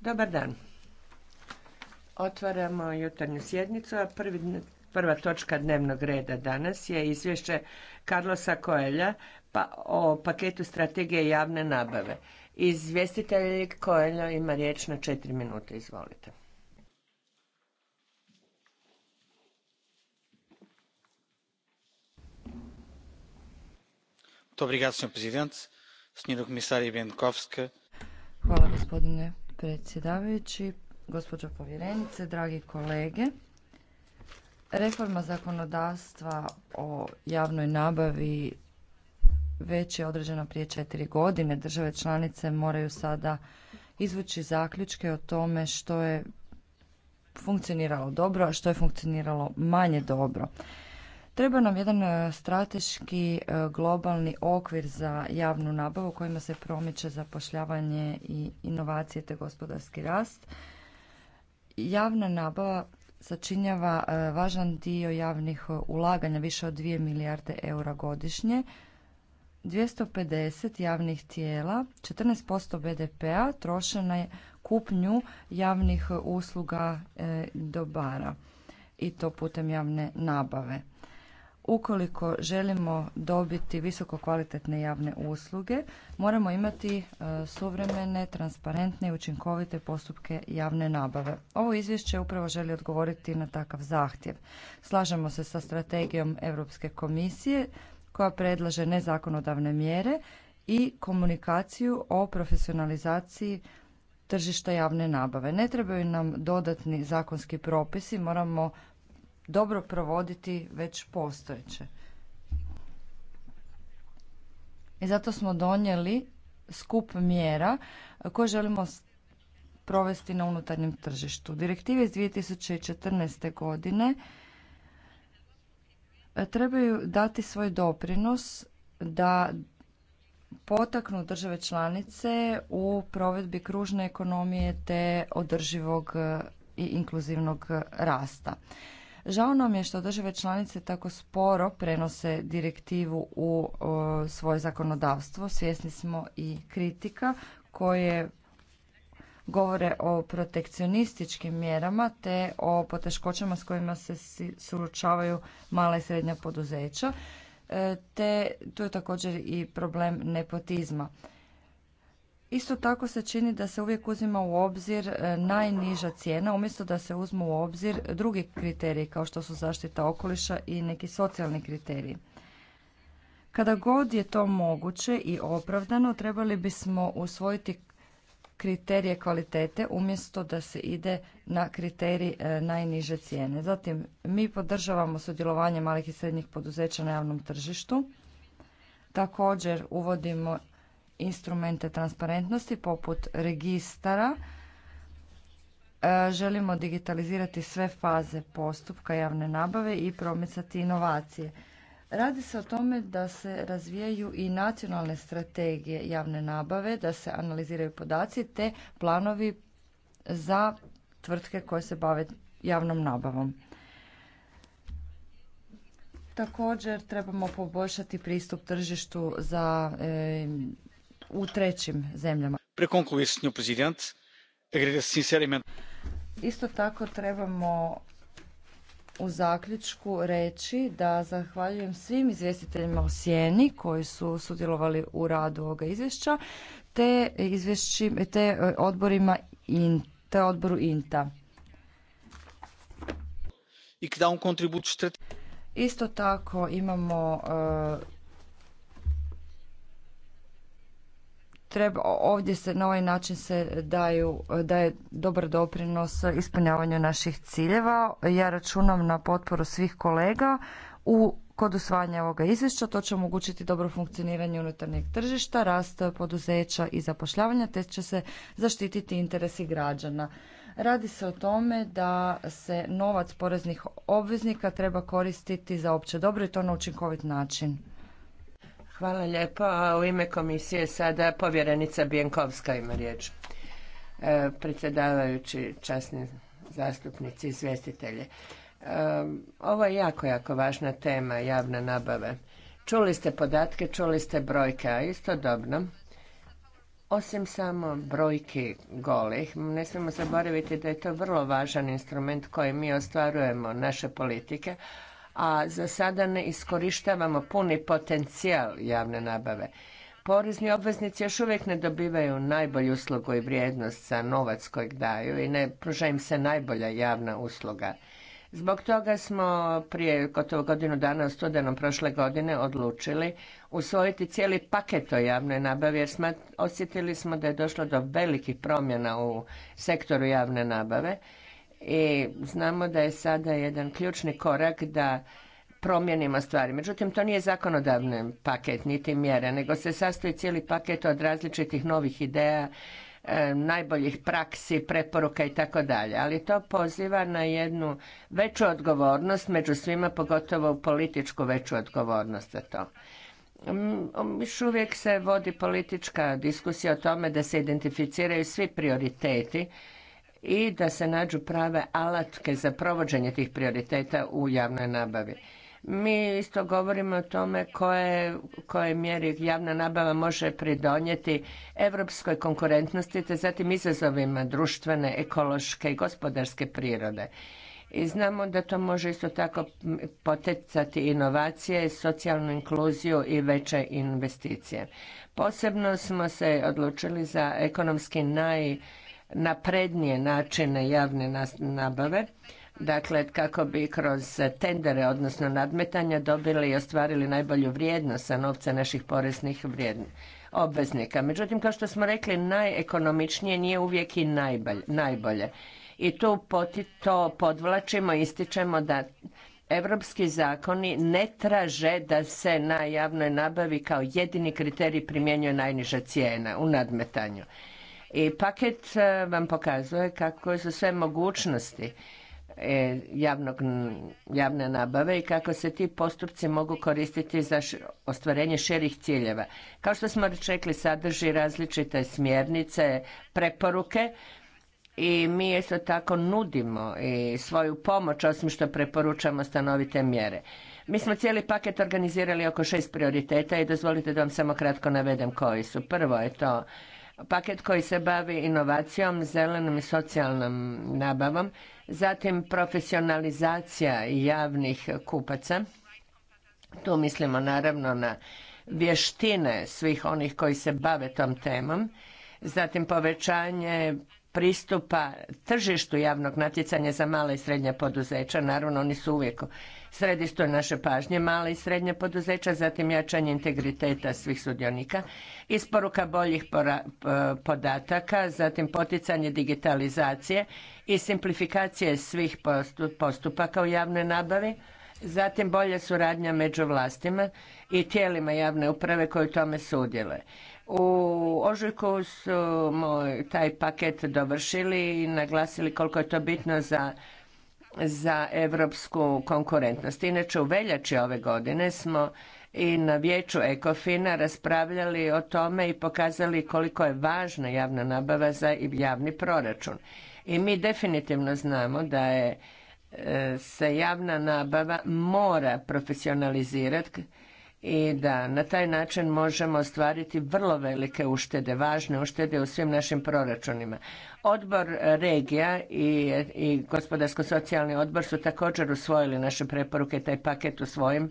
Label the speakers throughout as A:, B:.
A: Dobar dan. Otvaramo jutarnju sjednicu, a prva točka dnevnog reda danas je izvješće Carlosa Koelja pa o paketu strategije javne nabave. Izvjestitelj Koelja ima riječ na četiri minute, izvolite.
B: Hvala gospodine predsjedavajući, gospođo povjerenice, dragi kolege. Reforma zakonodavstva o javnoj nabavi već je određena prije četiri godine. Države članice moraju sada izvući zaključke o tome što je funkcioniralo dobro, a što je funkcioniralo manje dobro. Treba nam jedan e, strateški e, globalni okvir za javnu nabavu kojima se promiče zapošljavanje i inovacije te gospodarski rast. Javna nabava sačinjava e, važan dio javnih ulaganja, više od 2 milijarde eura godišnje. 250 javnih tijela, 14% BDP-a trošena je kupnju javnih usluga dobara i to putem javne nabave ukoliko želimo dobiti visoko kvalitetne javne usluge, moramo imati e, suvremene, transparentne i učinkovite postupke javne nabave. Ovo izvješće upravo želi odgovoriti na takav zahtjev. Slažemo se sa strategijom Europske komisije koja predlaže nezakonodavne mjere i komunikaciju o profesionalizaciji tržišta javne nabave. Ne trebaju nam dodatni zakonski propisi, moramo dobro provoditi već postojeće. I zato smo donijeli skup mjera koje želimo provesti na unutarnjem tržištu. Direktive iz 2014. godine e, trebaju dati svoj doprinos da potaknu države članice u provedbi kružne ekonomije te održivog e, i inkluzivnog rasta. Žao nam je što države članice tako sporo prenose direktivu u svoje zakonodavstvo. Svjesni smo i kritika koje govore o protekcionističkim mjerama te o poteškoćama s kojima se suočavaju mala i srednja poduzeća e, te tu je također i problem nepotizma. Isto tako se čini da se uvijek uzima u obzir e, najniža cijena umjesto da se uzmu u obzir drugi kriteriji kao što su zaštita okoliša i neki socijalni kriteriji. Kada god je to moguće i opravdano trebali bismo usvojiti kriterije kvalitete umjesto da se ide na kriterij e, najniže cijene. Zatim, mi podržavamo sudjelovanje malih i srednjih poduzeća na javnom tržištu. Također uvodimo instrumente transparentnosti poput registara. E, želimo digitalizirati sve faze postupka javne nabave i promicati inovacije. Radi se o tome da se razvijaju i nacionalne strategije javne nabave, da se analiziraju podaci te planovi za tvrtke koje se bave javnom nabavom. Također trebamo poboljšati pristup tržištu za e, u trećim zemljama. Isto tako trebamo u zaključku reći da zahvaljujem svim izvjestiteljima o sjeni koji su sudjelovali u radu ovoga izvješća te, izvješći, te e, odborima in, te odboru INTA. Isto tako imamo e, ovdje se na ovaj način se daju, daje dobar doprinos ispunjavanju naših ciljeva. Ja računam na potporu svih kolega u kod usvajanja ovoga izvješća. To će omogućiti dobro funkcioniranje unutarnjeg tržišta, rast poduzeća i zapošljavanja, te će se zaštititi interesi građana. Radi se o tome da se novac poreznih obveznika treba koristiti za opće dobro i to na učinkovit način.
A: Hvala lijepo. A u ime komisije sada povjerenica Bijenkovska ima riječ. E, predsjedavajući časni zastupnici, i E, ovo je jako, jako važna tema javne nabave. Čuli ste podatke, čuli ste brojke, a istodobno osim samo brojki golih, ne smijemo zaboraviti da je to vrlo važan instrument koji mi ostvarujemo naše politike, a za sada ne iskorištavamo puni potencijal javne nabave. Porezni obveznici još uvijek ne dobivaju najbolju uslugu i vrijednost za novac kojeg daju i ne pruža im se najbolja javna usluga. Zbog toga smo prije gotovo godinu dana u studenom prošle godine odlučili usvojiti cijeli paket o javnoj nabavi jer osjetili smo da je došlo do velikih promjena u sektoru javne nabave i znamo da je sada jedan ključni korak da promijenimo stvari. Međutim, to nije zakonodavni paket, niti mjera, nego se sastoji cijeli paket od različitih novih ideja, e, najboljih praksi, preporuka i tako dalje. Ali to poziva na jednu veću odgovornost među svima, pogotovo u političku veću odgovornost za to. Mm, um, još uvijek se vodi politička diskusija o tome da se identificiraju svi prioriteti i da se nađu prave alatke za provođenje tih prioriteta u javnoj nabavi. Mi isto govorimo o tome koje, koje mjeri javna nabava može pridonijeti europskoj konkurentnosti te zatim izazovima društvene, ekološke i gospodarske prirode. I znamo da to može isto tako poticati inovacije, socijalnu inkluziju i veće investicije. Posebno smo se odlučili za ekonomski naj naprednije načine javne nabave, dakle kako bi kroz tendere, odnosno nadmetanja dobili i ostvarili najbolju vrijednost sa novca naših poreznih obveznika. Međutim, kao što smo rekli, najekonomičnije nije uvijek i najbolje. I tu poti to podvlačimo, ističemo da Europski zakoni ne traže da se na javnoj nabavi kao jedini kriterij primjenjuje najniža cijena u nadmetanju. I paket e, vam pokazuje kako su sve mogućnosti e, javnog, javne nabave i kako se ti postupci mogu koristiti za ostvarenje širih ciljeva. Kao što smo već rekli, sadrži različite smjernice, preporuke i mi isto tako nudimo i svoju pomoć osim što preporučamo stanovite mjere. Mi smo cijeli paket organizirali oko šest prioriteta i dozvolite da vam samo kratko navedem koji su. Prvo je to paket koji se bavi inovacijom, zelenom i socijalnom nabavom, zatim profesionalizacija javnih kupaca. Tu mislimo naravno na vještine svih onih koji se bave tom temom, zatim povećanje pristupa tržištu javnog natjecanja za mala i srednja poduzeća. Naravno, oni su uvijek središte naše pažnje mala i srednja poduzeća, zatim jačanje integriteta svih sudionika, isporuka boljih podataka, zatim poticanje digitalizacije i simplifikacije svih postupaka u javnoj nabavi, zatim bolja suradnja među vlastima i tijelima javne uprave koji u tome sudjeluje. U ožujku su taj paket dovršili i naglasili koliko je to bitno za za evropsku konkurentnost. Inače, u veljači ove godine smo i na vijeću Ekofina raspravljali o tome i pokazali koliko je važna javna nabava za javni proračun. I mi definitivno znamo da je e, se javna nabava mora profesionalizirati i da na taj način možemo ostvariti vrlo velike uštede, važne uštede u svim našim proračunima. Odbor regija i, i gospodarsko-socijalni odbor su također usvojili naše preporuke, taj paket u svojim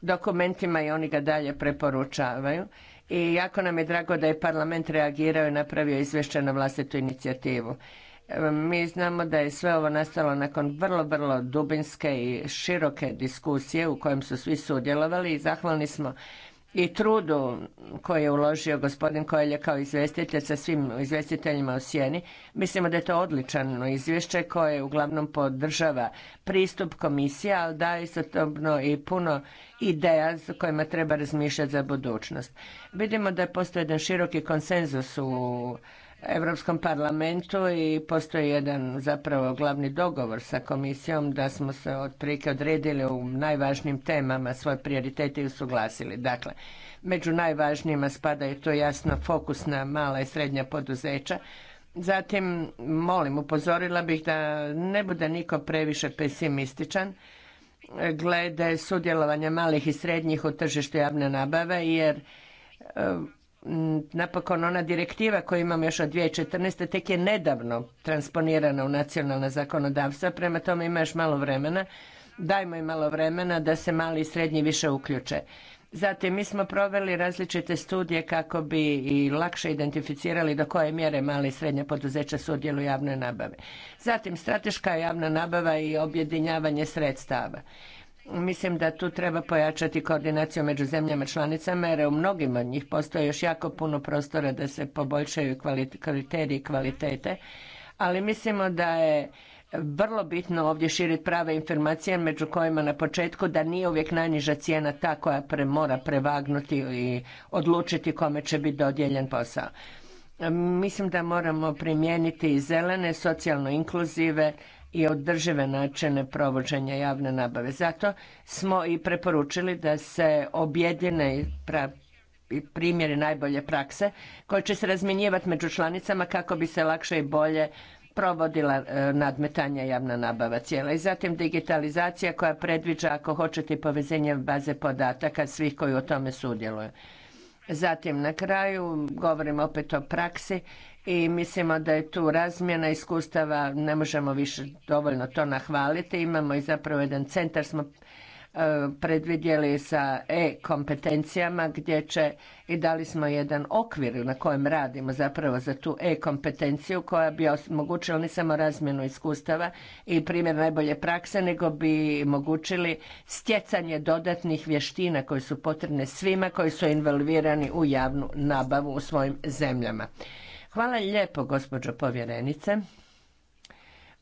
A: dokumentima i oni ga dalje preporučavaju. I jako nam je drago da je parlament reagirao i napravio izvješće na vlastitu inicijativu. Mi znamo da je sve ovo nastalo nakon vrlo, vrlo dubinske i široke diskusije u kojem su svi sudjelovali i zahvalni smo i trudu koji je uložio gospodin Koelje kao izvjestitelj sa svim izvjestiteljima u sjeni. Mislimo da je to odličano izvješće koje uglavnom podržava pristup komisije, ali daje istotobno i puno ideja s kojima treba razmišljati za budućnost. Vidimo da postoji jedan široki konsenzus u Europskom parlamentu i postoji jedan zapravo glavni dogovor sa komisijom da smo se otprilike odredili u najvažnijim temama svoje prioritete i usuglasili. Dakle, među najvažnijima spada je to jasno fokus na mala i srednja poduzeća. Zatim, molim, upozorila bih da ne bude niko previše pesimističan glede sudjelovanja malih i srednjih u tržištu javne nabave, jer napokon ona direktiva koju imamo još od 2014. tek je nedavno transponirana u nacionalna zakonodavstva, prema tome ima još malo vremena. Dajmo im malo vremena da se mali i srednji više uključe. Zatim, mi smo proveli različite studije kako bi i lakše identificirali do koje mjere mali i srednja poduzeća sudjeluju u javnoj nabave Zatim, strateška javna nabava i objedinjavanje sredstava. Mislim da tu treba pojačati koordinaciju među zemljama članicama jer u mnogim od njih postoji još jako puno prostora da se poboljšaju kriteriji kvalitete, ali mislimo da je vrlo bitno ovdje širiti prave informacije među kojima na početku da nije uvijek najniža cijena ta koja pre, mora prevagnuti i odlučiti kome će biti dodijeljen posao. Mislim da moramo primijeniti i zelene, socijalno inkluzive, i održive načine provođenja javne nabave. Zato smo i preporučili da se objedine primjeri najbolje prakse koje će se razmjenjivati među članicama kako bi se lakše i bolje provodila e, nadmetanja javna nabava cijela. I zatim digitalizacija koja predviđa, ako hoćete, povezenje baze podataka svih koji o tome sudjeluju. Zatim na kraju govorim opet o praksi i mislimo da je tu razmjena iskustava, ne možemo više dovoljno to nahvaliti. Imamo i zapravo jedan centar smo e, predvidjeli sa e-kompetencijama gdje će i dali smo jedan okvir na kojem radimo zapravo za tu e-kompetenciju koja bi omogućila ne samo razmjenu iskustava i primjer najbolje prakse nego bi omogućili stjecanje dodatnih vještina koje su potrebne svima koji su involvirani u javnu nabavu u svojim zemljama. Hvala lijepo, gospođo povjerenice.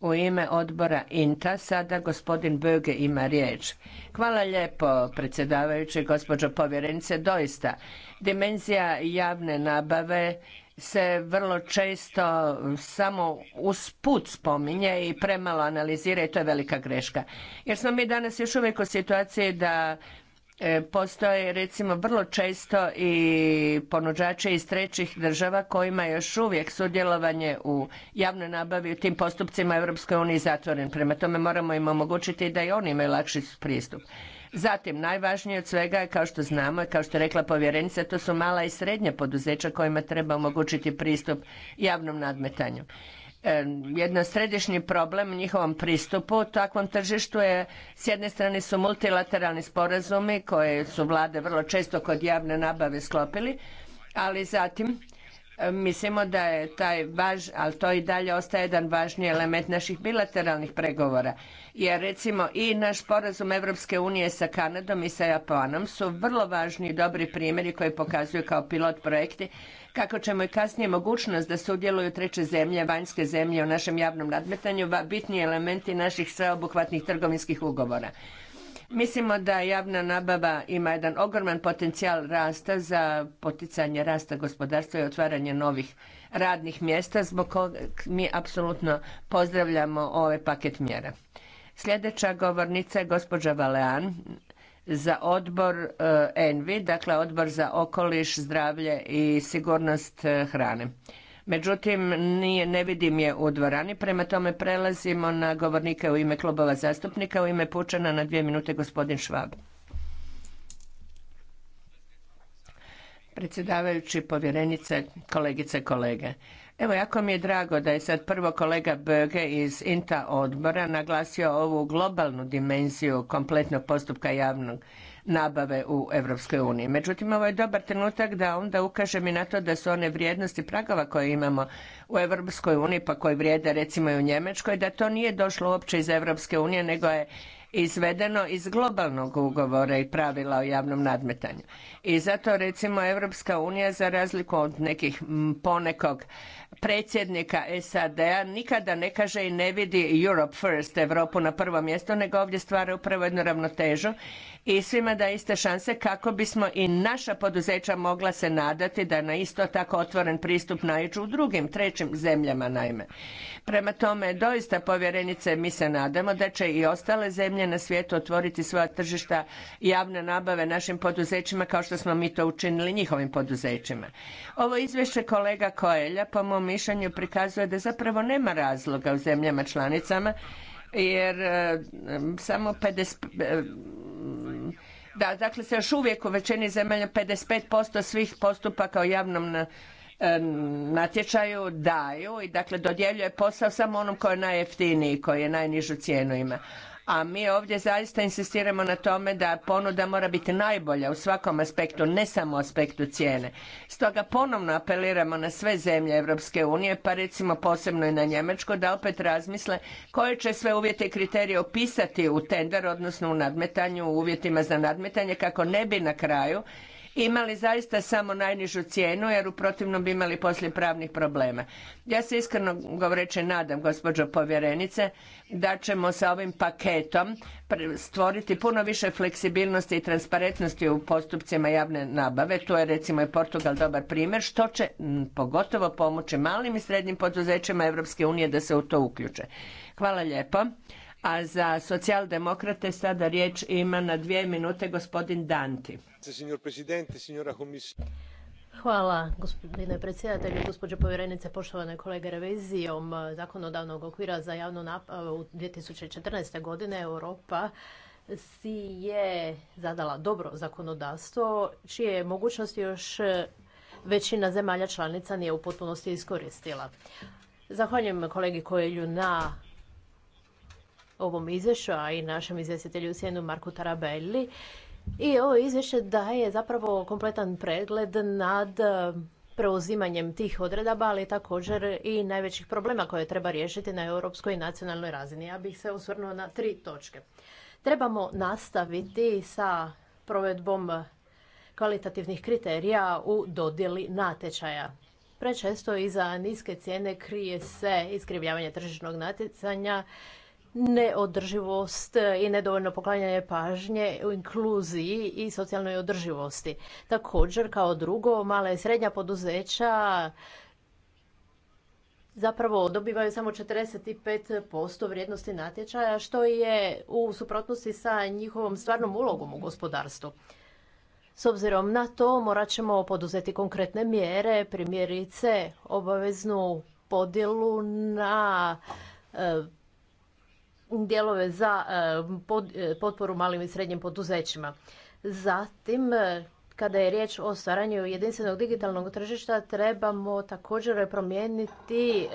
A: U ime odbora INTA sada gospodin Böge ima riječ. Hvala lijepo predsjedavajući gospođo povjerenice. Doista, dimenzija javne nabave se vrlo često samo usput spominje i premalo analizira i to je velika greška. Jer smo mi danas još uvijek u situaciji da E, postoje recimo vrlo često i ponuđače iz trećih država kojima je još uvijek sudjelovanje u javnoj nabavi u tim postupcima EU zatvoren. Prema tome moramo im omogućiti da i oni imaju lakši pristup. Zatim, najvažnije od svega je, kao što znamo i kao što je rekla povjerenica, to su mala i srednja poduzeća kojima treba omogućiti pristup javnom nadmetanju. E, jedan središnji problem u njihovom pristupu takvom tržištu je s jedne strane su multilateralni sporazumi koje su vlade vrlo često kod javne nabave sklopili, ali zatim e, mislimo da je taj važ, ali to i dalje ostaje jedan važni element naših bilateralnih pregovora. Jer recimo i naš sporazum Europske unije sa Kanadom i sa Japanom su vrlo važni i dobri primjeri koji pokazuju kao pilot projekti kako ćemo i kasnije mogućnost da sudjeluju treće zemlje, vanjske zemlje u našem javnom nadmetanju, bitni elementi naših sveobuhvatnih trgovinskih ugovora. Mislimo da javna nabava ima jedan ogroman potencijal rasta za poticanje rasta gospodarstva i otvaranje novih radnih mjesta zbog kojeg mi apsolutno pozdravljamo ovaj paket mjera. Sljedeća govornica je gospođa Valean za odbor e, ENVI, dakle odbor za okoliš, zdravlje i sigurnost e, hrane. Međutim, nije, ne vidim je u dvorani, prema tome prelazimo na govornike u ime klubova zastupnika, u ime Pučana na dvije minute gospodin Švab. Predsjedavajući povjerenice, kolegice kolege. Evo, jako mi je drago da je sad prvo kolega Böge iz INTA odbora naglasio ovu globalnu dimenziju kompletnog postupka javnog nabave u Europskoj uniji. Međutim, ovo je dobar trenutak da onda ukažem i na to da su one vrijednosti pragova koje imamo u Europskoj uniji, pa koje vrijede recimo i u Njemačkoj, da to nije došlo uopće iz Europske unije, nego je izvedeno iz globalnog ugovora i pravila o javnom nadmetanju. I zato recimo Europska unija za razliku od nekih ponekog predsjednika SAD-a nikada ne kaže i ne vidi Europe first, Europu na prvo mjesto, nego ovdje stvara upravo jednu ravnotežu i svima da iste šanse kako bismo i naša poduzeća mogla se nadati da na isto tako otvoren pristup naiđu u drugim, trećim zemljama naime. Prema tome, doista povjerenice, mi se nadamo da će i ostale zemlje na svijetu otvoriti svoja tržišta javne nabave našim poduzećima kao što smo mi to učinili njihovim poduzećima. Ovo izvješće kolega Koelja po mom mišljenju prikazuje da zapravo nema razloga u zemljama članicama jer eh, samo 50, da, dakle se još uvijek u većini zemalja 55% svih postupaka o javnom natječaju daju i dakle dodjeljuje posao samo onom koji je najjeftiniji, koji je najnižu cijenu ima a mi ovdje zaista insistiramo na tome da ponuda mora biti najbolja u svakom aspektu, ne samo aspektu cijene. Stoga ponovno apeliramo na sve zemlje Europske unije, pa recimo posebno i na Njemačku, da opet razmisle koje će sve uvjete i kriterije opisati u tender, odnosno u nadmetanju, u uvjetima za nadmetanje, kako ne bi na kraju imali zaista samo najnižu cijenu jer u protivnom bi imali poslije pravnih problema. Ja se iskreno govoreće nadam, gospođo povjerenice, da ćemo sa ovim paketom stvoriti puno više fleksibilnosti i transparentnosti u postupcima javne nabave. Tu je recimo i Portugal dobar primjer, što će pogotovo pomoći malim i srednjim poduzećima Europske unije da se u to uključe. Hvala lijepo. A za socijaldemokrate sada riječ ima na dvije minute gospodin Danti.
C: Hvala gospodine predsjedatelju, gospođo povjerenice, poštovane kolege revizijom zakonodavnog okvira za javnu nabavu 2014. godine Europa si je zadala dobro zakonodavstvo čije mogućnost još većina zemalja članica nije u potpunosti iskoristila. Zahvaljujem kolegi Kojelju na ovom izvješću, a i našem izvjestitelju Sjenu Marku Tarabelli. I ovo izvješće daje zapravo kompletan pregled nad e, preuzimanjem tih odredaba, ali također i najvećih problema koje treba riješiti na europskoj i nacionalnoj razini. Ja bih se osvrnuo na tri točke. Trebamo nastaviti sa provedbom kvalitativnih kriterija u dodjeli natječaja. Prečesto iza niske cijene krije se iskrivljavanje tržišnog natjecanja neodrživost i nedovoljno poklanjanje pažnje u inkluziji i socijalnoj održivosti. Također, kao drugo, mala i srednja poduzeća zapravo dobivaju samo 45% vrijednosti natječaja, što je u suprotnosti sa njihovom stvarnom ulogom u gospodarstvu. S obzirom na to morat ćemo poduzeti konkretne mjere, primjerice obaveznu podjelu na e, dijelove za e, e, potporu malim i srednjim poduzećima. Zatim, e, kada je riječ o stvaranju jedinstvenog digitalnog tržišta, trebamo također promijeniti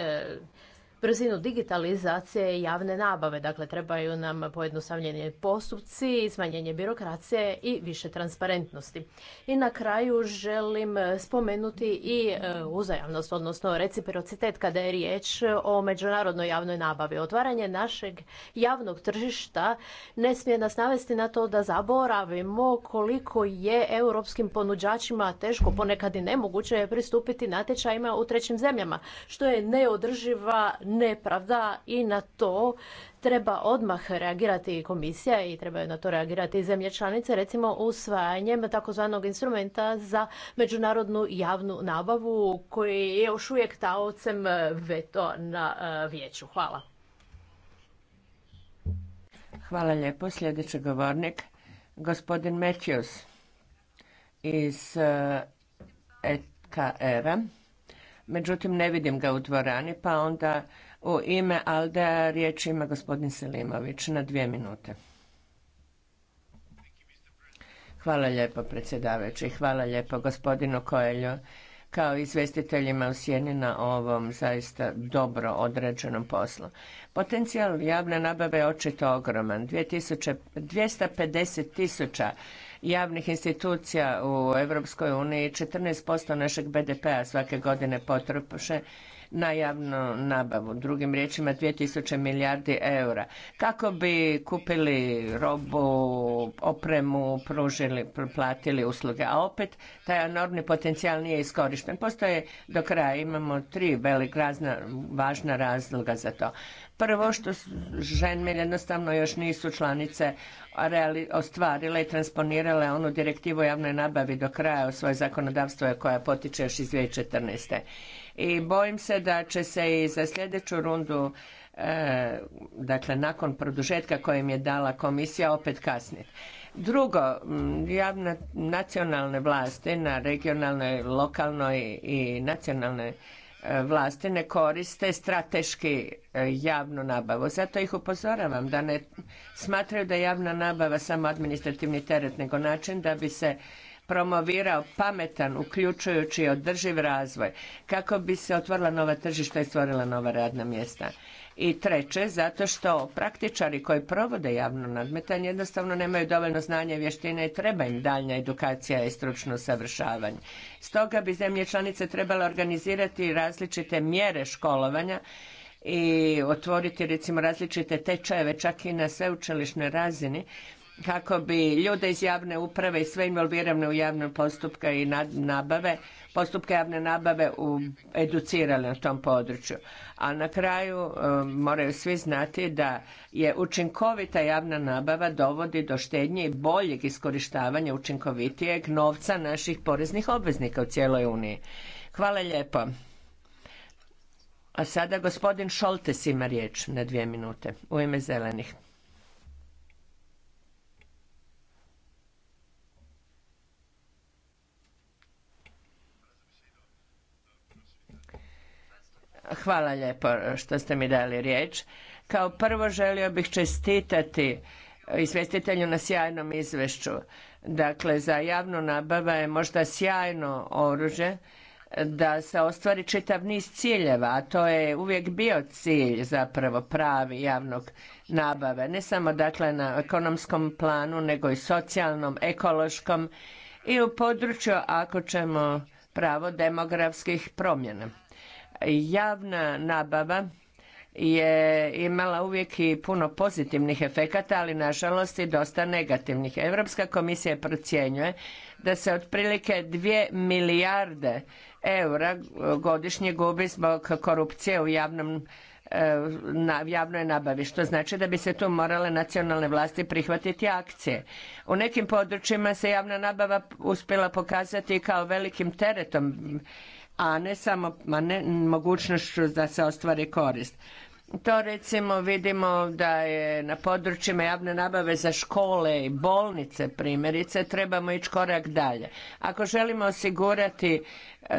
C: brzinu digitalizacije javne nabave. Dakle, trebaju nam pojednostavljeni postupci, smanjenje birokracije i više transparentnosti. I na kraju želim spomenuti i e, uzajamnost, odnosno reciprocitet kada je riječ o međunarodnoj javnoj nabavi. Otvaranje našeg javnog tržišta ne smije nas navesti na to da zaboravimo koliko je europskim ponuđačima teško, ponekad i nemoguće pristupiti natječajima u trećim zemljama, što je neodrživa nepravda i na to treba odmah reagirati komisija i treba na to reagirati i zemlje članice, recimo usvajanjem takozvanog instrumenta za međunarodnu javnu nabavu koji je još uvijek taocem e, veto na e, vijeću. Hvala.
A: Hvala lijepo. Sljedeći govornik, gospodin Matthews iz EKR-a. Međutim, ne vidim ga u dvorani, pa onda u ime Aldea riječ ima gospodin Selimović na dvije minute. Hvala lijepo predsjedavajući, hvala lijepo gospodinu Koelju kao izvestiteljima u sjeni na ovom zaista dobro određenom poslu. Potencijal javne nabave je očito ogroman. 250 tisuća javnih institucija u Europskoj uniji 14% našeg BDP-a svake godine potrpoše na javnu nabavu. Drugim riječima 2000 milijardi eura. Kako bi kupili robu, opremu, pružili, platili usluge, a opet taj enormni potencijal nije iskorišten. Postoje do kraja, imamo tri velik važna razloga za to. Prvo što žene jednostavno još nisu članice ostvarile i transponirale onu direktivu o javnoj nabavi do kraja u svoje zakonodavstvo koja potiče još iz 2014. I bojim se da će se i za sljedeću rundu e, dakle nakon produžetka kojem je dala komisija opet kasnije. Drugo, javne nacionalne vlasti na regionalnoj, lokalnoj i nacionalnoj vlasti ne koriste strateški e, javnu nabavu. Zato ih upozoravam da ne smatraju da je javna nabava samo administrativni teret, nego način da bi se promovirao pametan, uključujući održiv razvoj kako bi se otvorila nova tržišta i stvorila nova radna mjesta. I treće, zato što praktičari koji provode javno nadmetanje jednostavno nemaju dovoljno znanja i vještine i treba im daljnja edukacija i stručno savršavanje. Stoga bi zemlje članice trebale organizirati različite mjere školovanja i otvoriti recimo različite tečajeve čak i na sveučilišnoj razini kako bi ljude iz javne uprave i sve involvirane u javne postupke i nabave, postupke javne nabave u, educirali na tom području. A na kraju e, moraju svi znati da je učinkovita javna nabava dovodi do štednje i boljeg iskorištavanja učinkovitijeg novca naših poreznih obveznika u cijeloj Uniji. Hvala lijepo. A sada gospodin Šoltes ima riječ na dvije minute u ime zelenih. Hvala lijepo što ste mi dali riječ. Kao prvo želio bih čestitati izvjestitelju na sjajnom izvješću. Dakle, za javnu nabavu je možda sjajno oružje da se ostvari čitav niz ciljeva, a to je uvijek bio cilj zapravo pravi javnog nabave, ne samo dakle na ekonomskom planu, nego i socijalnom, ekološkom i u području, ako ćemo, pravo demografskih promjena javna nabava je imala uvijek i puno pozitivnih efekata, ali nažalost i dosta negativnih. Europska komisija procjenjuje da se otprilike 2 milijarde eura godišnje gubi zbog korupcije u javnom e, na javnoj nabavi, što znači da bi se tu morale nacionalne vlasti prihvatiti akcije. U nekim područjima se javna nabava uspjela pokazati kao velikim teretom a ne samo ma ne, mogućnošću da se ostvari korist. To recimo vidimo da je na područjima javne nabave za škole i bolnice primjerice trebamo ići korak dalje. Ako želimo osigurati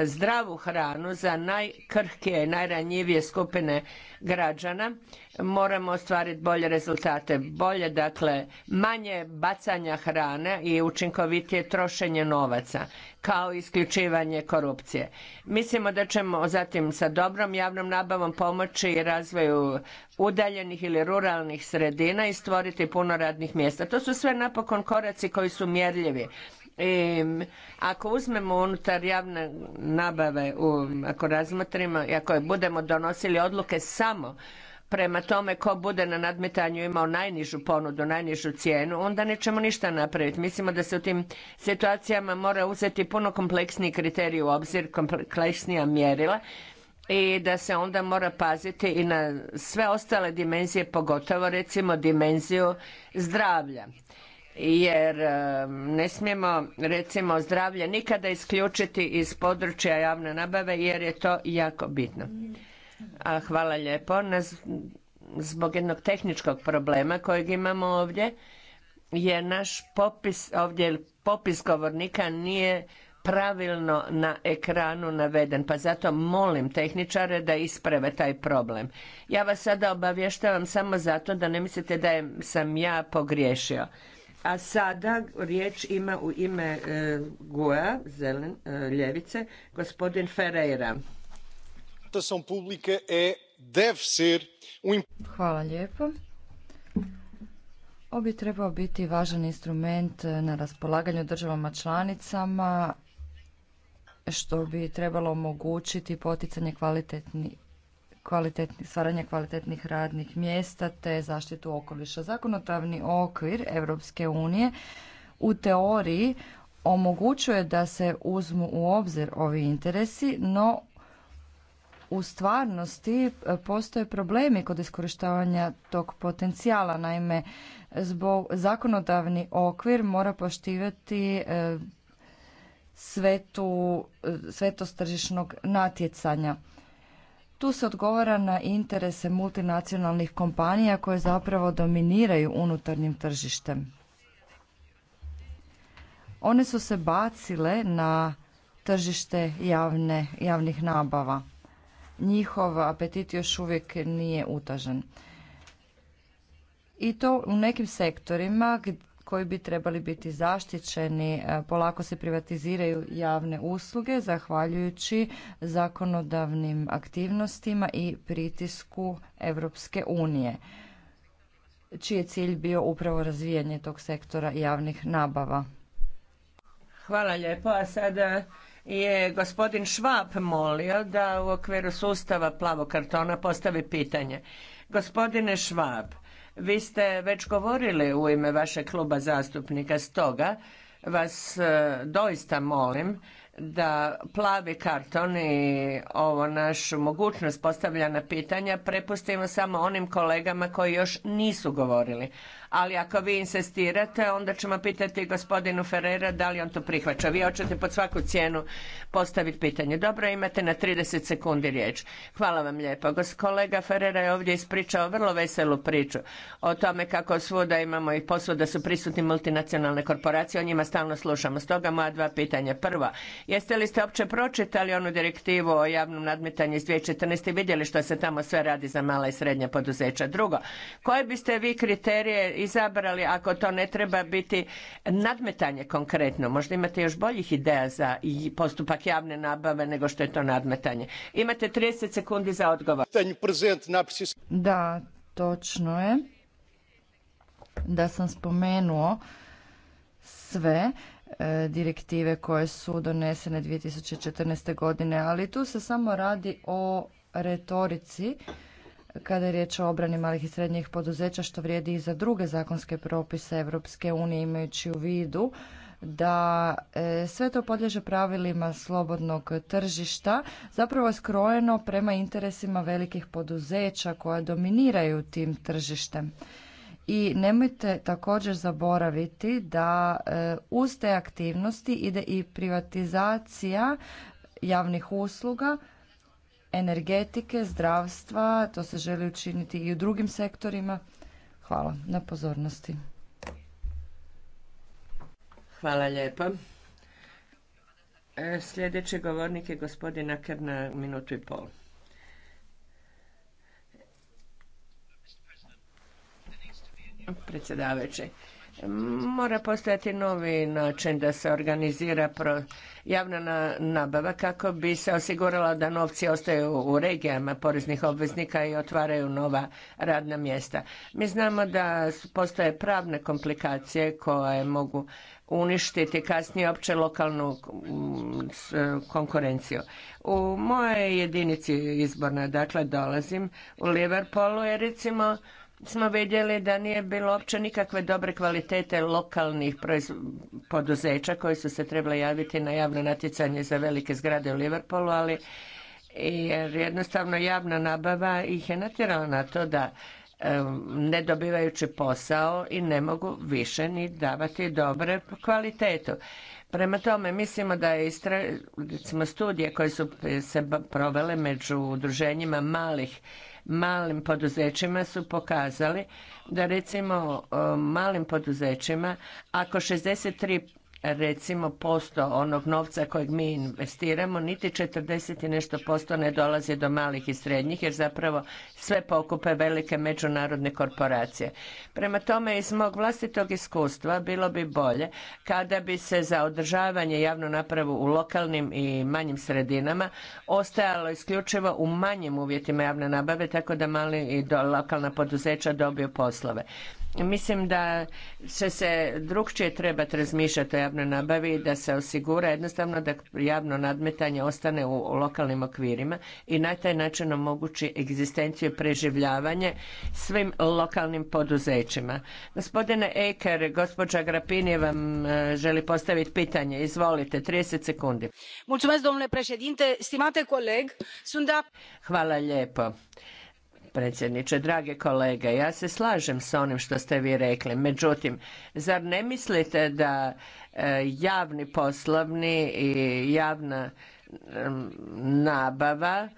A: zdravu hranu za najkrhke, najranjivije skupine građana moramo ostvariti bolje rezultate. Bolje dakle manje bacanja hrane i učinkovitije trošenje novaca kao i isključivanje korupcije. Mislimo da ćemo zatim sa dobrom javnom nabavom pomoći i razvoju udaljenih ili ruralnih sredina i stvoriti puno radnih mjesta. To su sve napokon koraci koji su mjerljivi i ako uzmemo unutar javne nabave, u, um, ako razmotrimo i ako budemo donosili odluke samo prema tome ko bude na nadmetanju imao najnižu ponudu, najnižu cijenu, onda nećemo ništa napraviti. Mislimo da se u tim situacijama mora uzeti puno kompleksniji kriterij u obzir, kompleksnija mjerila i da se onda mora paziti i na sve ostale dimenzije, pogotovo recimo dimenziju zdravlja jer e, ne smijemo recimo zdravlje nikada isključiti iz područja javne nabave jer je to jako bitno. A hvala lijepo. Zbog jednog tehničkog problema kojeg imamo ovdje je naš popis, ovdje popis govornika nije pravilno na ekranu naveden, pa zato molim tehničare da isprave taj problem. Ja vas sada obavještavam samo zato da ne mislite da sam ja pogriješio. A sada riječ ima u ime e, zelen, e, ljevice, gospodin Ferreira.
B: Um Hvala lijepo. Ovo bi trebao biti važan instrument e, na raspolaganju državama članicama što bi trebalo omogućiti poticanje kvalitetni, kvalitetni, stvaranje kvalitetnih radnih mjesta te zaštitu okoliša. Zakonodavni okvir Europske unije u teoriji omogućuje da se uzmu u obzir ovi interesi, no u stvarnosti e, postoje problemi kod iskorištavanja tog potencijala. Naime, zbog zakonodavni okvir mora poštivati e, svetu, e, svetost tržišnog natjecanja. Tu se odgovara na interese multinacionalnih kompanija koje zapravo dominiraju unutarnjim tržištem. One su se bacile na tržište javne, javnih nabava. Njihov apetit još uvijek nije utažen. I to u nekim sektorima koji bi trebali biti zaštićeni. E, polako se privatiziraju javne usluge zahvaljujući zakonodavnim aktivnostima i pritisku Europske unije čiji je cilj bio upravo razvijanje tog sektora javnih nabava.
A: Hvala lijepo. A sada je gospodin Švab molio da u okviru sustava plavog kartona postavi pitanje. Gospodine Švab, vi ste već govorili u ime vašeg kluba zastupnika, stoga vas e, doista molim da plavi karton i ovo našu mogućnost postavljanja pitanja prepustimo samo onim kolegama koji još nisu govorili ali ako vi insistirate onda ćemo pitati gospodinu Ferrera da li on to prihvaća. Vi hoćete pod svaku cijenu postaviti pitanje. Dobro, imate na 30 sekundi riječ. Hvala vam lijepo. Kolega Ferrera je ovdje ispričao vrlo veselu priču o tome kako svuda imamo i posvuda su prisutni multinacionalne korporacije, o njima stalno slušamo. Stoga moja dva pitanja. Prvo, jeste li ste uopće pročitali onu direktivu o javnom nadmetanju iz 2014. i vidjeli što se tamo sve radi za mala i srednja poduzeća? Drugo, koje biste vi kriterije izabrali ako to ne treba biti nadmetanje konkretno? Možda imate još boljih ideja za postupak javne nabave nego što je to nadmetanje. Imate 30 sekundi za odgovor.
B: Da, točno je da sam spomenuo sve e, direktive koje su donesene 2014. godine, ali tu se samo radi o retorici kada je riječ o obrani malih i srednjih poduzeća što vrijedi i za druge zakonske propise Europske unije imajući u vidu da e, sve to podliježe pravilima slobodnog tržišta, zapravo je skrojeno prema interesima velikih poduzeća koja dominiraju tim tržištem. I nemojte također zaboraviti da e, uz te aktivnosti ide i privatizacija javnih usluga energetike, zdravstva, to se želi učiniti i u drugim sektorima. Hvala na pozornosti.
A: Hvala lijepa. E, sljedeći govornik je gospodin Aker na minutu i pol. Predsjedavajući, Mora postojati novi način da se organizira javna nabava kako bi se osigurala da novci ostaju u regijama poreznih obveznika i otvaraju nova radna mjesta. Mi znamo da postoje pravne komplikacije koje mogu uništiti kasnije opće lokalnu mm, konkurenciju. U moje jedinici izborna, dakle dolazim, u Liverpoolu je recimo smo vidjeli da nije bilo uopće nikakve dobre kvalitete lokalnih poduzeća koji su se trebali javiti na javno natjecanje za velike zgrade u Liverpoolu, ali jer jednostavno javna nabava ih je natjerala na to da ne dobivajući posao i ne mogu više ni davati dobre kvalitetu. Prema tome, mislimo da je recimo studije koje su se provele među udruženjima malih malim poduzećima su pokazali da recimo malim poduzećima ako 63 recimo posto onog novca kojeg mi investiramo, niti 40 i nešto posto ne dolazi do malih i srednjih jer zapravo sve pokupe velike međunarodne korporacije. Prema tome iz mog vlastitog iskustva bilo bi bolje kada bi se za održavanje javnu napravu u lokalnim i manjim sredinama ostajalo isključivo u manjim uvjetima javne nabave tako da mali i lokalna poduzeća dobiju poslove. Mislim da će se drukčije trebati razmišljati o javnoj nabavi da se osigura jednostavno da javno nadmetanje ostane u lokalnim okvirima i na taj način omogući egzistenciju i preživljavanje svim lokalnim poduzećima. Gospodine Eker, gospođa Grapini vam e, želi postaviti pitanje. Izvolite, 30 sekundi.
D: domnule stimate coleg,
A: Hvala lijepo predsjedniče, drage kolege. Ja se slažem sa onim što ste vi rekli. Međutim, zar ne mislite da e, javni poslovni i javna nabava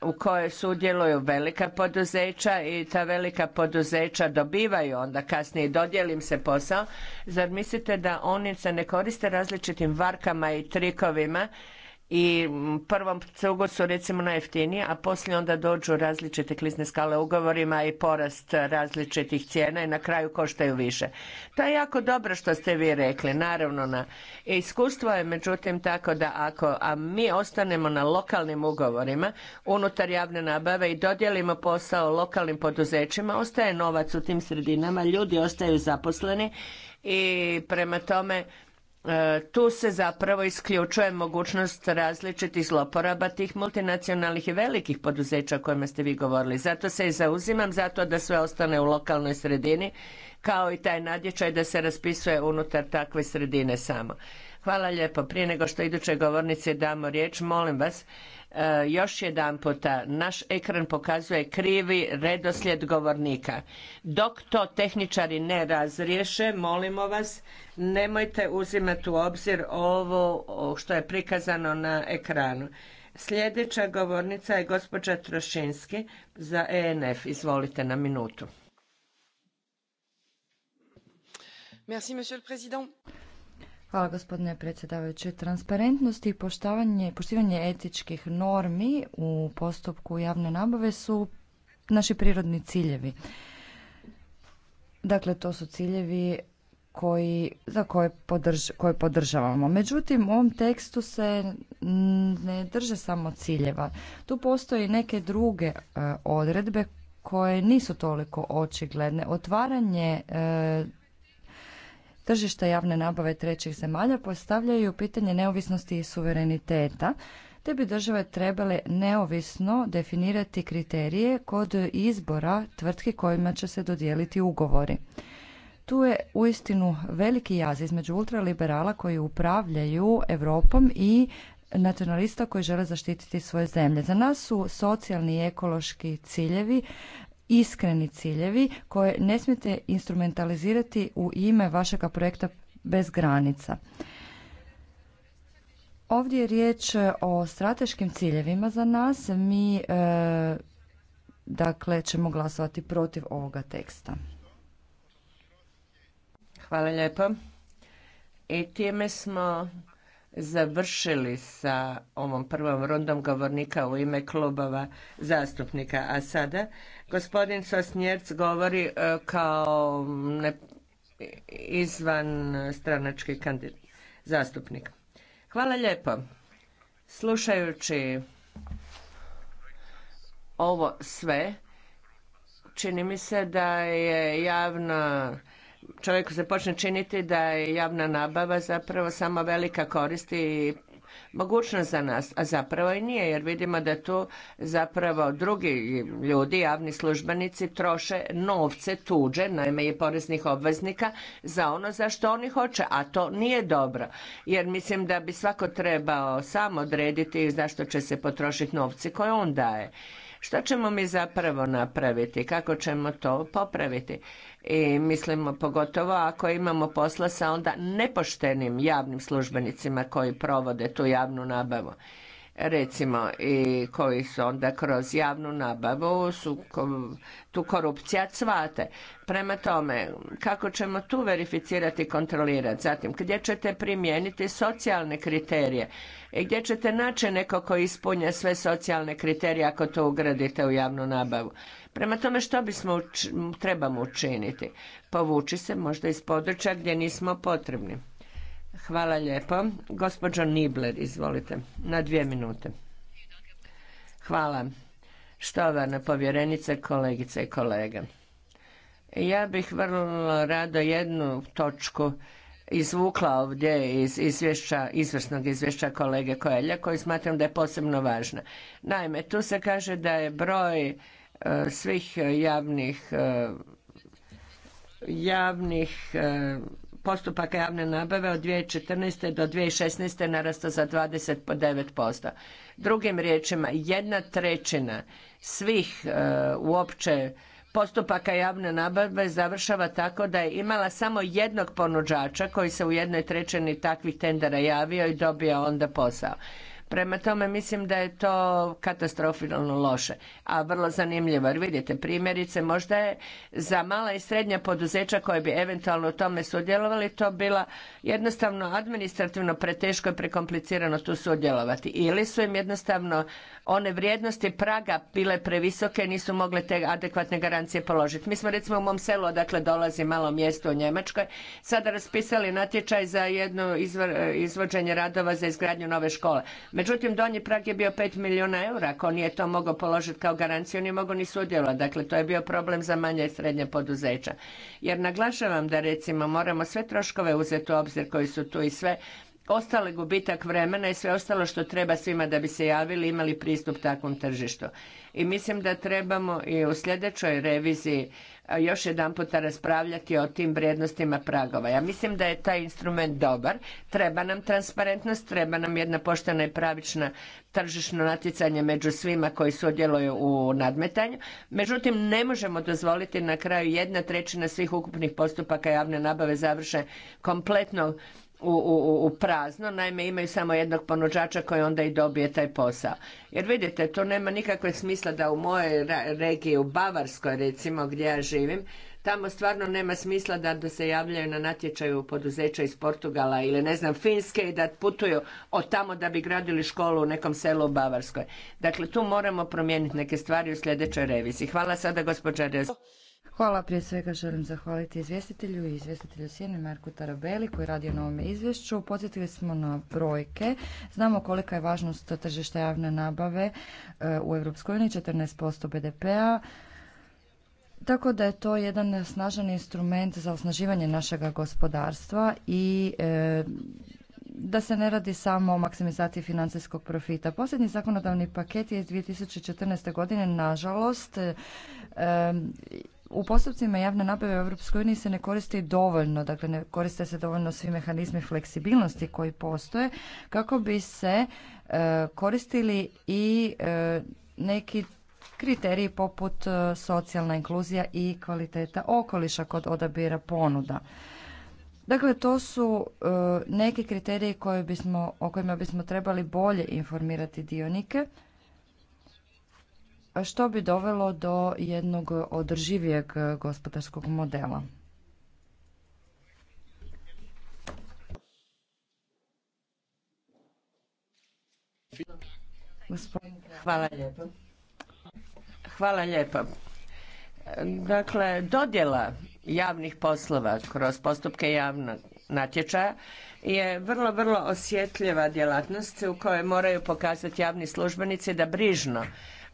A: u kojoj sudjeluju velika poduzeća i ta velika poduzeća dobivaju onda kasnije dodjelim se posao, zar mislite da oni se ne koriste različitim varkama i trikovima i prvom cugu su recimo najjeftinije, a poslije onda dođu različite klizne skale ugovorima i porast različitih cijena i na kraju koštaju više. To je jako dobro što ste vi rekli, naravno na iskustvo je međutim tako da ako a mi ostanemo na lokalnim ugovorima unutar javne nabave i dodijelimo posao lokalnim poduzećima, ostaje novac u tim sredinama, ljudi ostaju zaposleni i prema tome E, tu se zapravo isključuje mogućnost različitih zloporaba tih multinacionalnih i velikih poduzeća o kojima ste vi govorili. Zato se i zauzimam zato da sve ostane u lokalnoj sredini kao i taj nadječaj da se raspisuje unutar takve sredine samo. Hvala lijepo. Prije nego što idućoj govornici damo riječ, molim vas E, još jedan puta, naš ekran pokazuje krivi redoslijed govornika. Dok to tehničari ne razriješe, molimo vas, nemojte uzimati u obzir ovo što je prikazano na ekranu. Sljedeća govornica je gospođa Trošinski za ENF. Izvolite na minutu.
E: Merci,
B: Hvala gospodine predsjedavajući. Transparentnost i poštivanje etičkih normi u postupku javne nabave su naši prirodni ciljevi. Dakle, to su ciljevi koji, za koje, podrž, koje podržavamo. Međutim, u ovom tekstu se ne drže samo ciljeva. Tu postoje neke druge e, odredbe koje nisu toliko očigledne. Otvaranje e, tržišta javne nabave trećih zemalja postavljaju pitanje neovisnosti i suvereniteta, te bi države trebale neovisno definirati kriterije kod izbora tvrtki kojima će se dodijeliti ugovori. Tu je uistinu veliki jaz između ultraliberala koji upravljaju Europom i nacionalista koji žele zaštititi svoje zemlje. Za nas su socijalni i ekološki ciljevi iskreni ciljevi koje ne smijete instrumentalizirati u ime vašeg projekta bez granica. Ovdje je riječ o strateškim ciljevima za nas. Mi e, dakle ćemo glasovati protiv ovoga teksta.
A: Hvala lijepo. I time smo završili sa ovom prvom rondom govornika u ime klubova zastupnika. A sada Gospodin Sosnjerc govori e, kao ne, izvan stranački kandidat, zastupnik. Hvala lijepo. Slušajući ovo sve, čini mi se da je javna čovjeku se počne činiti da je javna nabava zapravo samo velika koristi i mogućnost za nas, a zapravo i nije jer vidimo da tu zapravo drugi ljudi, javni službenici troše novce tuđe, naime i poreznih obveznika za ono za što oni hoće, a to nije dobro. Jer mislim da bi svako trebao sam odrediti zašto će se potrošiti novci koje on daje. Što ćemo mi zapravo napraviti? Kako ćemo to popraviti? I mislimo pogotovo ako imamo posla sa onda nepoštenim javnim službenicima koji provode tu javnu nabavu recimo i koji su onda kroz javnu nabavu su tu korupcija cvate. Prema tome, kako ćemo tu verificirati i kontrolirati? Zatim, gdje ćete primijeniti socijalne kriterije? I gdje ćete naći neko koji ispunje sve socijalne kriterije ako to ugradite u javnu nabavu? Prema tome, što bismo trebamo učiniti? Povući se možda iz područja gdje nismo potrebni. Hvala lijepo. Gospođo Nibler, izvolite, na dvije minute. Hvala. Štovana povjerenice, kolegice i kolege. Ja bih vrlo rado jednu točku izvukla ovdje iz izvješća, izvrsnog izvješća kolege Koelja, koji smatram da je posebno važna. Naime, tu se kaže da je broj e, svih javnih e, javnih e, postupaka javne nabave od 2014. do 2016. narastao za 29%. Drugim riječima, jedna trećina svih e, uopće postupaka javne nabave završava tako da je imala samo jednog ponuđača koji se u jednoj trećini takvih tendera javio i dobio onda posao. Prema tome mislim da je to katastrofinalno loše, a vrlo zanimljivo. Jer vidite, primjerice možda je za mala i srednja poduzeća koje bi eventualno u tome sudjelovali to bila jednostavno administrativno preteško i prekomplicirano tu sudjelovati. Ili su im jednostavno one vrijednosti praga bile previsoke, nisu mogle te adekvatne garancije položiti. Mi smo recimo u mom selu, odakle dolazi malo mjesto u Njemačkoj, sada raspisali natječaj za jedno izvođenje radova za izgradnju nove škole. Međutim, donji prag je bio 5 milijuna eura. Ako nije to mogao položiti kao garanciju, nije mogao ni sudjelovati. Dakle, to je bio problem za manje i srednje poduzeća. Jer naglašavam da recimo moramo sve troškove uzeti u obzir koji su tu i sve ostale gubitak vremena i sve ostalo što treba svima da bi se javili imali pristup takvom tržištu. I mislim da trebamo i u sljedećoj reviziji još jedan puta raspravljati o tim vrijednostima pragova. Ja mislim da je taj instrument dobar, treba nam transparentnost, treba nam jedna poštena i pravična tržišno natjecanje među svima koji sudjeluju u nadmetanju. Međutim, ne možemo dozvoliti na kraju jedna trećina svih ukupnih postupaka javne nabave završe kompletno u, prazno, naime imaju samo jednog ponuđača koji onda i dobije taj posao. Jer vidite, to nema nikakve smisla da u mojoj regiji, u Bavarskoj recimo gdje ja živim, tamo stvarno nema smisla da, se javljaju na natječaju poduzeća iz Portugala ili ne znam Finske i da putuju od tamo da bi gradili školu u nekom selu u Bavarskoj. Dakle, tu moramo promijeniti neke stvari u sljedećoj reviziji. Hvala sada gospođa
B: Hvala prije svega želim zahvaliti izvjestitelju i izvjestitelju Sjene Marku Tarabeli koji radi na ovome izvješću. Podsjetili smo na brojke. Znamo kolika je važnost tržišta javne nabave e, u uniji. 14% BDP-a. Tako da je to jedan snažan instrument za osnaživanje našega gospodarstva i e, da se ne radi samo o maksimizaciji financijskog profita. Posljednji zakonodavni paket je iz 2014. godine, nažalost, e, u postupcima javne nabave u EU se ne koristi dovoljno, dakle ne koriste se dovoljno svi mehanizmi fleksibilnosti koji postoje kako bi se e, koristili i e, neki kriteriji poput e, socijalna inkluzija i kvaliteta okoliša kod odabira ponuda. Dakle, to su neki kriteriji koje bismo, o kojima bismo trebali bolje informirati dionike što bi dovelo do jednog održivijeg eh, gospodarskog modela.
A: Hvala lijepo. Hvala lijepo. Dakle, dodjela javnih poslova kroz postupke javnog natječaja je vrlo, vrlo osjetljiva djelatnost u kojoj moraju pokazati javni službenici da brižno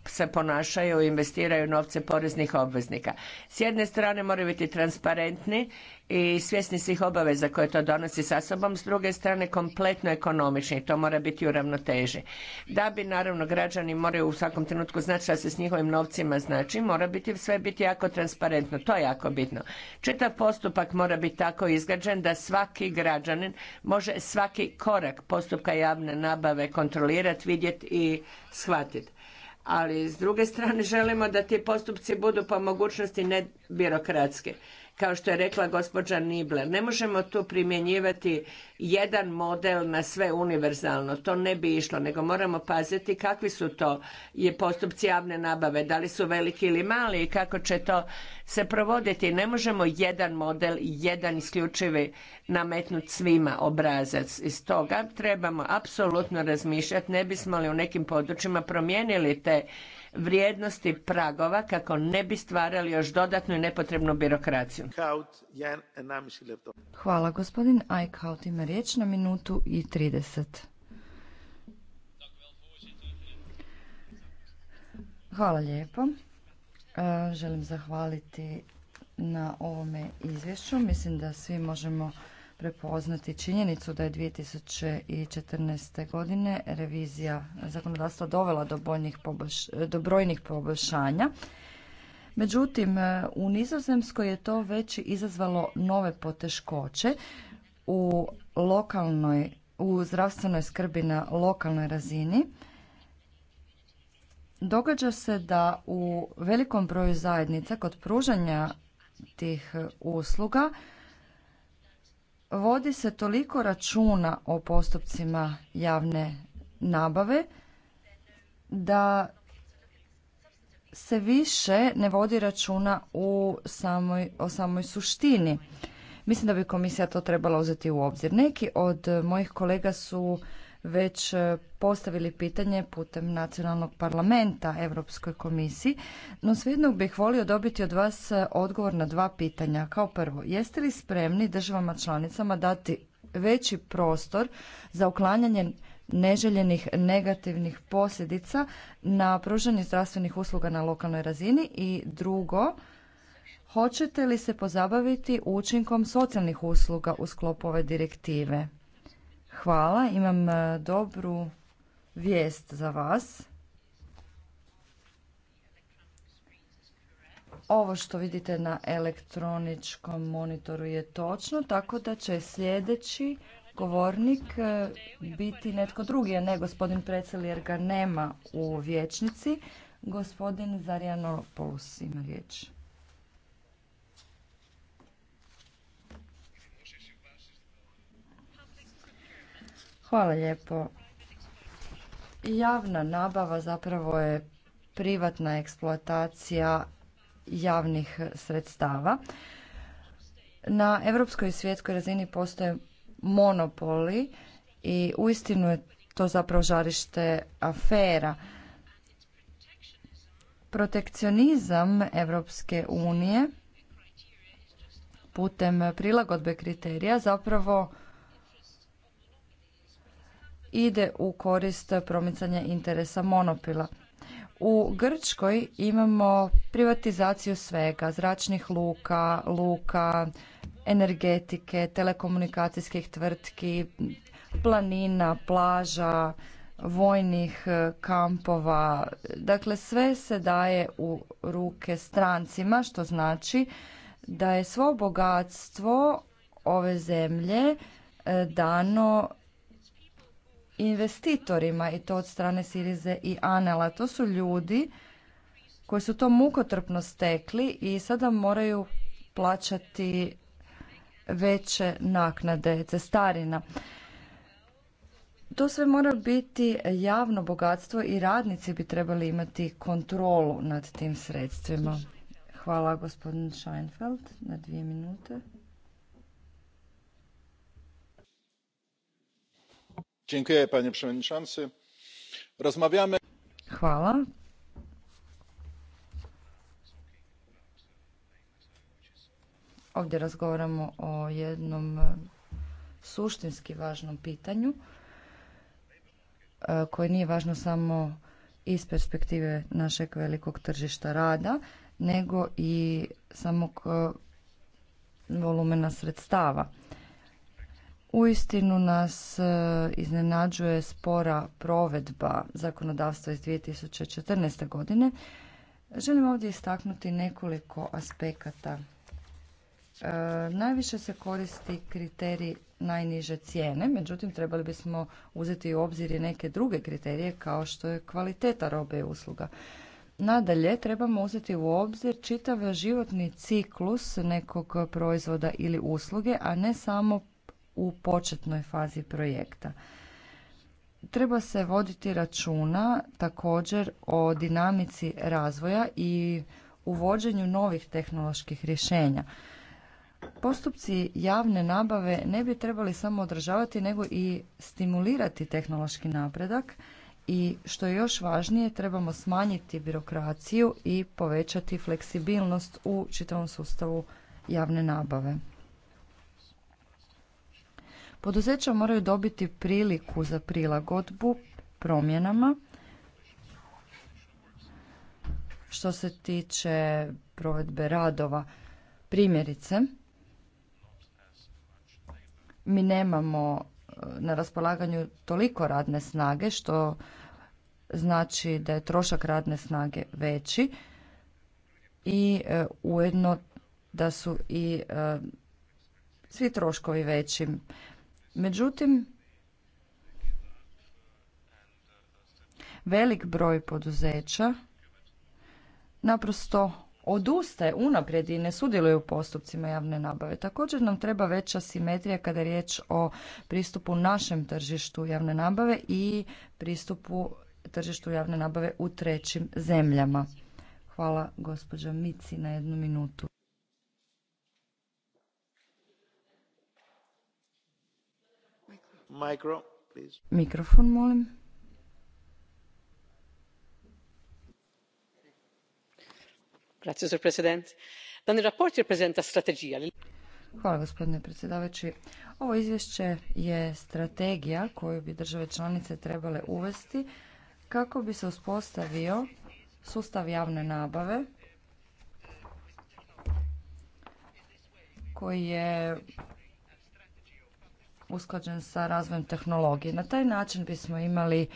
A: se ponašaju i investiraju novce poreznih obveznika. S jedne strane moraju biti transparentni i svjesni svih obaveza koje to donosi sa sobom, s druge strane kompletno ekonomični, to mora biti u ravnoteži. Da bi naravno građani moraju u svakom trenutku znati šta se s njihovim novcima znači, mora biti sve biti jako transparentno, to je jako bitno. Čitav postupak mora biti tako izgrađen da svaki građanin može svaki korak postupka javne nabave kontrolirati, vidjeti i shvatiti ali s druge strane želimo da ti postupci budu po mogućnosti ne birokratski kao što je rekla gospođa Nibler. Ne možemo tu primjenjivati jedan model na sve univerzalno, to ne bi išlo, nego moramo paziti kakvi su to je postupci javne nabave, da li su veliki ili mali i kako će to se provoditi. Ne možemo jedan model, jedan isključivi nametnuti svima obrazac. Iz toga trebamo apsolutno razmišljati, ne bismo li u nekim područjima promijenili te vrijednosti pragova kako ne bi stvarali još dodatnu i nepotrebnu birokraciju.
B: Hvala gospodin Eichhout ima riječ na minutu i 30. Hvala lijepo. E, želim zahvaliti na ovome izvješću. Mislim da svi možemo prepoznati činjenicu da je 2014. godine revizija zakonodavstva dovela do, brojnih poboljšanja. Međutim, u Nizozemskoj je to već izazvalo nove poteškoće u lokalnoj, u zdravstvenoj skrbi na lokalnoj razini. Događa se da u velikom broju zajednica kod pružanja tih usluga vodi se toliko računa o postupcima javne nabave da se više ne vodi računa u samoj, o samoj suštini. Mislim da bi komisija to trebala uzeti u obzir. Neki od mojih kolega su već e, postavili pitanje putem nacionalnog parlamenta Europskoj komisiji, no svejedno bih volio dobiti od vas e, odgovor na dva pitanja. Kao prvo, jeste li spremni državama članicama dati veći prostor za uklanjanje neželjenih negativnih posljedica na pružanje zdravstvenih usluga na lokalnoj razini i drugo, hoćete li se pozabaviti učinkom socijalnih usluga u sklopu ove direktive? Hvala, imam e, dobru vijest za vas. Ovo što vidite na elektroničkom monitoru je točno, tako da će sljedeći govornik e, biti netko drugi, a ne gospodin Precel jer ga nema u vječnici. Gospodin Zarijanopoulos ima riječ. Hvala lijepo. Javna nabava zapravo je privatna eksploatacija javnih sredstava. Na europskoj i svjetskoj razini postoje monopoli i uistinu je to zapravo žarište afera. Protekcionizam Europske unije putem prilagodbe kriterija zapravo ide u korist promicanja interesa monopila. U Grčkoj imamo privatizaciju svega, zračnih luka, luka, energetike, telekomunikacijskih tvrtki, planina, plaža, vojnih e, kampova. Dakle, sve se daje u ruke strancima, što znači da je svo bogatstvo ove zemlje e, dano investitorima i to od strane Sirize i Anela. To su ljudi koji su to mukotrpno stekli i sada moraju plaćati veće naknade cestarina. To sve mora biti javno bogatstvo i radnici bi trebali imati kontrolu nad tim sredstvima. Hvala gospodin Scheinfeld na dvije minute. hvala. ovdje razgovaramo o jednom e, suštinski važnom pitanju e, koje nije važno samo iz perspektive našeg velikog tržišta rada nego i samog e, volumena sredstava Uistinu nas e, iznenađuje spora provedba zakonodavstva iz 2014. godine. Želim ovdje istaknuti nekoliko aspekata. E, najviše se koristi kriterij najniže cijene, međutim trebali bismo uzeti u obzir i neke druge kriterije kao što je kvaliteta robe i usluga. Nadalje, trebamo uzeti u obzir čitav životni ciklus nekog proizvoda ili usluge, a ne samo u početnoj fazi projekta. Treba se voditi računa također o dinamici razvoja i uvođenju novih tehnoloških rješenja. Postupci javne nabave ne bi trebali samo održavati nego i stimulirati tehnološki napredak i što je još važnije trebamo smanjiti birokraciju i povećati fleksibilnost u čitavom sustavu javne nabave. Poduzeća moraju dobiti priliku za prilagodbu promjenama što se tiče provedbe radova. Primjerice, mi nemamo eh, na raspolaganju toliko radne snage što znači da je trošak radne snage veći i eh, ujedno da su i eh, svi troškovi veći. Međutim, velik broj poduzeća naprosto odustaje unaprijed i ne sudjeluje u postupcima javne nabave. Također nam treba veća simetrija kada je riječ o pristupu našem tržištu javne nabave i pristupu tržištu javne nabave u trećim zemljama. Hvala gospođa Mici na jednu minutu. Mikrofon, molim. Hvala gospodine predsjedavajući. Ovo izvješće je strategija koju bi države članice trebale uvesti kako bi se uspostavio sustav javne nabave koji je usklađen sa razvojem tehnologije. Na taj način bismo imali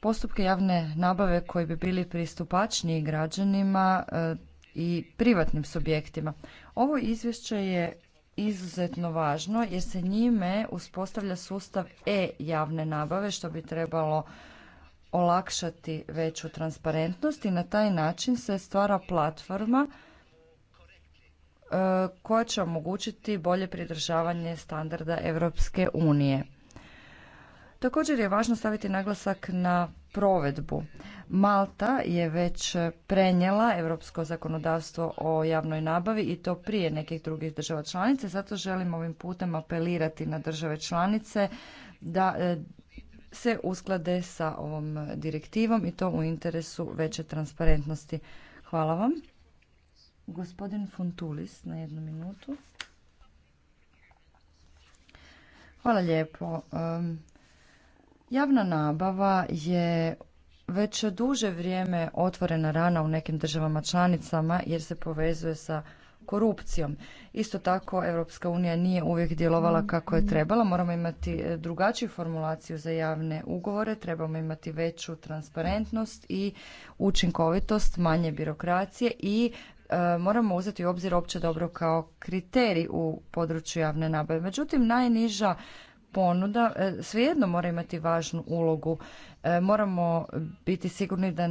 B: postupke javne nabave koji bi bili pristupačniji građanima e, i privatnim subjektima. Ovo izvješće je izuzetno važno jer se njime uspostavlja sustav e-javne nabave što bi trebalo olakšati veću transparentnost i na taj način se stvara platforma koja će omogućiti bolje pridržavanje standarda Europske unije. Također je važno staviti naglasak na provedbu. Malta je već prenijela europsko zakonodavstvo o javnoj nabavi i to prije nekih drugih država članice, zato želim ovim putem apelirati na države članice da e, se usklade sa ovom direktivom i to u interesu veće transparentnosti. Hvala vam. Gospodin Funtulis na jednu minutu. Hvala lijepo. Javna nabava je već duže vrijeme otvorena rana u nekim državama članicama jer se povezuje sa korupcijom. Isto tako Europska unija nije uvijek djelovala kako je trebala. Moramo imati e, drugačiju formulaciju za javne ugovore, trebamo imati veću transparentnost i učinkovitost, manje birokracije i E, moramo uzeti u obzir opće dobro kao kriterij u području javne nabave. Međutim, najniža ponuda e, svejedno mora imati važnu ulogu. E, moramo biti sigurni da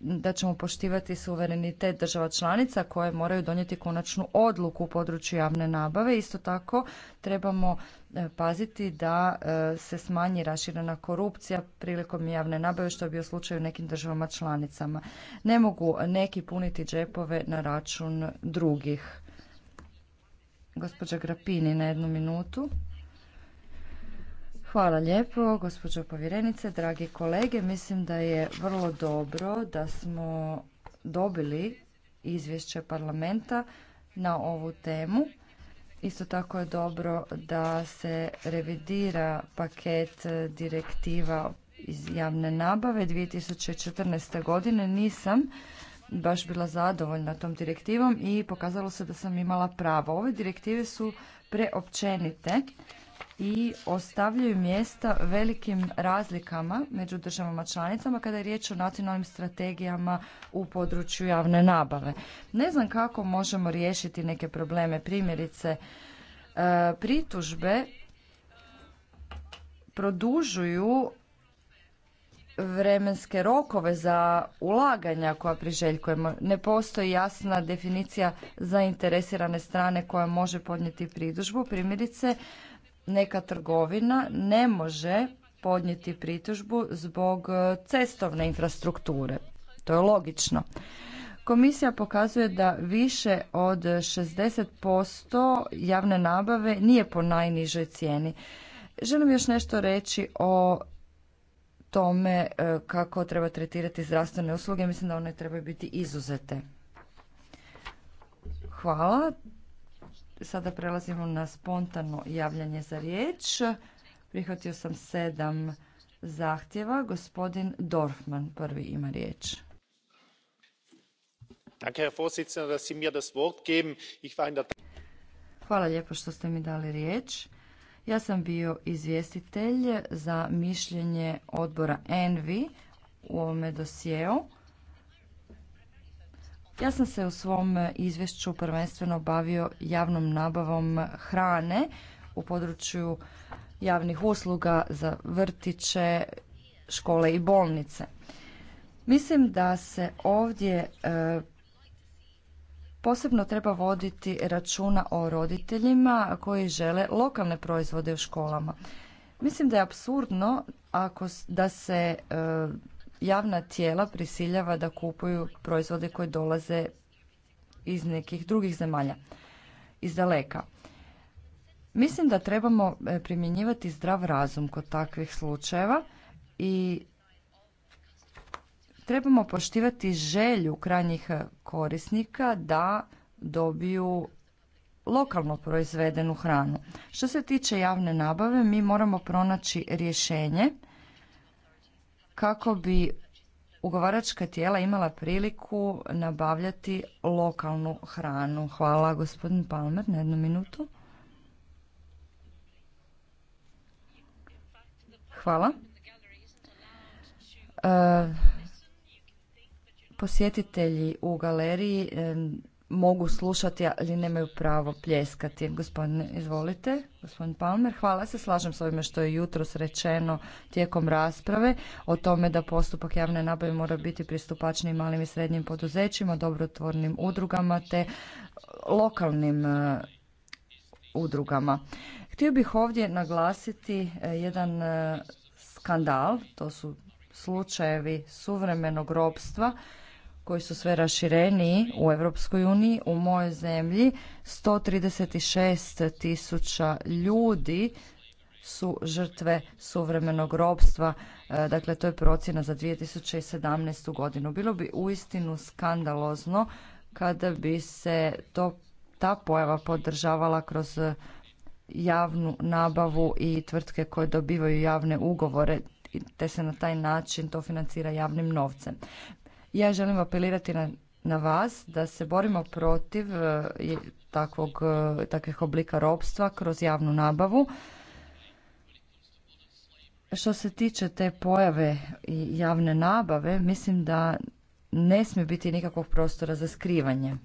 B: da ćemo poštivati suverenitet država članica koje moraju donijeti konačnu odluku u području javne nabave. Isto tako trebamo E, paziti da e, se smanji raširena korupcija prilikom javne nabave što je bio slučaj u nekim državama članicama. Ne mogu neki puniti džepove na račun drugih. Gospođa Grapini na jednu minutu. Hvala lijepo, gospođo povjerenice, dragi kolege. Mislim da je vrlo dobro da smo dobili izvješće parlamenta na ovu temu Isto tako je dobro da se revidira paket e, direktiva iz javne nabave 2014. godine. Nisam baš bila zadovoljna tom direktivom i pokazalo se da sam imala pravo. Ove direktive su preopćenite i ostavljaju mjesta velikim razlikama među državama članicama kada je riječ o nacionalnim strategijama u području javne nabave. Ne znam kako možemo riješiti neke probleme, primjerice e, pritužbe produžuju vremenske rokove za ulaganja koja priželjkujemo. Ne postoji jasna definicija zainteresirane strane koja može podnijeti pritužbu. Primjerice, neka trgovina ne može podnijeti pritužbu zbog e, cestovne infrastrukture. To je logično. Komisija pokazuje da više od 60% javne nabave nije po najnižoj cijeni. Želim još nešto reći o tome e, kako treba tretirati zdravstvene usluge. Mislim da one trebaju biti izuzete. Hvala. Sada prelazimo na spontano javljanje za riječ. Prihvatio sam sedam zahtjeva. Gospodin Dorfman prvi ima riječ. Hvala lijepo što ste mi dali riječ. Ja sam bio izvjestitelj za mišljenje odbora ENVI u ovome dosjeu. Ja sam se u svom e, izvješću prvenstveno bavio javnom nabavom hrane u području javnih usluga za vrtiće, škole i bolnice. Mislim da se ovdje e, posebno treba voditi računa o roditeljima koji žele lokalne proizvode u školama. Mislim da je apsurdno ako da se e, javna tijela prisiljava da kupuju proizvode koji dolaze iz nekih drugih zemalja, iz daleka. Mislim da trebamo e, primjenjivati zdrav razum kod takvih slučajeva i trebamo poštivati želju krajnjih korisnika da dobiju lokalno proizvedenu hranu. Što se tiče javne nabave, mi moramo pronaći rješenje kako bi ugovaračka tijela imala priliku nabavljati lokalnu hranu. Hvala gospodin Palmer na jednu minutu. Hvala. E, posjetitelji u galeriji mogu slušati, ali nemaju pravo pljeskati. Gospodine, izvolite, gospodin Palmer, hvala se, slažem s ovime što je jutro rečeno tijekom rasprave o tome da postupak javne nabave mora biti pristupačniji malim i srednjim poduzećima, dobrotvornim udrugama te lokalnim e, udrugama. Htio bih ovdje naglasiti e, jedan e, skandal, to su slučajevi suvremenog robstva koji su sve rašireniji u Europskoj uniji, u mojoj zemlji 136 tisuća ljudi su žrtve suvremenog robstva. E, dakle, to je procjena za 2017. godinu. Bilo bi uistinu skandalozno kada bi se to, ta pojava podržavala kroz javnu nabavu i tvrtke koje dobivaju javne ugovore te se na taj način to financira javnim novcem. Ja želim apelirati na, na vas da se borimo protiv e, takvog, e, takvih oblika ropstva kroz javnu nabavu. Što se tiče te pojave i javne nabave, mislim da ne smije biti nikakvog prostora za skrivanje.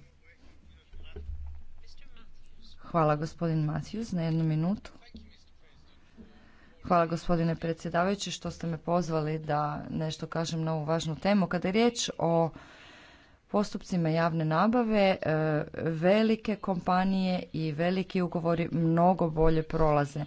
B: Hvala gospodin Matthews na jednu minutu. Hvala gospodine predsjedavajući što ste me pozvali da nešto kažem na ovu važnu temu. Kada je riječ o postupcima javne nabave, e, velike kompanije i veliki ugovori mnogo bolje prolaze.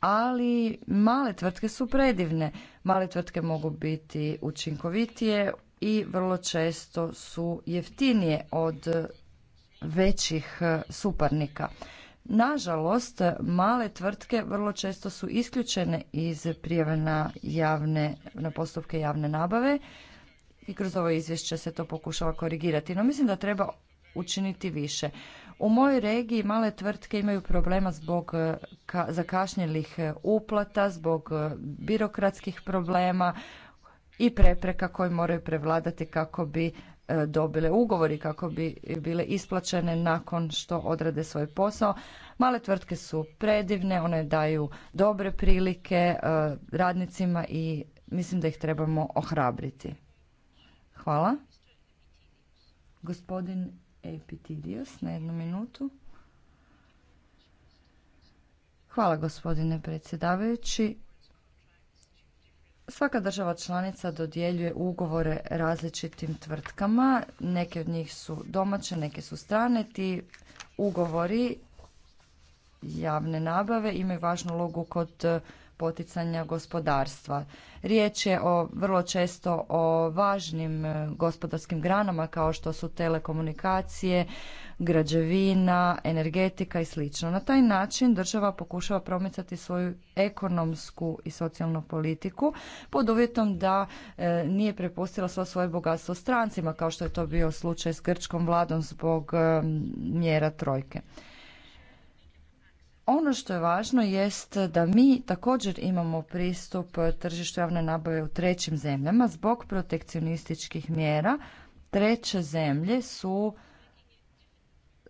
B: Ali male tvrtke su predivne. Male tvrtke mogu biti učinkovitije i vrlo često su jeftinije od većih e, suparnika. Nažalost, male tvrtke vrlo često su isključene iz prijave na, javne, na postupke javne nabave i kroz ovo izvješće se to pokušava korigirati. No mislim da treba učiniti više. U mojoj regiji male tvrtke imaju problema zbog eh, zakašnjelih eh, uplata, zbog eh, birokratskih problema i prepreka koje moraju prevladati kako bi E, dobile ugovori kako bi bile isplaćene nakon što odrade svoj posao. Male tvrtke su predivne, one daju dobre prilike e, radnicima i mislim da ih trebamo ohrabriti. Hvala. Gospodin Epitidios na jednu minutu. Hvala gospodine predsjedavajući. Svaka država članica dodjeljuje ugovore različitim tvrtkama, neke od njih su domaće, neke su strane. Ti ugovori javne nabave imaju važnu ulogu kod poticanja gospodarstva. Riječ je o vrlo često o važnim eh, gospodarskim granama kao što su telekomunikacije, građevina, energetika i sl. Na taj način država pokušava promicati svoju ekonomsku i socijalnu politiku pod uvjetom da e, nije prepustila sva svoje bogatstvo strancima kao što je to bio slučaj s grčkom vladom zbog e, mjera trojke. Ono što je važno jest da mi također imamo pristup tržištu javne nabave u trećim zemljama zbog protekcionističkih mjera. Treće zemlje su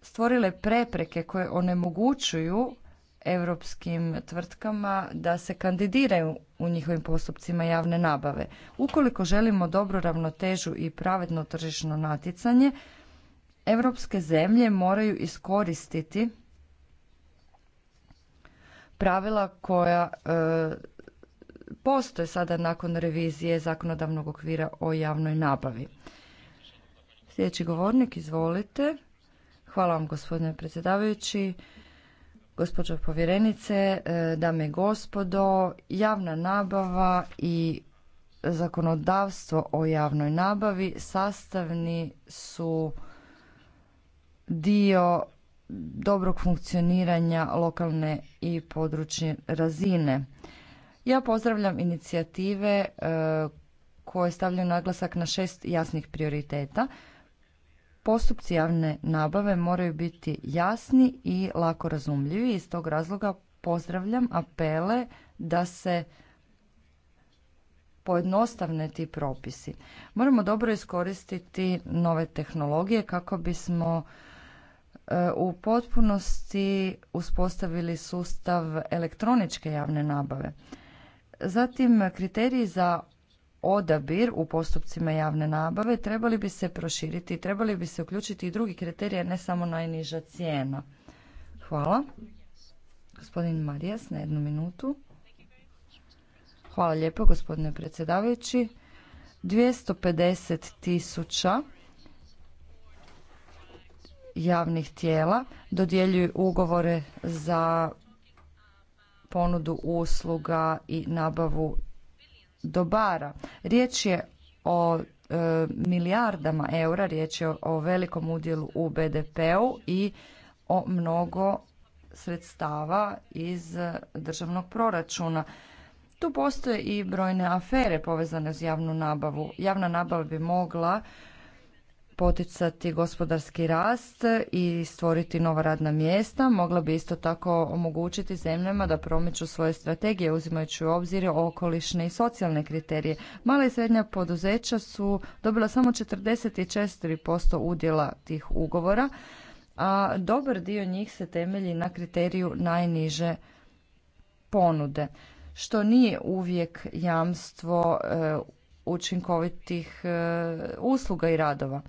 B: stvorile prepreke koje onemogućuju europskim tvrtkama da se kandidiraju u njihovim postupcima javne nabave. Ukoliko želimo dobru ravnotežu i pravedno tržišno natjecanje, europske zemlje moraju iskoristiti pravila koja e, postoje sada nakon revizije zakonodavnog okvira o javnoj nabavi. Sljedeći govornik, izvolite. Hvala vam gospodine predsjedavajući. Gospođo povjerenice, e, dame i gospodo, javna nabava i zakonodavstvo o javnoj nabavi sastavni su dio dobrog funkcioniranja lokalne i područne razine. Ja pozdravljam inicijative e, koje stavljaju naglasak na šest jasnih prioriteta. Postupci javne nabave moraju biti jasni i lako razumljivi. Iz tog razloga pozdravljam apele da se pojednostavne ti propisi. Moramo dobro iskoristiti nove tehnologije kako bismo e, u potpunosti uspostavili sustav elektroničke javne nabave. Zatim kriteriji za odabir u postupcima javne nabave trebali bi se proširiti, trebali bi se uključiti i drugi kriterije, ne samo najniža cijena. Hvala. Gospodin Marijas, na jednu minutu. Hvala lijepo, gospodine predsjedavajući. 250 tisuća javnih tijela dodjeljuju ugovore za ponudu usluga i nabavu dobara. Riječ je o e, milijardama eura, riječ je o velikom udjelu u BDP-u i o mnogo sredstava iz državnog proračuna. Tu postoje i brojne afere povezane uz javnu nabavu. Javna nabava bi mogla poticati gospodarski rast i stvoriti nova radna mjesta, mogla bi isto tako omogućiti zemljama da promiču svoje strategije uzimajući u obzir okolišne i socijalne kriterije. Mala i srednja poduzeća su dobila samo 44% udjela tih ugovora, a dobar dio njih se temelji na kriteriju najniže ponude, što nije uvijek jamstvo e, učinkovitih e, usluga i radova.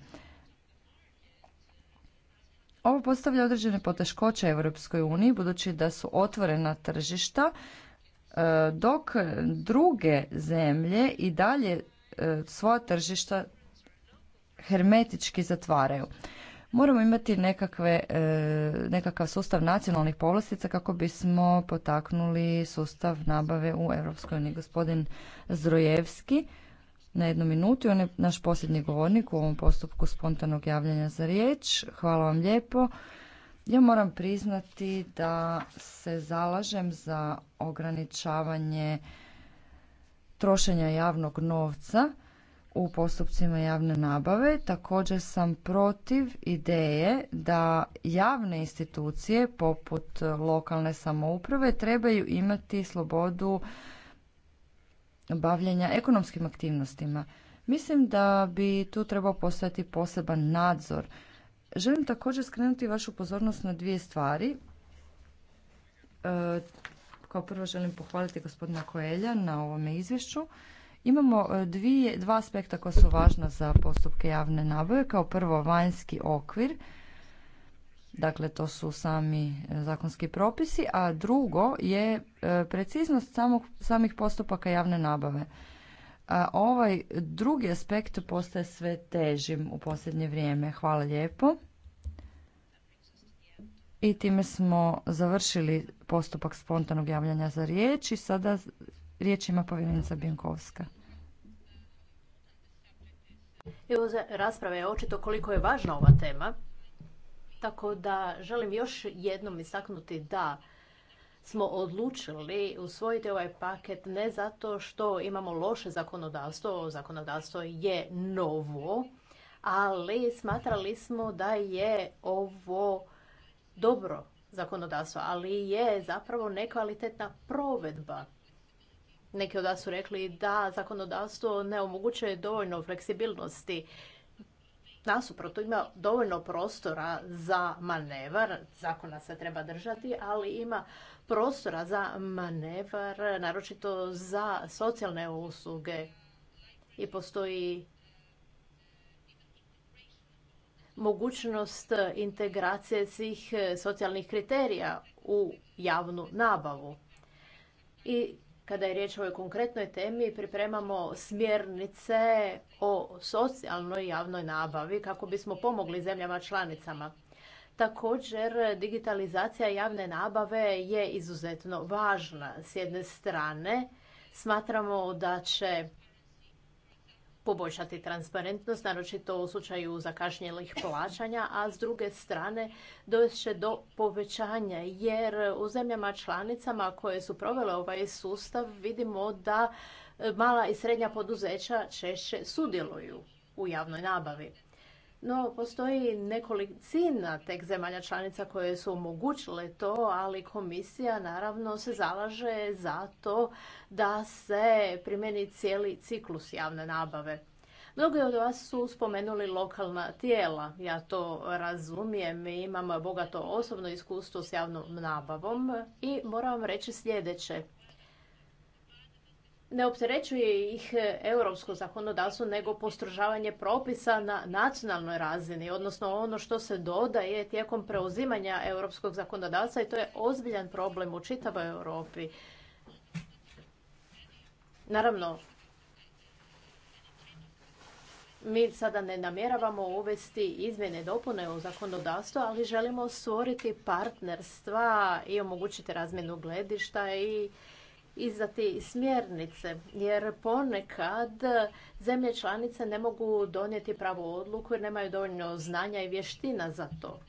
B: Ovo postavlja određene poteškoće Europskoj uniji budući da su otvorena tržišta e, dok druge zemlje i dalje e, svoja tržišta hermetički zatvaraju. Moramo imati nekakve, nekakav sustav nacionalnih povlastica kako bismo potaknuli sustav nabave u Europskoj uniji. Gospodin Zrojevski na jednu minutu. On je naš posljednji govornik u ovom postupku spontanog javljanja za riječ. Hvala vam lijepo. Ja moram priznati da se zalažem za ograničavanje trošenja javnog novca u postupcima javne nabave. Također sam protiv ideje da javne institucije poput lokalne samouprave trebaju imati slobodu bavljenja ekonomskim aktivnostima. Mislim da bi tu trebao postojati poseban nadzor. Želim također skrenuti vašu pozornost na dvije stvari. E, kao prvo želim pohvaliti gospodina Koelja na ovome izvješću. Imamo e, dvije, dva aspekta koja su važna za postupke javne nabave. Kao prvo vanjski okvir Dakle, to su sami e, zakonski propisi, a drugo je e, preciznost samog, samih postupaka javne nabave. ovaj drugi aspekt postaje sve težim u posljednje vrijeme. Hvala lijepo. I time smo završili postupak spontanog javljanja za riječ i sada riječ ima povjerenica Bjankovska.
C: Evo za rasprave je očito koliko je važna ova tema tako da želim još jednom istaknuti da smo odlučili usvojiti ovaj paket ne zato što imamo loše zakonodavstvo, zakonodavstvo je novo, ali smatrali smo da je ovo dobro zakonodavstvo, ali je zapravo nekvalitetna provedba. Neki od vas su rekli da zakonodavstvo ne omogućuje dovoljno fleksibilnosti Nasuprot, ima dovoljno prostora za manevar, zakona se treba držati, ali ima prostora za manevar, naročito za socijalne usluge i postoji mogućnost integracije svih socijalnih kriterija u javnu nabavu. I kada je riječ o ovoj konkretnoj temi, pripremamo smjernice o socijalnoj javnoj nabavi kako bismo pomogli zemljama članicama. Također, digitalizacija javne nabave je izuzetno važna. S jedne strane, smatramo da će poboljšati transparentnost, naročito u slučaju zakašnjelih plaćanja, a s druge strane doće do povećanja, jer u zemljama članicama koje su provele ovaj sustav vidimo da mala i srednja poduzeća češće sudjeluju u javnoj nabavi. No, postoji nekolicina tek zemalja članica koje su omogućile to, ali komisija naravno se zalaže za to da se primjeni cijeli ciklus javne nabave. Mnogi od vas su spomenuli lokalna tijela. Ja to razumijem imam bogato osobno iskustvo s javnom nabavom i moram vam reći sljedeće ne opterećuje ih e, europsko zakonodavstvo nego postrožavanje propisa na nacionalnoj razini, odnosno ono što se dodaje tijekom preuzimanja europskog zakonodavstva i to je ozbiljan problem u čitavoj Europi. Naravno, mi sada ne namjeravamo uvesti izmjene dopune u zakonodavstvo, ali želimo stvoriti partnerstva i omogućiti razmjenu gledišta i izdati smjernice, jer ponekad zemlje članice ne mogu donijeti pravu odluku jer nemaju dovoljno znanja i vještina za to.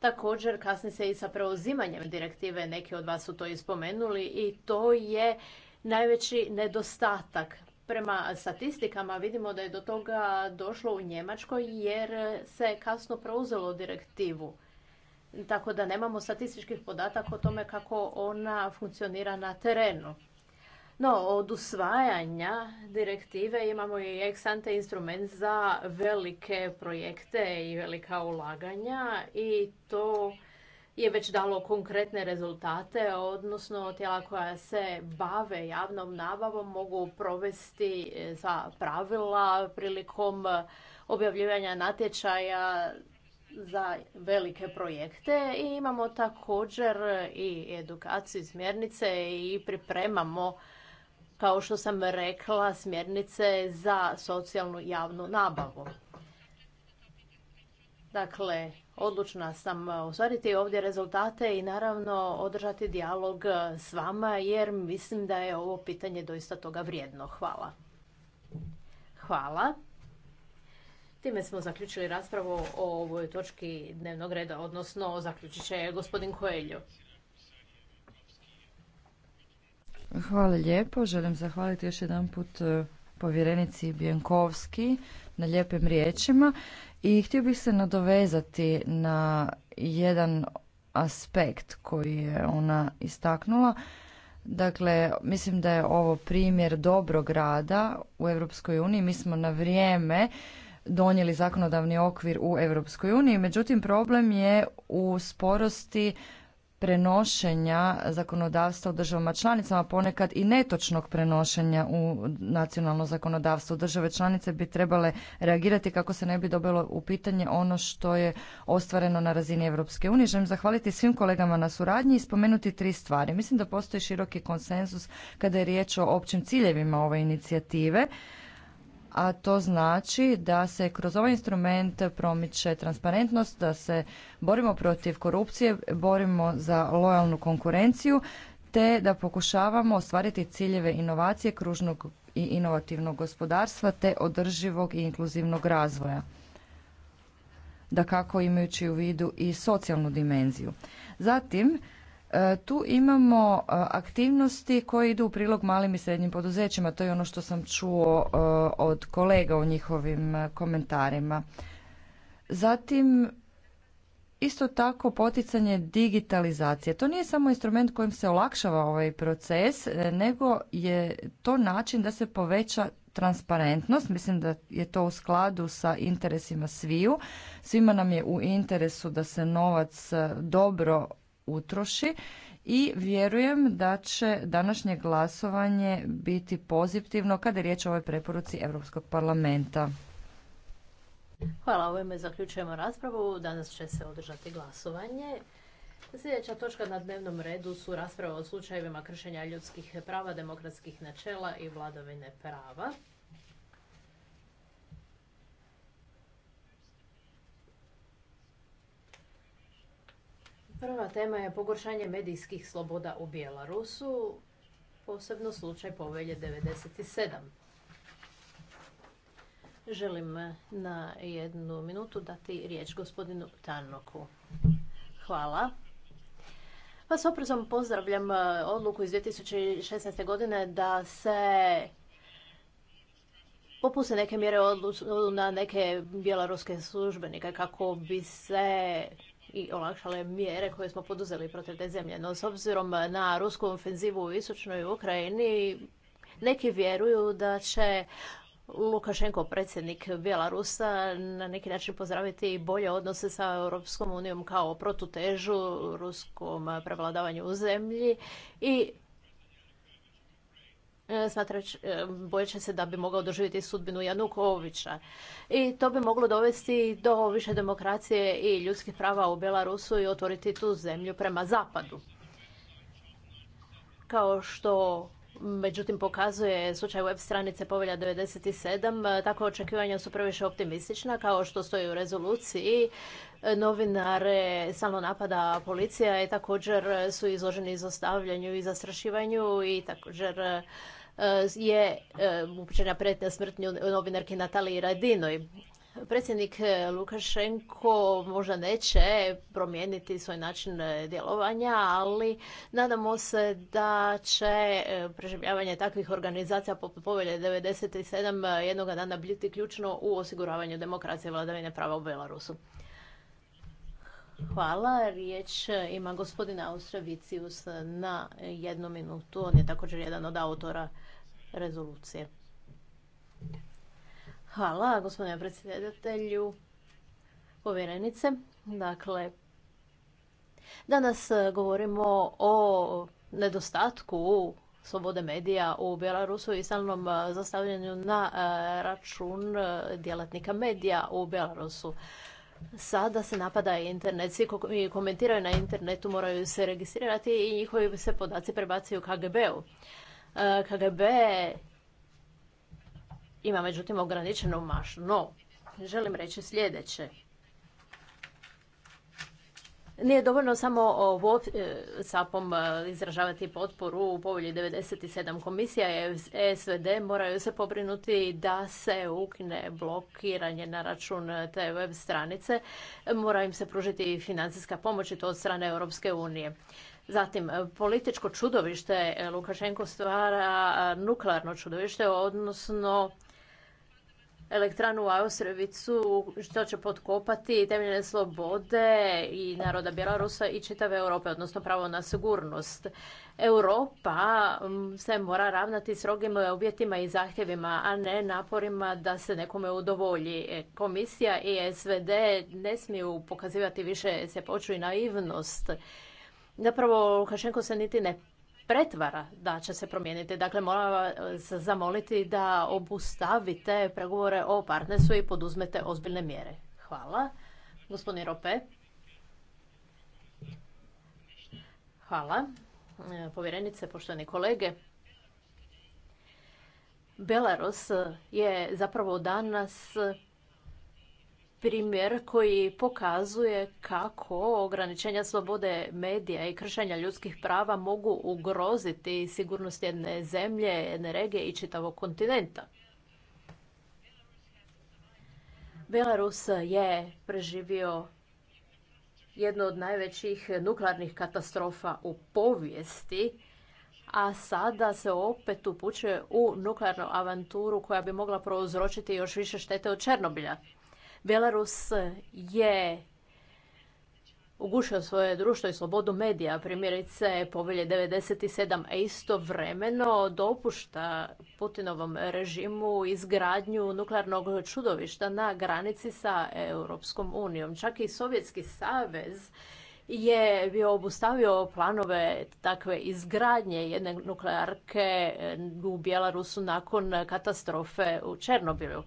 C: Također kasni se i sa preuzimanjem direktive, neki od vas su to i spomenuli i to je najveći nedostatak. Prema statistikama vidimo da je do toga došlo u Njemačkoj jer se kasno preuzelo direktivu tako da nemamo statističkih podataka o tome kako ona funkcionira na terenu. No, od usvajanja direktive imamo i ex instrument za velike projekte i velika ulaganja i to je već dalo konkretne rezultate, odnosno tijela koja se bave javnom nabavom mogu provesti za e, pravila prilikom objavljivanja natječaja za velike projekte i imamo također i edukaciju smjernice i pripremamo kao što sam rekla smjernice za socijalnu javnu nabavu. Dakle, odlučna sam ostvariti ovdje rezultate i naravno održati dijalog s vama jer mislim da je ovo pitanje doista toga vrijedno. Hvala. Hvala. Time smo zaključili raspravu o ovoj točki dnevnog reda, odnosno zaključit će gospodin Koeljo.
B: Hvala lijepo. Želim zahvaliti još jedan put e, povjerenici Bjenkovski na lijepim riječima i htio bih se nadovezati na jedan aspekt koji je ona istaknula. Dakle, mislim da je ovo primjer dobrog rada u Europskoj uniji. Mi smo na vrijeme donijeli zakonodavni okvir u Europskoj uniji, međutim problem je u sporosti prenošenja zakonodavstva u državama članicama, ponekad i netočnog prenošenja u nacionalno zakonodavstvo. Države članice bi trebale reagirati kako se ne bi dobilo u pitanje ono što je ostvareno na razini Europske unije. Želim zahvaliti svim kolegama na suradnji i spomenuti tri stvari. Mislim da postoji široki konsenzus kada je riječ o općim ciljevima ove inicijative a to znači da se kroz ovaj instrument promiče transparentnost, da se borimo protiv korupcije, borimo za lojalnu konkurenciju, te da pokušavamo ostvariti ciljeve inovacije, kružnog i inovativnog gospodarstva, te održivog i inkluzivnog razvoja da kako imajući u vidu i socijalnu dimenziju. Zatim, E, tu imamo e, aktivnosti koje idu u prilog malim i srednjim poduzećima. To je ono što sam čuo e, od kolega u njihovim komentarima. Zatim, isto tako poticanje digitalizacije. To nije samo instrument kojim se olakšava ovaj proces, nego je to način da se poveća transparentnost. Mislim da je to u skladu sa interesima sviju. Svima nam je u interesu da se novac dobro utroši i vjerujem da će današnje glasovanje biti pozitivno kada je riječ o ovoj preporuci Europskog parlamenta.
C: Hvala, ovime zaključujemo raspravu. Danas će se održati glasovanje. Sljedeća točka na dnevnom redu su rasprave o slučajevima kršenja ljudskih prava, demokratskih načela i vladavine prava. Prva tema je pogoršanje medijskih sloboda u Bjelarusu, posebno slučaj povelje 97. Želim na jednu minutu dati riječ gospodinu Tanoku. Hvala. Pa s oprezom pozdravljam odluku iz 2016. godine da se popuse neke mjere na neke bjelaruske službenike kako bi se i olakšale mjere koje smo poduzeli protiv te zemlje. No, s obzirom na rusku ofenzivu u istočnoj Ukrajini, neki vjeruju da će Lukašenko, predsjednik Bjelarusa, na neki način pozdraviti bolje odnose sa Europskom unijom kao protutežu ruskom prevladavanju u zemlji i E, smatrać, e, bojit će se da bi mogao doživjeti sudbinu Janukovića. I to bi moglo dovesti do više demokracije i ljudskih prava u Belarusu i otvoriti tu zemlju prema zapadu. Kao što međutim pokazuje slučaj web stranice Povelja 97, e, tako očekivanja su previše optimistična, kao što stoji u rezoluciji. E, novinare samo napada policija i također su izloženi izostavljanju i zastrašivanju i također e, je e, upućena pretnja smrtnju novinarki Nataliji Radinoj. Predsjednik Lukašenko možda neće promijeniti svoj način djelovanja, ali nadamo se da će preživljavanje takvih organizacija poput povelje 97 jednoga dana biti ključno u osiguravanju demokracije i vladavine prava u Belarusu. Hvala. Riječ e, ima gospodin Austravicius na jednu minutu. On je također jedan od autora rezolucije. Hvala gospodine predsjedatelju povjerenice. Dakle, danas govorimo o nedostatku slobode medija u Belarusu i stalnom zastavljanju na e, račun e, djelatnika medija u Belarusu. Sada se napada internet, svi koji komentiraju na internetu moraju se registrirati i njihovi se podaci prebacuju KGB-u. E, KGB ima međutim ograničenu maš, no želim reći sljedeće. Nije dovoljno samo e, SAP-om e, izražavati potporu u povolji 97 komisija SVD moraju se pobrinuti da se ukine blokiranje na račun te web stranice. Mora im se pružiti financijska pomoć i to od strane Europske unije. Zatim, političko čudovište e, Lukašenko stvara nuklearno čudovište, odnosno elektranu u Austrevicu, što će potkopati temeljne slobode i naroda Bjelarusa i čitave Europe, odnosno pravo na sigurnost. Europa se mora ravnati strogim uvjetima i zahtjevima, a ne naporima da se nekome udovolji. E, komisija i SVD ne smiju pokazivati više se i naivnost. Zapravo, Lukašenko se niti ne pretvara da će se promijeniti. Dakle, moram vas zamoliti da obustavite pregovore o partnerstvu i poduzmete ozbiljne mjere. Hvala. Gospodin Rope. Hvala. E, povjerenice, poštovani kolege. Belarus je zapravo danas primjer koji pokazuje kako ograničenja slobode medija i kršenja ljudskih prava mogu ugroziti sigurnost jedne zemlje, jedne regije i čitavog kontinenta. Belarus je preživio jednu od najvećih nuklearnih katastrofa u povijesti, a sada se opet upućuje u nuklearnu avanturu koja bi mogla prouzročiti još više štete od Černobilja. Belarus je ugušio svoje društvo i slobodu medija, primjerice povelje 97, a istovremeno dopušta Putinovom režimu izgradnju nuklearnog čudovišta na granici sa Europskom unijom. Čak i Sovjetski savez je bio obustavio planove takve izgradnje jedne nuklearke u Bjelarusu nakon katastrofe u Černobilu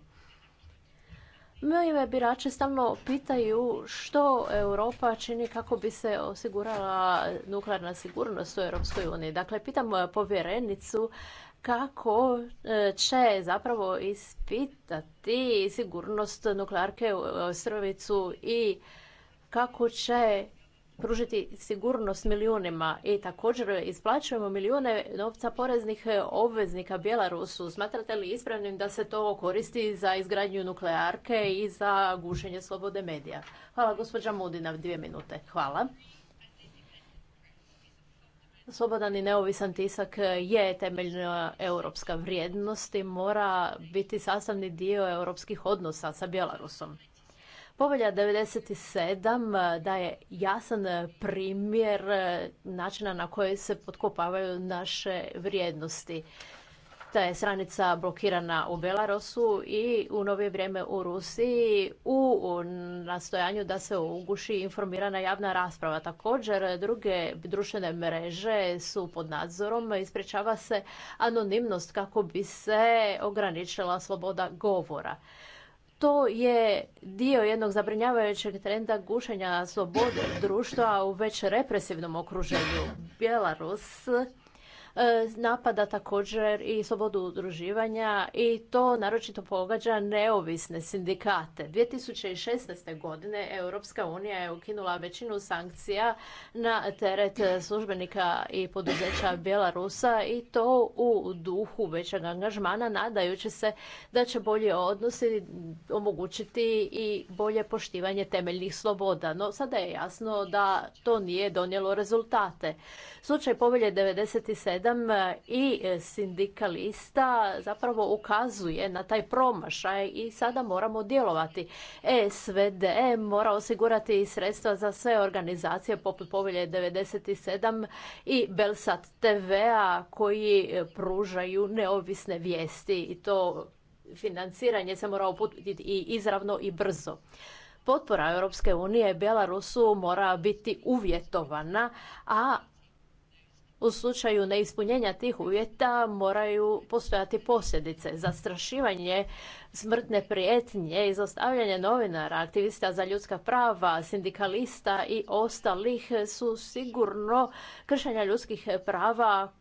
C: me birače stalno pitaju što Europa čini kako bi se osigurala nuklearna sigurnost u Europskoj uniji. Dakle, pitam eh, povjerenicu kako eh, će zapravo ispitati sigurnost nuklearke u Ostrovicu eh, i kako će pružiti sigurnost milijunima i također isplaćujemo milijune novca poreznih obveznika Bjelarusu. Smatrate li ispravnim da se to koristi za izgradnju nuklearke i za gušenje slobode medija? Hvala gospođa Mudina, dvije minute. Hvala. Slobodan i neovisan tisak je temeljna europska vrijednost i mora biti sastavni dio europskih odnosa sa Bjelarusom. Povelja 97 eh, daje jasan eh, primjer eh, načina na koji se potkopavaju naše vrijednosti. Ta je stranica blokirana u Belarusu i u novije vrijeme u Rusiji u nastojanju da se uguši informirana javna rasprava. Također, druge društvene mreže su pod nadzorom i se anonimnost kako bi se ograničila sloboda govora to je dio jednog zabrinjavajućeg trenda gušenja slobode društva u već represivnom okruženju. Bjelarus E, napada također i slobodu udruživanja i to naročito pogađa neovisne sindikate. 2016. godine Europska unija je ukinula većinu sankcija na teret službenika i poduzeća Bjelarusa i to u duhu većeg angažmana nadajući se da će bolje odnosi omogućiti i bolje poštivanje temeljnih sloboda. No sada je jasno da to nije donijelo rezultate. Slučaj povelje 97 E, i e, sindikalista zapravo ukazuje na taj promašaj i sada moramo djelovati. SVD mora osigurati sredstva za sve organizacije poput povelje 97 i Belsat TV-a koji e, pružaju neovisne vijesti i to financiranje se mora uputiti i izravno i brzo. Potpora Europske unije Belarusu mora biti uvjetovana, a u slučaju neispunjenja tih uvjeta moraju postojati posljedice. Zastrašivanje, smrtne prijetnje izostavljanje novinara, aktivista za ljudska prava, sindikalista i ostalih su sigurno kršenja ljudskih prava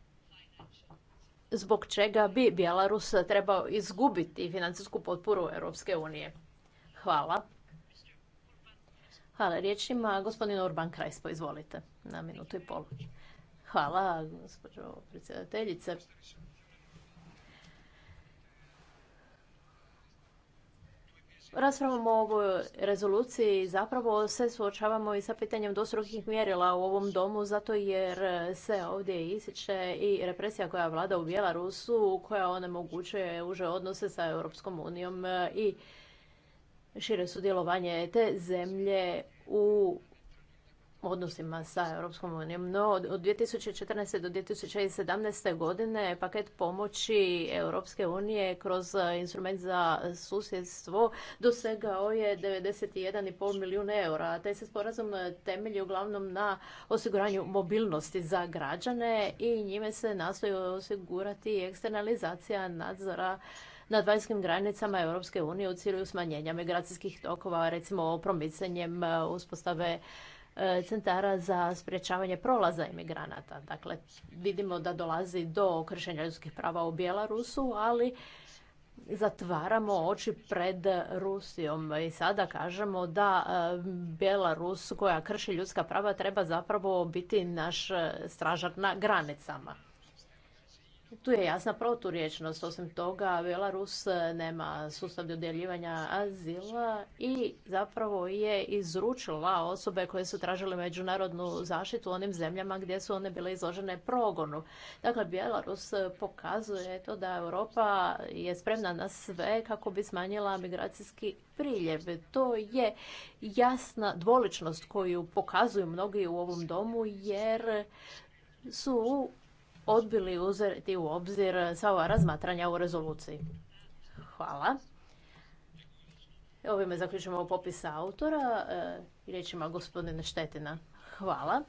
C: zbog čega bi Bjelarus trebao izgubiti financijsku potporu Europske unije. Hvala. Hvala riječima. Gospodin Urban Krajspo, pa izvolite, na minutu i pol. Hvala, gospođo predsjedateljice. Raspravom o ovoj rezoluciji zapravo se suočavamo i sa pitanjem dvostrukih mjerila u ovom domu, zato jer se ovdje isiče i represija koja vlada u Bjelarusu, koja onemogućuje uže odnose sa Europskom unijom i šire sudjelovanje te zemlje u odnosima sa Europskom unijom. No, od 2014. do 2017. godine paket pomoći Europske unije kroz e, instrument za susjedstvo dosegao je 91,5 milijuna eura. Taj se sporazum temelji uglavnom na osiguranju mobilnosti za građane i njime se nastoji osigurati eksternalizacija nadzora nad vanjskim granicama Europske unije u cilju smanjenja migracijskih tokova, recimo promicanjem uspostave centara za sprječavanje prolaza imigranata. Dakle, vidimo da dolazi do kršenja ljudskih prava u Bjelarusu, ali zatvaramo oči pred Rusijom i sada kažemo da e, Bjelarus koja krši ljudska prava treba zapravo biti naš e, stražar na granicama. Tu je jasna proturječnost. Osim toga, Belarus nema sustav dodjeljivanja azila i zapravo je izručila osobe koje su tražile međunarodnu zaštitu u onim zemljama gdje su one bile izložene progonu. Dakle, Bjelarus pokazuje to da Europa je spremna na sve kako bi smanjila migracijski priljev. To je jasna dvoličnost koju pokazuju mnogi u ovom domu jer su odbili uzeti u obzir sva ova razmatranja u rezoluciji. Hvala. Ovime zaključujemo popis autora. E, Riječima gospodine Štetina. Hvala.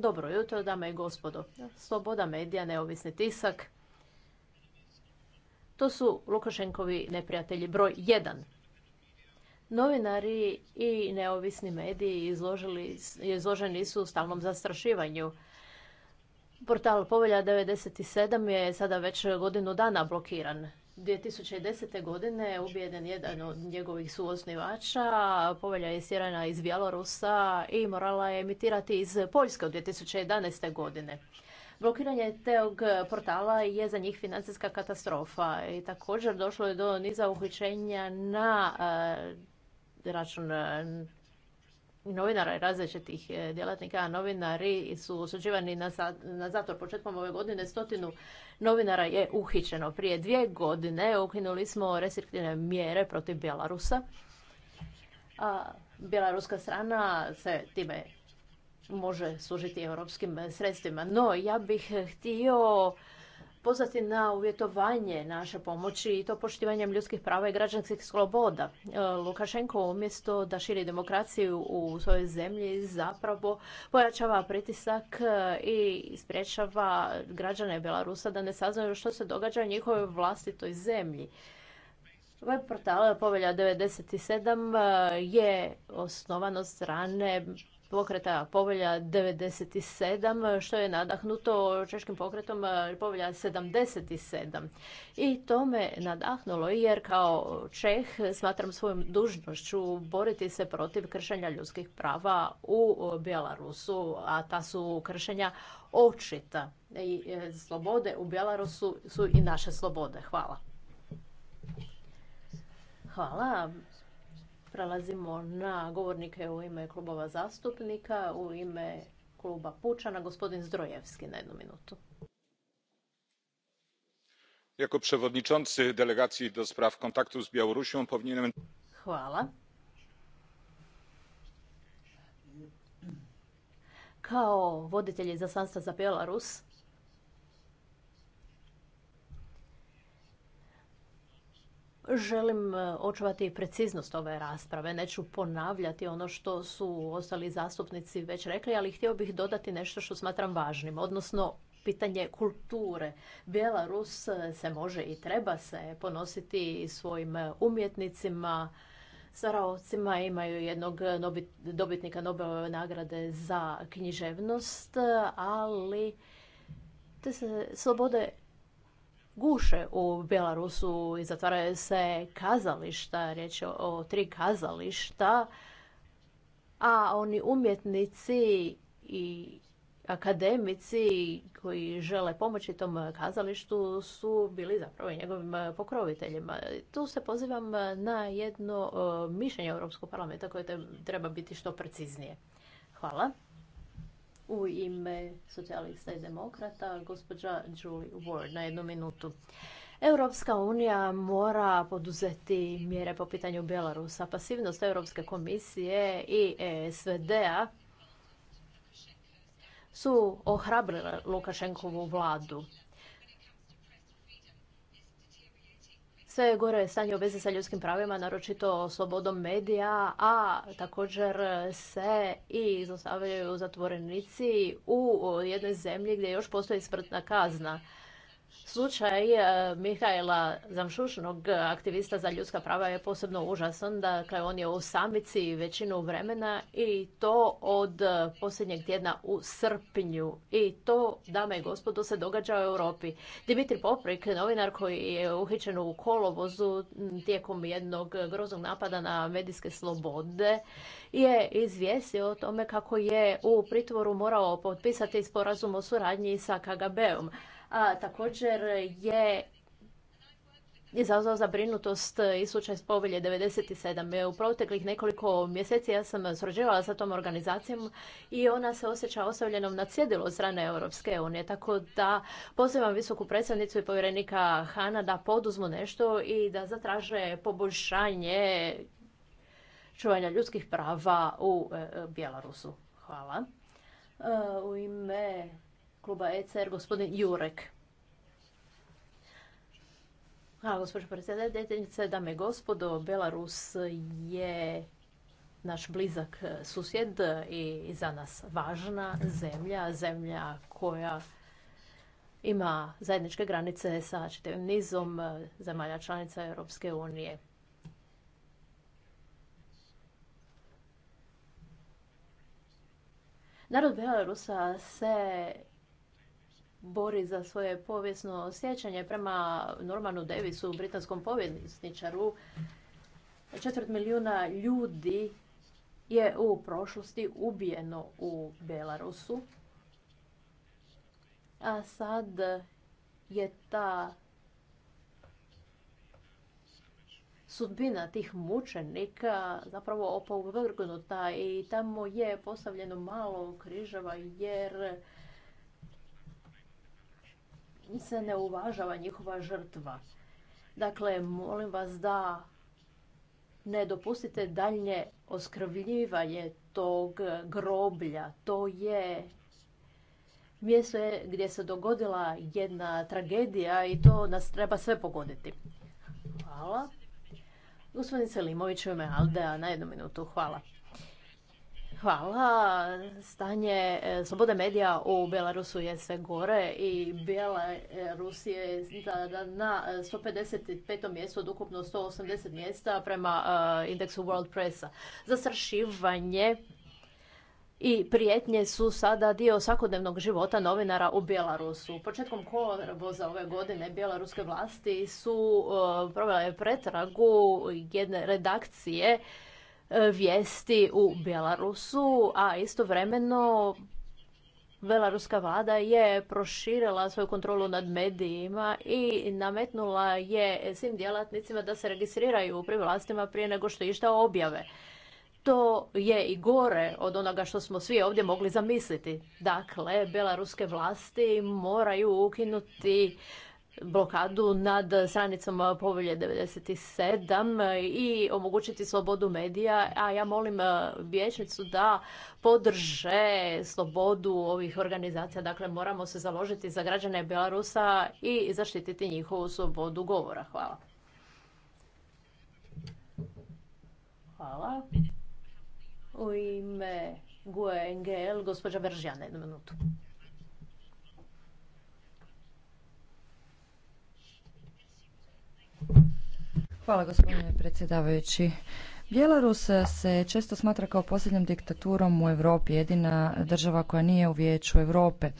C: Dobro jutro, dame i gospodo. Sloboda medija, neovisni tisak. To su Lukašenkovi neprijatelji broj 1. Novinari i neovisni mediji izloženi su stalnom zastrašivanju. Portal Povelja 97 je sada već godinu dana blokiran. 2010. godine ubijeden jedan od njegovih suosnivača, povelja je sjerana iz Bjelorusa i morala je emitirati iz Poljske u 2011. godine. Blokiranje teog portala je za njih financijska katastrofa i također došlo je do niza uhićenja na e, račun novinara i različitih e, djelatnika. Novinari su osuđivani na, na zator početkom ove godine. Stotinu novinara je uhićeno. Prije dvije godine ukinuli smo restriktivne mjere protiv Bjelarusa. A bjelaruska strana se time može služiti europskim sredstvima. No, ja bih htio pozvati na uvjetovanje naše pomoći i to poštivanjem ljudskih prava i građanskih sloboda. E, Lukašenko umjesto da širi demokraciju u svojoj zemlji zapravo pojačava pritisak e, i sprječava građane Belarusa da ne saznaju što se događa u njihovoj vlastitoj zemlji. Web portal Povelja 97 e, je osnovan od strane pokreta povelja 97, što je nadahnuto češkim pokretom e, povelja 77. I to me nadahnulo jer kao Čeh smatram svojom dužnošću boriti se protiv kršenja ljudskih prava u Bjelarusu, a ta su kršenja očita. I e, slobode u Bjelarusu su i naše slobode. Hvala. Hvala. Prelazimo na govornike u ime klubova zastupnika. U ime kluba Pučana, gospodin Zdrojevski na jednu minutu.
F: Jako przewodniczący delegacji do spraw kontaktu z Białorusią powinienem...
C: Hvala. Kao voditelj izaslanstva za Belarus, Želim e, očuvati preciznost ove rasprave. Neću ponavljati ono što su ostali zastupnici već rekli, ali htio bih dodati nešto što smatram važnim, odnosno pitanje kulture. Bjelarus e, se može i treba se ponositi svojim umjetnicima, Saraovcima imaju jednog dobitnika Nobelove nagrade za književnost, ali te se slobode guše u Belarusu i zatvaraju se kazališta, riječ je o tri kazališta, a oni umjetnici i akademici koji žele pomoći tom kazalištu su bili zapravo njegovim pokroviteljima. Tu se pozivam na jedno e, mišljenje Europskog parlamenta koje treba biti što preciznije. Hvala u ime socijalista i demokrata, gospođa Julie Ward na jednu minutu. Europska unija mora poduzeti mjere po pitanju Bjelarusa. Pasivnost Europske komisije i e SVD-a su ohrabrile Lukašenkovu vladu. sve gore stanje u vezi sa ljudskim pravima, naročito slobodom medija, a također se i izostavljaju zatvorenici u jednoj zemlji gdje još postoji smrtna kazna. Slučaj e, Mihajla Zamšušnog, aktivista za ljudska prava, je posebno užasan. Dakle, on je u samici većinu vremena i to od e, posljednjeg tjedna u srpnju. I to, dame i gospodo, se događa u Europi. Dimitri Poprik, novinar koji je uhićen u kolovozu tijekom jednog groznog napada na medijske slobode, je izvijestio o tome kako je u pritvoru morao potpisati sporazum o suradnji sa KGB-om a također je izazvao zabrinutost i slučaj s povelje 97. E, u proteklih nekoliko mjeseci ja sam surađivala sa tom organizacijom i ona se osjeća ostavljenom na cjedilu od strane Europske unije. Tako da pozivam visoku predsjednicu i povjerenika Hana da poduzmu nešto i da zatraže poboljšanje čuvanja ljudskih prava u e, Bjelarusu. Hvala. E, u ime kluba ECR, gospodin Jurek. Hvala, gospođo predsjedateljice. Dame i gospodo, Belarus je naš blizak susjed i za nas važna zemlja, zemlja koja ima zajedničke granice sa čitavim nizom zemalja članica Europske unije. Narod Belarusa se bori za svoje povijesno sjećanje. Prema Normanu Davisu, britanskom povijesničaru, četvrt milijuna ljudi je u prošlosti ubijeno u Belarusu. A sad je ta sudbina tih mučenika zapravo opovrgnuta i tamo je postavljeno malo križava jer se ne uvažava njihova žrtva. Dakle, molim vas da ne dopustite daljnje oskrvljivanje tog groblja. To je mjesto gdje se dogodila jedna tragedija i to nas treba sve pogoditi. Hvala. Gospodin Selimović u ime Aldea na jednu minutu. Hvala. Hvala. Stanje e, slobode medija u belarusu je sve gore i Bjelarus je na 155. E, mjestu od ukupno 180 mjesta prema e, indeksu World Pressa. Zastrašivanje i prijetnje su sada dio svakodnevnog života novinara u Bjelarusu. Početkom kolovoza ove godine bjelaruske vlasti su provele pretragu jedne redakcije vijesti u Belarusu, a istovremeno Belaruska vlada je proširila svoju kontrolu nad medijima i nametnula je svim djelatnicima da se registriraju pri vlastima prije nego što išta objave. To je i gore od onoga što smo svi ovdje mogli zamisliti. Dakle, belaruske vlasti moraju ukinuti blokadu nad stranicom povelje 97 i omogućiti slobodu medija, a ja molim e, vijećnicu da podrže slobodu ovih organizacija. Dakle, moramo se založiti za građane Belarusa i zaštititi njihovu slobodu govora. Hvala. Hvala. U ime GUE NGL, gospođa Veržjana, jednu minutu. Hvala gospodine
B: predsjedavajući. Bjelarus se često smatra kao posljednjom diktaturom u Europi, jedina država koja nije u vijeću Europe.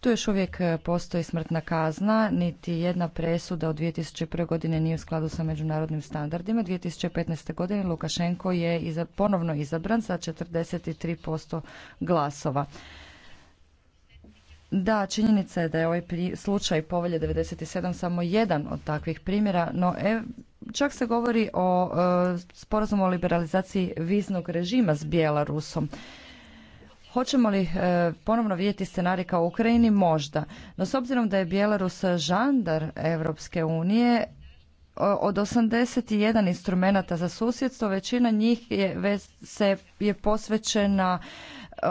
B: Tu još uvijek postoji smrtna kazna, niti jedna presuda od 2001. godine nije u skladu sa međunarodnim standardima. 2015. godine Lukašenko je ponovno izabran sa 43% glasova. Da, činjenica je da je ovaj slučaj povelje 97 samo jedan od takvih primjera, no e čak se govori o e, sporazumu o liberalizaciji viznog režima s Bjelarusom. Hoćemo li e, ponovno vidjeti scenarij kao u Ukrajini? Možda. No s obzirom da je Bjelarus žandar Europske unije, od 81 instrumenata za susjedstvo, većina njih je, se je posvećena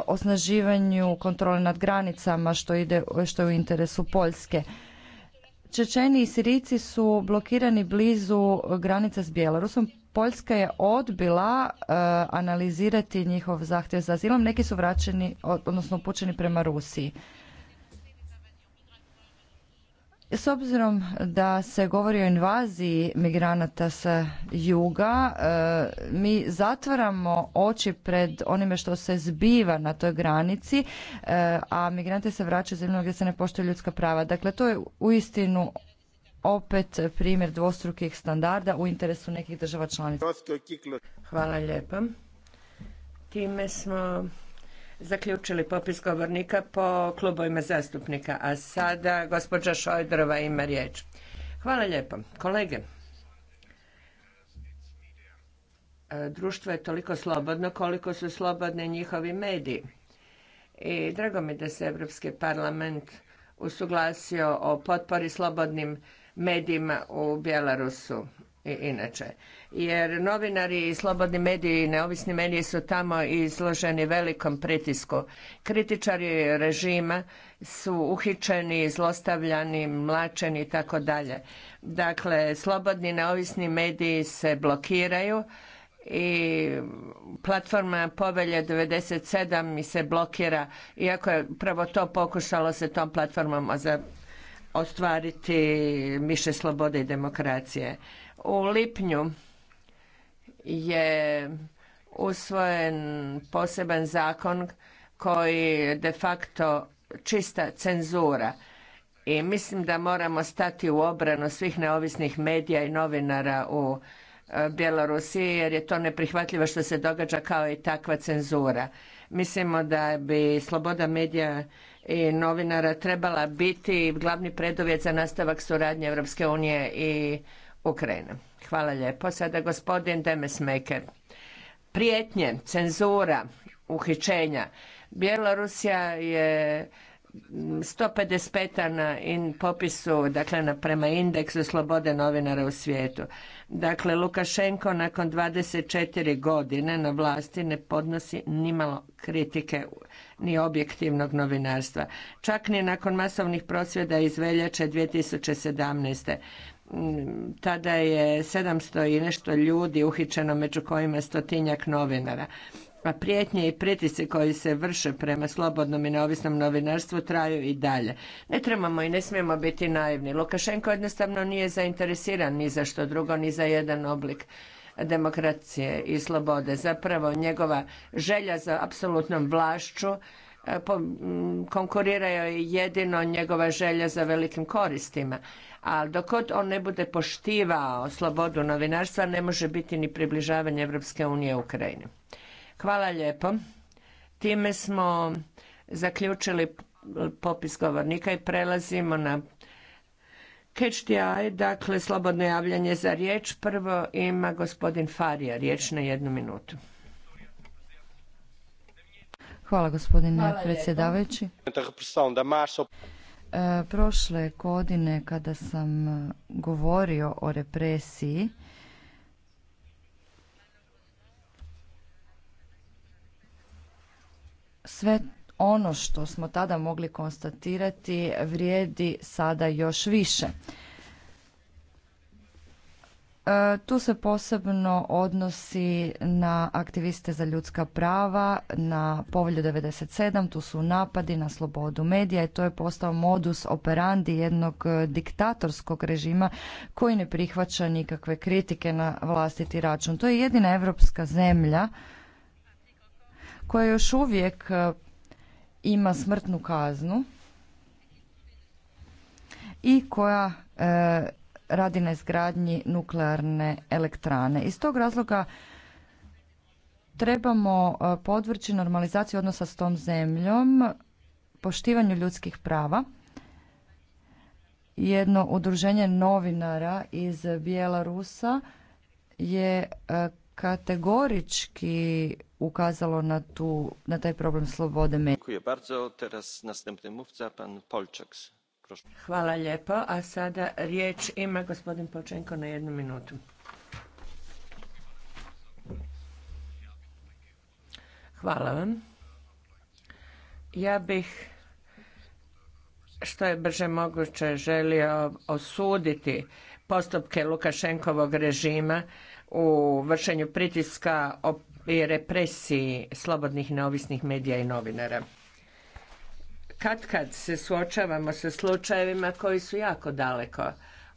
B: osnaživanju kontrole nad granicama što, ide, što je u interesu Poljske. Čečeni i Sirici su blokirani blizu granice s Bjelorusom. Poljska je odbila e, analizirati njihov zahtjev za azilom. Neki su vraćeni, odnosno upućeni prema Rusiji. S obzirom da se govori o invaziji migranata sa juga, e, mi zatvaramo oči pred onime što se zbiva na toj granici, e, a migrante se vraćaju zemljom gdje se ne poštuju ljudska prava. Dakle, to je uistinu opet primjer dvostrukih standarda u interesu nekih država članica. Hvala lijepa. Time smo
A: zaključili popis govornika po klubovima zastupnika. A sada gospođa Šojdrova ima riječ. Hvala lijepo. Kolege, e, društvo je toliko slobodno koliko su slobodni njihovi mediji. I drago mi da se Europski parlament usuglasio o potpori slobodnim medijima u Bjelarusu i inače jer novinari i slobodni mediji i neovisni mediji su tamo izloženi velikom pritisku. Kritičari režima su uhičeni, zlostavljani, mlačeni i tako dalje. Dakle, slobodni neovisni mediji se blokiraju i platforma povelje 97 se blokira iako je pravo to pokušalo se tom platformom ostvariti miše slobode i demokracije. U lipnju je usvojen poseban zakon koji de facto čista cenzura i mislim da moramo stati u obranu svih neovisnih medija i novinara u e, Bjelorusiji jer je to neprihvatljivo što se događa kao i takva cenzura. Mislimo da bi sloboda medija i novinara trebala biti glavni preduvjet za nastavak suradnje Europske unije i Ukrajine. Hvala lijepo. Sada gospodin Meker Prijetnje, cenzura, uhićenja. Bjelorusija je 155. na in popisu, dakle na prema indeksu slobode novinara u svijetu. Dakle, Lukašenko nakon 24 godine na vlasti ne podnosi nimalo kritike ni objektivnog novinarstva. Čak ni nakon masovnih prosvjeda iz veljače 2017. Tada je 700 i nešto ljudi uhićeno među kojima stotinjak novinara. A pa prijetnje i pritisci koji se vrše prema slobodnom i neovisnom novinarstvu traju i dalje. Ne trebamo i ne smijemo biti naivni. Lukašenko jednostavno nije zainteresiran ni za što drugo, ni za jedan oblik demokracije i slobode. Zapravo njegova želja za apsolutnom vlašću konkurira e, konkuriraju jedino njegova želja za velikim koristima ali dok on ne bude poštivao slobodu novinarstva ne može biti ni približavanje Europske unije Ukrajini. Hvala lijepo. Time smo zaključili popis govornika i prelazimo na Catch dakle slobodno javljanje za riječ. Prvo ima gospodin
B: Farija, riječ na jednu minutu. Hvala gospodine Hvala predsjedavajući. E, prošle godine kada sam govorio o represiji, sve ono što smo tada mogli konstatirati vrijedi sada još više. E, tu se posebno odnosi na aktiviste za ljudska prava, na povelju 97, tu su napadi na slobodu medija i to je postao modus operandi jednog diktatorskog režima koji ne prihvaća nikakve kritike na vlastiti račun. To je jedina evropska zemlja koja još uvijek e, ima smrtnu kaznu i koja e, radi na izgradnji nuklearne elektrane. Iz tog razloga trebamo e, podvrći normalizaciju odnosa s tom zemljom, poštivanju ljudskih prava. Jedno udruženje novinara iz Bjelarusa je e, kategorički ukazalo na, tu, na taj problem slobode medija. Hvala lijepo. A
A: sada riječ ima gospodin Počenko na jednu minutu. Hvala vam. Ja bih što je brže moguće želio osuditi postupke Lukašenkovog režima u vršenju pritiska i represiji slobodnih neovisnih medija i novinara kad kad se suočavamo sa slučajevima koji su jako daleko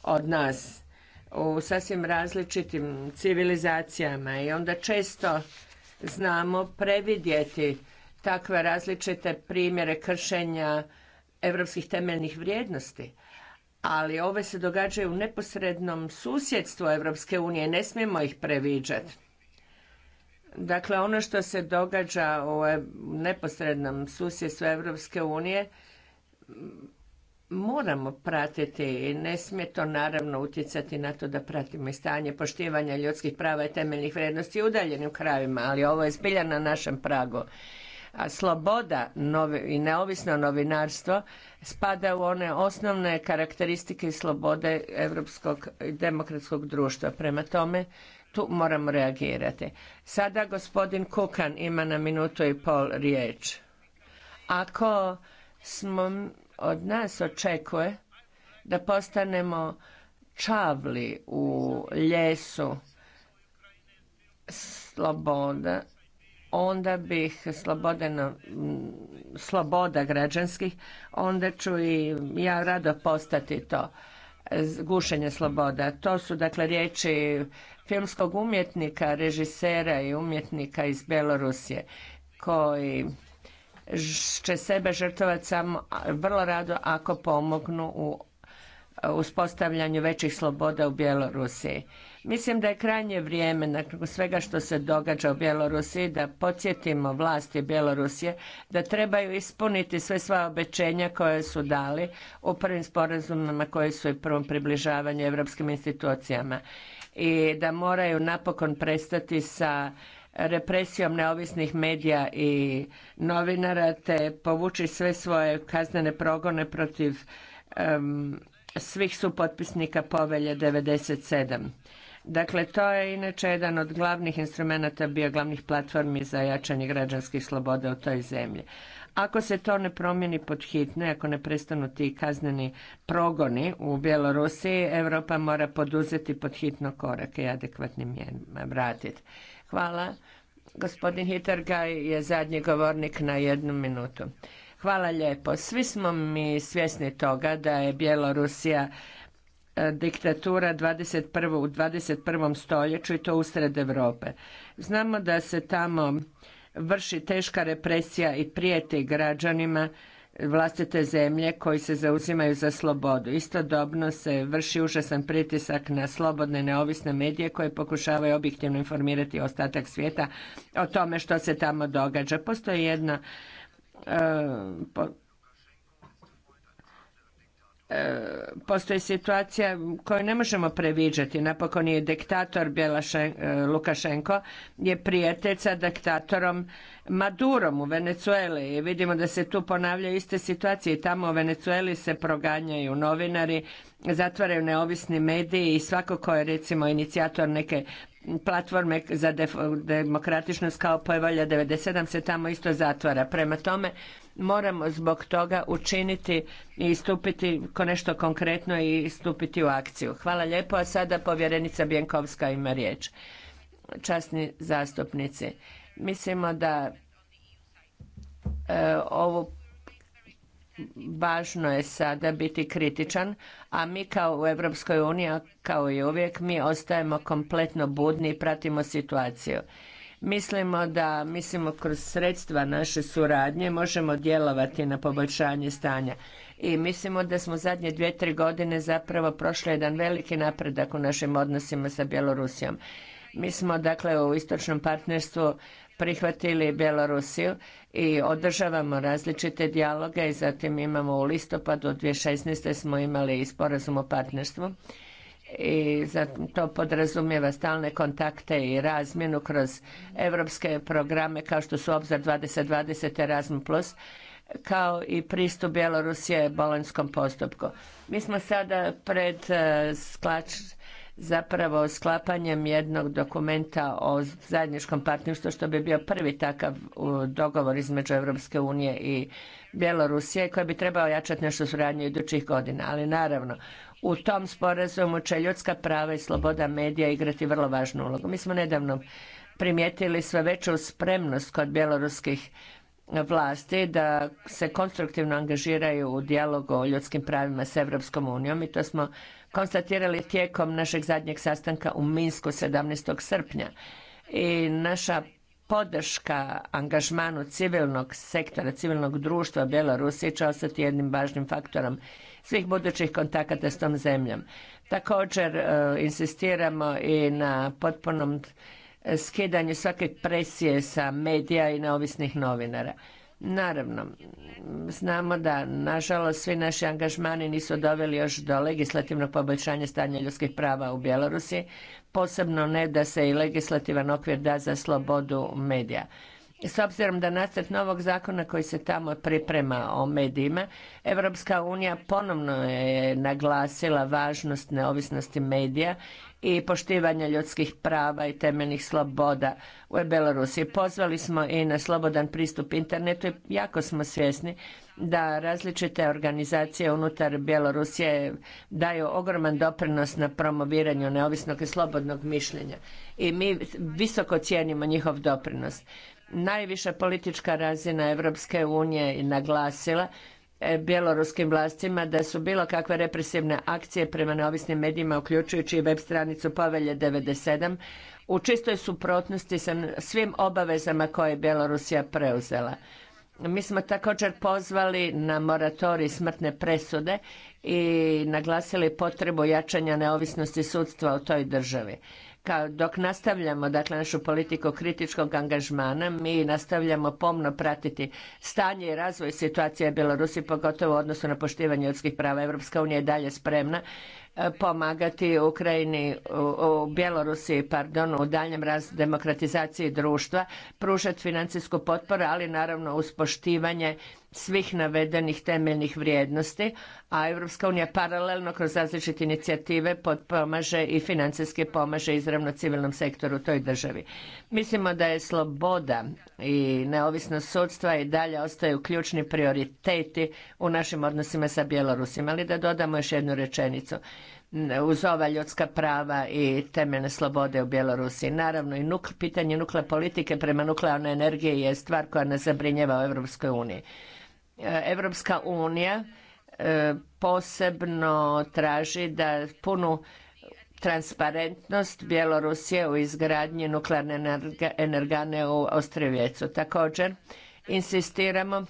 A: od nas u sasvim različitim civilizacijama i onda često znamo previdjeti takve različite primjere kršenja europskih temeljnih vrijednosti. Ali ove se događaju u neposrednom susjedstvu Europske unije, ne smijemo ih previđati. Dakle, ono što se događa u neposrednom susjedstvu Evropske unije moramo pratiti i ne smije to naravno utjecati na to da pratimo i stanje poštivanja ljudskih prava i temeljnih vrijednosti u udaljenim krajevima, ali ovo je zbilja na našem pragu. A sloboda i neovisno novinarstvo spada u one osnovne karakteristike i slobode europskog demokratskog društva. Prema tome, tu moramo reagirati. Sada gospodin Kukan ima na minutu i pol riječ. Ako smo, od nas očekuje da postanemo čavli u ljesu sloboda, onda bih slobodeno, sloboda građanskih, onda ću i ja rado postati to gušenje sloboda. To su dakle riječi filmskog umjetnika, režisera i umjetnika iz Belorusije koji će sebe žrtovati samo vrlo rado ako pomognu u uspostavljanju većih sloboda u Bjelorusiji. Mislim da je krajnje vrijeme nakon svega što se događa u Bjelorusiji da podsjetimo vlasti Bjelorusije da trebaju ispuniti sve sva obećenja koje su dali u prvim sporazumima koji su i prvom približavanju europskim institucijama i da moraju napokon prestati sa represijom neovisnih medija i novinara te povući sve svoje kaznene progone protiv svih supotpisnika povelje 97. Dakle, to je inače jedan od glavnih instrumenata bio glavnih platformi za jačanje građanskih sloboda u toj zemlji. Ako se to ne promijeni pod hitno, ako ne prestanu ti kazneni progoni u Bjelorusiji, Europa mora poduzeti pod hitno korake i adekvatnim mjerama vratiti. Hvala. Gospodin Hitargaj je zadnji govornik na jednu minutu. Hvala lijepo. Svi smo mi svjesni toga da je Bjelorusija e, diktatura 21. u 21. stoljeću i to usred Europe. Znamo da se tamo vrši teška represija i prijeti građanima vlastite zemlje koji se zauzimaju za slobodu. Istodobno se vrši užasan pritisak na slobodne neovisne medije koje pokušavaju objektivno informirati ostatak svijeta o tome što se tamo događa. Postoji jedna e, E, postoji situacija koju ne možemo previđati. Napokon je diktator Bjelašen, e, Lukašenko je prijatelj sa diktatorom Madurom u Venecueli i vidimo da se tu ponavljaju iste situacije. Tamo u Venecueli se proganjaju novinari, zatvaraju neovisni mediji i svako ko je recimo inicijator neke platforme za demokratičnost kao pojevalja 97 se tamo isto zatvara. Prema tome moramo zbog toga učiniti i istupiti ko nešto konkretno i stupiti u akciju. Hvala lijepo, a sada povjerenica Bjenkovska ima riječ. Časni zastupnici, mislimo da e, ovu važno je sada biti kritičan, a mi kao u Europskoj kao i uvijek, mi ostajemo kompletno budni i pratimo situaciju. Mislimo da, mislimo kroz sredstva naše suradnje možemo djelovati na poboljšanje stanja. I mislimo da smo zadnje dvije, tri godine zapravo prošli jedan veliki napredak u našim odnosima sa Bjelorusijom. Mi smo dakle u istočnom partnerstvu prihvatili Bjelorusiju i održavamo različite dijaloge i zatim imamo u listopadu 2016. smo imali i sporazum o partnerstvu i to podrazumijeva stalne kontakte i razmjenu kroz europske programe kao što su Obzor 2020 Erasmus Plus kao i pristup Bjelorusije bolonjskom postupku. Mi smo sada pred eh, sklač zapravo sklapanjem jednog dokumenta o zajedničkom partnerstvu što bi bio prvi takav dogovor između Europske unije i Bjelorusije koji bi trebao jačati našu suradnju idućih godina. Ali naravno, u tom sporazumu će ljudska prava i sloboda medija igrati vrlo važnu ulogu. Mi smo nedavno primijetili sve veću spremnost kod bjeloruskih vlasti da se konstruktivno angažiraju u dijalogu o ljudskim pravima s Europskom unijom i to smo konstatirali tijekom našeg zadnjeg sastanka u Minsku 17. srpnja. I naša podrška angažmanu civilnog sektora, civilnog društva Bjelorusije će ostati jednim važnim faktorom svih budućih kontakata s tom zemljom. Također e, insistiramo i na potpunom skidanju svake presije sa medija i neovisnih novinara. Naravno, znamo da nažalost svi naši angažmani nisu doveli još do legislativnog poboljšanja stanja ljudskih prava u Bjelorusiji, posebno ne da se i legislativan okvir da za slobodu medija. S obzirom da nacrt novog zakona koji se tamo priprema o medijima, Evropska unija ponovno je naglasila važnost neovisnosti medija i poštivanja ljudskih prava i temeljnih sloboda u Belorusiji. Pozvali smo i na slobodan pristup internetu i jako smo svjesni da različite organizacije unutar Bjelorusije daju ogroman doprinos na promoviranju neovisnog i slobodnog mišljenja i mi visoko cijenimo njihov doprinos. Najviša politička razina Europske unije je naglasila E, bjeloruskim vlastima da su bilo kakve represivne akcije prema neovisnim medijima, uključujući i web stranicu povelje 97, u čistoj suprotnosti sa svim obavezama koje je Bjelorusija preuzela. Mi smo također pozvali na moratorij smrtne presude i naglasili potrebu jačanja neovisnosti sudstva u toj državi dok nastavljamo dakle našu politiku kritičkog angažmana, mi nastavljamo pomno pratiti stanje i razvoj situacije Bjelorusije, pogotovo u odnosu na poštivanje ljudskih prava. Evropska unija je dalje spremna e, pomagati Ukrajini, u Bjelorusiji, pardon, u daljem raz demokratizaciji društva, pružati financijsku potporu, ali naravno uz poštivanje svih navedenih temeljnih vrijednosti, a Europska unija paralelno kroz različite inicijative potpomaže i financijski pomaže izravno civilnom sektoru u toj državi. Mislimo da je sloboda i neovisnost sudstva i dalje ostaju ključni prioriteti u našim odnosima sa Bjelorusima, ali da dodamo još jednu rečenicu uz ova ljudska prava i temeljne slobode u Bjelorusiji. Naravno i nuk, pitanje nukle politike prema nuklearnoj energiji je stvar koja nas zabrinjeva u Europskoj uniji. E, Evropska unija e, posebno traži da punu transparentnost Bjelorusije u izgradnji nuklearne energane u Ostrivjecu. Također, insistiramo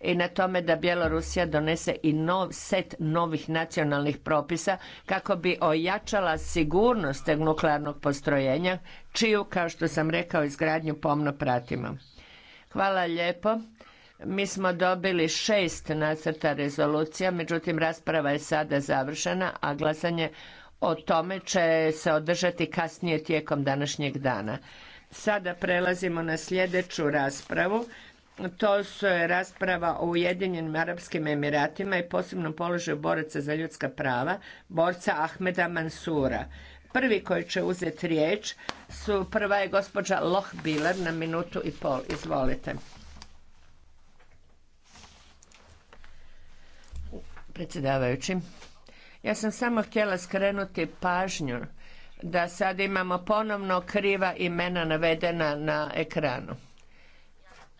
A: i na tome da Bjelorusija donese i nov set novih nacionalnih propisa kako bi ojačala sigurnost teg nuklearnog postrojenja, čiju, kao što sam rekao, izgradnju pomno pratimo. Hvala lijepo. Mi smo dobili šest nacrta rezolucija, međutim rasprava je sada završena, a glasanje o tome će se održati kasnije tijekom današnjeg dana. Sada prelazimo na sljedeću raspravu. To su je rasprava o Ujedinjenim Arapskim Emiratima i posebnom položaju boraca za ljudska prava, borca Ahmeda Mansura. Prvi koji će uzeti riječ su prva je gospođa Loh Biler na minutu i pol. Izvolite. predsjedavajući. Ja sam samo htjela skrenuti pažnju da sad imamo ponovno kriva imena navedena na ekranu.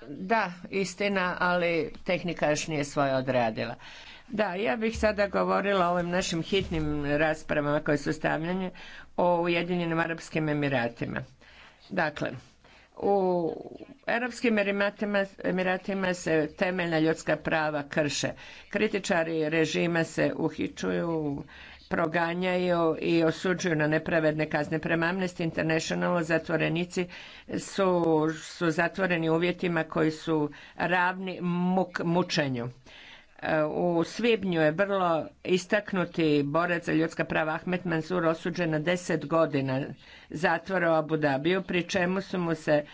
A: Da, istina, ali tehnika još nije svoje odradila. Da, ja bih sada govorila o ovim našim hitnim raspravama koje su stavljene o Ujedinjenim Arabskim Emiratima. Dakle, u europskim Emiratima, se temeljna ljudska prava krše. Kritičari režima se uhičuju, proganjaju i osuđuju na nepravedne kazne. Prema Amnesty international zatvorenici su, su zatvoreni uvjetima koji su ravni muk, mučenju. U svibnju je vrlo istaknuti borac za ljudska prava Ahmet Mansur osuđen na 10 godina zatvora u Abu Dhabiju, pri čemu su mu se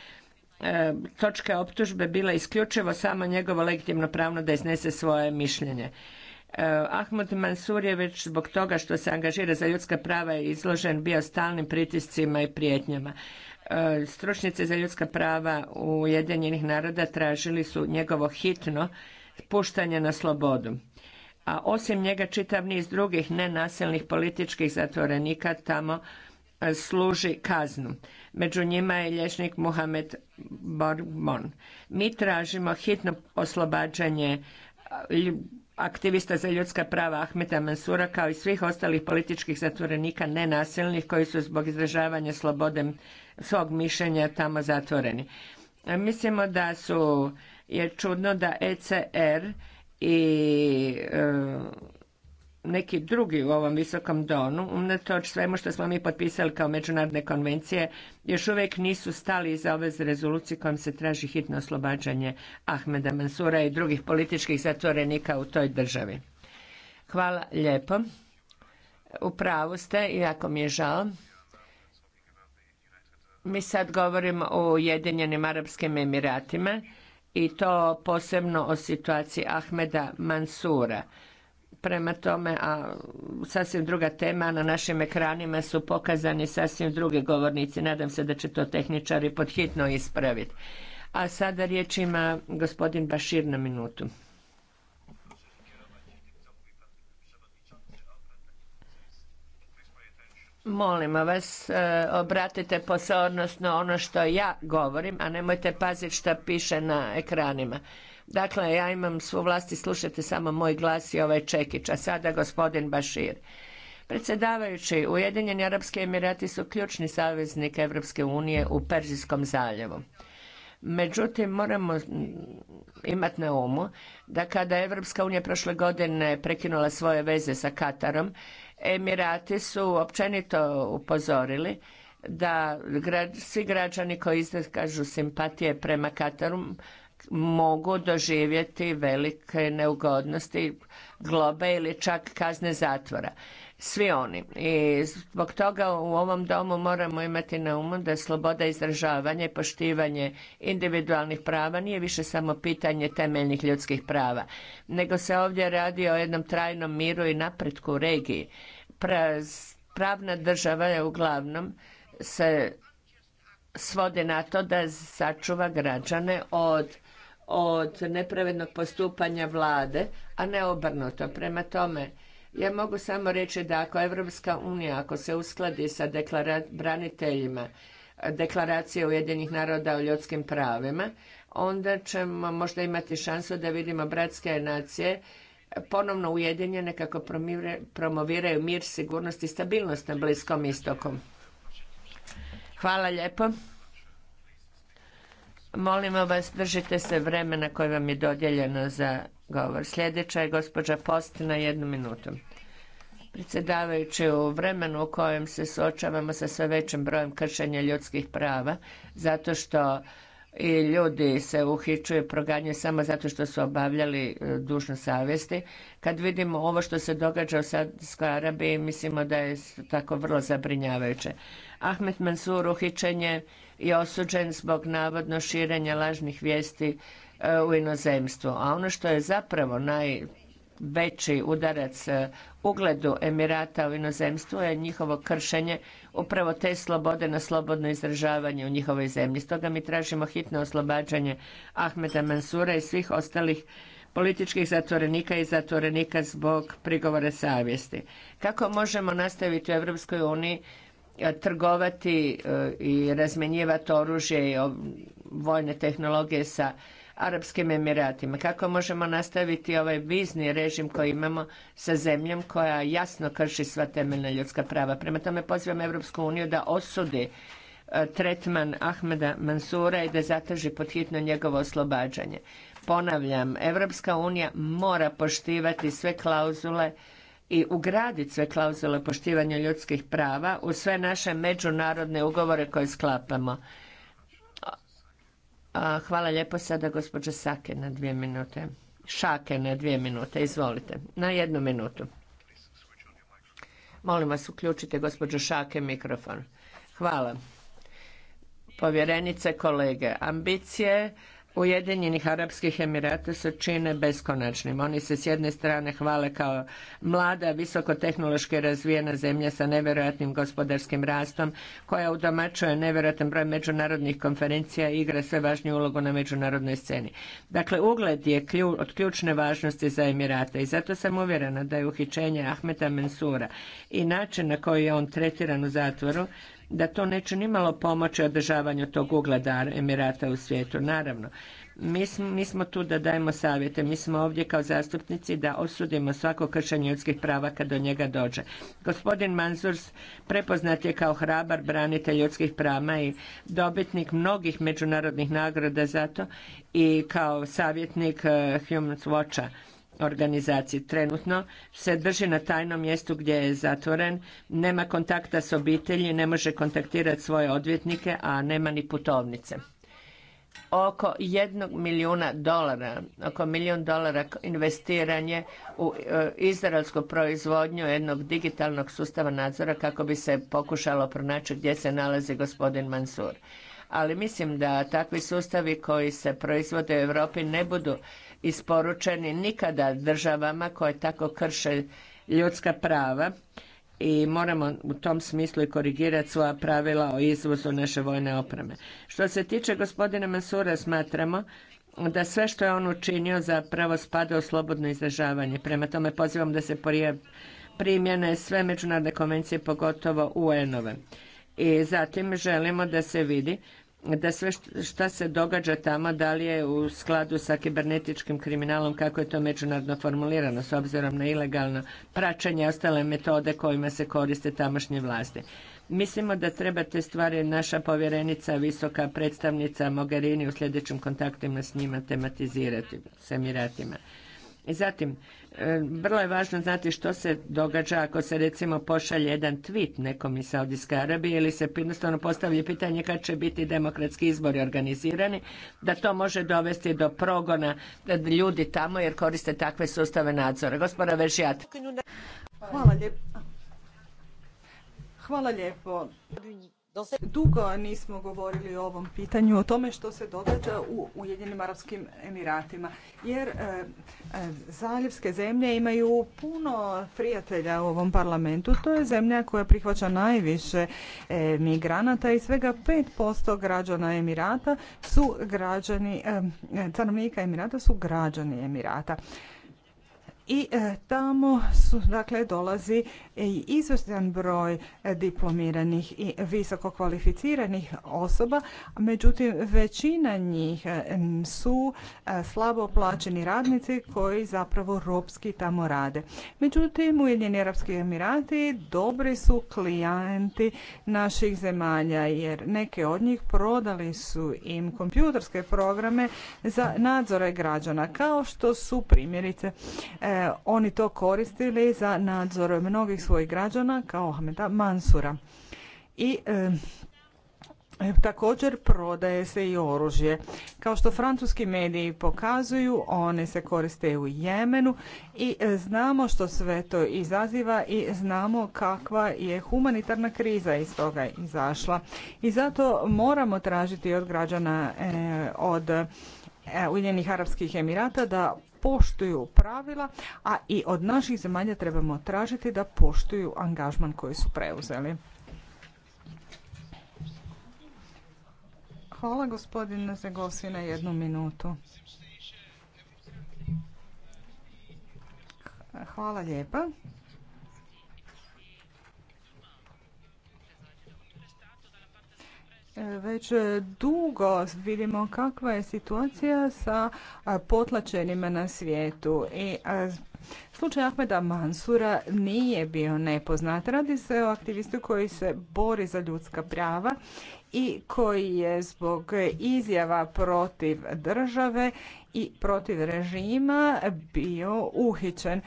A: e, točke optužbe bila isključivo samo njegovo legitimno pravno da iznese svoje mišljenje. E, Ahmed Mansur je već zbog toga što se angažira za ljudska prava izložen bio stalnim pritiscima i prijetnjama. E, stručnjaci za ljudska prava Ujedinjenih naroda tražili su njegovo hitno puštanja na slobodu. A osim njega čitav niz drugih nenasilnih političkih zatvorenika tamo e, služi kaznu. Među njima je lješnik Muhamed Borbon. Mi tražimo hitno oslobađanje e, aktivista za ljudska prava Ahmeta Mansura kao i svih ostalih političkih zatvorenika nenasilnih koji su zbog izražavanja slobode svog mišljenja tamo zatvoreni. E, mislimo da su je čudno da ECR i e, neki drugi u ovom visokom donu, unatoč svemu što smo mi potpisali kao međunarodne konvencije, još uvijek nisu stali iza ove rezolucije kojom se traži hitno oslobađanje Ahmeda Mansura i drugih političkih zatvorenika u toj državi. Hvala lijepo. U pravu ste, iako mi je žao. Mi sad govorimo o Ujedinjenim Arabskim Emiratima i to posebno o situaciji Ahmeda Mansura. Prema tome, a sasvim druga tema, na našim ekranima su pokazani sasvim drugi govornici. Nadam se da će to tehničari hitno ispraviti. A sada riječ ima gospodin Bašir na minutu. Molim vas, e, obratite pozornost na ono što ja govorim, a nemojte paziti što piše na ekranima. Dakle, ja imam svu vlast i slušajte samo moj glas i ovaj čekić, a sada gospodin Bašir. Predsjedavajući, Ujedinjeni Arapski Emirati su ključni saveznik Evropske unije u Perzijskom zaljevu. Međutim, moramo imati na umu da kada je unija prošle godine prekinula svoje veze sa Katarom, Emirati su općenito upozorili da svi građani koji iskažu simpatije prema Kataru mogu doživjeti velike neugodnosti, globe ili čak kazne zatvora svi oni. I zbog toga u ovom domu moramo imati na umu da sloboda izražavanja i poštivanje individualnih prava nije više samo pitanje temeljnih ljudskih prava, nego se ovdje radi o jednom trajnom miru i napretku u regiji. Pravna država je uglavnom se svodi na to da sačuva građane od od nepravednog postupanja vlade, a ne obrnuto. Prema tome, ja mogu samo reći da ako Evropska unija, ako se uskladi sa braniteljima deklaracije Ujedinih naroda o ljudskim pravima, onda ćemo možda imati šansu da vidimo bratske nacije ponovno ujedinjene kako promoviraju mir, sigurnost i stabilnost na Bliskom istoku. Hvala lijepo. Molimo vas, držite se vremena koje vam je dodijeljeno za govor. Sljedeća je gospođa Postina, na jednu minutu. Predsjedavajući u vremenu u kojem se suočavamo sa sve većim brojem kršenja ljudskih prava, zato što i ljudi se uhičuju, proganje samo zato što su obavljali e, dužnost savjesti. Kad vidimo ovo što se događa u Saudijskoj Arabiji, mislimo da je tako vrlo zabrinjavajuće. Ahmed Mansur uhičen je i osuđen zbog navodno širenja lažnih vijesti u inozemstvu. A ono što je zapravo najveći udarac e, ugledu Emirata u inozemstvu je njihovo kršenje upravo te slobode na slobodno izražavanje u njihovoj zemlji. Stoga mi tražimo hitno oslobađanje Ahmeda Mansura i svih ostalih političkih zatvorenika i zatvorenika zbog prigovora savjesti. Kako možemo nastaviti u Europskoj uniji e, trgovati e, i razmjenjivati oružje i vojne tehnologije sa Arapskim Emiratima. Kako možemo nastaviti ovaj vizni režim koji imamo sa zemljom koja jasno krši sva temeljna ljudska prava. Prema tome pozivam Europsku uniju da osudi e, tretman Ahmeda Mansura i da zatraži podhitno njegovo oslobađanje. Ponavljam, Europska unija mora poštivati sve klauzule i ugraditi sve klauzule poštivanja ljudskih prava u sve naše međunarodne ugovore koje sklapamo. Hvala lijepo sada gospođa Sake na dvije minute. Šake na dvije minute, izvolite. Na jednu minutu. Molim vas, uključite gospođo Šake mikrofon. Hvala. Povjerenice, kolege, ambicije Ujedinjenih Arapskih Emirata se čine beskonačnim. Oni se s jedne strane hvale kao mlada, tehnološki razvijena zemlja sa nevjerojatnim gospodarskim rastom, koja udomačuje nevjerojatan broj međunarodnih konferencija i igra sve važniju ulogu na međunarodnoj sceni. Dakle, ugled je od ključne važnosti za Emirata i zato sam uvjerena da je uhićenje Ahmeta Mensura i način na koji je on tretiran u zatvoru da to neće nimalo pomoći održavanju tog ugleda Emirata u svijetu, naravno. Mi smo, tu da dajemo savjete, mi smo ovdje kao zastupnici da osudimo svako kršenje ljudskih prava kad do njega dođe. Gospodin Manzurs prepoznat je kao hrabar branitelj ljudskih prava i dobitnik mnogih međunarodnih nagrada za to i kao savjetnik eh, Human Watcha organizaciji. Trenutno se drži na tajnom mjestu gdje je zatvoren, nema kontakta s obitelji, ne može kontaktirati svoje odvjetnike, a nema ni putovnice. Oko jednog milijuna dolara, oko milijun dolara investiranje u e, izraelsku proizvodnju jednog digitalnog sustava nadzora kako bi se pokušalo pronaći gdje se nalazi gospodin Mansur ali mislim da takvi sustavi koji se proizvode u Europi ne budu isporučeni nikada državama koje tako krše ljudska prava i moramo u tom smislu i korigirati svoja pravila o izvozu naše vojne opreme. Što se tiče gospodina Masura, smatramo da sve što je on učinio zapravo spada u slobodno izražavanje. Prema tome pozivam da se primjene sve međunarodne konvencije, pogotovo UN-ove. I zatim želimo da se vidi da sve šta se događa tamo da li je u skladu sa kibernetičkim kriminalom kako je to međunarodno formulirano s obzirom na ilegalno praćenje ostale metode kojima se koriste tamošnje vlasti. Mislimo da treba te stvari naša povjerenica, visoka predstavnica Mogherini u sljedećim kontaktima s njima tematizirati, s Emiratima. I zatim, vrlo je važno znati što se događa ako se recimo pošalje jedan tweet nekom iz Saudijske Arabije ili se jednostavno postavlja pitanje kad će biti demokratski izbori organizirani, da to može dovesti do progona ljudi tamo jer koriste takve sustave nadzora. Gospoda Vežijat.
G: Hvala Hvala lijepo. Dugo nismo govorili o ovom pitanju, o tome što se događa u Ujedinjenim Arabskim Emiratima, jer e, e, zaljevske zemlje imaju puno prijatelja u ovom parlamentu. To je zemlja koja prihvaća najviše e, migranata i svega 5% građana Emirata su građani, stanovnika Emirata su građani Emirata i e, tamo su, dakle, dolazi izvrstan broj e, diplomiranih i visoko kvalificiranih osoba, međutim većina njih e, su slabo plaćeni radnici koji zapravo ropski tamo rade. Međutim, Ujedinjeni Arapski Emirati dobri su klijenti naših zemalja jer neke od njih prodali su im kompjuterske programe za nadzore građana kao što su primjerice oni to koristili za nadzor mnogih svojih građana kao Ahmeda Mansura. I e, e, Također prodaje se i oružje. Kao što francuski mediji pokazuju, one se koriste u Jemenu i e, znamo što sve to izaziva i znamo kakva je humanitarna kriza iz toga izašla. I zato moramo tražiti od građana, od Ujedinjenih Arabskih Emirata da poštuju pravila, a i od naših zemalja trebamo tražiti da poštuju angažman koji su preuzeli. Hvala gospodine Zegosi na jednu minutu. Hvala lijepa. Već e, dugo vidimo kakva je situacija sa potlačenima na svijetu i Slučaj Ahmeda Mansura nije bio nepoznat. Radi se o aktivistu koji se bori za ljudska prava i koji je zbog izjava protiv države i protiv režima bio uhićen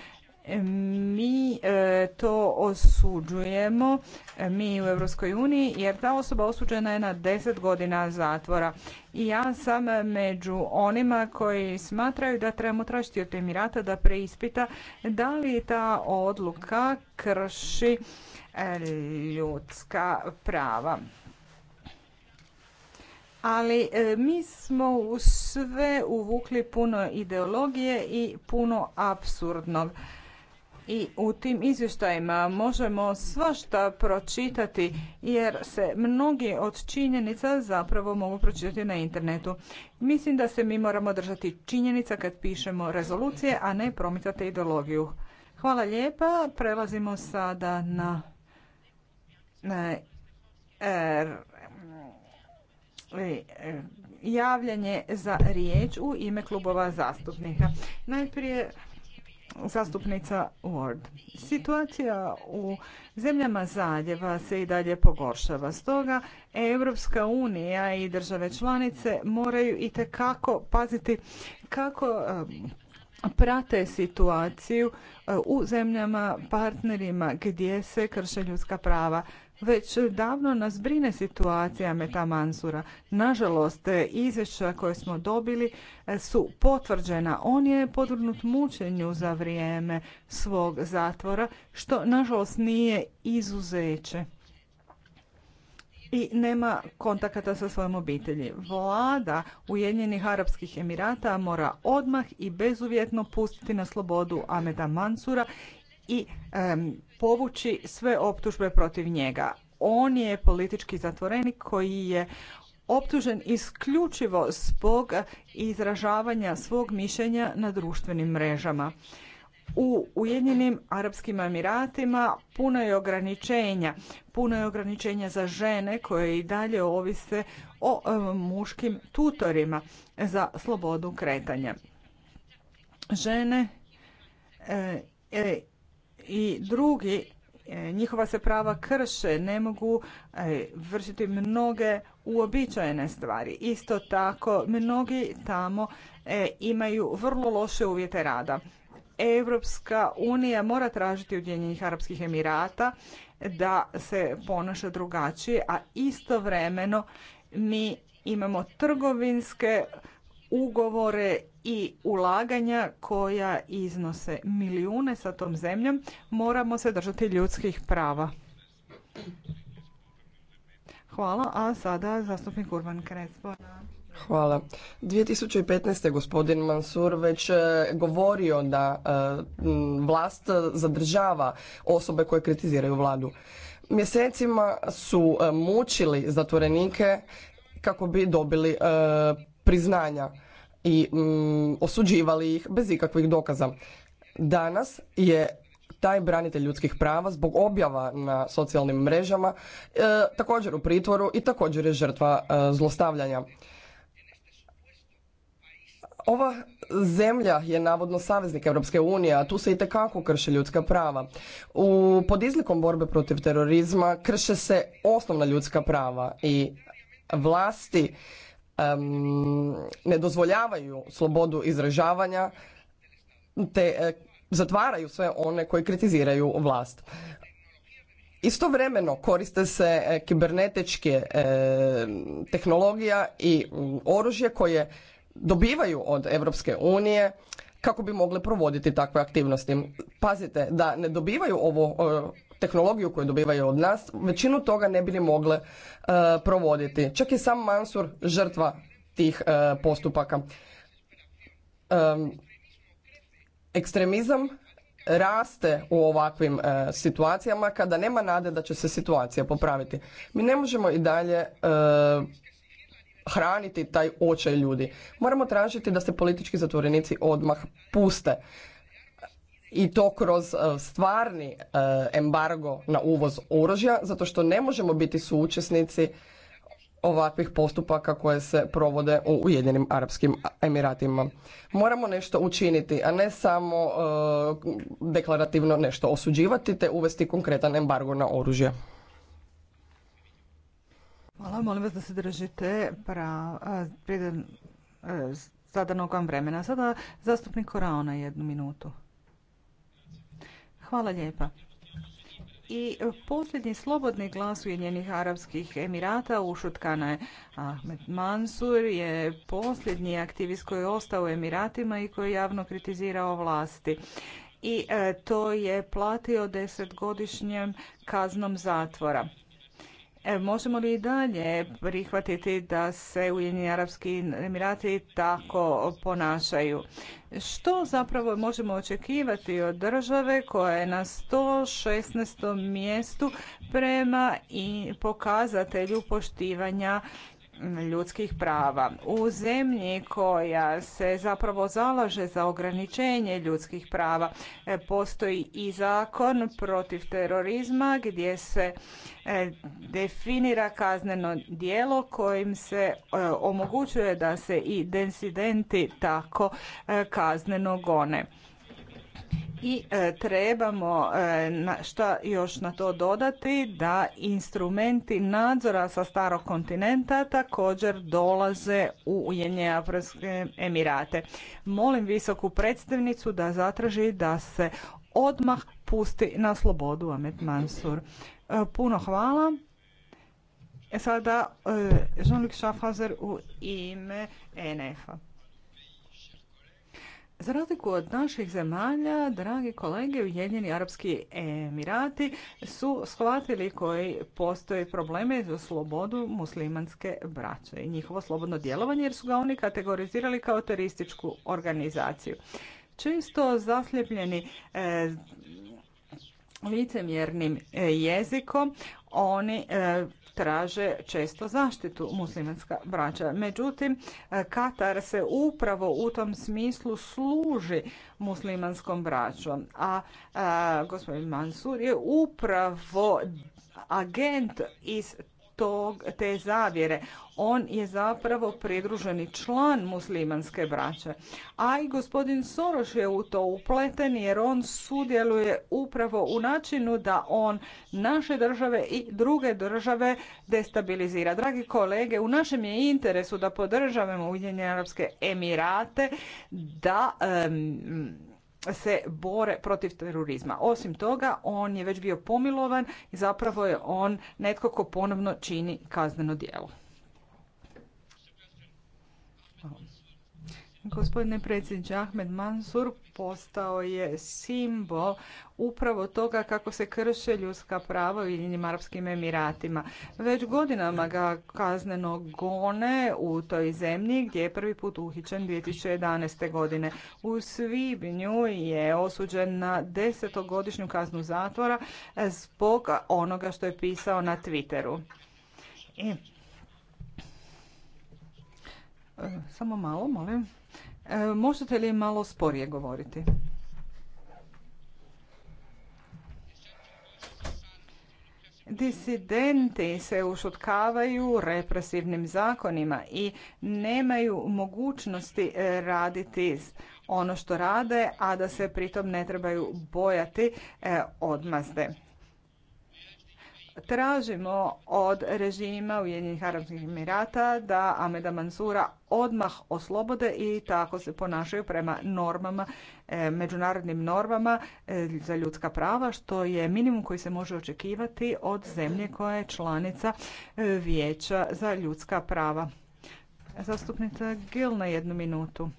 G: mi e, to osuđujemo, e, mi u Europskoj uniji, jer ta osoba osuđena je na 10 godina zatvora. I ja sam među onima koji smatraju da trebamo tražiti od Emirata da preispita da li ta odluka krši e, ljudska prava. Ali mi smo u sve uvukli puno ideologije i puno apsurdnog i u tim izvještajima možemo svašta pročitati jer se mnogi od činjenica zapravo mogu pročitati na internetu. Mislim da se mi moramo držati činjenica kad pišemo rezolucije, a ne promicati ideologiju. Hvala lijepa. Prelazimo sada na er, javljanje za riječ u ime klubova zastupnika. Najprije zastupnica Ward. Situacija u zemljama zaljeva se i dalje pogoršava. Stoga Europska unija i države članice moraju i kako paziti kako um, prate situaciju uh, u zemljama partnerima gdje se krše ljudska prava. Već davno nas brine situacija Meta Mansura. Nažalost, izvješća koje smo dobili e, su potvrđena. On je podvrnut mučenju za vrijeme svog zatvora, što nažalost nije izuzeće i nema kontakata sa svojom obitelji. Vlada Ujedinjenih Arapskih Emirata mora odmah i bezuvjetno pustiti na slobodu Ameda Mansura i povući sve optužbe protiv njega. On je politički zatvorenik koji je optužen isključivo zbog izražavanja svog mišljenja na društvenim mrežama. U Ujedinjenim Arapskim Emiratima puno je ograničenja. Puno je ograničenja za žene koje i dalje ovise o e, muškim tutorima za slobodu kretanja. Žene e, e, i drugi e, njihova se prava krše, ne mogu e, vršiti mnoge uobičajene stvari. Isto tako, mnogi tamo e, imaju vrlo loše uvjete rada. Europska unija mora tražiti Ujedinjenih Arapskih Emirata da se ponaša drugačije, a istovremeno mi imamo trgovinske ugovore i ulaganja koja iznose milijune sa tom zemljom, moramo se držati
E: ljudskih prava.
G: Hvala, a sada zastupnik Urban Krespo.
E: Hvala. 2015. gospodin Mansur već e, govorio da e, vlast zadržava osobe koje kritiziraju vladu. Mjesecima su e, mučili zatvorenike kako bi dobili priznanja i mm, osuđivali ih bez ikakvih dokaza. Danas je taj branitelj ljudskih prava zbog objava na socijalnim mrežama e, također u pritvoru i također je žrtva e, zlostavljanja. Ova zemlja je navodno saveznik Europske unije, a tu se i tekako krše ljudska prava. U, pod izlikom borbe protiv terorizma krše se osnovna ljudska prava i vlasti ne dozvoljavaju slobodu izražavanja te e, zatvaraju sve one koji kritiziraju vlast. Istovremeno koriste se e, kibernetičke e, tehnologija i oružje koje dobivaju od Europske unije kako bi mogle provoditi takve aktivnosti. Pazite da ne dobivaju ovo tehnologiju koju dobivaju od nas, većinu toga ne bi ni mogle e, provoditi. Čak i sam Mansur žrtva tih e, postupaka. E, ekstremizam raste u ovakvim situacijama kada nema nade da će se situacija popraviti. Mi ne možemo i dalje hraniti taj očaj ljudi. Moramo tražiti da se politički zatvorenici odmah puste i to kroz e, stvarni e, embargo na uvoz oružja zato što ne možemo biti suučesnici ovakvih postupaka koje se provode u Ujedinim Arabskim Emiratima. Moramo nešto učiniti, a ne samo e, deklarativno nešto osuđivati te uvesti konkretan embargo na oružje.
G: Hvala, molim vas da se držite pra, zadanog vam vremena. Sada zastupnik Korao na jednu minutu. Hvala lijepa. I posljednji slobodni glas Ujedinjenih Arabskih Emirata ušutkana je Ahmed Mansur je posljednji aktivist koji je ostao u Emiratima i koji je javno kritizirao vlasti. I e, to je platio desetgodišnjom kaznom zatvora. Možemo li i dalje prihvatiti da se Ujedinjeni Arabski Emirati tako ponašaju? Što zapravo možemo očekivati od države koja je na 116. mjestu prema i pokazatelju poštivanja ljudskih prava. U zemlji koja se zapravo zalaže za ograničenje ljudskih prava e, postoji i zakon protiv terorizma gdje se e, definira kazneno djelo kojim se e, omogućuje da se i densidenti tako kazneno gone i e, trebamo e, šta još na to dodati da instrumenti nadzora sa starog kontinenta također dolaze u Ujedinjene Emirate. Molim visoku predstavnicu da zatraži da se odmah pusti na slobodu Ahmed Mansur. E, puno hvala. Sada Jean-Luc Schaffhauser u ime NF-a. Za razliku od naših zemalja, dragi kolege, Ujedinjeni Arapski Emirati su shvatili koji postoje probleme za slobodu muslimanske braće i njihovo slobodno djelovanje jer su ga oni kategorizirali kao terorističku organizaciju. Često zasljepljeni eh, licemjernim eh, jezikom oni eh, traže često zaštitu muslimanska braća. Međutim, Katar se upravo u tom smislu služi muslimanskom braćom, a, a gospodin Mansur je upravo agent iz tog, te zavjere. On je zapravo pridruženi član muslimanske braće. A i gospodin Soroš je u to upleten jer on sudjeluje upravo u načinu da on naše države i druge države destabilizira. Dragi kolege, u našem je interesu da podržavamo Ujedinjene Arabske Emirate, da se bore protiv terorizma. Osim toga, on je već bio pomilovan i zapravo je on netko ko ponovno čini kazneno djelo. Gospodine predsjedniče Ahmed Mansur postao je simbol upravo toga kako se krše ljudska prava u Ujedinjenim Arapskim Emiratima. Već godinama ga kazneno gone u toj zemlji gdje je prvi put uhićen 2011. godine. U Svibnju je osuđen na desetogodišnju kaznu zatvora zbog onoga što je pisao na Twitteru. E, samo malo, molim. E, možete li malo sporije govoriti? Disidenti se ušutkavaju represivnim zakonima i nemaju mogućnosti e, raditi ono što rade, a da se pritom ne trebaju bojati e, odmazde. Tražimo od režima Ujedinjenih Arabskih Emirata da Ameda Mansura odmah oslobode i tako se ponašaju prema normama, e, međunarodnim normama e, za ljudska prava, što je minimum koji se može očekivati od zemlje koja je članica e, Vijeća za ljudska prava. Zastupnica Gil na jednu minutu.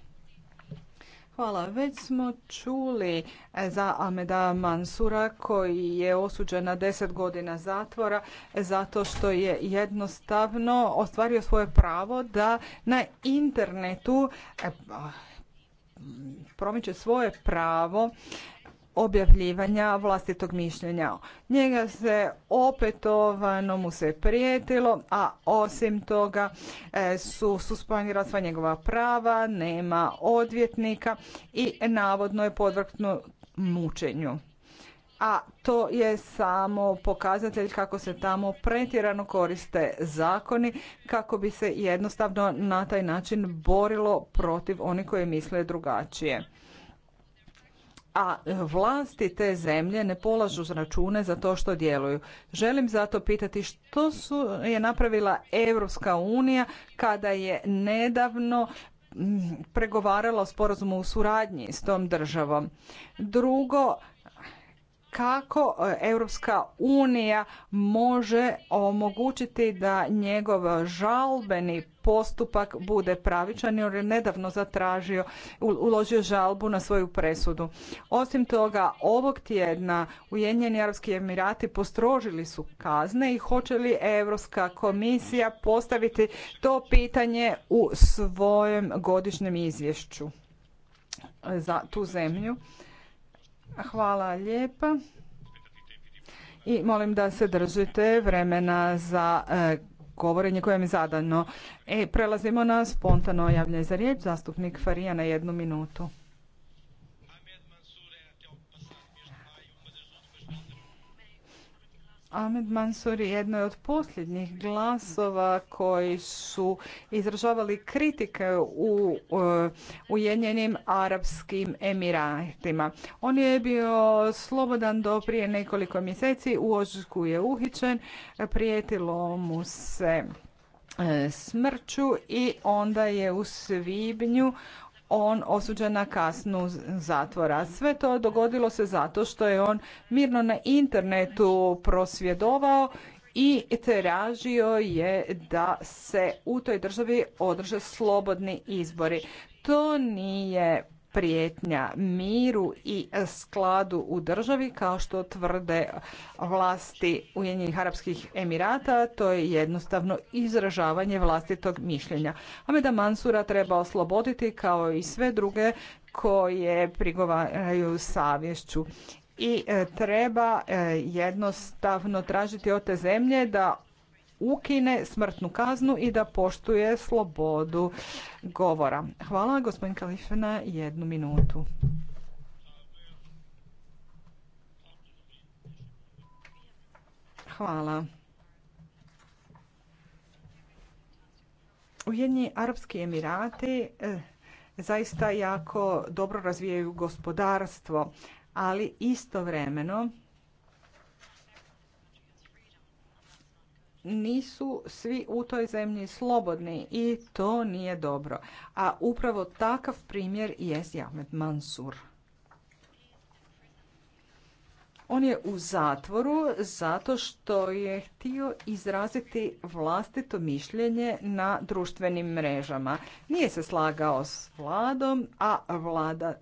G: Hvala. Već smo čuli e, za Ameda Mansura koji je osuđen na 10 godina zatvora zato što je jednostavno ostvario svoje pravo da na internetu e, promiče svoje pravo objavljivanja vlastitog mišljenja. Njega se opetovano mu se prijetilo, a osim toga e, su suspendira sva njegova prava, nema odvjetnika i navodno je podvrgnut mučenju. A to je samo pokazatelj kako se tamo pretjerano koriste zakoni kako bi se jednostavno na taj način borilo protiv onih koji misle drugačije a vlasti te zemlje ne polažu račune za to što djeluju. Želim zato pitati što su, je napravila Europska unija kada je nedavno pregovarala o sporazumu u suradnji s tom državom. Drugo, kako e, Europska unija može omogućiti da njegov žalbeni postupak bude pravičan jer je nedavno zatražio, uložio žalbu na svoju presudu. Osim toga, ovog tjedna Ujedinjeni arapski Emirati postrožili su kazne i hoće li Europska komisija postaviti to pitanje u svojem godišnjem izvješću za tu zemlju. Hvala lijepa. I molim da se držite vremena za e, govorenje koje mi je zadano. E, prelazimo na spontano javljanje za riječ. Zastupnik Farija na jednu minutu. Ahmed Mansur je jedno od posljednjih glasova koji su izražavali kritike u e, Ujedinjenim Arapskim Emiratima. On je bio slobodan do prije nekoliko mjeseci, u ožujku je uhićen, prijetilo mu se e, smrću i onda je u svibnju on osuđen na kasnu zatvora. Sve to dogodilo se zato što je on mirno na internetu prosvjedovao i tražio je da se u toj državi održe slobodni izbori. To nije prijetnja miru i skladu u državi kao što tvrde vlasti Ujedinjenih Arapskih Emirata, to je jednostavno izražavanje vlastitog mišljenja. Ameda Mansura treba osloboditi kao i sve druge koje prigovaraju savješću i e, treba e, jednostavno tražiti od te zemlje da ukine smrtnu kaznu i da poštuje slobodu govora. Hvala gospodin Kalife na jednu minutu. Hvala. Ujedni Arapski Emirati eh, zaista jako dobro razvijaju gospodarstvo, ali istovremeno nisu svi u toj zemlji slobodni i to nije dobro. A upravo takav primjer je Ahmed Mansur. On je u zatvoru zato što je htio izraziti vlastito mišljenje na društvenim mrežama. Nije se slagao s vladom, a vlada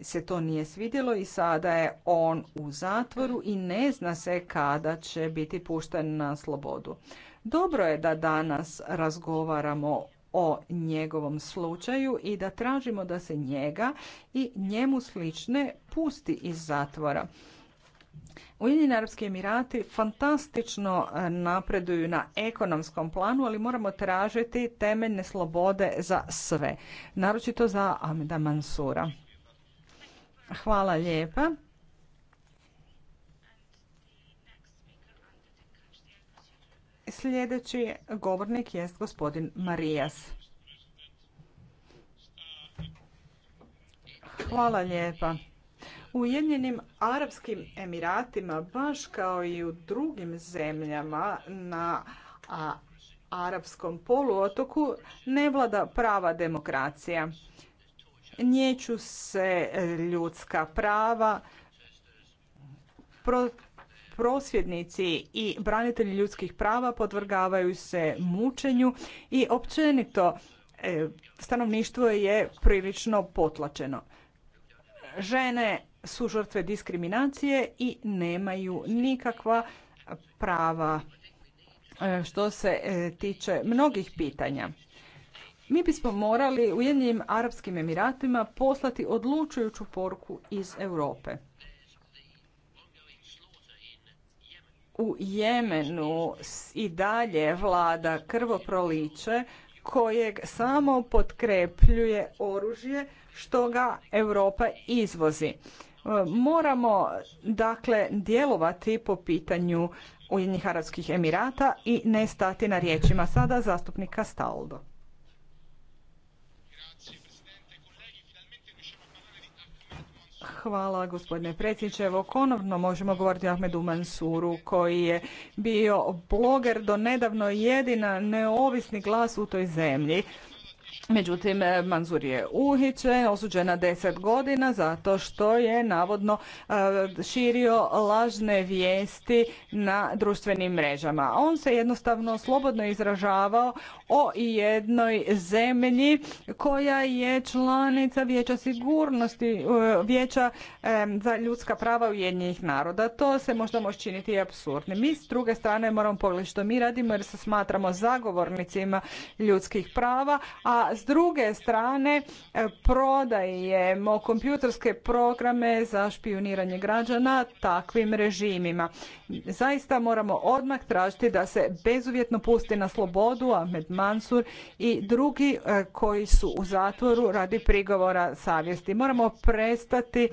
G: se to nije svidjelo i sada je on u zatvoru i ne zna se kada će biti pušten na slobodu. Dobro je da danas razgovaramo o njegovom slučaju i da tražimo da se njega i njemu slične pusti iz zatvora. Ujedinjeni Arabski Emirati fantastično e, napreduju na ekonomskom planu, ali moramo tražiti temeljne slobode za sve, naročito za Ahmeda Mansura. Hvala lijepa. Sljedeći govornik jest gospodin Marijas. Hvala lijepa. U Ujedinjenim Arabskim Emiratima, baš kao i u drugim zemljama na a, arapskom poluotoku, ne vlada prava demokracija. Niječu se e, ljudska prava, prosvjednici i branitelji ljudskih prava podvrgavaju se mučenju i općenito e, stanovništvo je prilično potlačeno. Žene su žrtve diskriminacije i nemaju nikakva prava e, što se tiče mnogih pitanja mi bismo morali Ujedinjenim Arapskim Emiratima poslati odlučujuću poruku iz Europe. U Jemenu i dalje vlada krvoproliće kojeg samo potkrepljuje oružje što ga Europa izvozi. Moramo dakle djelovati po pitanju Ujedinjenih Arapskih Emirata i ne stati na riječima sada zastupnika Staldo. Hvala gospodine predsjedniče. Evo konovno možemo govoriti o Ahmedu Mansuru koji je bio bloger do nedavno jedina neovisni glas u toj zemlji. Međutim, e, Manzur je uhićen, osuđen na 10 godina zato što je navodno e, širio lažne vijesti na društvenim mrežama. On se jednostavno slobodno izražavao o jednoj zemlji koja je članica Vijeća sigurnosti, e, Vijeća za ljudska prava Ujedinjenih naroda. To se možda može činiti i Mi s druge strane moramo pogledati što mi radimo jer se smatramo zagovornicima ljudskih prava, a s druge strane e, prodajemo kompjuterske programe za špioniranje građana takvim režimima. Zaista moramo odmah tražiti da se bezuvjetno pusti na slobodu Ahmed Mansur i drugi e, koji su u zatvoru radi prigovora savjesti. Moramo prestati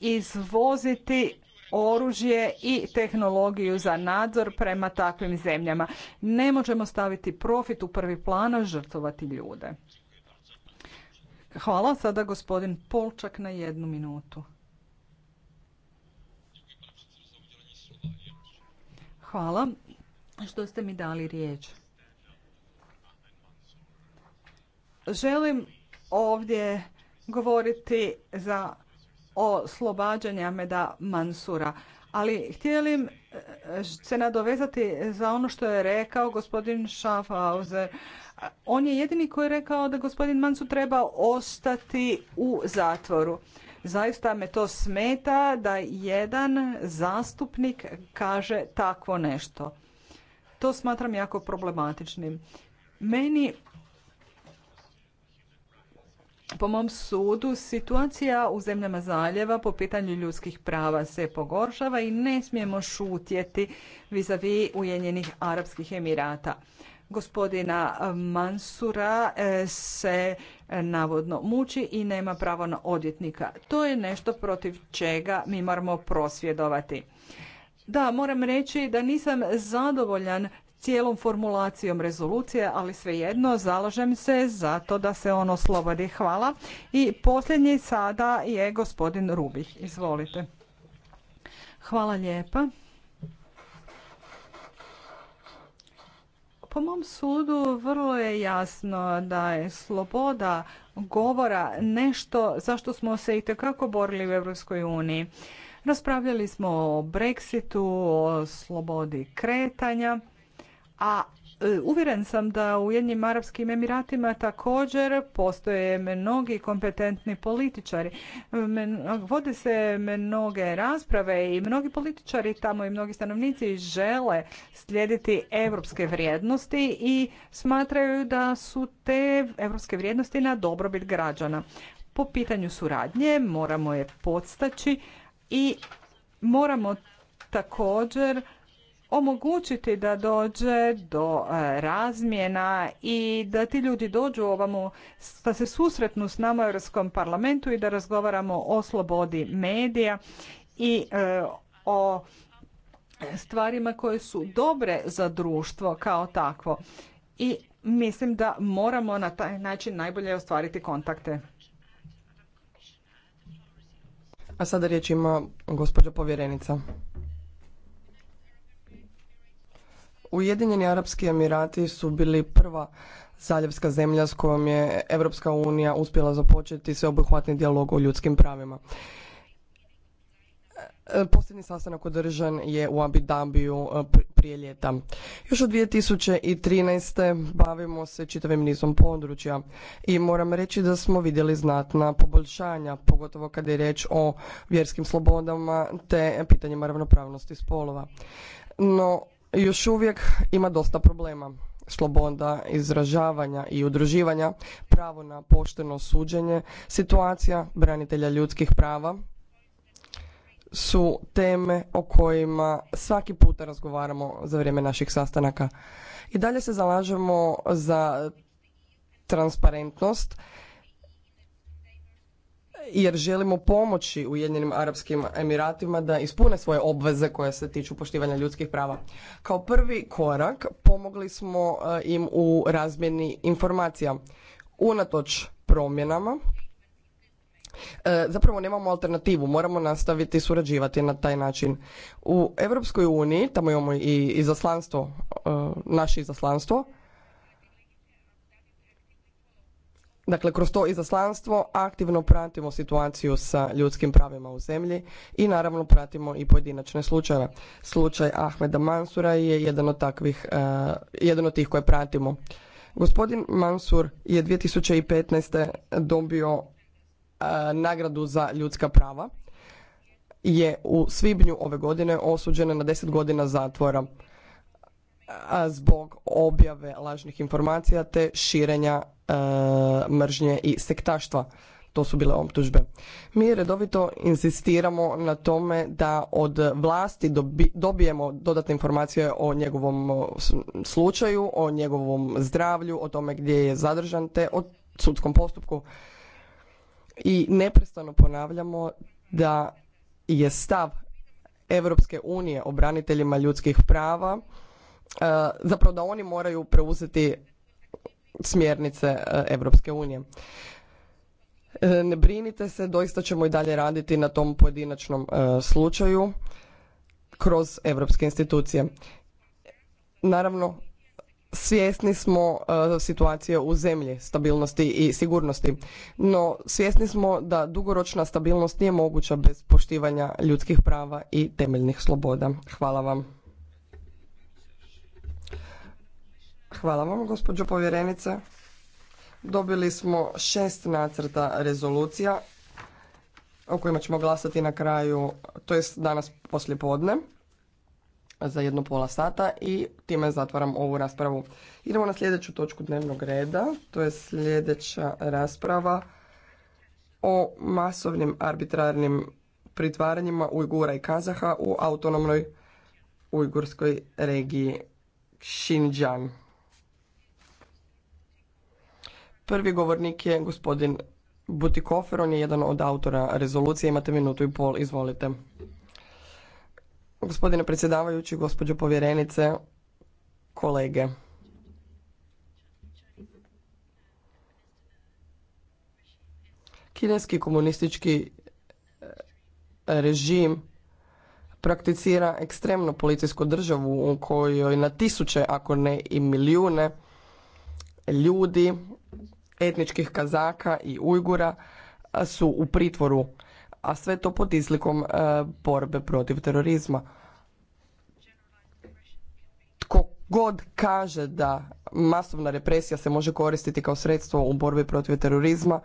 G: izvoziti oružje i tehnologiju za nadzor prema takvim zemljama. Ne možemo staviti profit u prvi plan, a žrtvovati ljude. Hvala. Sada gospodin Polčak na jednu minutu. Hvala što ste mi dali riječ. Želim ovdje govoriti za oslobađanje Ameda Mansura, ali htjelim eh, se nadovezati za ono što je rekao gospodin Schaffhauser on je jedini koji je rekao da gospodin Mansu treba ostati u zatvoru. Zaista me to smeta da jedan zastupnik kaže takvo nešto. To smatram jako problematičnim. Meni po mom sudu situacija u zemljama zaljeva po pitanju ljudskih prava se pogoršava i ne smijemo šutjeti vis Ujedinjenih Arapskih Emirata gospodina Mansura e, se e, navodno muči i nema pravo na odvjetnika. To je nešto protiv čega mi moramo prosvjedovati. Da, moram reći da nisam zadovoljan cijelom formulacijom rezolucije, ali svejedno zalažem se za to da se ono slobodi. Hvala. I posljednji sada je gospodin Rubih. Izvolite. Hvala lijepa. Po mom sudu vrlo je jasno da je sloboda govora nešto zašto smo se i tekako borili u Europskoj uniji. Raspravljali smo o Brexitu, o slobodi kretanja, a Uvjeren sam da u jednim arapskim emiratima također postoje mnogi kompetentni političari. Vode se mnoge rasprave i mnogi političari tamo i mnogi stanovnici žele slijediti europske vrijednosti i smatraju da su te europske vrijednosti na dobrobit građana. Po pitanju suradnje moramo je podstaći i moramo također omogućiti da dođe do e, razmjena i da ti ljudi dođu ovamo, da se susretnu s nama u Europskom parlamentu i da razgovaramo o slobodi medija i e, o stvarima koje su dobre za društvo kao takvo. I mislim da moramo na taj način najbolje ostvariti kontakte.
E: A sada riječ ima gospođa povjerenica. Ujedinjeni Arapski Emirati su bili prva zaljevska zemlja s kojom je Europska unija uspjela započeti sveobuhvatni dijalog o ljudskim pravima. E, posljednji sastanak održan je u Abu Dhabiju e, prije ljeta. Još od 2013. bavimo se čitavim nizom područja i moram reći da smo vidjeli znatna poboljšanja, pogotovo kada je riječ o vjerskim slobodama te pitanjima ravnopravnosti spolova. No, još uvijek ima dosta problema sloboda izražavanja i udruživanja, pravo na pošteno suđenje, situacija branitelja ljudskih prava su teme o kojima svaki puta razgovaramo za vrijeme naših sastanaka. I dalje se zalažemo za transparentnost jer želimo pomoći Ujedinjenim Arapskim Emiratima da ispune svoje obveze koje se tiču poštivanja ljudskih prava. Kao prvi korak pomogli smo eh, im u razmjeni informacija. Unatoč promjenama eh, zapravo nemamo alternativu, moramo nastaviti surađivati na taj način. U Europskoj uniji, tamo imamo i izaslanstvo, eh, naše izaslanstvo, Dakle, kroz to izaslanstvo aktivno pratimo situaciju sa ljudskim pravima u zemlji i naravno pratimo i pojedinačne slučajeve. Slučaj Ahmeda Mansura je jedan od takvih, e, jedan od tih koje pratimo. Gospodin Mansur je 2015. dobio e, nagradu za ljudska prava je u svibnju ove godine osuđen na 10 godina zatvora zbog objave lažnih informacija te širenja e, mržnje i sektaštva. To su bile optužbe. Mi redovito insistiramo na tome da od vlasti dobijemo dodatne informacije o njegovom slučaju, o njegovom zdravlju, o tome gdje je zadržan te o sudskom postupku. I neprestano ponavljamo da je stav Europske unije o braniteljima ljudskih prava E, zapravo da oni moraju preuzeti smjernice Europske unije. E, ne brinite se, doista ćemo i dalje raditi na tom pojedinačnom e, slučaju kroz europske institucije. Naravno, svjesni smo situacije u zemlji, stabilnosti i sigurnosti, no svjesni smo da dugoročna stabilnost nije moguća bez poštivanja ljudskih prava i temeljnih sloboda. Hvala vam. Hvala vam, gospođo povjerenice. Dobili smo šest nacrta rezolucija o kojima ćemo glasati na kraju, to jest danas poslije podne za jedno pola sata i time zatvaram ovu raspravu. Idemo na sljedeću točku dnevnog reda, to je sljedeća rasprava o masovnim arbitrarnim pritvaranjima Ujgura i Kazaha u autonomnoj ujgurskoj regiji Xinjiang. Prvi govornik je gospodin Butikofer, on je jedan od autora rezolucije, imate minutu i pol, izvolite. Gospodine predsjedavajući, gospođo povjerenice, kolege. Kineski komunistički e, režim prakticira ekstremno policijsku državu u kojoj na tisuće, ako ne i milijune ljudi etničkih kazaka i ujgura su u pritvoru, a sve to pod izlikom e, borbe protiv terorizma. Tko god kaže da masovna represija se može koristiti kao sredstvo u borbi protiv terorizma,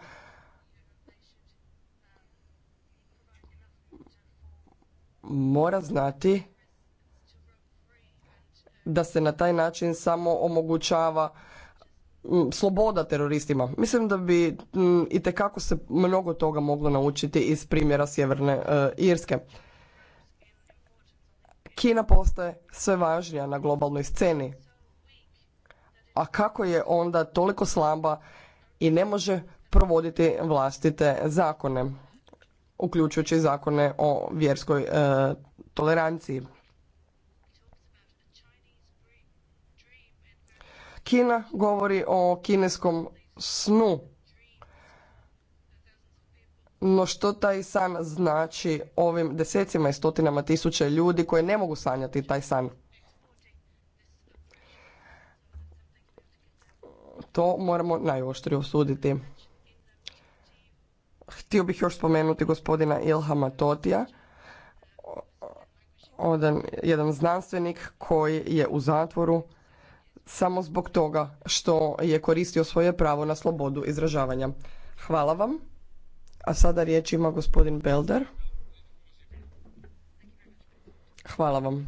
E: mora znati da se na taj način samo omogućava sloboda teroristima. Mislim da bi i kako se mnogo toga moglo naučiti iz primjera Sjeverne e, Irske. Kina postaje sve važnija na globalnoj sceni. A kako je onda toliko slaba i ne može provoditi vlastite zakone, uključujući zakone o vjerskoj e, toleranciji. Kina govori o kineskom snu. No što taj san znači ovim desecima i stotinama tisuća ljudi koji ne mogu sanjati taj san? To moramo najoštrije osuditi. Htio bih još spomenuti gospodina Ilhama Totija, jedan znanstvenik koji je u zatvoru samo zbog toga što je koristio svoje pravo na slobodu izražavanja. Hvala vam. A sada riječ ima gospodin Belder. Hvala vam.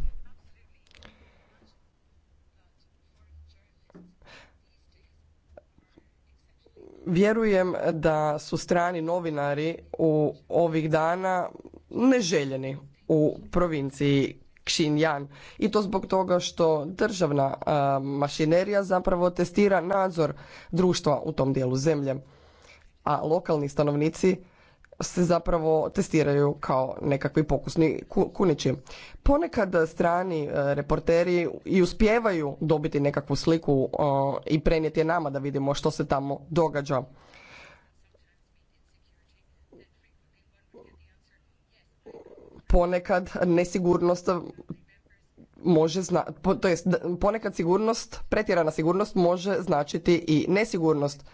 E: Vjerujem da su strani novinari u ovih dana neželjeni u provinciji Xinjiang. I to zbog toga što državna mašinerija zapravo testira nadzor društva u tom dijelu zemlje. A lokalni stanovnici se zapravo testiraju kao nekakvi pokusni kunići. Ponekad strani e, reporteri i uspijevaju dobiti nekakvu sliku i prenijeti je nama da vidimo što se tamo događa. ponekad nesigurnost može zna, to jest ponekad sigurnost, pretjerana sigurnost može značiti i nesigurnost.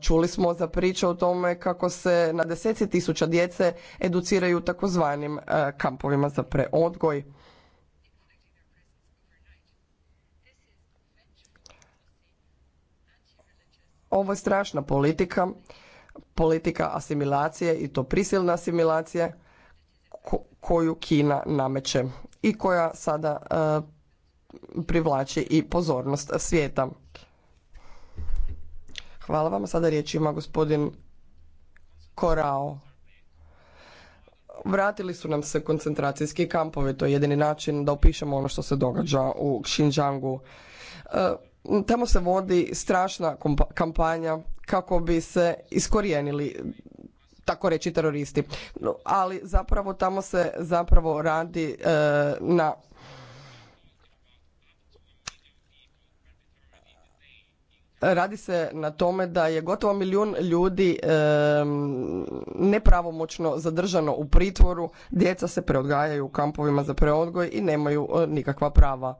E: Čuli smo za priču o tome kako se na deseci tisuća djece educiraju takozvanim kampovima za preodgoj. Ovo je strašna politika politika asimilacije i to prisilna asimilacija, koju Kina nameće i koja sada eh, privlači i pozornost svijeta. Hvala vam. Sada riječ ima gospodin Korao. Vratili su nam se koncentracijski kampovi, to je jedini način da opišemo ono što se događa u Xinjiangu. Eh, tamo se vodi strašna kampanja kako bi se iskorijenili tako reći teroristi. No, ali zapravo tamo se zapravo radi e, na Radi se na tome da je gotovo milijun ljudi e, nepravomoćno zadržano u pritvoru, djeca se preodgajaju u kampovima za preodgoj i nemaju e, nikakva prava.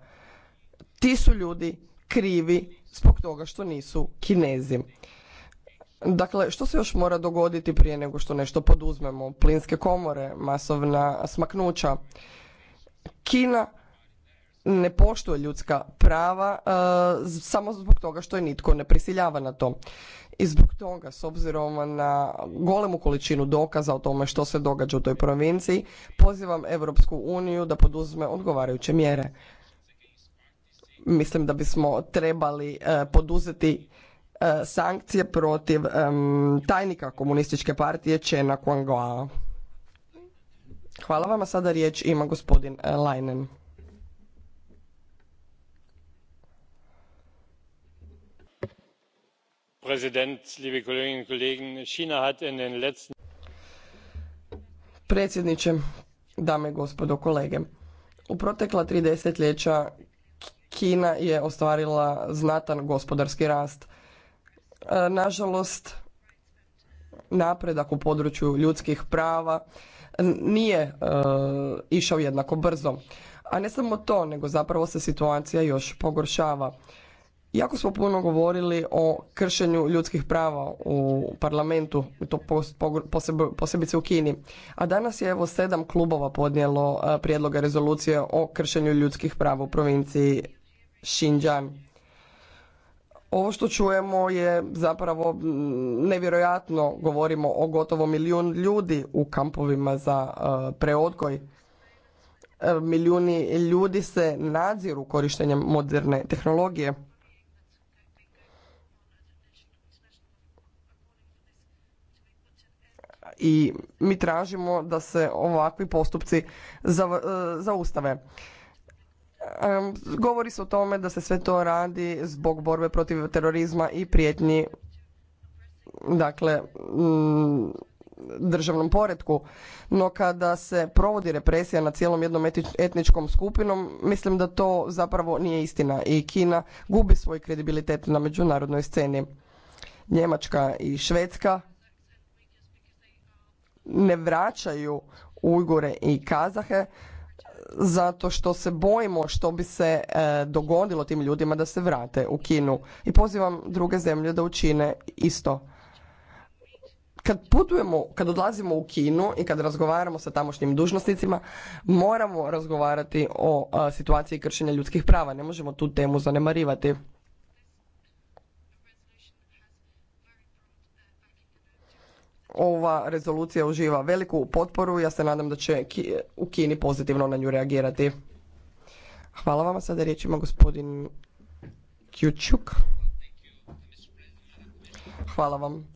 E: Ti su ljudi krivi zbog toga što nisu kinezi. Dakle, što se još mora dogoditi prije nego što nešto poduzmemo? Plinske komore, masovna smaknuća. Kina ne poštuje ljudska prava e, samo zbog toga što je nitko ne prisiljava na to. I zbog toga, s obzirom na golemu količinu dokaza o tome što se događa u toj provinciji, pozivam Europsku uniju da poduzme odgovarajuće mjere mislim da bismo trebali e, poduzeti e, sankcije protiv e, tajnika komunističke partije Čena Kuangoa. Hvala vam, a sada riječ ima gospodin Lajnen. Predsjedniče, dame i gospodo kolege, u protekla tri desetljeća Kina je ostvarila znatan gospodarski rast. E, nažalost, napredak u području ljudskih prava nije e, išao jednako brzo. A ne samo to, nego zapravo se situacija još pogoršava. Jako smo puno govorili o kršenju ljudskih prava u parlamentu, to posebice u Kini. A danas je evo sedam klubova podnijelo e, prijedloga rezolucije o kršenju ljudskih prava u provinciji Xinjiang. Ovo što čujemo je zapravo nevjerojatno, govorimo o gotovo milijun ljudi u kampovima za e, preodgoj. E, milijuni ljudi se nadziru korištenjem moderne tehnologije. I mi tražimo da se ovakvi postupci e, zaustave. Govori se o tome da se sve to radi zbog borbe protiv terorizma i prijetnji dakle mm, državnom poretku. No kada se provodi represija na cijelom jednom etničkom skupinom, mislim da to zapravo nije istina i Kina gubi svoj kredibilitet na međunarodnoj sceni. Njemačka i Švedska ne vraćaju Ujgure i Kazahe zato što se bojimo što bi se e, dogodilo tim ljudima da se vrate u Kinu i pozivam druge zemlje da učine isto. Kad putujemo, kad odlazimo u Kinu i kad razgovaramo sa tamošnjim dužnosnicima, moramo razgovarati o e, situaciji kršenja ljudskih prava, ne možemo tu temu zanemarivati. ova rezolucija uživa veliku potporu. Ja se nadam da će u Kini pozitivno na nju reagirati. Hvala vam. Sada riječ ima gospodin Kjučuk. Hvala vam.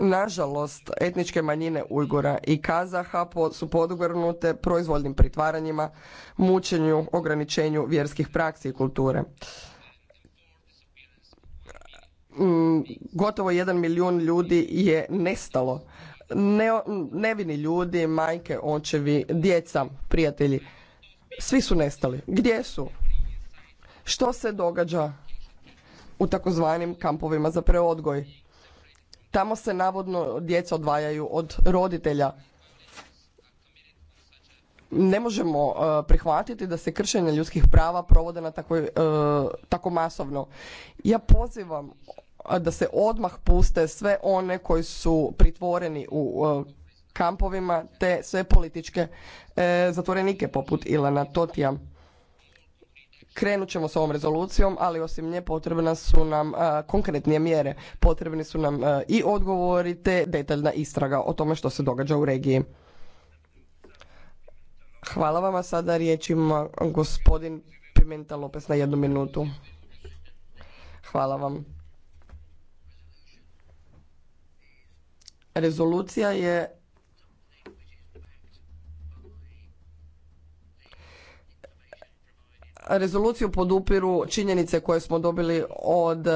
E: Nažalost, etničke manjine Ujgora i Kazaha su podugrnute proizvoljnim pritvaranjima, mučenju, ograničenju vjerskih praksi i kulture. Mm, gotovo jedan milijun ljudi je nestalo. nevini ljudi, majke, očevi, djeca, prijatelji. Svi su nestali. Gdje su? Što se događa u takozvanim kampovima za preodgoj? Tamo se navodno djeca odvajaju od roditelja. Ne možemo e, prihvatiti da se kršenje ljudskih prava provode na e, tako masovno. Ja pozivam da se odmah puste sve one koji su pritvoreni u e, kampovima te sve političke e, zatvorenike poput Ilana Totija. Krenut ćemo s ovom rezolucijom, ali osim nje potrebne su nam e, konkretnije mjere. Potrebni su nam i odgovori te detaljna istraga o tome što se događa u regiji. Hvala a Sada riječ ima gospodin Pimenta Lopez na jednu minutu. Hvala vam. Rezolucija je Rezoluciju podupiru činjenice koje smo dobili od e,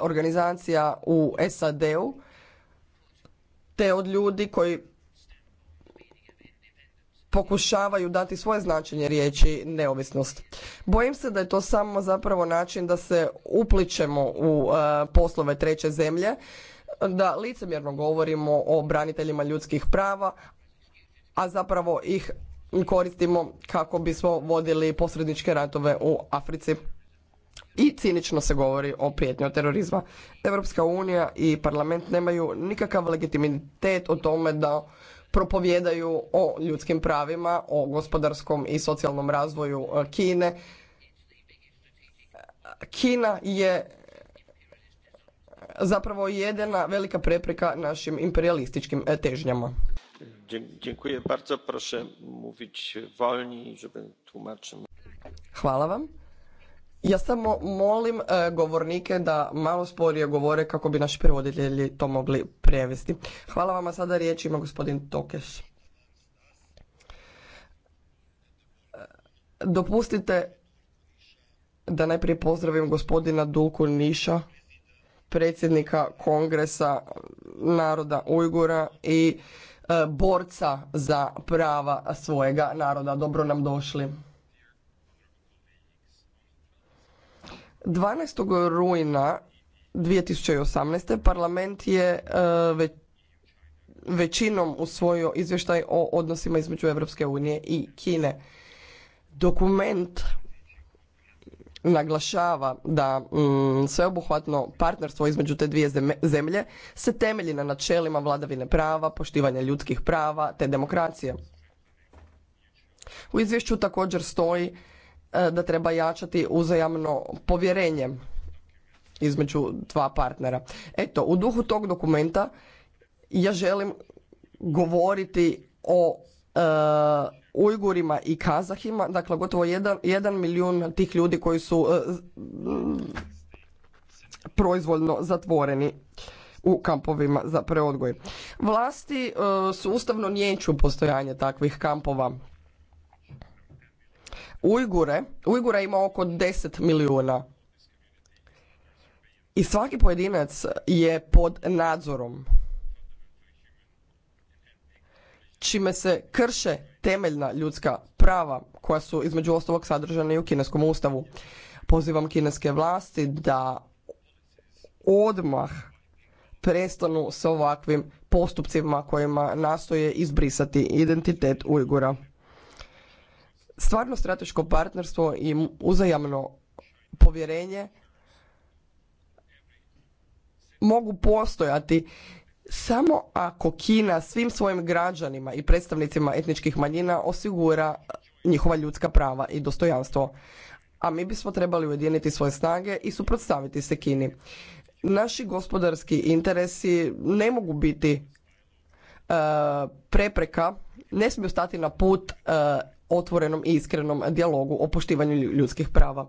E: organizacija u SAD-u te od ljudi koji pokušavaju dati svoje značenje riječi neovisnost. Bojim se da je to samo zapravo način da se upličemo u e, poslove treće zemlje da licemjerno govorimo o braniteljima ljudskih prava, a zapravo ih koristimo kako bismo vodili posredničke ratove u Africi. I cinično se govori o prijetnju terorizma. Europska unija i parlament nemaju nikakav legitimitet o tome da propovjedaju o ljudskim pravima, o gospodarskom i socijalnom razvoju e, Kine. Kina je zapravo jedina velika prepreka našim imperialističkim e, težnjama.
F: Dziękuję bardzo, proszę mówić wolniej,
E: Hvala vam. Ja samo molim e, govornike da malo sporije govore kako bi naši prevoditelji to mogli prevesti. Hvala vam, a sada riječ ima gospodin Tokeš. E, dopustite da najprije pozdravim gospodina Dulku Niša predsjednika Kongresa naroda Ujgura i e, borca za prava svojega naroda. Dobro nam došli. 12. rujna 2018. parlament je e, većinom usvojio izvještaj o odnosima između Europske unije i Kine. Dokument naglašava da mm, sveobuhvatno partnerstvo između te dvije zemlje se temelji na načelima vladavine prava, poštivanja ljudskih prava te demokracije. U izvješću također stoji e, da treba jačati uzajamno povjerenje između dva partnera. Eto, u duhu tog dokumenta ja želim govoriti o E, Ujgurima i Kazahima, dakle gotovo jedan, jedan milijun tih ljudi koji su e, proizvoljno zatvoreni u kampovima za preodgoj. Vlasti e, sustavno niječu postojanje takvih kampova. Ujgure, Ujgura ima oko 10 milijuna. I svaki pojedinac je pod nadzorom. čime se krše temeljna ljudska prava koja su između ostalog sadržana i u kineskom ustavu. Pozivam kineske vlasti da odmah prestanu sa ovakvim postupcima kojima nastoje izbrisati identitet Ujgura. Stvarno strateško partnerstvo i uzajamno povjerenje mogu postojati samo ako Kina svim svojim građanima i predstavnicima etničkih manjina osigura eh, njihova ljudska prava i dostojanstvo, a mi bismo trebali ujediniti svoje snage i suprotstaviti se Kini. Naši gospodarski interesi ne mogu biti eh, prepreka, ne smiju stati na put eh, otvorenom i iskrenom dijalogu o poštivanju ljudskih prava.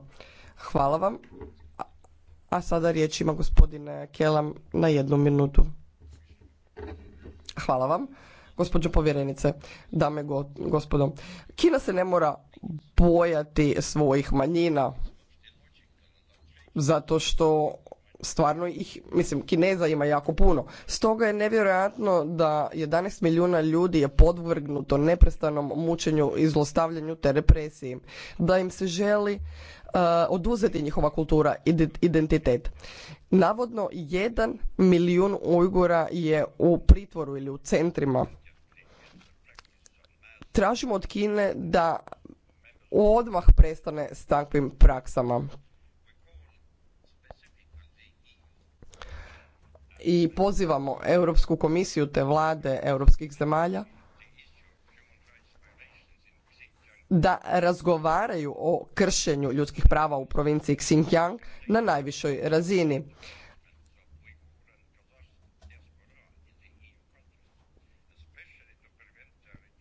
E: Hvala vam. A sada riječ ima gospodine Kelam na jednu minutu. Hvala vam. Gospođo povjerenice, dame go, gospodo, Kina se ne mora bojati svojih manjina zato što stvarno ih, mislim, Kineza ima jako puno. Stoga je nevjerojatno da 11 milijuna ljudi je podvrgnuto neprestanom mučenju i zlostavljanju te represiji. Da im se želi eh, oduzeti njihova kultura, i identitet. Navodno, jedan milijun Ujgura je u pritvoru ili u centrima. Tražimo od Kine da odmah prestane s takvim praksama. I pozivamo Europsku komisiju te vlade europskih zemalja da razgovaraju o kršenju ljudskih prava u provinciji Xinjiang na najvišoj razini.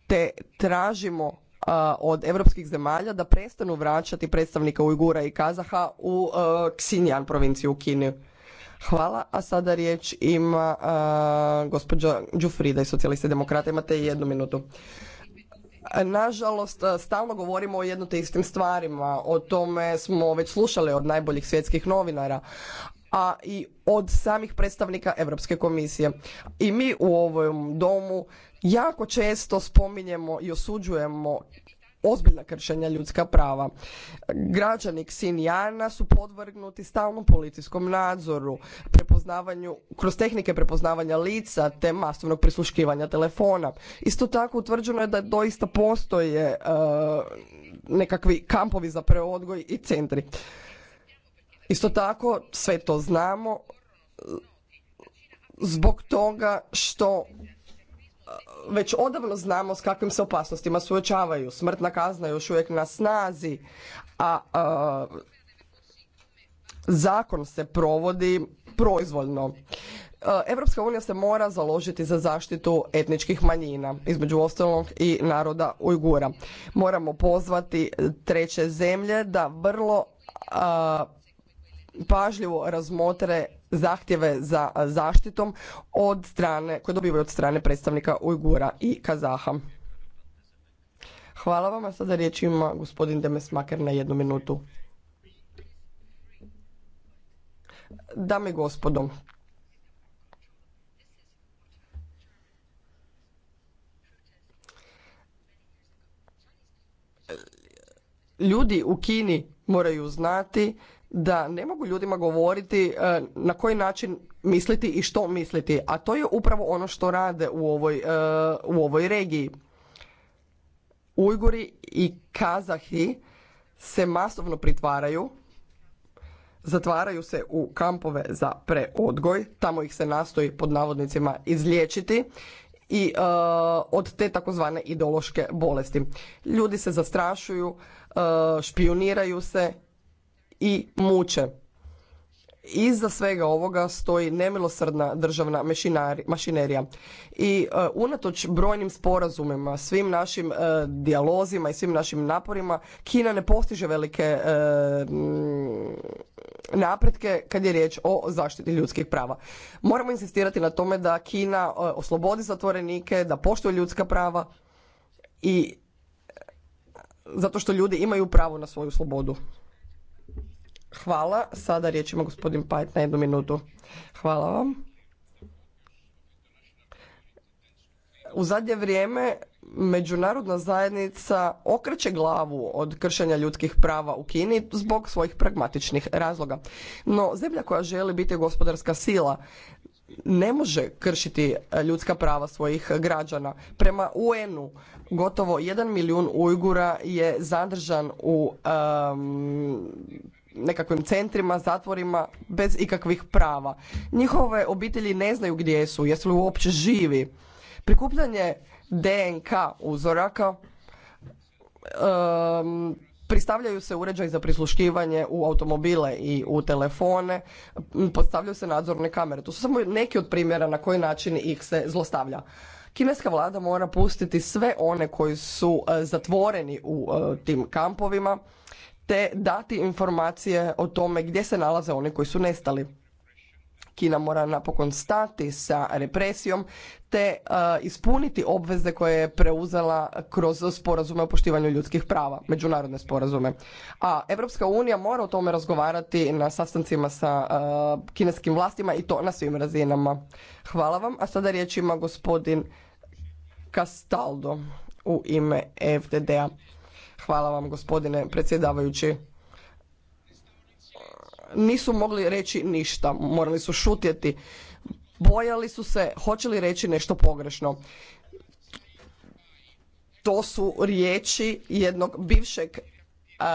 E: Te tražimo od europskih zemalja da prestanu vraćati predstavnika Ujgura i Kazaha u Xinjiang provinciju u Kini. Hvala, a sada riječ ima gospođa Đufrida i socijaliste demokrata. Imate jednu minutu. Nažalost, e, stalno govorimo o jedno te istim stvarima. O tome smo već slušali od najboljih svjetskih novinara a i od samih predstavnika Europske komisije. I mi u ovom domu jako često spominjemo i osuđujemo ozbiljna kršenja ljudska prava. Građani Ksinjana su podvrgnuti stalnom policijskom nadzoru, prepoznavanju, kroz tehnike prepoznavanja lica te masovnog prisluškivanja telefona. Isto tako utvrđeno je da doista postoje e, nekakvi kampovi za preodgoj i centri. Isto tako sve to znamo e, zbog toga što već odavno znamo s kakvim se opasnostima suočavaju. Smrtna kazna je još uvijek na snazi, a, zakon se provodi proizvoljno. Europska unija se mora založiti za zaštitu etničkih manjina, između ostalog i naroda Ujgura. Moramo pozvati treće zemlje da vrlo pažljivo razmotre zahtjeve za zaštitom od strane, koje dobivaju od strane predstavnika Ujgura i Kazaha. Hvala vam, a sada riječ ima gospodin Demesmaker na jednu minutu. Dame i gospodo, ljudi u Kini moraju znati da ne mogu ljudima govoriti e, na koji način misliti i što misliti, a to je upravo ono što rade u ovoj, e, u ovoj regiji. Ujguri i Kazahi se masovno pritvaraju, zatvaraju se u kampove za preodgoj, tamo ih se nastoji pod navodnicima izliječiti i e, od te takozvane ideološke bolesti. Ljudi se zastrašuju, špioniraju se i muče. Iza svega ovoga stoji nemilosrdna državna mašinerija. I e, unatoč brojnim sporazumima, svim našim e, dijalozima i svim našim naporima, Kina ne postiže velike e, napretke kad je riječ o zaštiti ljudskih prava. Moramo insistirati na tome da Kina oslobodi zatvorenike, da poštuje ljudska prava i zato što ljudi imaju pravo na svoju slobodu. Hvala. Sada riječ ima gospodin Pajt na jednu minutu. Hvala vam. U zadnje vrijeme međunarodna zajednica okreće glavu od kršenja ljudskih prava u Kini zbog svojih pragmatičnih razloga. No zemlja koja želi biti gospodarska sila ne može kršiti ljudska prava svojih građana. Prema UN-u gotovo jedan milijun Ujgura je zadržan u nekakvim centrima, zatvorima bez ikakvih prava. Njihove obitelji ne znaju gdje su, jesu li uopće živi. Prikupljanje DNK uzoraka um, pristavljaju se uređaj za prisluškivanje u automobile i u telefone, postavljaju se nadzorne kamere. To su samo neki od primjera na koji način ih se zlostavlja. Kineska vlada mora pustiti sve one koji su e, zatvoreni u e, tim kampovima te dati informacije o tome gdje se nalaze oni koji su nestali. Kina mora napokon stati sa represijom te e, ispuniti obveze koje je preuzela kroz sporazume o poštivanju ljudskih prava, međunarodne sporazume. A Europska unija mora o tome razgovarati na sastancima sa e, kineskim vlastima i to na svim razinama. Hvala vam. A sada riječ ima gospodin Castaldo u ime FDD-a. Hvala vam gospodine predsjedavajući. Nisu mogli reći ništa, morali su šutjeti. Bojali su se, hoće li reći nešto pogrešno. To su riječi jednog bivšeg uh,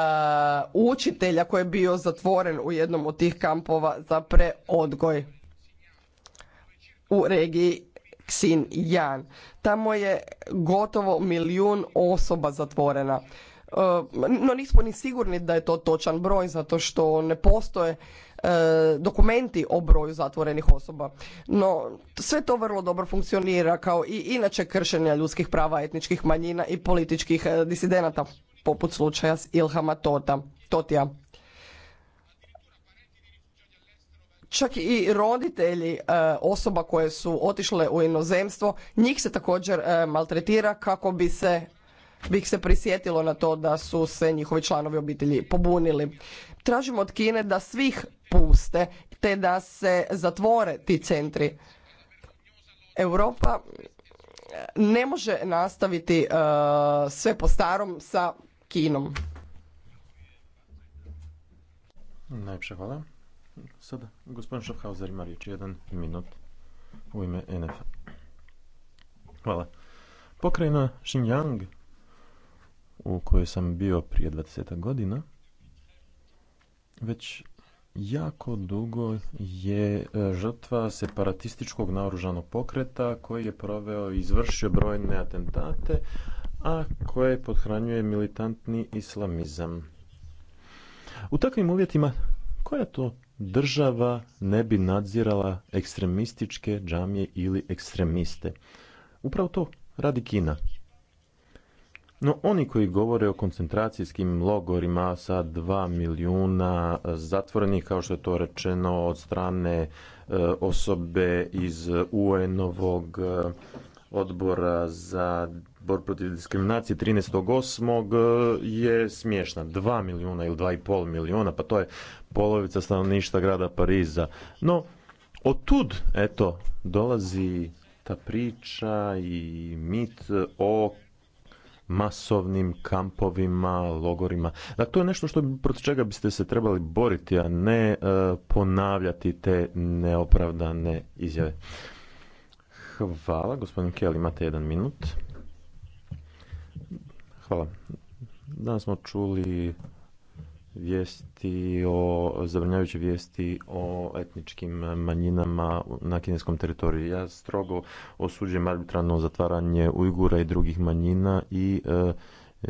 E: učitelja koji je bio zatvoren u jednom od tih kampova za preodgoj u regiji Xinjiang. Tamo je gotovo milijun osoba zatvorena. Eh, no nismo ni sigurni da je to točan broj zato što ne postoje eh, dokumenti o broju zatvorenih osoba. No, sve to vrlo dobro funkcionira kao i inače kršenja ljudskih prava etničkih manjina i političkih eh, disidenata poput slučaja s Ilhama Tota, Totija. Čak i roditelji osoba koje su otišle u inozemstvo, njih se također maltretira kako bi se bih se prisjetilo na to da su se njihovi članovi obitelji pobunili. Tražimo od Kine da svih puste te da se zatvore ti centri. Europa eh, ne može nastaviti eh, sve po starom sa Kinom.
F: Najpše hvala. Sada, gospodin ima riječ jedan minut u ime NFA. Hvala. Pokrajina Xinjiang u kojoj sam bio prije 20 godina, već jako dugo je e, žrtva separatističkog naoružanog pokreta koji je proveo i izvršio brojne atentate, a koje podhranjuje militantni islamizam. U takvim uvjetima koja to država ne bi nadzirala ekstremističke džamije ili ekstremiste? Upravo to radi Kina. No oni koji govore o koncentracijskim logorima sa dva milijuna e, zatvorenih, kao što je to rečeno od strane e, osobe iz UN-ovog e, odbora za bor protiv diskriminacije 13.8. je smiješna. Dva milijuna ili 2,5 milijuna, pa to je polovica stanovništva grada Pariza. No, otud, eto, dolazi ta priča i mit o masovnim kampovima, logorima. Dakle, to je nešto što protiv čega biste se trebali boriti, a ne e, ponavljati te neopravdane izjave. Hvala, gospodin Kelly, imate jedan minut. Hvala. Danas smo čuli vijesti o zabrinjavajuće vijesti o etničkim manjinama na kineskom teritoriju. Ja strogo osuđujem arbitrarno zatvaranje Ujgura i drugih manjina i e,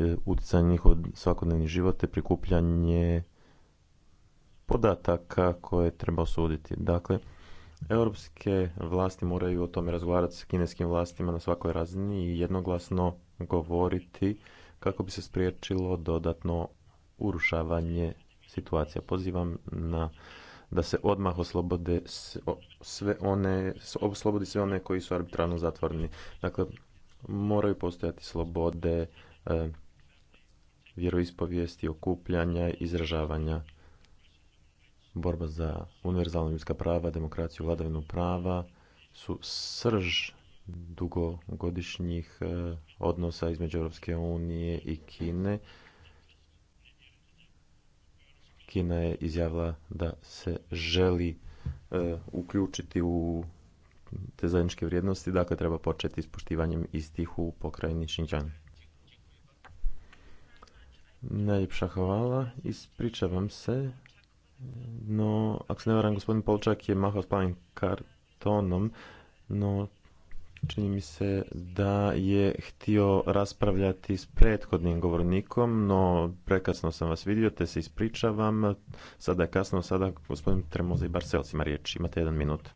F: e utjecanje njihov svakodnevni život te prikupljanje podataka koje treba osuditi. Dakle, europske vlasti moraju o tome razgovarati s kineskim vlastima na svakoj razini i jednoglasno govoriti kako bi se spriječilo dodatno urušavanje situacija. Pozivam na da se odmah oslobode sve one, oslobodi sve one koji su arbitrarno zatvoreni. Dakle, moraju postojati slobode, e, vjeroispovijesti, okupljanja, izražavanja, borba za univerzalna ljudska prava, demokraciju, vladavinu prava su srž dugogodišnjih e, odnosa između Europske unije i Kine Kina je izjavila da se želi e, uključiti u te zajedničke vrijednosti, dakle treba početi s poštivanjem istih u pokrajini Xinjiang. Najljepša hvala, ispričavam se, no ako se ne varam, gospodin Polčak je mahao s kartonom, no Čini mi se da je htio raspravljati s prethodnim govornikom, no prekasno sam vas vidio, te se ispričavam. Sada je kasno, sada gospodin Tremoza i Barcelos ima riječ. Imate jedan minut.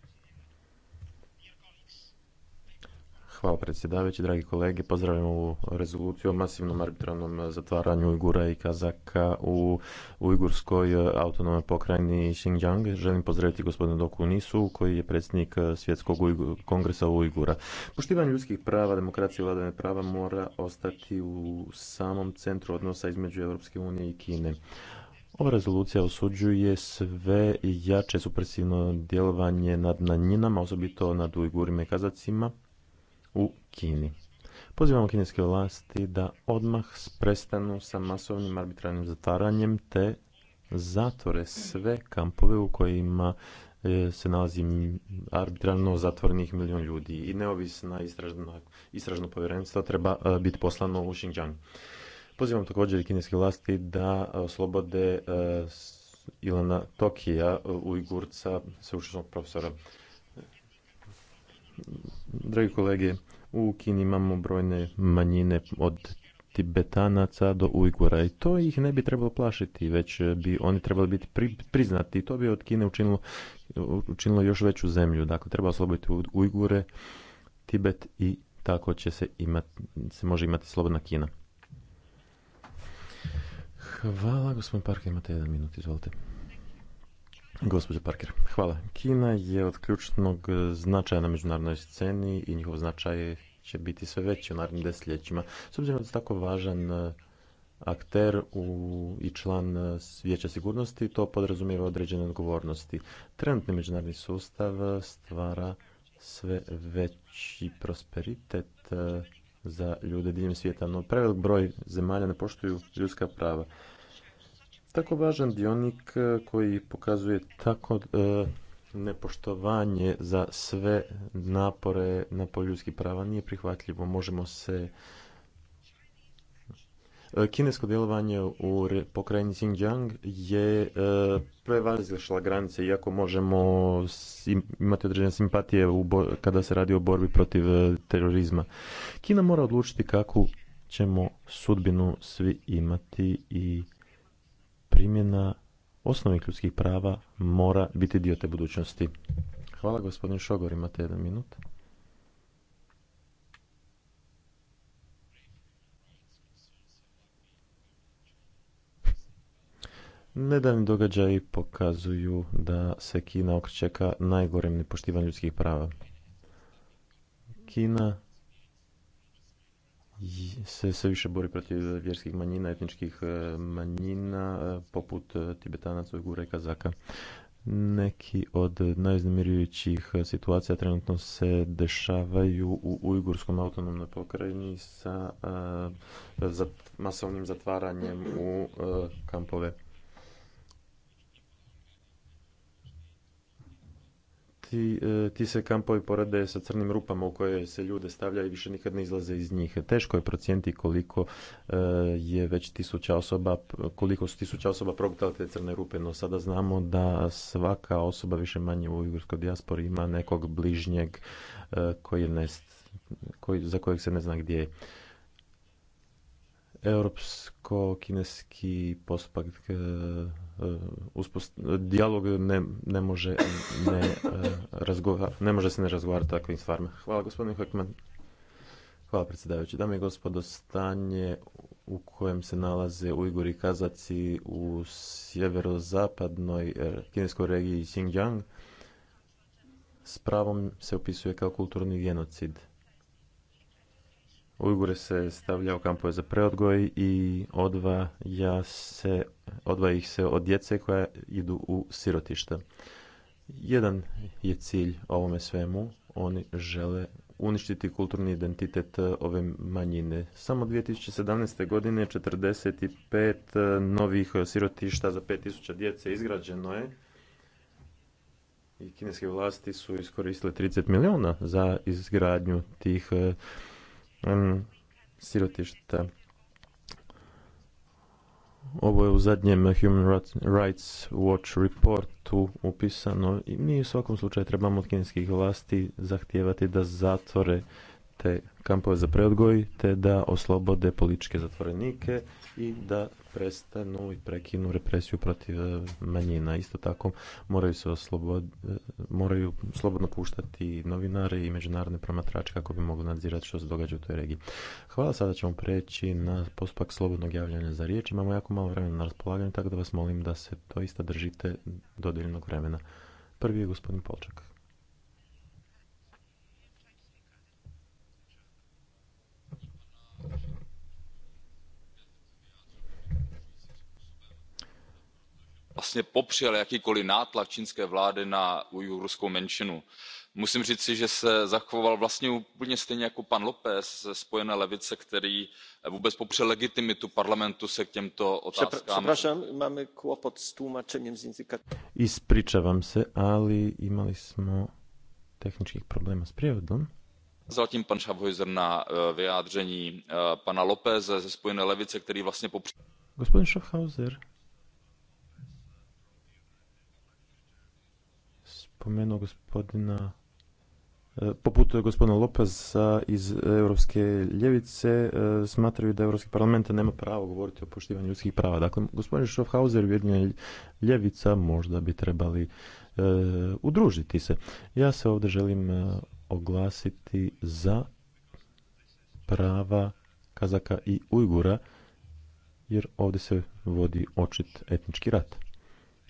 F: Hvala predsjedavajući, dragi kolege. Pozdravljam ovu rezoluciju o masivnom arbitranom zatvaranju Ujgura i Kazaka u ujgurskoj autonomnoj pokrajini Xinjiang. Želim pozdraviti gospodina Doku Nisu, koji je predsjednik Svjetskog kongresa Ujgura. Poštivanje ljudskih prava, demokracije i vladavine prava mora ostati u samom centru odnosa između Europske unije i Kine. Ova rezolucija osuđuje sve jače supresivno djelovanje nad manjinama, osobito nad Ujgurima i Kazacima, u Kini. Pozivamo kineske vlasti da odmah prestanu sa masovnim arbitralnim zatvaranjem te zatvore sve kampove u kojima e, se nalazi arbitrarno zatvorenih milijun ljudi i neovisna istražna, istražno povjerenstvo treba e, biti poslano u Xinjiang. Pozivam također i kineske vlasti da oslobode e, Ilana Tokija, Ujgurca, sveučilišnog profesora. Dragi kolege, u Kini imamo brojne manjine od Tibetanaca do Ujgura i to ih ne bi trebalo plašiti, već bi oni trebali biti priznati i to bi od Kine učinilo, učinilo još veću zemlju. Dakle, treba osloboditi Ujgure, Tibet i tako će se imati, se može imati slobodna Kina. Hvala, gospodin Park, imate jedan minut, izvolite. Gospođo Parker, hvala. Kina je od ključnog značaja na međunarodnoj sceni i njihov značaj će biti sve veći u narednim desetljećima. S obzirom da je tako važan e, akter u, i član e, vijeća sigurnosti, to podrazumijeva određene odgovornosti. Trenutni međunarodni sustav e, stvara sve veći prosperitet za ljude diljem svijeta, no prevelik broj zemalja ne poštuju ljudska prava tako važan dionik e, koji pokazuje tako e, nepoštovanje za sve napore na polju prava nije prihvatljivo. Možemo se e, Kinesko djelovanje u pokrajini Xinjiang je prevazišla granice, iako možemo imati određene simpatije kada se radi o borbi protiv terorizma. Kina mora odlučiti kakvu ćemo sudbinu svi imati i primjena osnovnih ljudskih prava mora biti dio te budućnosti. Hvala gospodin Šogor, imate jednu minut. Nedavni događaji pokazuju da se Kina okreće ka najgorem nepoštivanju ljudskih prava. Kina se sve više bori protiv vjerskih manjina, etničkih e, manjina, e, poput e, Tibetanaca, Ujgura i Kazaka. Neki od najznamirujućih situacija trenutno se dešavaju u Ujgurskom autonomnoj pokrajini sa masovnim zatvaranjem u kampove. ti, e, ti se kampovi porade sa crnim rupama u koje se ljude stavljaju i više nikad ne izlaze iz njih. Teško je procijeniti koliko e, je već tisuća osoba, koliko su tisuća osoba progutale te crne rupe, no sada znamo da svaka osoba više manje u ugorskoj dijaspori ima nekog bližnjeg e, koji nest, koji, za kojeg se ne zna gdje je. Europsko-kineski postupak E, dijalog ne, ne, može ne, e, ne može se ne razgovarati takvim stvarima. Hvala gospodine Hekman. Hvala predsjedavajući. Dame i gospodo, stanje u kojem se nalaze Ujguri i Kazaci u sjeverozapadnoj kineskoj regiji Xinjiang s pravom se opisuje kao kulturni genocid. Ujgure se stavlja u kampove za preodgoj i odvaja, se, odvaja ih se od djece koja idu u sirotišta. Jedan je cilj ovome svemu, oni žele uništiti kulturni identitet ove manjine. Samo 2017. godine 45 novih sirotišta za 5000 djece izgrađeno je i kineske vlasti su iskoristile 30 milijuna za izgradnju tih um, sirotište. Ovo je u zadnjem Human Rights Watch reportu upisano i mi u svakom slučaju trebamo od kineskih vlasti zahtijevati da zatvore te kampove za preodgoj, te da oslobode političke zatvorenike i da prestanu i prekinu represiju protiv e, manjina. Isto tako moraju se e, moraju slobodno puštati novinare i međunarodne promatrače kako bi mogli nadzirati što se događa u toj regiji. Hvala, sada ćemo preći na postupak slobodnog javljanja za riječ. Imamo jako malo vremena na raspolaganju, tako da vas molim da se doista držite dodeljenog vremena. Prvi je gospodin Polčak.
E: vlastně popřel jakýkoliv nátlak čínské vlády na ujgurskou menšinu. musím říci že se zachoval vlastně úplně stejně jako pan lópez ze spojené levice který vůbec popřel legitimitu parlamentu se k těmto otázkám.
F: ispričavam se ali imali s
E: zatím pan Schaffhauser na eh, vyjádření eh, pana Lopeze ze Spojené levice, který vlastně
F: Gospodin Schaffhauser spomenuo gospodina eh, poput gospodina Lopeza iz Europske ljevice smatraju da Europski parlament nema pravo govoriti o poštivanju ljudskih prava. Dakle, gospodin Schaffhauser i ljevica možda bi trebali udružiti se. Ja se ovdje želim oglasiti za prava Kazaka i Ujgura, jer ovdje se vodi očit etnički rat.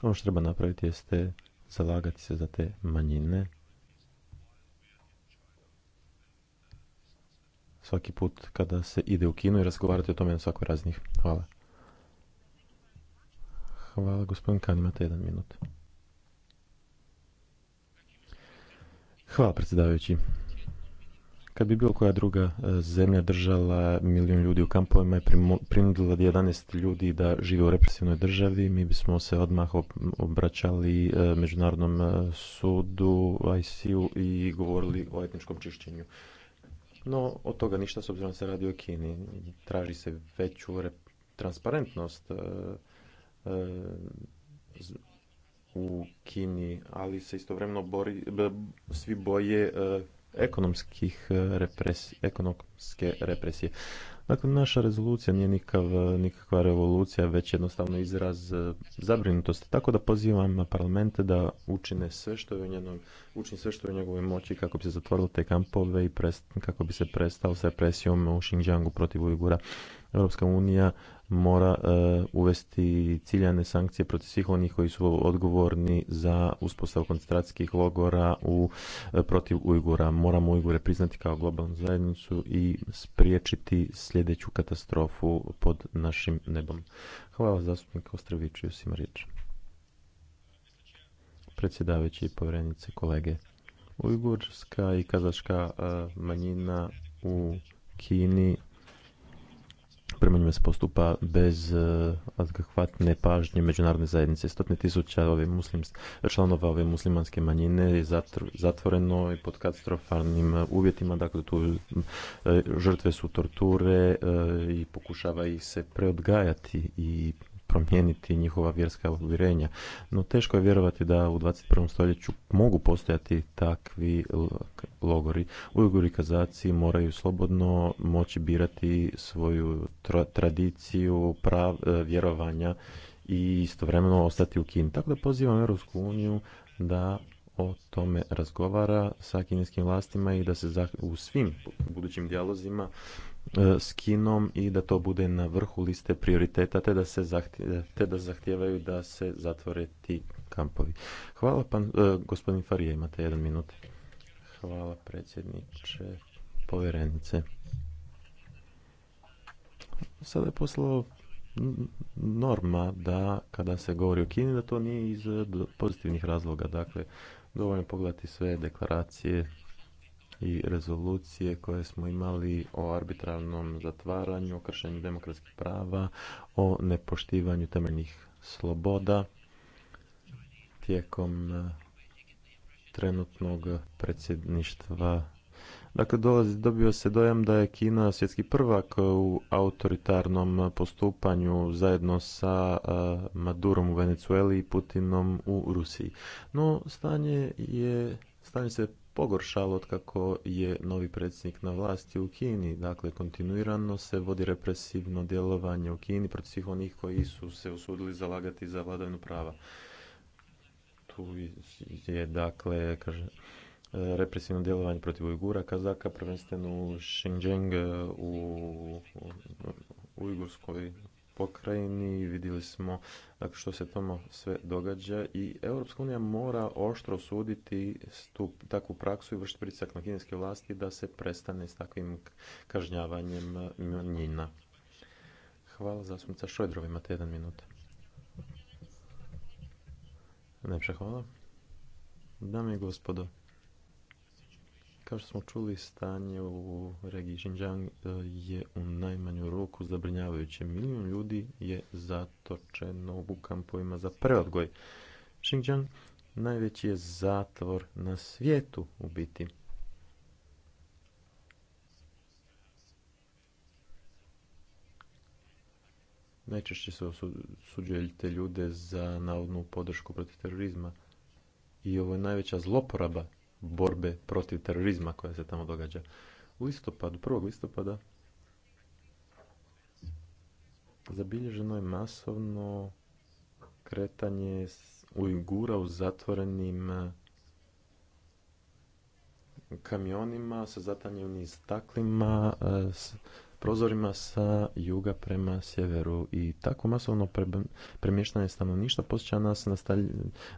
F: Ono što treba napraviti jeste zalagati se za te manjine. Svaki put kada se ide u kinu i razgovarati o tome na svakoj raznih. Hvala. Hvala gospodin Kan, imate jedan minut. Hvala predsjedavajući. Kad bi bilo koja druga e, zemlja držala milijun ljudi u kampovima i prinudila 11 ljudi da žive u represivnoj državi, mi bismo se odmah obraćali e, Međunarodnom e, sudu, ICU i govorili o etničkom čišćenju. No, od toga ništa s obzirom se radi o Kini. Traži se veću transparentnost u Kini, ali se istovremeno bori, svi boje e, ekonomskih e, ekonomske represije. Dakle, naša rezolucija nije nikakva revolucija, već jednostavno izraz e, zabrinutosti. Tako da pozivam parlamente da učine sve što je u njenom, sve što je u njegovoj moći kako bi se zatvorilo te kampove i kako bi se prestao s represijom u Xinjiangu protiv Ujgura. Europska unija mora e, uvesti ciljane sankcije protiv svih onih koji su odgovorni za uspostavu koncentracijskih logora u, e, protiv Ujgura. Moramo Ujgure priznati kao globalnu zajednicu i spriječiti sljedeću katastrofu pod našim nebom. Hvala zastupnik i Predsjedavajući i kolege. Ujgurska i kazaška e, manjina u Kini Znači, prema njima se postupa bez eh, adekvatne pažnje međunarodne zajednice. Stotne tisuća ove muslims, članova ove muslimanske manjine je zatvoreno i pod katastrofalnim eh, uvjetima. Dakle, tu eh, žrtve su torture i pokušava ih se preodgajati i promijeniti njihova vjerska uvjerenja. No teško je vjerovati da u 21. stoljeću mogu postojati takvi logori. Ujguri kazaci moraju slobodno moći birati svoju tradiciju, prav, e, vjerovanja i istovremeno ostati u Kini. Tako da pozivam Europsku uniju da o tome razgovara sa kineskim vlastima i da se u svim budućim dijalozima E, s Kinom i da to bude na vrhu liste prioriteta te da, se te da zahtijevaju da se zatvore ti kampovi. Hvala, pan, e, gospodin Farija, imate jedan minut. Hvala, predsjedniče, povjerenice. Sada je poslao norma da kada se govori o Kini da to nije iz pozitivnih razloga. Dakle, dovoljno pogledati sve deklaracije i rezolucije koje smo imali o arbitrarnom zatvaranju, o kršenju demokratskih prava, o nepoštivanju temeljnih sloboda tijekom eh, trenutnog predsjedništva. Dakle, dolazi, dobio se dojam da je Kina svjetski prvak u autoritarnom postupanju zajedno sa eh, Madurom u Venecueli i Putinom u Rusiji. No, stanje je, stanje se pogoršalo kako je novi predsjednik na vlasti u Kini. Dakle, kontinuirano se vodi represivno djelovanje u Kini protiv svih onih koji su se usudili zalagati za vladavinu prava. Tu je, dakle, kaže, represivno djelovanje protiv Ujgura, Kazaka, prvenstveno u Xinjiang, u Ujgurskoj pokrajini, vidjeli smo dakle, što se tamo sve događa i Europska unija mora oštro suditi takvu praksu i vršiti pritisak na kineske vlasti da se prestane s takvim kažnjavanjem manjina. Hvala, zastupnica Šojdrov, imate jedan minut. Najpša hvala. Dame i gospodo, kao što smo čuli, stanje u regiji Xinjiang e, je u najmanju ruku zabrinjavajuće. Milijun ljudi je zatočeno u kampovima za preodgoj. Xinjiang najveći je zatvor na svijetu u biti. Najčešće se osuđuje ljude za navodnu podršku protiv terorizma. I ovo je najveća zloporaba borbe protiv terorizma koja se tamo događa. U listopadu, 1. listopada, zabilježeno je masovno kretanje Ujgura u zatvorenim e, kamionima sa zatanjenim staklima e, prozorima sa juga prema sjeveru i tako masovno premještanje stanovništva posjeća nas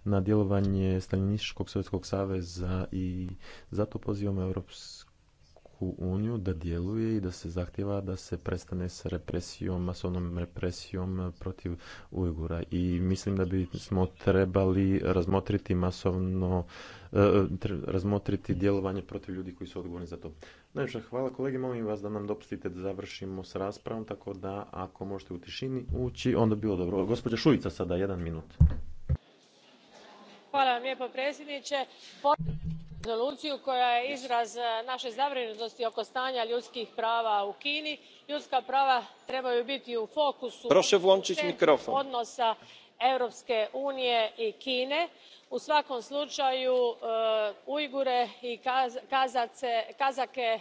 F: na, djelovanje staljinističkog sovjetskog saveza i zato pozivamo europsku u uniju da djeluje i da se zahtjeva da se prestane s represijom, masovnom represijom protiv Ujgura. I mislim da bismo trebali razmotriti masovno, e, razmotriti djelovanje protiv ljudi koji su odgovorni za to. Najviše hvala kolegi, molim vas da nam dopustite da završimo s raspravom, tako da ako možete u tišini ući, onda bi bilo dobro. Gospođa Šujica sada, jedan minut.
D: Hvala vam lijepo predsjedniče rezoluciju koja je izraz e, naše zabrinutosti oko stanja ljudskih prava u kini. ljudska prava trebaju biti u fokusu odnosa europske unije i kine. u svakom slučaju e, ujgure i kazake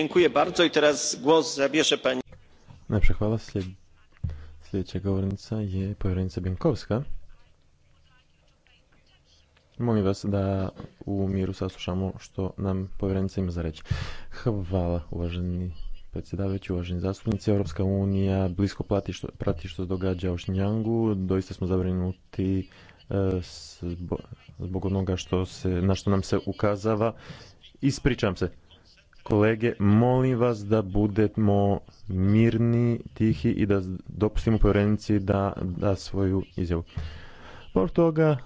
E: Dziękuję, bardzo i teraz głos
F: hvala. Slijed... Sljedeća govornica je povjerenica Binkovska. Molim vas da u miru saslušamo što nam povjerenica ima za reći. Hvala uvaženi predsjedavajući, uvaženi zastupnici. Europska unija blisko plati prati što se događa u Doista smo zabrinuti e, zbog, zbog onoga što se, na što nam se ukazava. Ispričam se. Kolege, molim vas da budemo mirni, tihi i da dopustimo povjerenici da da svoju izjavu. Por toga,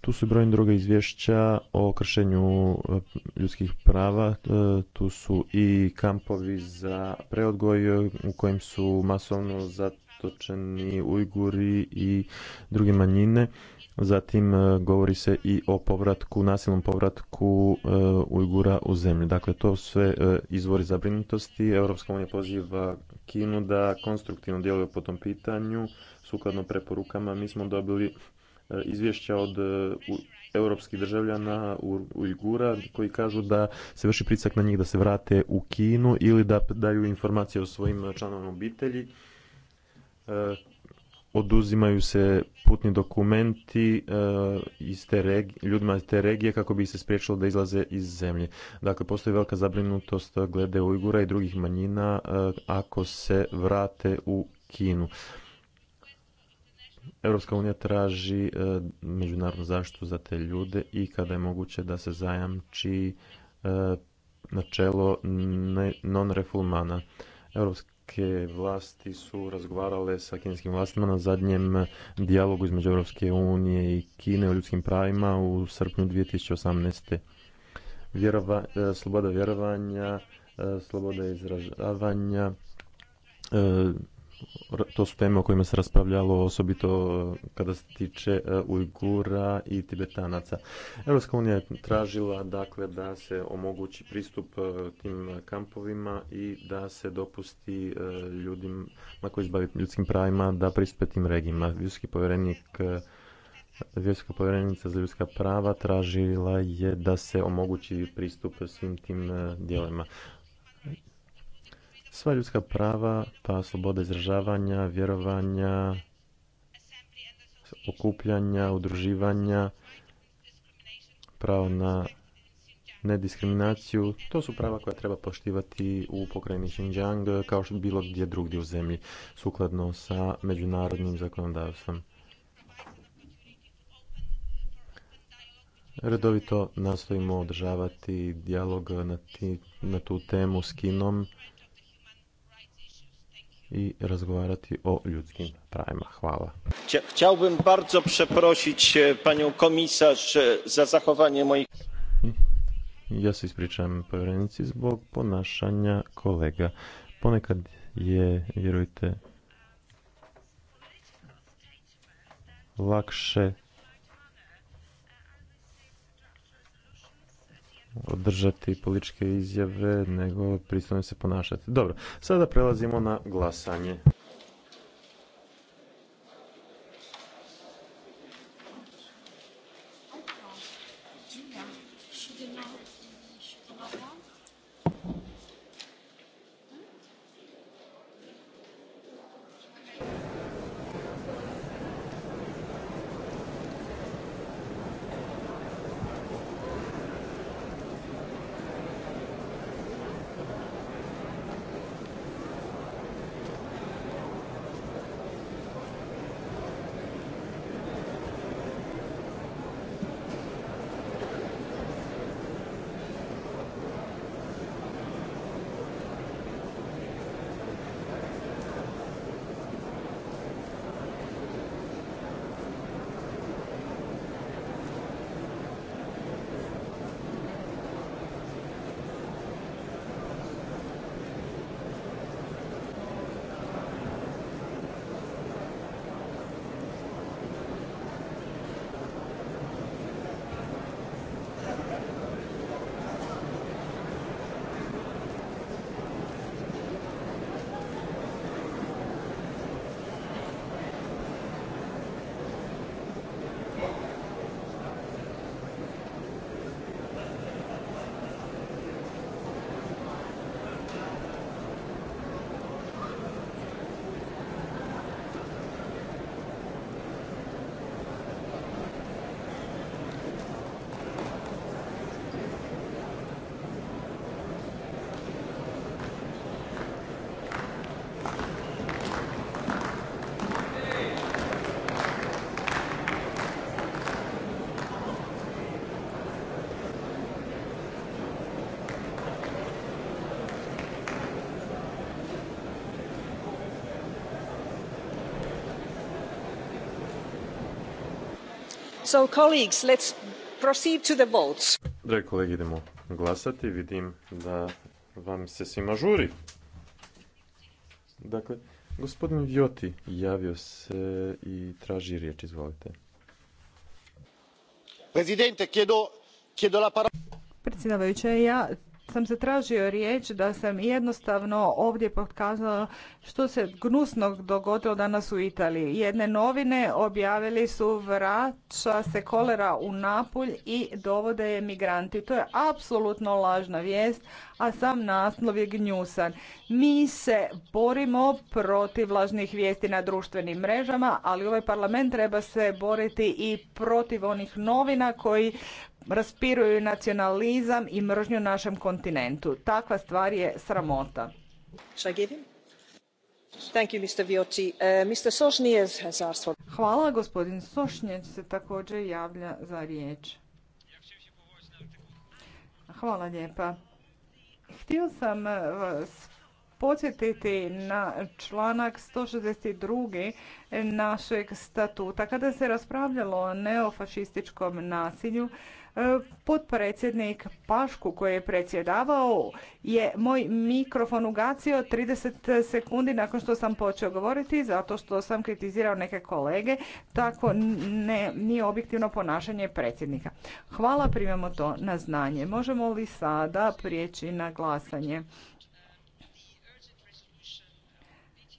F: tu su brojne druga izvješća o kršenju eh, ljudskih prava, eh, tu su i kampovi za preodgoj u kojim su masovno zatočeni Ujguri i druge manjine. Zatim e, govori se i o povratku, nasilnom povratku e, Ujgura u zemlju. Dakle, to sve e, izvori zabrinutosti. Europska unija poziva Kinu da konstruktivno djeluje po tom pitanju. Sukladno preporukama mi smo dobili izvješća od europskih državljana Ujgura koji kažu da se vrši pritisak na njih da se vrate u Kinu ili da daju informacije o svojim članovima obitelji oduzimaju se putni dokumenti e, iz te regije, ljudima iz te regije kako bi se spriječilo da izlaze iz zemlje. Dakle, postoji velika zabrinutost glede Ujgura i drugih manjina e, ako se vrate u Kinu. Europska unija traži e, međunarodnu zaštitu za te ljude i kada je moguće da se zajamči načelo non-refulmana. Europska vlasti su razgovarale sa kineskim vlastima na zadnjem dijalogu između Europske unije i Kine o ljudskim pravima u srpnju 2018. Vjerova, e, sloboda vjerovanja, e, sloboda izražavanja, e, to su teme o kojima se raspravljalo osobito e, kada se tiče e, Ujgura i Tibetanaca. Europska unija je tražila dakle da se omogući pristup e, tim kampovima i da se dopusti ljudima koji se ljudskim pravima da pristupe tim regijima. Ljudski povjerenik povjerenica za ljudska prava tražila je da se omogući pristup svim tim dijelima. Sva ljudska prava, pa sloboda izražavanja, vjerovanja, okupljanja, udruživanja, pravo na nediskriminaciju, to su prava koja treba poštivati u pokrajini Xinjiang kao što bilo gdje drugdje u zemlji, sukladno sa međunarodnim zakonodavstvom. Redovito nastojimo održavati dijalog na, na tu temu s Kinom i razgovarati o ljudskim pravima. Hvala. Chciałbym bardzo przeprosić e, panią komisarz e, za zachowanie moich... Ja se ispričavam povjerenici zbog ponašanja kolega. Ponekad je, vjerujte, lakše održati političke izjave, nego pristojno se ponašati. Dobro, sada prelazimo na glasanje.
G: Dragi
F: kolegi, idemo glasati. Vidim da vam se svima žuri. Dakle, gospodin Vjoti javio se i traži riječ. Izvolite.
G: Predsjedavajuće, ja sam se tražio riječ da sam jednostavno ovdje pokazala što se gnusnog dogodilo danas u Italiji. Jedne novine objavili su vraća se kolera u Napulj i dovode je migranti. To je apsolutno lažna vijest, a sam naslov je gnjusan. Mi se borimo protiv lažnih vijesti na društvenim mrežama, ali ovaj parlament treba se boriti i protiv onih novina koji raspiruju nacionalizam i mržnju našem kontinentu. Takva stvar je sramota. E, Hvala, gospodin Sošnjec se također javlja za riječ. Hvala lijepa. Htio sam e, vas podsjetiti na članak 162. našeg statuta. Kada se raspravljalo o neofašističkom nasilju, E, potpredsjednik Pašku koji je predsjedavao je moj mikrofon ugacio 30 sekundi nakon što sam počeo govoriti zato što sam kritizirao neke kolege. Tako ne, nije objektivno ponašanje predsjednika. Hvala, primamo to na znanje. Možemo li sada prijeći na glasanje?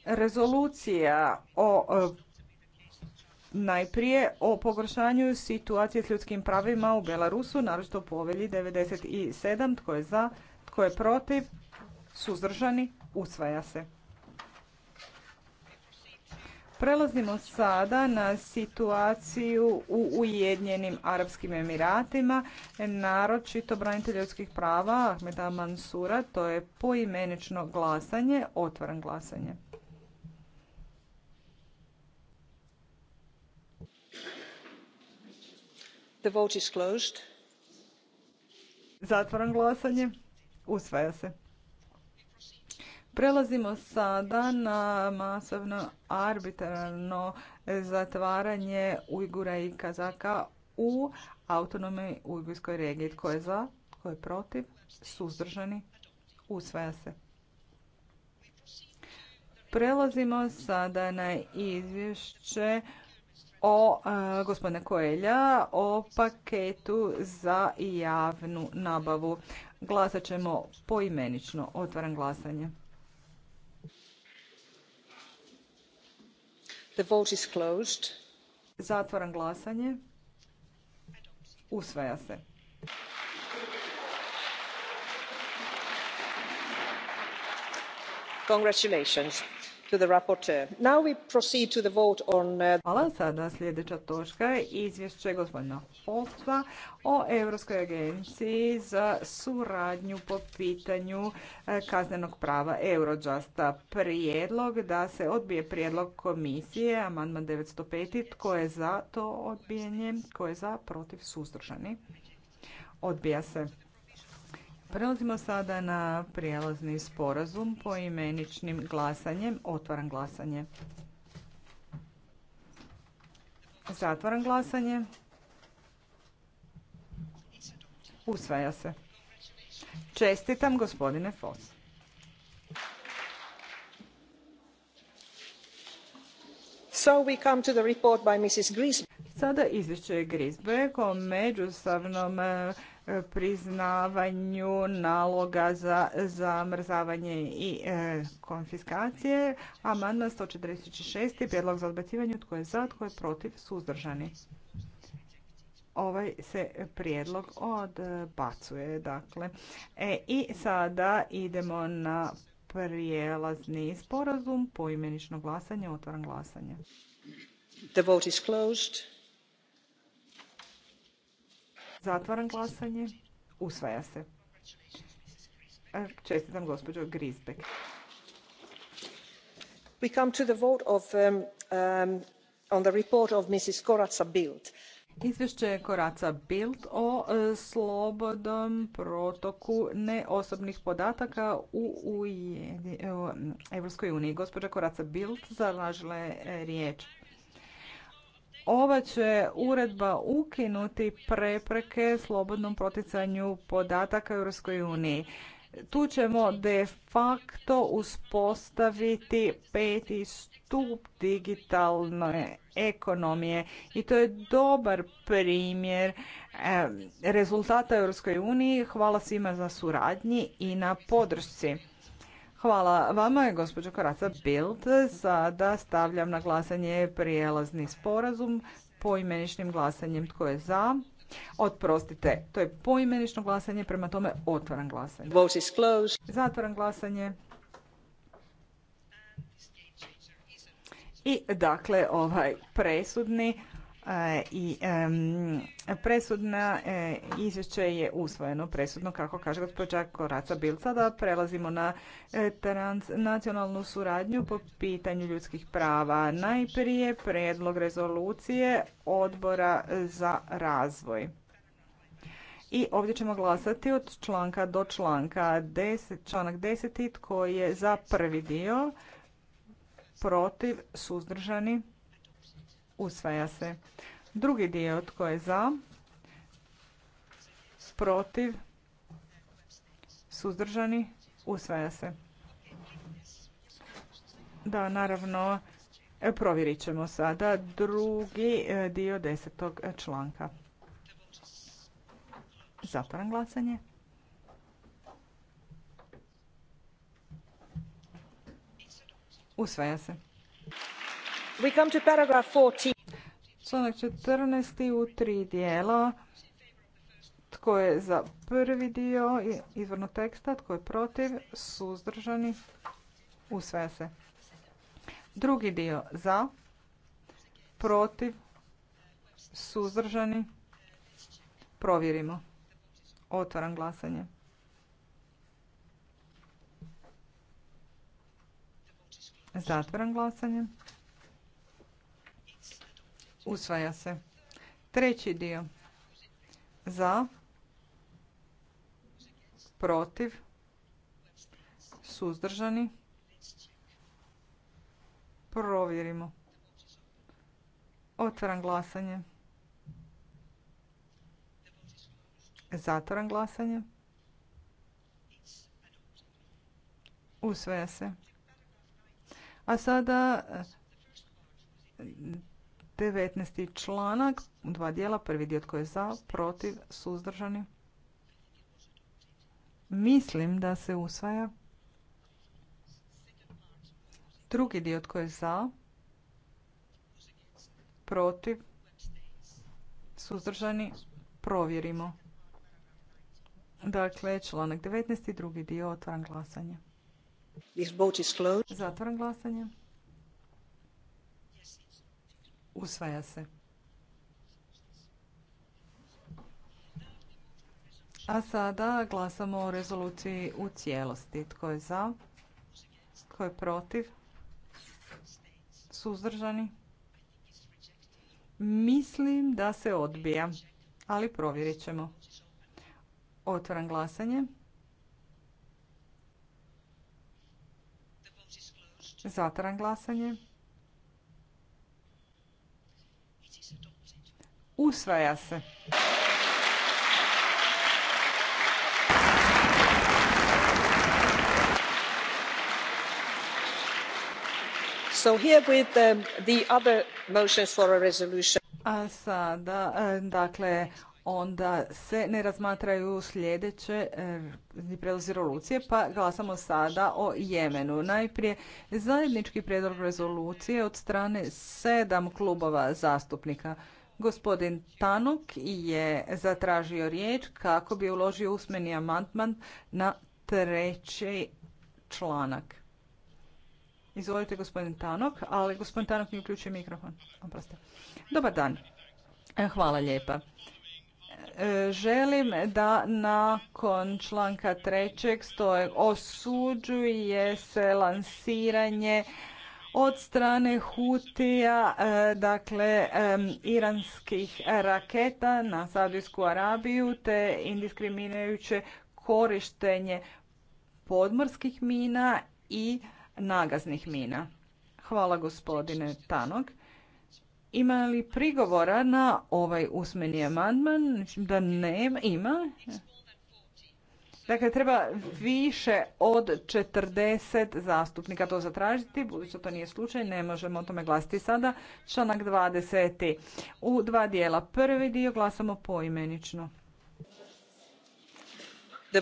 G: Rezolucija o e, Najprije o pogoršanju situacije s ljudskim pravima u Belarusu, naročito povelji 97, tko je za, tko je protiv, suzdržani, usvaja se. Prelazimo sada na situaciju u Ujedinjenim Arabskim Emiratima, naročito branitelj ljudskih prava Ahmeda Mansura, to je poimenično glasanje, otvoren glasanje. The Zatvaram glasanje. Usvaja se. Prelazimo sada na masovno arbitrarno zatvaranje Ujgura i Kazaka u autonomnoj Ujgurskoj regiji. Tko je za? Tko je protiv? Suzdržani? Usvaja se. Prelazimo sada na izvješće o e, gospodine Koelja o paketu za javnu nabavu. Glasat ćemo poimenično. Otvaram glasanje. The vote closed. Zatvaram glasanje. Usvaja se. Congratulations. Sada sljedeća točka je izvješće gospodina o Europskoj agenciji za suradnju po pitanju uh, kaznenog prava Eurojusta. Prijedlog da se odbije prijedlog komisije, amandman 905. Tko je za to odbijanje? Tko je za protiv suzdržani? Odbija se. Prelazimo sada na prijelazni sporazum po imeničnim glasanjem. Otvaram glasanje. Zatvaram glasanje. Usvaja se. Čestitam gospodine Fos. So we come to the report by Mrs. Sada izvješće Grisberg o priznavanju naloga za zamrzavanje i e, konfiskacije. Amandman 146. prijedlog za odbacivanje. Tko je za, tko je protiv, suzdržani. Ovaj se prijedlog odbacuje. Dakle. E, I sada idemo na prijelazni sporazum poimenično glasanje. Otvaram glasanje. The Zatvaram glasanje. Usvaja se. E, čestitam gospođo Grisbeck. We come to the vote of, um, um, on the report of Mrs. Bild. Izvješće Koraca Bild o e, slobodom protoku neosobnih podataka u Evropskoj uniji. Gospođa Koraca Bild zalažila je e, riječ. Ova će uredba ukinuti prepreke slobodnom proticanju podataka Europskoj uniji. Tu ćemo de facto uspostaviti peti stup digitalne ekonomije i to je dobar primjer rezultata Europskoj uniji. Hvala svima za suradnji i na podršci. Hvala vama, gospođo Koraca Bild. Sada stavljam na glasanje prijelazni sporazum poimeničnim glasanjem. Tko je za? Otprostite, to je poimenično glasanje, prema tome otvaram glasanje. Vote is closed. Zatvaram glasanje. I dakle, ovaj presudni E, i presudna e, izvješće je usvojeno presudno kako kaže gospođa Koraca Bilca da prelazimo na e, transnacionalnu suradnju po pitanju ljudskih prava. Najprije predlog rezolucije odbora za razvoj. I ovdje ćemo glasati od članka do članka. 10, članak 10. koji je za prvi dio protiv suzdržani Usvaja se. Drugi dio tko je za? Protiv? Suzdržani? Usvaja se. Da, naravno, e, provjerit ćemo sada drugi e, dio desetog e, članka. Zatvoram glasanje. Usvaja se. We 14. Članak 14. u tri dijela. Tko je za prvi dio izvornog teksta, tko je protiv, suzdržani, usvaja se. Drugi dio za, protiv, suzdržani, provjerimo. Otvaram glasanje. Zatvaram glasanje. Usvaja se. Treći dio. Za. Protiv. Suzdržani. Provjerimo. Otvaram glasanje. Zatvaram glasanje. Usvaja se. A sada 19. članak, dva dijela, prvi dio tko je za, protiv, suzdržani. Mislim da se usvaja. Drugi dio tko je za, protiv, suzdržani, provjerimo. Dakle, članak 19. drugi dio, otvaram glasanje. Zatvaram glasanje. Usvaja se. A sada glasamo o rezoluciji u cijelosti. Tko je za? Tko je protiv? Suzdržani? Mislim da se odbija, ali provjerit ćemo. Otvaram glasanje. Zatvaram glasanje. Usvaja se. So here with um, the, other motions for a resolution. sada, e, dakle, onda se ne razmatraju sljedeće e, prijedlozi rezolucije, pa glasamo sada o Jemenu. Najprije zajednički prijedlog rezolucije od strane sedam klubova zastupnika. Gospodin Tanuk je zatražio riječ kako bi uložio usmeni amandman na treći članak. Izvolite gospodin Tanok, ali gospodin Tanok mi uključuje mikrofon. Dobar dan. E, hvala lijepa. E, želim da nakon članka trećeg stoje osuđuje se lansiranje od strane Hutija, e, dakle iranskih raketa na Saudijsku Arabiju te indiskriminajuće korištenje podmorskih mina i nagaznih mina. Hvala gospodine Tanog. Ima li prigovora na ovaj usmeni amandman? da nema. Ima. Dakle, treba više od 40 zastupnika to zatražiti, budući da to nije slučaj, ne možemo o tome glasiti sada. Članak 20. U dva dijela. Prvi dio glasamo poimenično. The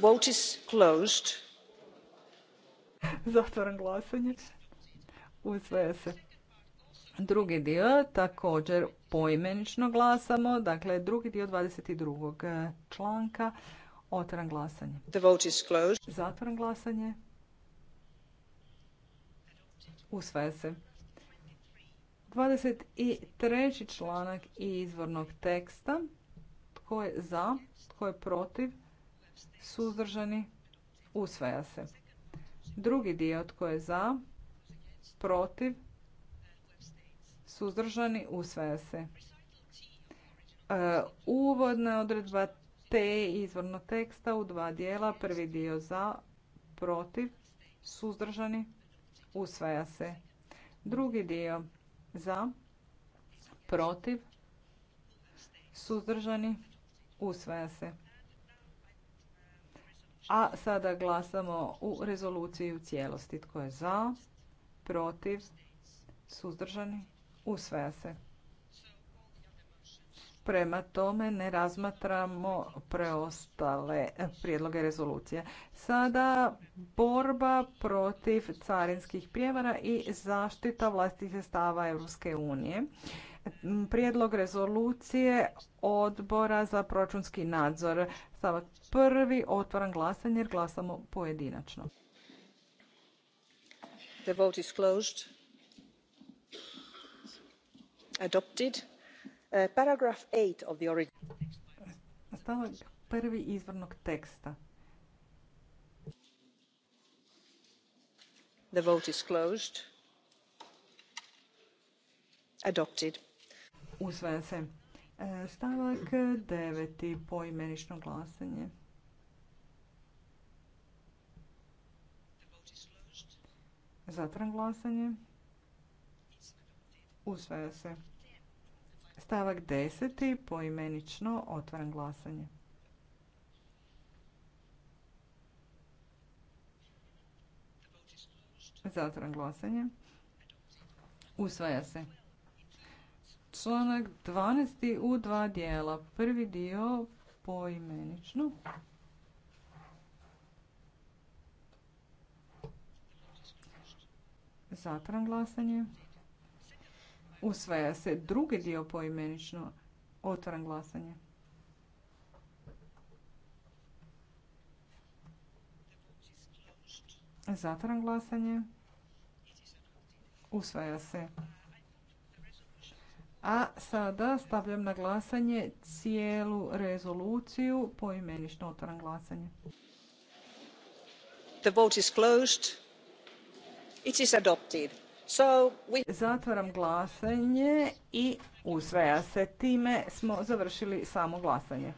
G: vote is closed. glasanje. Usvaja se. Drugi dio također poimenično glasamo, dakle drugi dio 22. članka Otvaram glasanje. The vote is closed. Zatvaram glasanje. Usvaja se. 23. članak i izvornog teksta. Tko je za? Tko je protiv? Suzdržani? Usvaja se. Drugi dio. Tko je za? Protiv? Suzdržani? Usvaja se. E, uvodna odredba te izvorno teksta u dva dijela. Prvi dio za, protiv, suzdržani, usvaja se. Drugi dio za, protiv, suzdržani, usvaja se. A sada glasamo u rezoluciji u cijelosti. Tko je za, protiv, suzdržani, usvaja se. Prema tome ne razmatramo preostale prijedloge rezolucije. Sada borba protiv carinskih prijevara i zaštita vlastitih sredstava Europske unije. Prijedlog rezolucije odbora za proračunski nadzor. Stavak prvi, otvaram glasanje jer glasamo pojedinačno. The vote is closed. Adopted. E, paragraf e, stavak prvi izvornog teksta. The Usvaja se. E, stavak deveti poimenično glasanje. Zatvaram glasanje. Usvaja se. Stavak 10. poimenično otvaram glasanje. Zatvaram glasanje. Usvaja se. Članak 12. u dva dijela. Prvi dio poimenično. Zatvaram glasanje. Usvaja se drugi dio poimenično. Otvoren glasanje. Zatvoren glasanje. Usvaja se. A sada stavljam na glasanje cijelu rezoluciju poimenično otvoren glasanje. The vote is closed. It is adopted. Zatvoram Zatvaram glasanje i usvaja se. Time smo završili samo glasanje.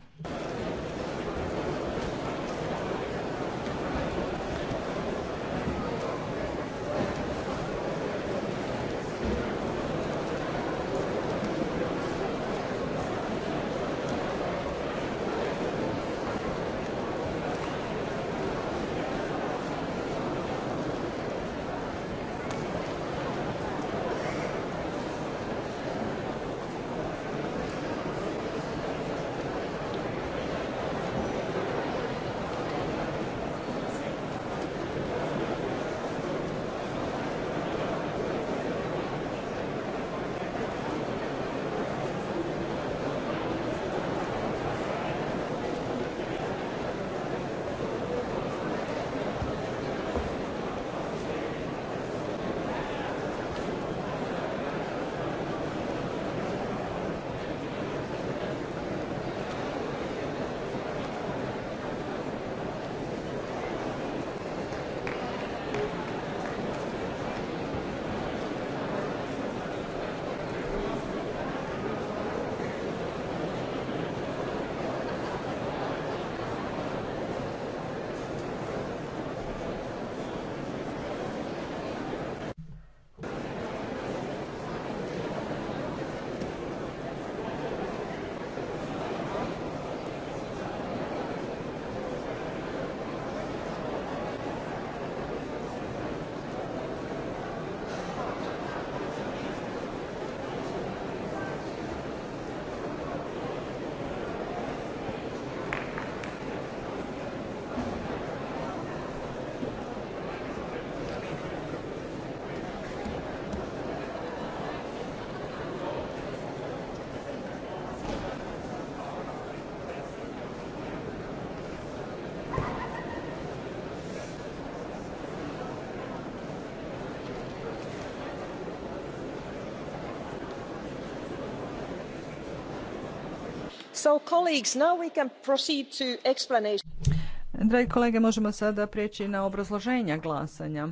G: Dragi kolege, možemo sada prijeći na obrazloženja glasanja.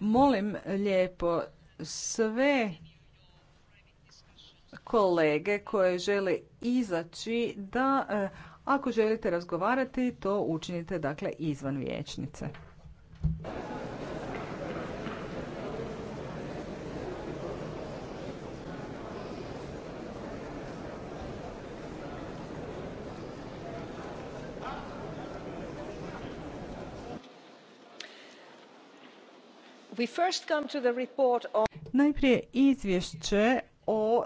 G: Molim lijepo sve kolege koje žele izaći da e, ako želite razgovarati to učinite dakle izvan vijećnice. Najprije izvješće o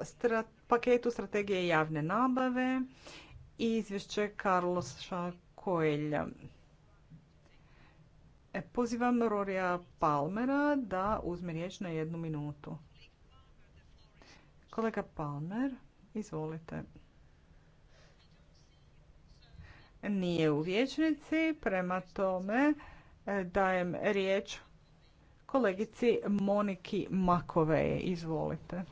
G: paketu strategije javne nabave i izvješće Carlosa Koelja. E, pozivam Rorija Palmera da uzme riječ na jednu minutu. Kolega Palmer, izvolite. Nije u vječnici, prema tome e, dajem riječ kolegici Moniki Makoveje. Izvolite.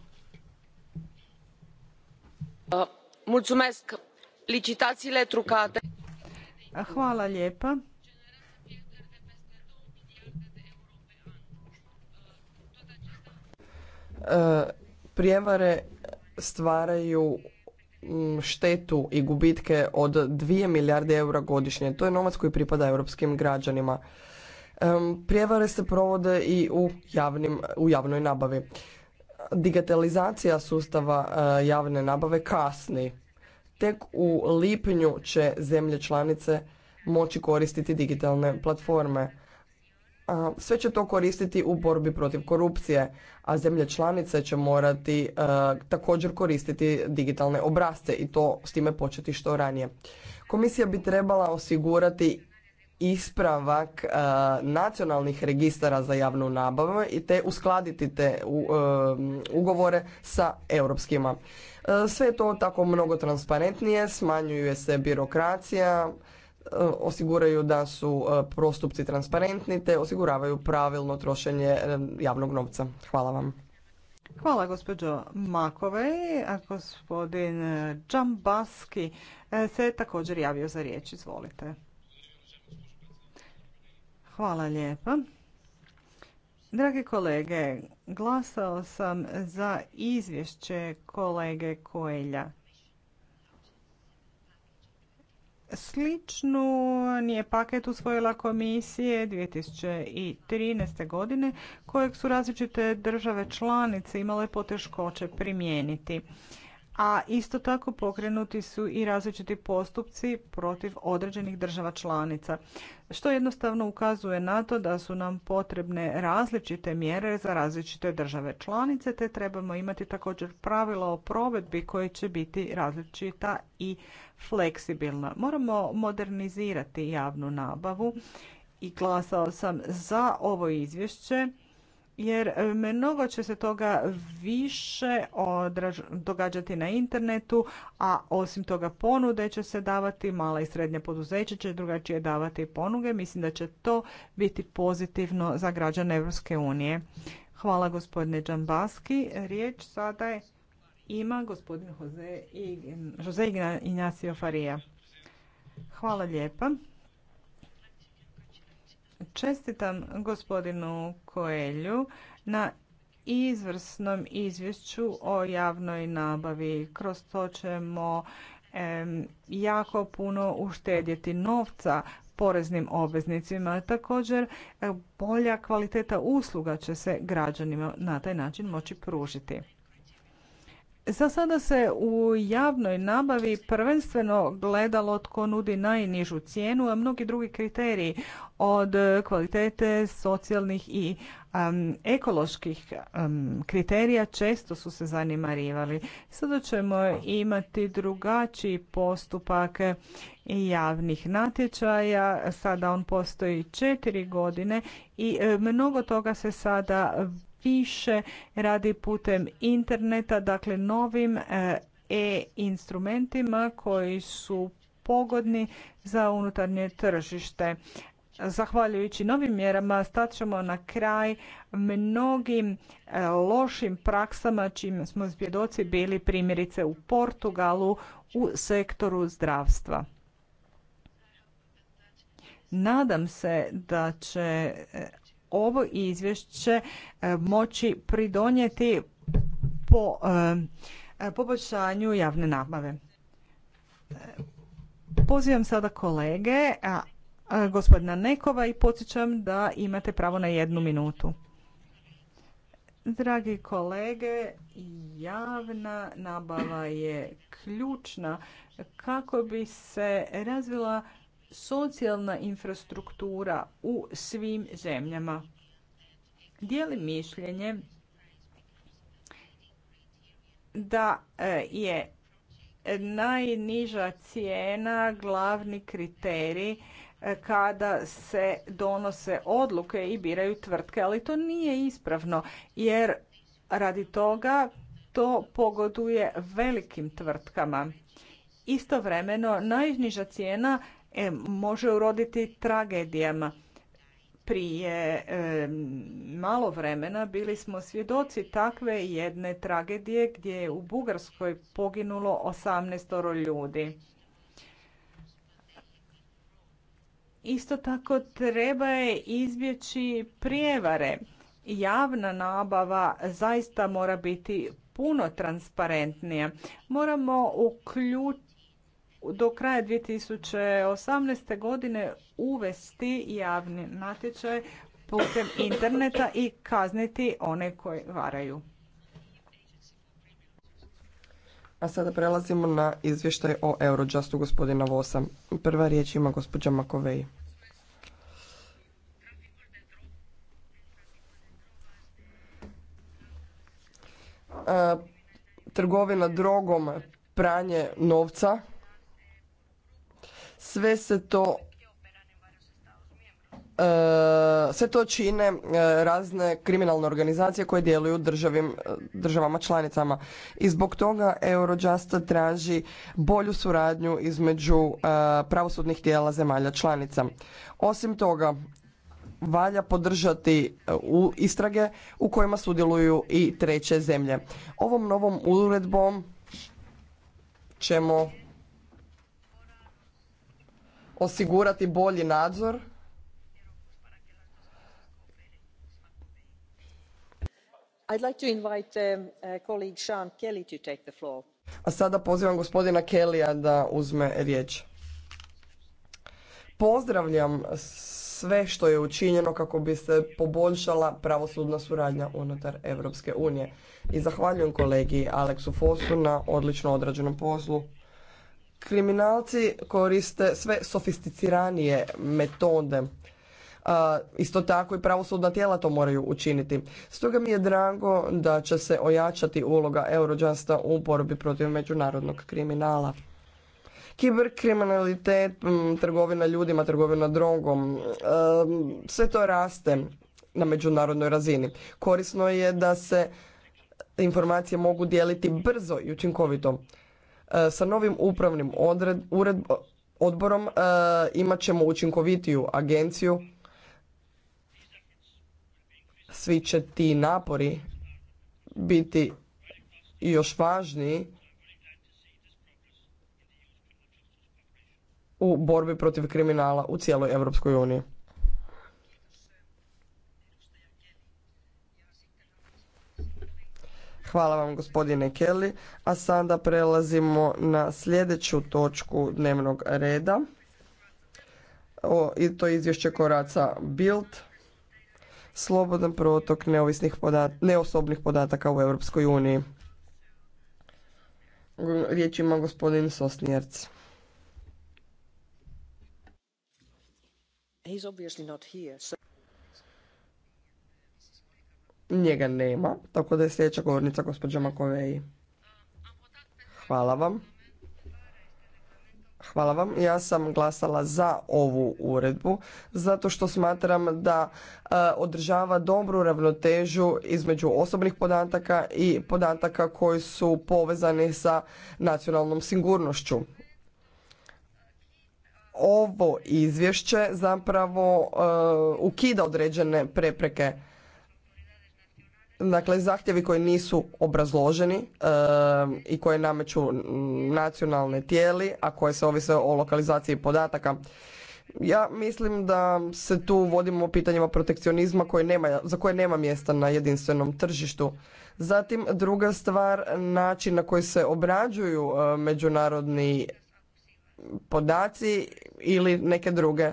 G: Uh, Hvala lijepa.
E: Uh, prijevare stvaraju mm, štetu i gubitke od 2 milijarde eura godišnje. To je novac koji pripada europskim građanima. Prijevare se provode i u, javnim, u javnoj nabavi. Digitalizacija sustava e, javne nabave kasni. Tek u lipnju će zemlje članice moći koristiti digitalne platforme. Sve će to koristiti u borbi protiv korupcije, a zemlje članice će morati e, također koristiti digitalne obrasce i to s time početi što ranije. Komisija bi trebala osigurati ispravak e, nacionalnih registara za javnu nabavu i te uskladiti te e, ugovore sa europskima. E, sve je to tako mnogo transparentnije, smanjuje se birokracija, osiguraju da su prostupci transparentni te osiguravaju pravilno trošenje javnog novca. Hvala vam.
G: Hvala gospođo Makove A gospodin Džambaski se također javio za riječ. Izvolite. Hvala lijepa. Dragi kolege, glasao sam za izvješće kolege Koelja. Sličnu nije paket usvojila komisije 2013. godine kojeg su različite države članice imale poteškoće primijeniti a isto tako pokrenuti su i različiti postupci protiv određenih država članica, što jednostavno ukazuje na to da su nam potrebne različite mjere za različite države članice, te trebamo imati također pravila o provedbi koje će biti različita i fleksibilna. Moramo modernizirati javnu nabavu i glasao sam za ovo izvješće jer e, mnogo će se toga više događati na internetu, a osim toga ponude će se davati, mala i srednja poduzeća će drugačije davati ponuge. Mislim da će to biti pozitivno za građane Europske unije. Hvala gospodine Džambaski. Riječ sada ima gospodin Jose Ignacio Farija. Hvala lijepa. Čestitam gospodinu Koelju na izvrsnom izvješću o javnoj nabavi. Kroz to ćemo jako puno uštedjeti novca poreznim obveznicima. Također bolja kvaliteta usluga će se građanima na taj način moći pružiti. Za sada se u javnoj nabavi prvenstveno gledalo tko nudi najnižu cijenu, a mnogi drugi kriteriji od kvalitete socijalnih i ekoloških kriterija često su se zanimarivali. Sada ćemo imati drugačiji postupak javnih natječaja. Sada on postoji četiri godine i e, mnogo toga se sada više radi putem interneta, dakle novim e, e-instrumentima koji su pogodni za unutarnje tržište. Zahvaljujući novim mjerama stat ćemo na kraj mnogim e, lošim praksama čim smo svjedoci bili primjerice u Portugalu u sektoru zdravstva. Nadam se da će e, ovo izvješće e, moći pridonijeti po e, poboljšanju javne nabave. E, pozivam sada kolege, gospodina Nekova i podsjećam da imate pravo na jednu minutu. Dragi kolege, javna nabava je ključna kako bi se razvila socijalna infrastruktura u svim zemljama. Dijelim mišljenje da e, je najniža cijena glavni kriterij e, kada se donose odluke i biraju tvrtke, ali to nije ispravno jer radi toga to pogoduje velikim tvrtkama. Istovremeno najniža cijena E, može uroditi tragedijama. Prije e, malo vremena bili smo svjedoci takve jedne tragedije gdje je u Bugarskoj poginulo 18 ljudi. Isto tako treba je izbjeći prijevare. Javna nabava zaista mora biti puno transparentnija. Moramo uključiti do kraja 2018. godine uvesti javni natječaj putem interneta i kazniti one koji varaju.
E: A sada prelazimo na izvještaj o Eurojustu gospodina Vosa. Prva riječ ima gospođa Makovej. Trgovina drogom, pranje novca sve se to e, sve to čine e, razne kriminalne organizacije koje djeluju državim, e, državama članicama. I zbog toga Eurojust traži bolju suradnju između pravosudnih tijela zemalja članica. Osim toga, valja podržati u istrage u kojima sudjeluju i treće zemlje. Ovom novom uredbom ćemo osigurati bolji nadzor
D: I'd like to invite, um, uh, Sean Kelly to take the floor.
E: A sada pozivam gospodina Kellya da uzme riječ. Pozdravljam sve što je učinjeno kako bi se poboljšala pravosudna suradnja unutar Europske unije. I zahvaljujem kolegi Aleksu Fosu na odlično odrađenom poslu kriminalci koriste sve sofisticiranije metode. Isto tako i pravosudna tijela to moraju učiniti. Stoga mi je drago da će se ojačati uloga Eurojusta u borbi protiv međunarodnog kriminala. Kiberkriminalitet, trgovina ljudima, trgovina drogom, sve to raste na međunarodnoj razini. Korisno je da se informacije mogu dijeliti brzo i učinkovito. E, sa novim upravnim odred, ured, odborom e, imat ćemo učinkovitiju agenciju. Svi će ti napori biti još važniji u borbi protiv kriminala u cijeloj Europskoj uniji. Hvala vam gospodine Kelly. A sada prelazimo na sljedeću točku dnevnog reda. O, I to je izvješće koraca Bild. Slobodan protok neovisnih neosobnih podataka u Europskoj uniji. Riječ ima gospodin Sosnjerc.
F: He's obviously not here,
E: Njega nema, tako da je sljedeća govornica gospođa Makoveji. Hvala vam. Hvala vam. Ja sam glasala za ovu uredbu zato što smatram da e, održava dobru ravnotežu između osobnih podataka i podataka koji su povezani sa nacionalnom sigurnošću. Ovo izvješće zapravo e, ukida određene prepreke Dakle, zahtjevi koji nisu obrazloženi e, i koje nameću nacionalne tijeli, a koje se ovise o lokalizaciji podataka. Ja mislim da se tu vodimo pitanjima protekcionizma nema, za koje nema mjesta na jedinstvenom tržištu. Zatim, druga stvar, način na koji se obrađuju e, međunarodni podaci ili neke druge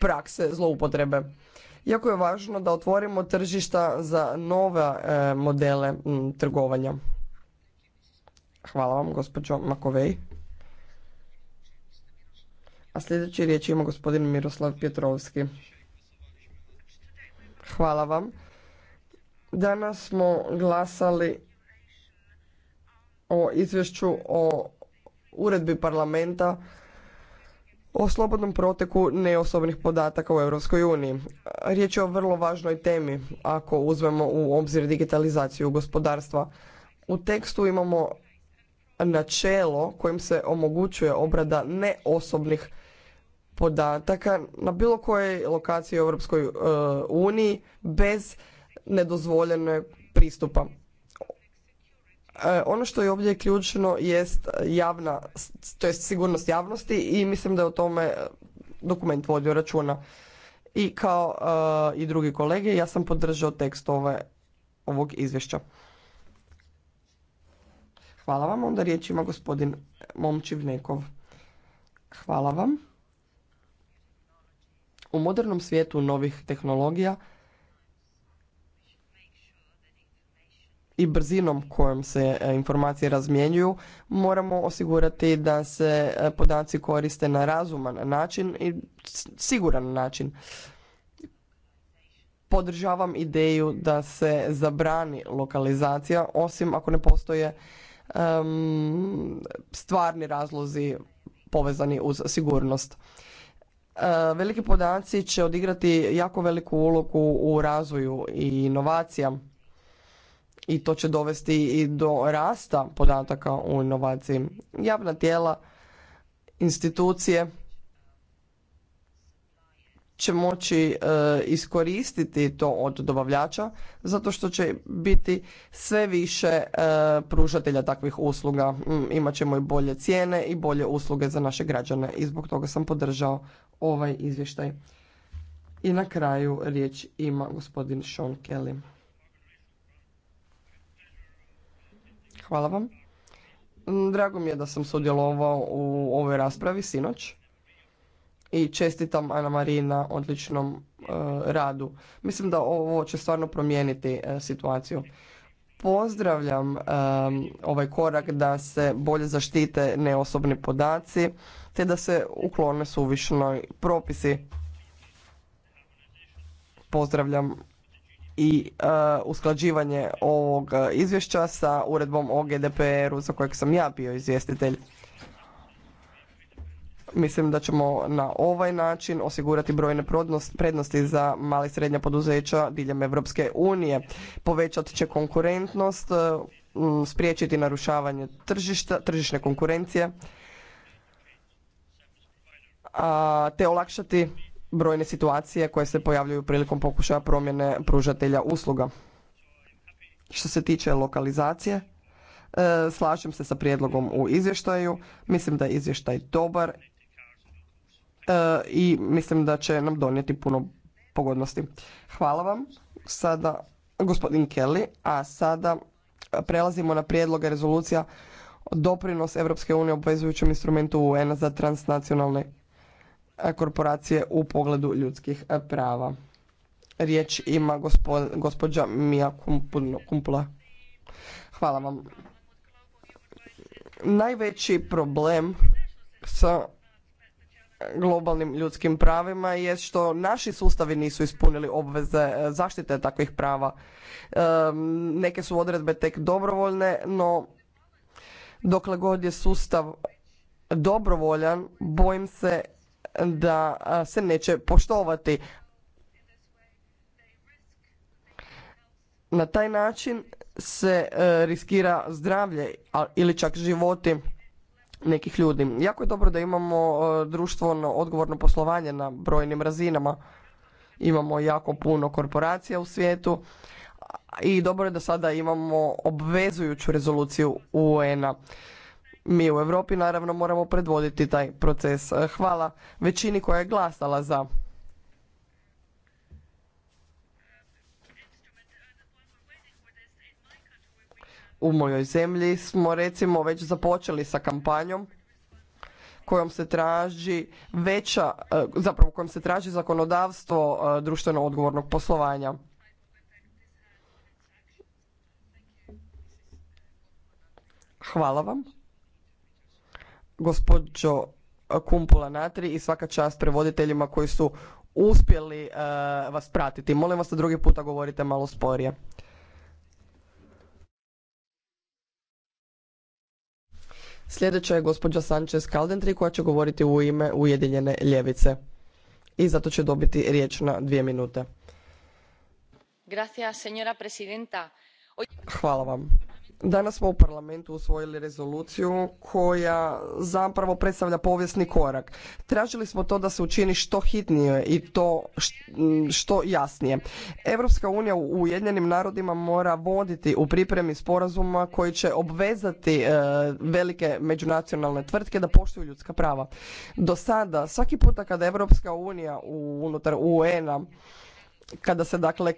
E: prakse zloupotrebe. Jako je važno da otvorimo tržišta za nove e, modele trgovanja. Hvala vam, gospođo Makovej. A sljedeći riječ ima gospodin Miroslav Petrovski. Hvala vam. Danas smo glasali o izvješću o uredbi parlamenta o slobodnom proteku neosobnih podataka u Europskoj uniji. Riječ je o vrlo važnoj temi ako uzmemo u obzir digitalizaciju gospodarstva. U tekstu imamo načelo kojim se omogućuje obrada neosobnih podataka na bilo kojoj lokaciji u Europskoj e, uniji bez nedozvoljene pristupa. E, ono što je ovdje ključno jest javna, to jest sigurnost javnosti i mislim da je o tome e, dokument vodio računa. I kao e, i drugi kolege, ja sam podržao tekst ovog izvješća. Hvala vam. Onda riječ ima gospodin Momčivnekov. Hvala vam. U modernom svijetu novih tehnologija i brzinom kojom se e, informacije razmjenjuju, moramo osigurati da se e, podaci koriste na razuman način i siguran način. Podržavam ideju da se zabrani lokalizacija, osim ako ne postoje stvarni razlozi povezani uz sigurnost. E, veliki podaci će odigrati jako veliku ulogu u razvoju i inovacijama i to će dovesti i do rasta podataka u inovaciji. Javna tijela, institucije će moći e, iskoristiti to od dobavljača zato što će biti sve više e, pružatelja takvih usluga. Mm, imat ćemo i bolje cijene i bolje usluge za naše građane i zbog toga sam podržao ovaj izvještaj. I na kraju riječ ima gospodin Sean Kelly. Hvala vam. Mm, drago mi je da sam sudjelovao u ovoj raspravi sinoć i čestitam Ana Marina na odličnom e, radu. Mislim da ovo će stvarno promijeniti e, situaciju. Pozdravljam e, ovaj korak da se bolje zaštite neosobni podaci te da se uklone suvišnoj propisi. Pozdravljam i e, usklađivanje ovog izvješća sa uredbom o GDPR-u za kojeg sam ja bio izvjestitelj. Mislim da ćemo na ovaj način osigurati brojne prednosti za mali i srednja poduzeća diljem Europske unije. Povećat će konkurentnost, e, spriječiti narušavanje tržišta, tržišne konkurencije, te olakšati brojne situacije koje se pojavljuju prilikom pokušaja promjene pružatelja usluga. Što se tiče lokalizacije, e, slažem se sa prijedlogom u izvještaju. Mislim da je izvještaj dobar e, i mislim da će nam donijeti puno pogodnosti. Hvala vam. Sada gospodin Kelly, a sada prelazimo na prijedloge rezolucija doprinos Europske unije obvezujućem instrumentu UN-a za transnacionalne korporacije u pogledu ljudskih e, prava. Riječ ima gospođa Mija Kumpula. Hvala vam. Najveći problem sa globalnim ljudskim pravima je što naši sustavi nisu ispunili obveze e, zaštite takvih prava. E, neke su odredbe tek dobrovoljne, no dokle god je sustav dobrovoljan, bojim se da se neće poštovati. Na taj način se e, riskira zdravlje ili čak životi nekih ljudi. Jako je dobro da imamo e, društveno odgovorno poslovanje na brojnim razinama. Imamo jako puno korporacija u svijetu i dobro je da sada imamo obvezujuću rezoluciju UN-a. Mi u Europi naravno moramo predvoditi taj proces. E, hvala većini koja je glasala za. U mojoj zemlji smo recimo već započeli sa kampanjom kojom se traži veća, e, zapravo kojom se traži zakonodavstvo e, društveno odgovornog poslovanja. Hvala vam gospođo Kumpula Natri i svaka čast prevoditeljima koji su uspjeli e, vas pratiti. Molim vas da drugi puta govorite malo sporije. Sljedeća je gospođa Sanchez Kaldentri koja će govoriti u ime Ujedinjene ljevice. I zato će dobiti riječ na dvije minute.
B: Gracias,
E: Hvala vam. Danas smo u parlamentu usvojili rezoluciju koja zapravo predstavlja povijesni korak. Tražili smo to da se učini što hitnije i to što jasnije. Europska unija u Ujedinjenim narodima mora voditi u pripremi sporazuma koji će obvezati e, velike međunacionalne tvrtke da poštuju ljudska prava. Do sada, svaki puta kada Europska unija unutar UN-a kada se dakle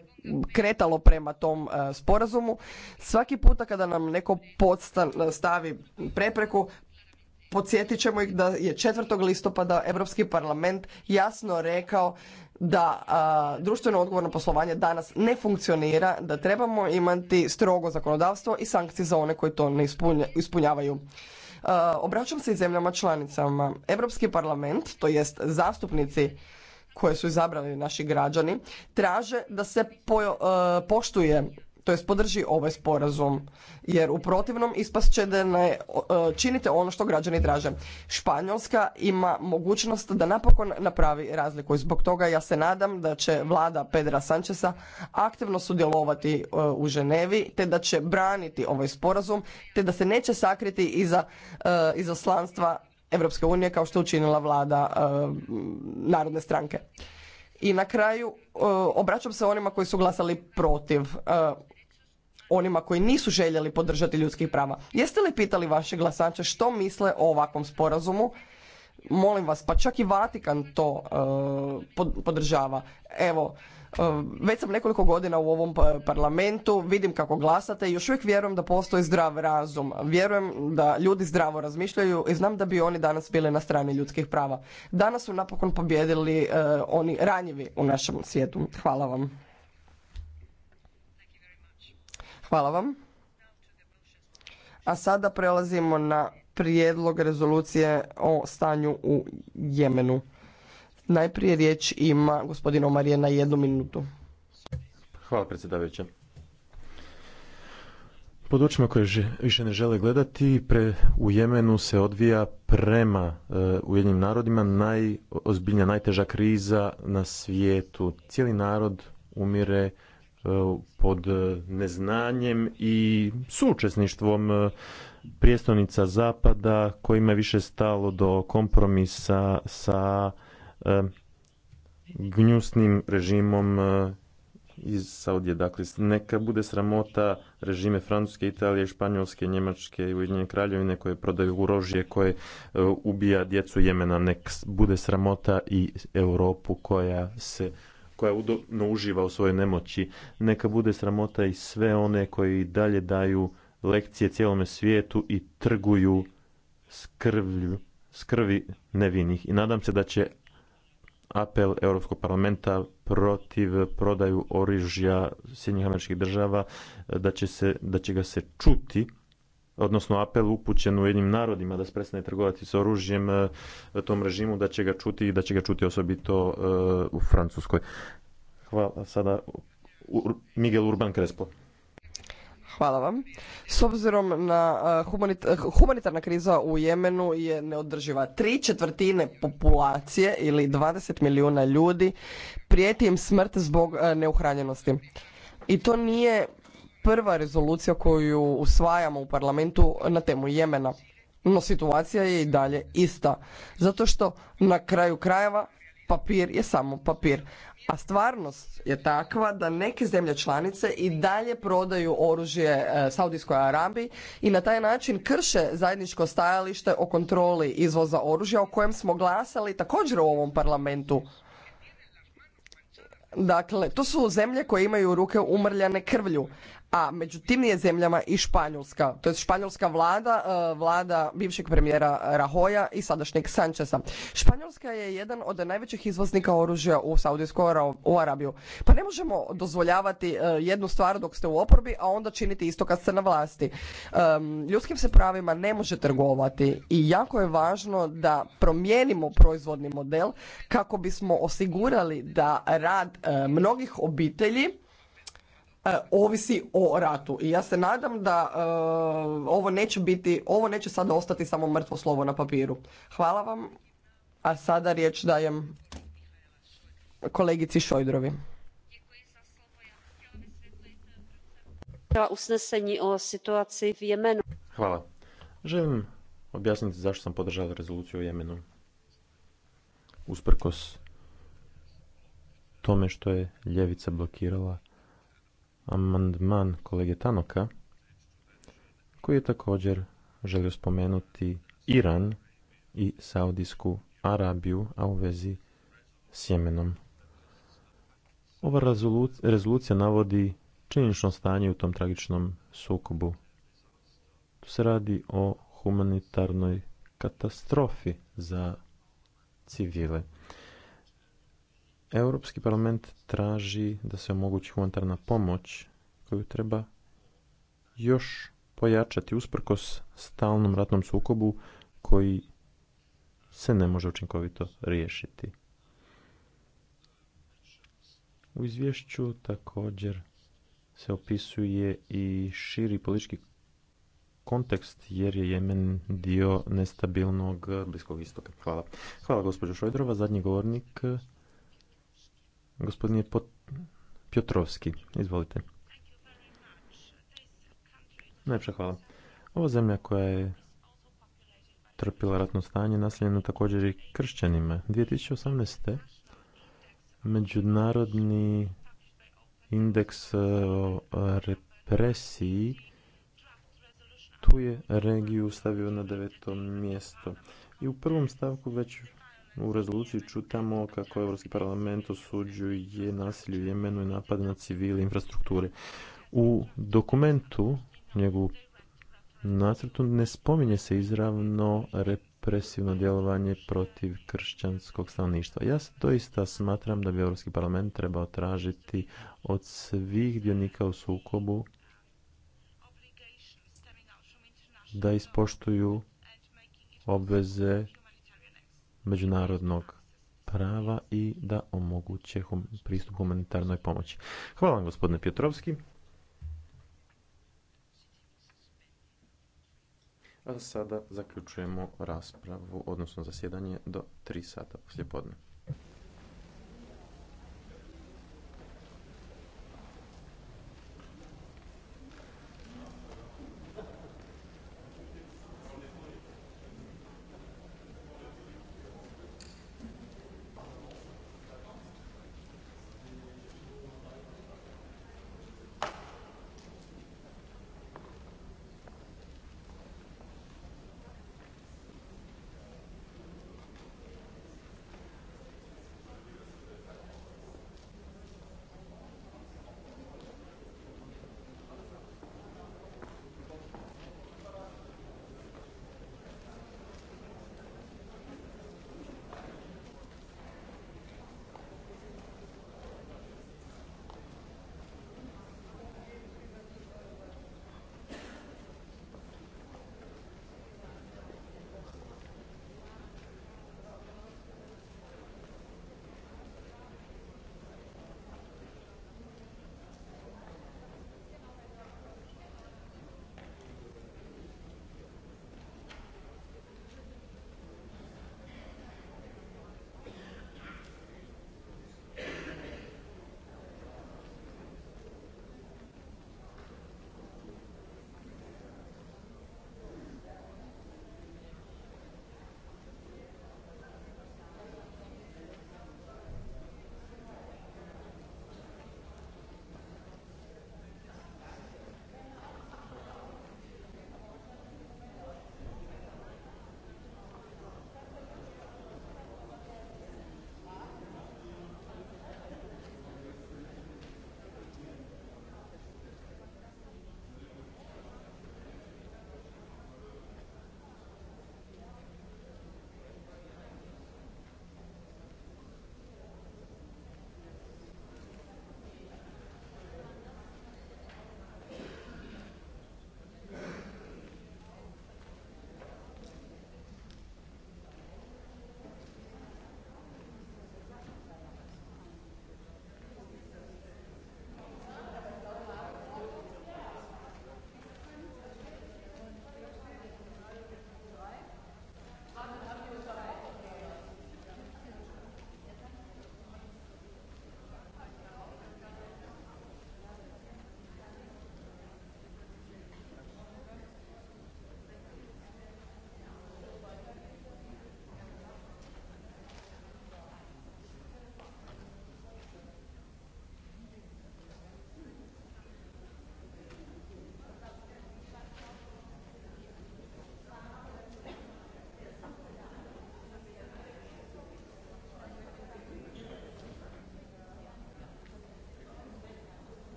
E: kretalo prema tom e, sporazumu, svaki puta kada nam neko stavi prepreku, podsjetit ćemo ih da je 4. listopada Europski parlament jasno rekao da društveno odgovorno poslovanje danas ne funkcionira, da trebamo imati strogo zakonodavstvo i sankcije za one koji to ne ispunjavaju. obraćam se i zemljama članicama. Europski parlament, to jest zastupnici koje su izabrali naši građani traže da se e, poštuje to jest podrži ovaj sporazum jer u protivnom ispast će da ne e, činite ono što građani traže. Španjolska ima mogućnost da napokon napravi razliku i zbog toga ja se nadam da će vlada Pedra Sančesa aktivno sudjelovati e, u Ženevi te da će braniti ovaj sporazum te da se neće sakriti iza, iza slanstva Europske unije kao što je učinila vlada eh, Narodne stranke. I na kraju eh, obraćam se onima koji su glasali protiv eh, onima koji nisu željeli podržati ljudskih prava. Jeste li pitali vaše glasače što misle o ovakvom sporazumu? Molim vas, pa čak i Vatikan to podržava. Evo, već sam nekoliko godina u ovom pa, parlamentu, vidim kako glasate i još uvijek vjerujem da postoji zdrav razum. Vjerujem da ljudi zdravo razmišljaju i znam da bi oni danas bili na strani ljudskih prava. Danas su napokon pobjedili e, oni ranjivi u našem svijetu. Hvala vam. Hvala vam. A sada prelazimo na prijedlog rezolucije o stanju u Jemenu. Najprije riječ ima gospodin Omarije na jednu minutu.
F: Hvala predsjedavajuća. Pod očima koje više ne žele gledati, pre, u Jemenu se odvija prema e, narodima najozbiljnija, najteža kriza na svijetu. Cijeli narod umire e, pod e, neznanjem i sučesništvom e, prijestolnica Zapada kojima je više stalo do kompromisa sa E, gnjusnim režimom e, iz Saudije. Dakle, neka bude sramota režime Francuske, Italije, Španjolske, Njemačke i Ujedinjene kraljevine koje prodaju urožje, koje e, ubija djecu Jemena. Nek bude sramota i Europu koja se koja udobno uživa u svojoj nemoći. Neka bude sramota i sve one koji dalje daju lekcije cijelome svijetu i trguju s krvlju, s krvi nevinih. I nadam se da će apel Europskog parlamenta protiv prodaju oružja Sjedinjenih američkih država, eh, da će, se, da će ga se čuti odnosno apel upućen u jednim narodima da se prestane trgovati s oružjem eh, tom režimu, da će ga čuti i da će ga čuti osobito eh, u Francuskoj. Hvala. Sada Miguel Urban Crespo.
E: Hvala vam. S obzirom na eh, eh, humanitarna kriza u Jemenu je neodrživa. Tri četvrtine populacije ili 20 milijuna ljudi prijeti im smrt zbog eh, neuhranjenosti. I to nije prva rezolucija koju usvajamo u parlamentu na temu Jemena. No situacija je i dalje ista. Zato što na kraju krajeva papir je samo papir. A stvarnost je takva da neke zemlje članice i dalje prodaju oružje e, Saudijskoj Arabiji i na taj način krše zajedničko stajalište o kontroli izvoza oružja o kojem smo glasali također u ovom parlamentu. Dakle, to su zemlje koje imaju ruke umrljane krvlju, a među tim je zemljama i Španjolska. To je španjolska vlada, e, vlada bivšeg premijera Rahoja i sadašnjeg Sančesa. Španjolska je jedan od najvećih izvoznika oružja u Saudijsku u Arabiju. Pa ne možemo dozvoljavati e, jednu stvar dok ste u oporbi, a onda činiti isto kad ste na vlasti. E, ljudskim se pravima ne može trgovati i jako je važno da promijenimo proizvodni model kako bismo osigurali da rad mnogih obitelji E, ovisi o ratu. I ja se nadam da e, ovo neće biti, ovo neće sada ostati samo mrtvo slovo na papiru. Hvala vam. A sada riječ dajem kolegici Šojdrovi.
F: Hvala. Želim objasniti zašto sam podržao rezoluciju u Jemenu. Usprkos tome što je ljevica blokirala amandman kolege Tanoka, koji je također želio spomenuti Iran i Saudijsku Arabiju, a u vezi sjemenom. Ova rezolucija navodi činjenično stanje u tom tragičnom sukobu. Tu se radi o humanitarnoj katastrofi za civile. Europski parlament traži da se omogući humanitarna pomoć koju treba još pojačati usprkos stalnom ratnom sukobu koji se ne može učinkovito riješiti. U izvješću također se opisuje i širi politički kontekst jer je Jemen dio nestabilnog Bliskog istoka. Hvala. Hvala gospođo Šojdrova. Zadnji govornik gospodine Pot... Piotrovski, izvolite. Najpša hvala. Ova zemlja koja je trpila ratno stanje, naseljena također i kršćanima. 2018. Međunarodni indeks e, represiji tu je regiju stavio na deveto mjesto. I u prvom stavku već u rezoluciji čutamo kako Europski parlament osuđuje nasilje u Jemenu i napade na civile infrastrukture. U dokumentu, njegovu nacrtu, ne spominje se izravno represivno djelovanje protiv kršćanskog stanovništva. Ja se doista smatram da bi Europski parlament trebao tražiti od svih dionika u sukobu da ispoštuju obveze međunarodnog prava i da omoguće pristup humanitarnoj pomoći. Hvala vam gospodine Pjetrovski. A sada zaključujemo raspravu, odnosno zasjedanje do 3 sata poslijepodne.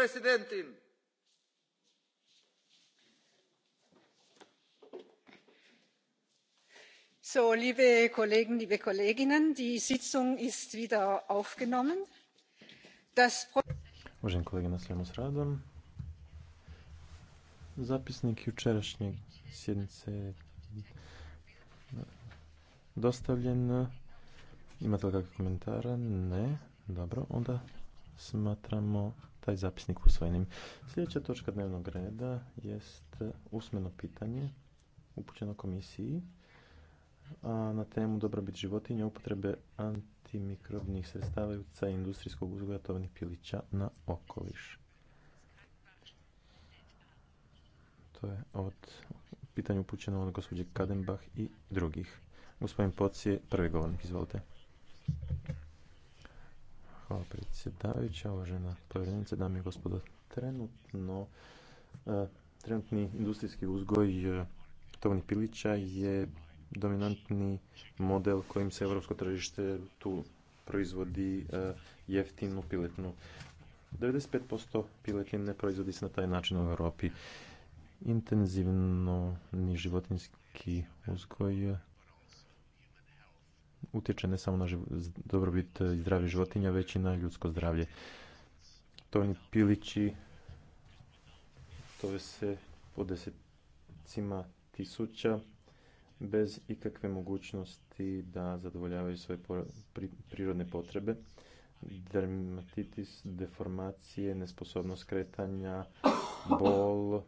H: präsidentin!
G: liebe kollegen liebe kolleginnen die sitzung ist wieder aufgenommen. Das...
F: uvaženi kolege nastavljamo s radom. zapisnik jučerašnje sjednice je dostavljen. imate li kakvih komentara? ne. dobro onda smatramo taj zapisnik usvojenim. Sljedeća točka dnevnog reda jest e, usmeno pitanje upućeno komisiji a na temu dobrobit životinja upotrebe antimikrobnih sredstava i industrijskog uzgoja tovnih pilića na okoliš. To je od pitanja upućeno od gospođe Kadenbach i drugih. Gospodin Poc prvi govornik, izvolite. Hvala predsjedavajuća, uvažena povjerenice, dame i gospodo. Trenutno, e, trenutni industrijski uzgoj e, tovnih pilića je dominantni model kojim se europsko tržište tu proizvodi e, jeftinu piletnu. 95% piletine proizvodi se na taj način u Europi. Intenzivno ni životinski uzgoj utječe ne samo na dobrobit e, i zdravlje životinja, već i na ljudsko zdravlje. To oni Pilići, to je se po desecima tisuća, bez ikakve mogućnosti da zadovoljavaju svoje prirodne potrebe. Dermatitis, deformacije, nesposobnost kretanja, bol,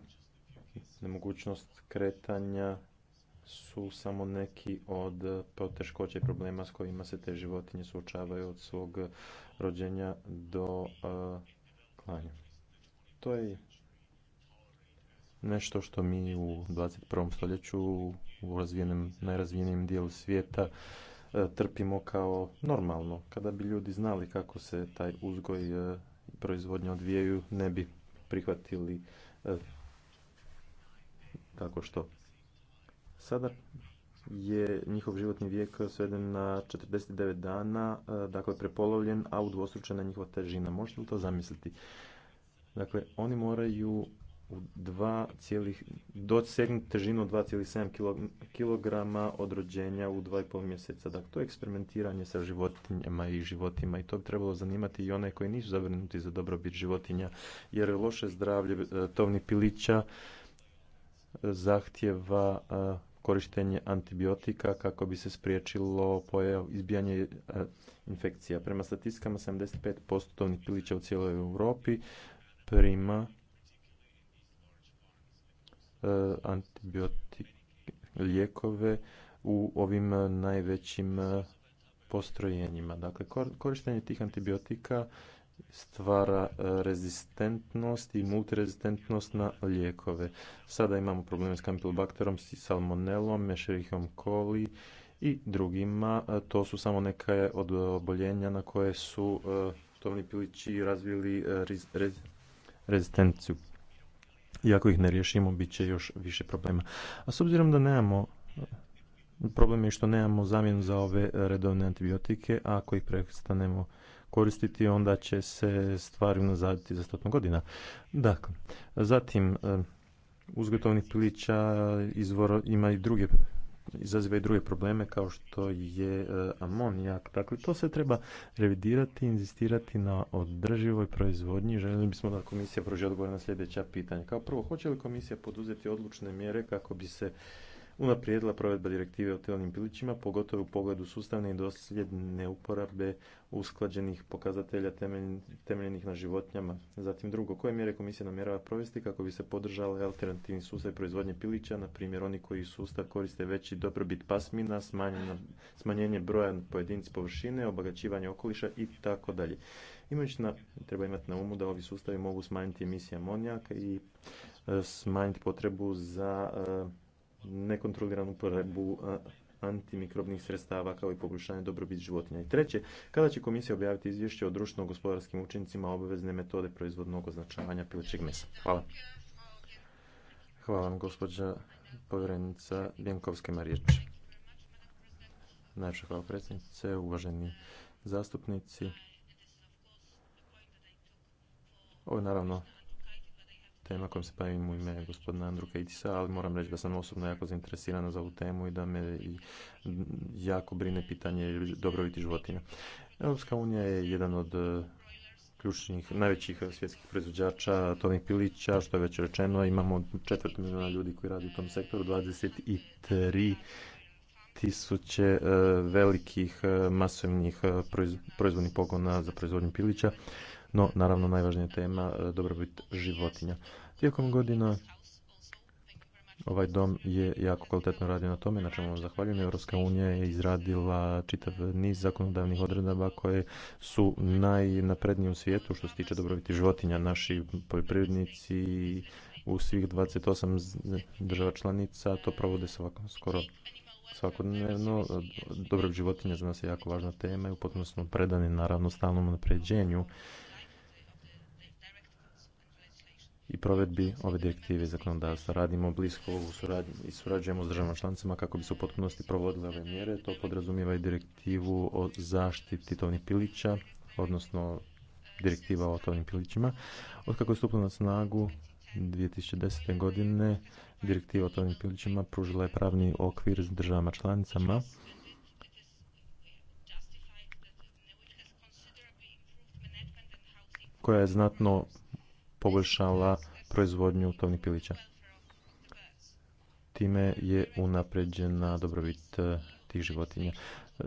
F: nemogućnost kretanja, su samo neki od poteškoća i problema s kojima se te životinje suočavaju od svog rođenja do e, klanja. To je nešto što mi u 21. stoljeću u najrazvijenijem dijelu svijeta e, trpimo kao normalno. Kada bi ljudi znali kako se taj uzgoj e, i proizvodnja odvijaju, ne bi prihvatili tako što. Sada je njihov životni vijek sveden na 49 dana, e, dakle prepolovljen, a udvostručena njihova težina. Možete li to zamisliti? Dakle, oni moraju u dva dosegnuti težinu 2,7 kg od rođenja u 2,5 mjeseca. Dakle, to je eksperimentiranje sa životinjama i životima i to bi trebalo zanimati i one koji nisu zabrinuti za dobrobit životinja, jer loše zdravlje e, tovnih pilića e, zahtjeva korištenje antibiotika kako bi se spriječilo izbijanje e, infekcija. Prema statistikama 75% tovnih pilića u cijeloj Europi prima e, antibiotike lijekove u ovim najvećim e, postrojenjima. Dakle, korištenje tih antibiotika stvara e, rezistentnost i multirezistentnost na lijekove. Sada imamo probleme s s salmonelom, mešerihom coli i drugima. E, to su samo neka od oboljenja na koje su e, tovni pilići razvili rezistenciju. I ako ih ne riješimo, bit će još više problema. A s obzirom da nemamo problem je što nemamo zamjenu za ove redovne antibiotike, a ako ih prestanemo koristiti, onda će se stvari unazaditi za stotno godina. Dakle, zatim e, uzgotovnih izvor ima i druge izaziva i druge probleme kao što je e, amonijak. Dakle, to se treba revidirati, inzistirati na održivoj proizvodnji. Željeli bismo da komisija pruži odgovor na sljedeća pitanja. Kao prvo, hoće li komisija poduzeti odlučne mjere kako bi se unaprijedila provedba direktive o telnim pilićima, pogotovo u pogledu sustavne i dosljedne uporabe usklađenih pokazatelja temeljenih na životinjama. Zatim drugo, koje mjere komisija namjerava provesti kako bi se podržali alternativni sustav proizvodnje pilića, na primjer oni koji sustav koriste veći dobrobit pasmina, smanjenje broja pojedinci površine, obogaćivanje okoliša i tako dalje. treba imati na umu da ovi sustavi mogu smanjiti emisije amonijaka i e, smanjiti potrebu za e, nekontroliranu uporabu antimikrobnih sredstava kao i poboljšanje dobrobit životinja. I treće, kada će komisija objaviti izvješće o društveno-gospodarskim učincima obavezne metode proizvodnog označavanja pilećeg mesa? Hvala. Hvala vam, gospođa povjerenica Bjenkovske Marijeć. Najviše hvala predsjednice, uvaženi zastupnici. Ovo je naravno tema kojom se bavim u ime gospodina Andruka Itisa, ali moram reći da sam osobno jako zainteresirana za ovu temu i da me jako brine pitanje dobrobiti životinja. Europska unija je jedan od e, ključnih, najvećih svjetskih proizvođača tovnih pilića, što je već rečeno. Imamo četvrt milijuna ljudi koji radi u tom sektoru, 23 tisuće e, velikih e, masovnih proizvodnih pogona za proizvodnju pilića. No, naravno, najvažnija tema dobrobit životinja. Tijekom godina ovaj dom je jako kvalitetno radio na tome, na čemu vam zahvaljujem. Europska unija je izradila čitav niz zakonodavnih odredaba koje su najnaprednije u svijetu što se tiče dobrobiti životinja. Naši poljoprivrednici u svih 28 država članica to provode svako, skoro svakodnevno. Dobrobit životinja za nas je jako važna tema i potpuno smo predani naravno stalnom napređenju i provedbi ove direktive zakonodavstva. Radimo blisko u suradnju i surađujemo s državama članicama kako bi se u potpunosti provodile ove mjere. To podrazumijeva i direktivu o zaštiti tovnih pilića, odnosno direktiva o tovnim pilićima. kako je stupila na snagu 2010. godine, direktiva o tovnim pilićima pružila je pravni okvir s državama članicama koja je znatno poboljšala proizvodnju tovnih pilića. Time je unapređena dobrobit e, tih životinja. E,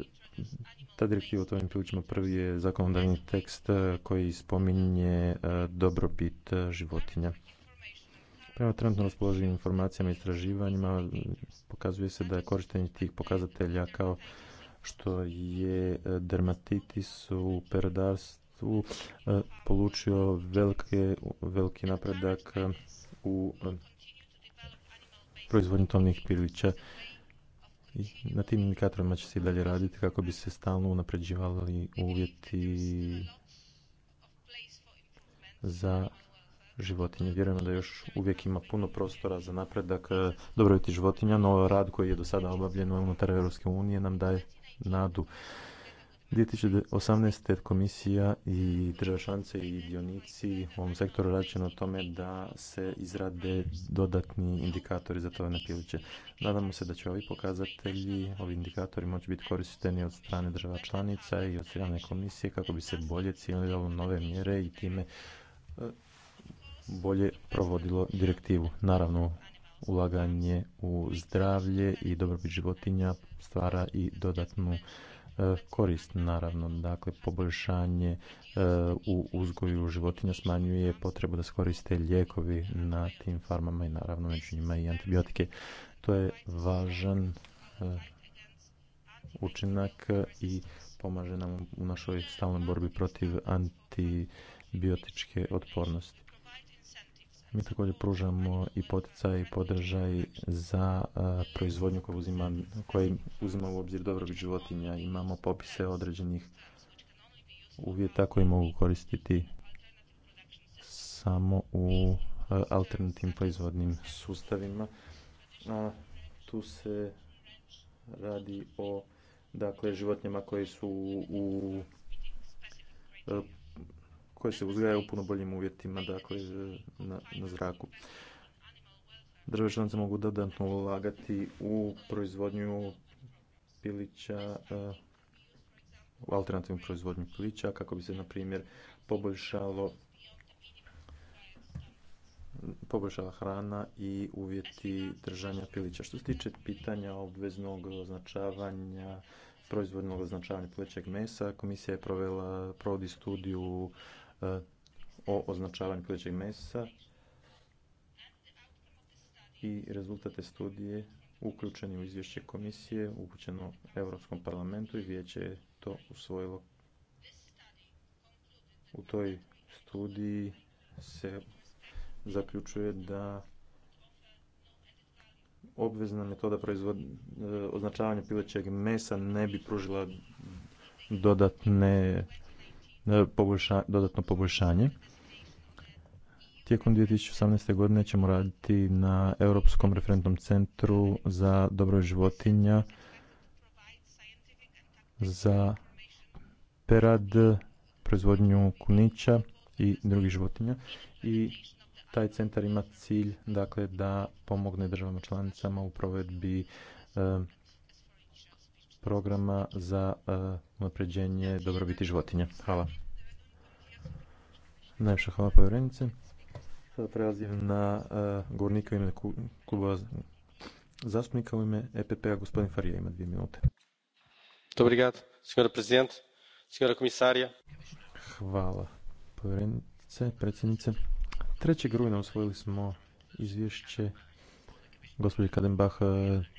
F: ta direktiva o tovnim pilićima prvi je zakonodavni tekst e, koji spominje dobrobit životinja. Prema trenutno raspoloživim informacijama i istraživanjima pokazuje se da je korištenje tih pokazatelja kao što je dermatitis u peradarstvu tu e, polučio veliki napredak u e, proizvodnju tovnih pilića. I na tim indikatorima će se i dalje raditi kako bi se stalno unapređivali uvjeti za životinje. Vjerujemo da još uvijek ima puno prostora za napredak e, dobrobiti životinja, no rad koji je do sada obavljen unutar EU nam daje nadu. 2018. komisija i država članice i dionici u ovom sektoru radit o tome da se izrade dodatni indikatori za tovene piliće. Nadamo se da će ovi pokazatelji, ovi indikatori moći biti koristeni od strane država članica i od strane komisije kako bi se bolje cijenilo nove mjere i time e, bolje provodilo direktivu. Naravno, ulaganje u zdravlje i dobrobit životinja stvara i dodatnu korist naravno dakle poboljšanje e, u uzgoju životinja smanjuje potrebu da se koriste lijekovi na tim farmama i naravno među njima i antibiotike to je važan e, učinak i pomaže nam u našoj stalnoj borbi protiv antibiotičke otpornosti mi također pružamo i poticaj i podržaj za proizvodnju koju uzima, u obzir dobrog životinja. Imamo popise određenih uvjeta koji mogu koristiti samo u alternativnim proizvodnim sustavima. tu se radi o dakle, životinjama koje su u koje se uzgajaju u puno boljim uvjetima dakle, e, na, na zraku. Države članice mogu dodatno ulagati u proizvodnju pilića, e, u alternativnu proizvodnju pilića kako bi se, na primjer, poboljšalo poboljšala hrana i uvjeti držanja pilića. Što se tiče pitanja obveznog označavanja, proizvodnog označavanja plećeg mesa, komisija je provela, provodi studiju E, o označavanju pilećeg mesa i rezultate studije uključeni u izvješće komisije upućeno Europskom parlamentu i vijeće je to usvojilo. U toj studiji se zaključuje da obvezna metoda proizvod... E, označavanja pilećeg mesa ne bi pružila dodatne E, dodatno poboljšanje. Tijekom 2018. godine ćemo raditi na Europskom referentnom centru za dobro životinja za perad, proizvodnju kunića i drugih životinja i taj centar ima cilj dakle da pomogne državama članicama u provedbi e, programa za e, unapređenje dobrobiti životinja. Hvala. Najviše hvala povjerenice. Sada prelazim na uh, govornika u ime kluba zastupnika u ime EPP-a. Gospodin Farija ima dvije minute. Dobrigad, senjora prezident, senjora komisarija. Hvala povjerenice, predsjednice. 3. rujna usvojili smo izvješće gospođi Kadenbach e,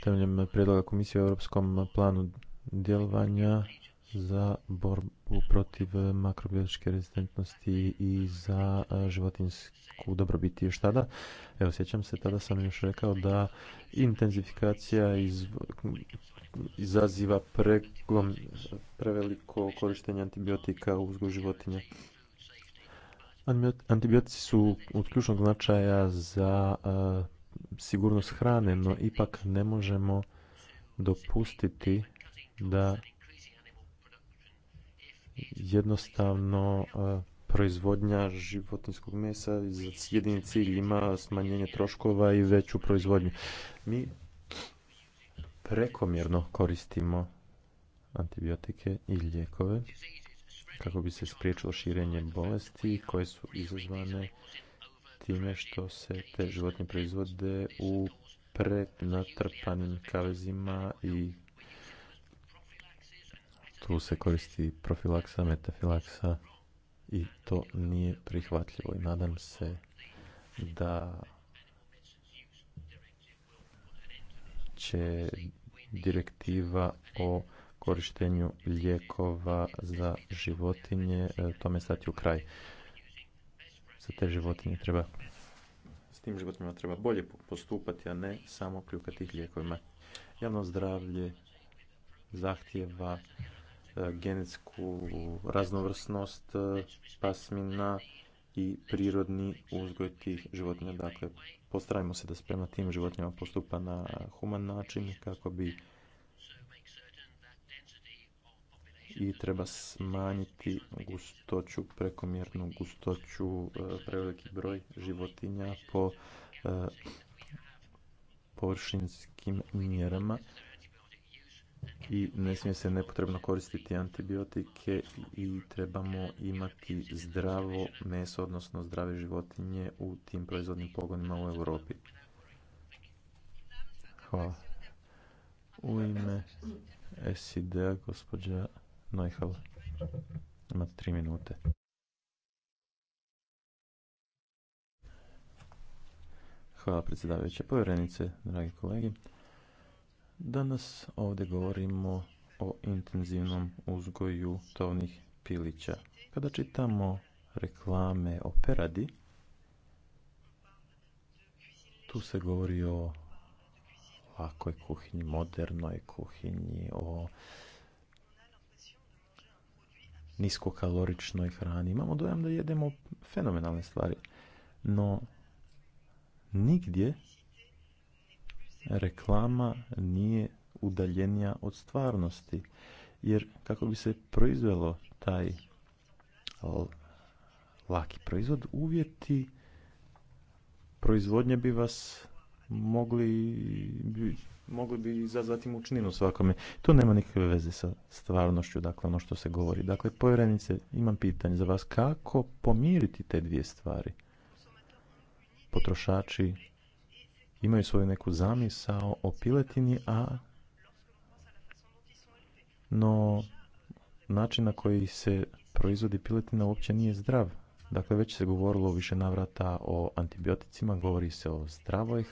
F: temeljem prijedloga komisije u europskom planu djelovanja za borbu protiv makrobiološke rezistentnosti i za e, životinsku dobrobiti Još tada, evo sjećam se, tada sam još rekao da intenzifikacija iz, izaziva preveliko korištenje antibiotika u uzgoju životinja. Antibiotici su od ključnog značaja za e, sigurnost hrane, no ipak ne možemo dopustiti da jednostavno e, proizvodnja životinskog mesa jedini cilj ima smanjenje troškova i veću proizvodnju. Mi prekomjerno koristimo antibiotike i lijekove kako bi se spriječilo širenje bolesti koje su izazvane time što se te životinje proizvode u prenatrpanim kavezima i tu se koristi profilaksa, metafilaksa i to nije prihvatljivo i nadam se da će direktiva o korištenju lijekova za životinje e, tome stati u kraj za te životinje treba s tim životinjama treba bolje postupati, a ne samo kljukati ih lijekovima. Javno zdravlje zahtjeva e, genetsku raznovrsnost e, pasmina i prirodni uzgoj tih životinja. Dakle, postarajmo se da se prema tim životinjama postupa na human način kako bi i treba smanjiti gustoću, prekomjernu gustoću, e, preveliki broj životinja po e, površinskim mjerama i ne smije se nepotrebno koristiti antibiotike i trebamo imati zdravo meso, odnosno zdrave životinje u tim proizvodnim pogonima u Europi. Hvala. U ime SID-a gospođa Neuhel. Imate tri minute. Hvala predsjedavajuće povjerenice, dragi kolegi. Danas ovdje govorimo o intenzivnom uzgoju tovnih pilića. Kada čitamo reklame o peradi, tu se govori o lakoj kuhinji, modernoj kuhinji, o niskokaloričnoj hrani. Imamo dojam da jedemo fenomenalne stvari, no nigdje reklama nije udaljenija od stvarnosti. Jer kako bi se proizvelo taj laki proizvod, uvjeti proizvodnje bi vas mogli mogli bi izazvati mučninu svakome. To nema nikakve veze sa stvarnošću, dakle ono što se govori. Dakle, povjerenice, imam pitanje za vas. Kako pomiriti te dvije stvari? Potrošači imaju svoju neku zamisao o piletini, a no način na koji se proizvodi piletina uopće nije zdrav. Dakle, već se govorilo više navrata o antibioticima, govori se o zdravoj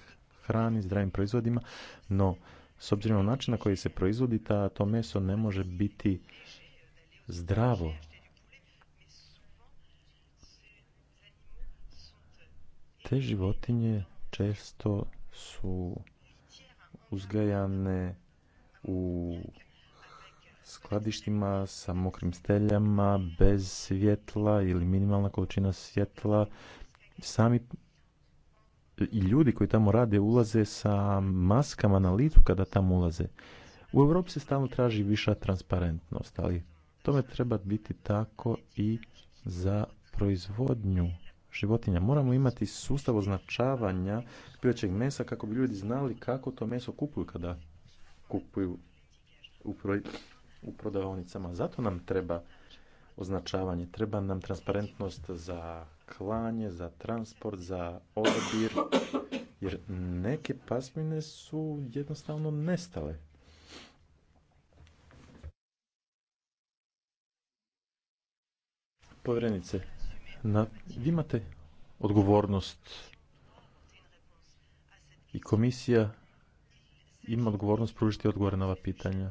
F: hrani, zdravim proizvodima, no s obzirom na način na koji se proizvodi, ta, to meso ne može biti zdravo. Te životinje često su uzgajane u skladištima sa mokrim steljama, bez svjetla ili minimalna količina svjetla. Sami i ljudi koji tamo rade ulaze sa maskama na licu kada tamo ulaze. U Europi se stalno traži viša transparentnost, ali tome treba biti tako i za proizvodnju životinja. Moramo imati sustav označavanja pilećeg mesa kako bi ljudi znali kako to meso kupuju kada kupuju u, prodavnicama. u Zato nam treba označavanje, treba nam transparentnost za klanje, za transport, za odabir, jer neke pasmine su jednostavno nestale. Povjerenice, vi imate odgovornost i komisija ima odgovornost pružiti odgovore na ova pitanja.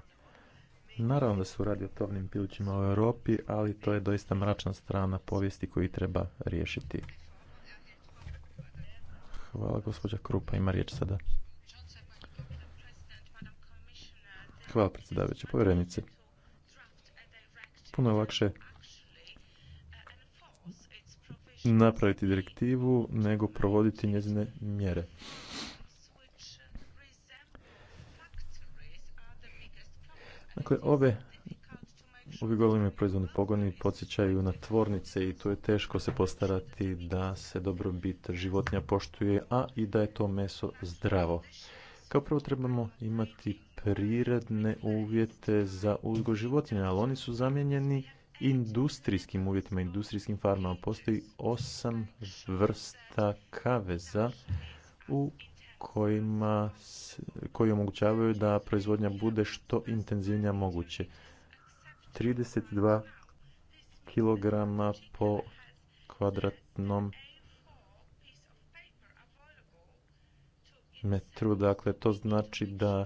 F: Naravno da se radi o tovnim pilićima u Europi, ali to je doista mračna strana povijesti koju treba riješiti. Hvala gospođa Krupa, ima riječ sada. Hvala predsjedavajuća povjerenice. Puno je lakše napraviti direktivu nego provoditi njezine mjere. Dakle, ove Ovi golemi proizvodni pogoni podsjećaju na tvornice i tu je teško se postarati da se dobrobit životinja poštuje, a i da je to meso zdravo. Kao prvo trebamo imati prirodne uvjete za uzgoj životinja, ali oni su zamijenjeni industrijskim uvjetima, industrijskim farmama. Postoji osam vrsta kaveza u kojima, koji omogućavaju da proizvodnja bude što intenzivnija moguće. 32 kg po kvadratnom metru. Dakle, to znači da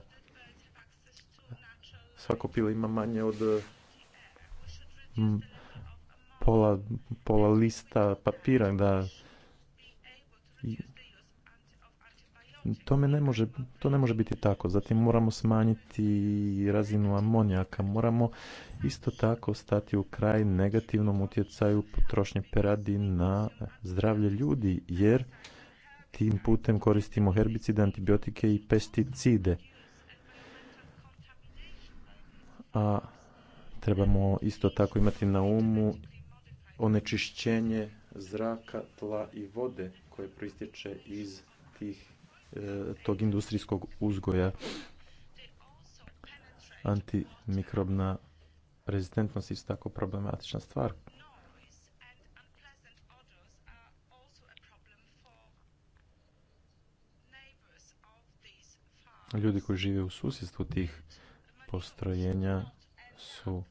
F: svako pilo ima manje od pola, pola lista papira. Da, Tome ne može, to ne može biti tako. Zatim moramo smanjiti razinu amonijaka. Moramo isto tako stati u kraj negativnom utjecaju potrošnje peradi na zdravlje ljudi, jer tim putem koristimo herbicide, antibiotike i pesticide. A trebamo isto tako imati na umu onečišćenje zraka, tla i vode koje proistječe iz tih E, tog industrijskog uzgoja. Antimikrobna rezistentnost je tako problematična stvar. Ljudi koji žive u susjedstvu tih postrojenja su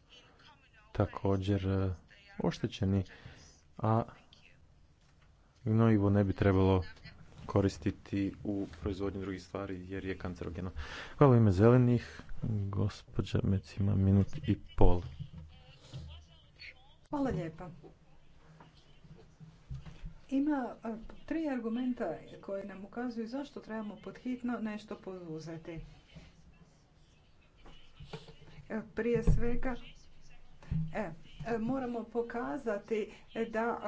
F: također e, oštećeni, a gnojivo ne bi trebalo koristiti u proizvodnju drugih stvari jer je kancerogeno. Hvala ime zelenih, gospođa Mecima, minut i pol.
G: Hvala lijepa. Ima e, tri argumenta koje nam ukazuju zašto trebamo podhitno nešto poduzeti. E, prije svega, e, moramo pokazati da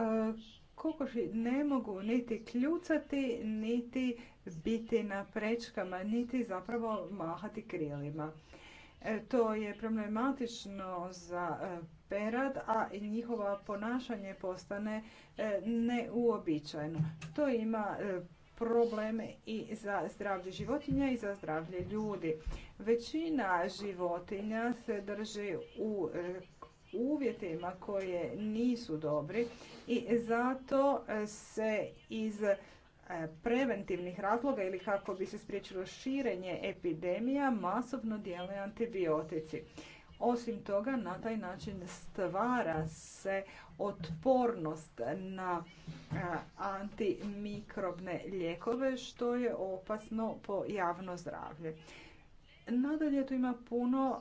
G: kokoši ne mogu niti kljucati, niti biti na prečkama, niti zapravo mahati krilima. E, to je problematično za e, perad, a njihovo ponašanje postane e, neuobičajeno. To ima probleme i za zdravlje životinja i za zdravlje ljudi. Većina životinja se drži u uvjetima koje nisu dobri i zato e, se iz e, preventivnih razloga ili kako bi se spriječilo širenje epidemija masovno dijele antibiotici. Osim toga, na taj način stvara se otpornost na e, antimikrobne lijekove, što je opasno po javno zdravlje. Nadalje, tu ima puno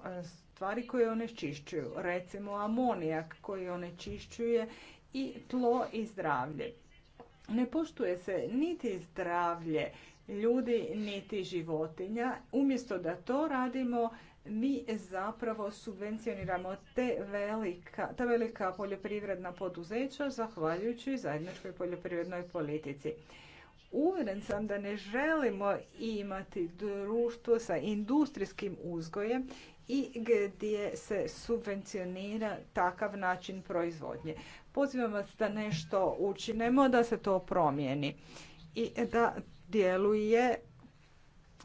G: tvari koje onečišćuju, recimo amonijak koji onečišćuje i tlo i zdravlje. Ne poštuje se niti zdravlje ljudi niti životinja. Umjesto da to radimo, mi zapravo subvencioniramo te velika, ta velika poljoprivredna poduzeća zahvaljujući zajedničkoj poljoprivrednoj politici. Uvjeren sam da ne želimo imati društvo sa industrijskim uzgojem i gdje se subvencionira takav način proizvodnje. Pozivam vas da nešto učinemo, da se to promijeni i da djeluje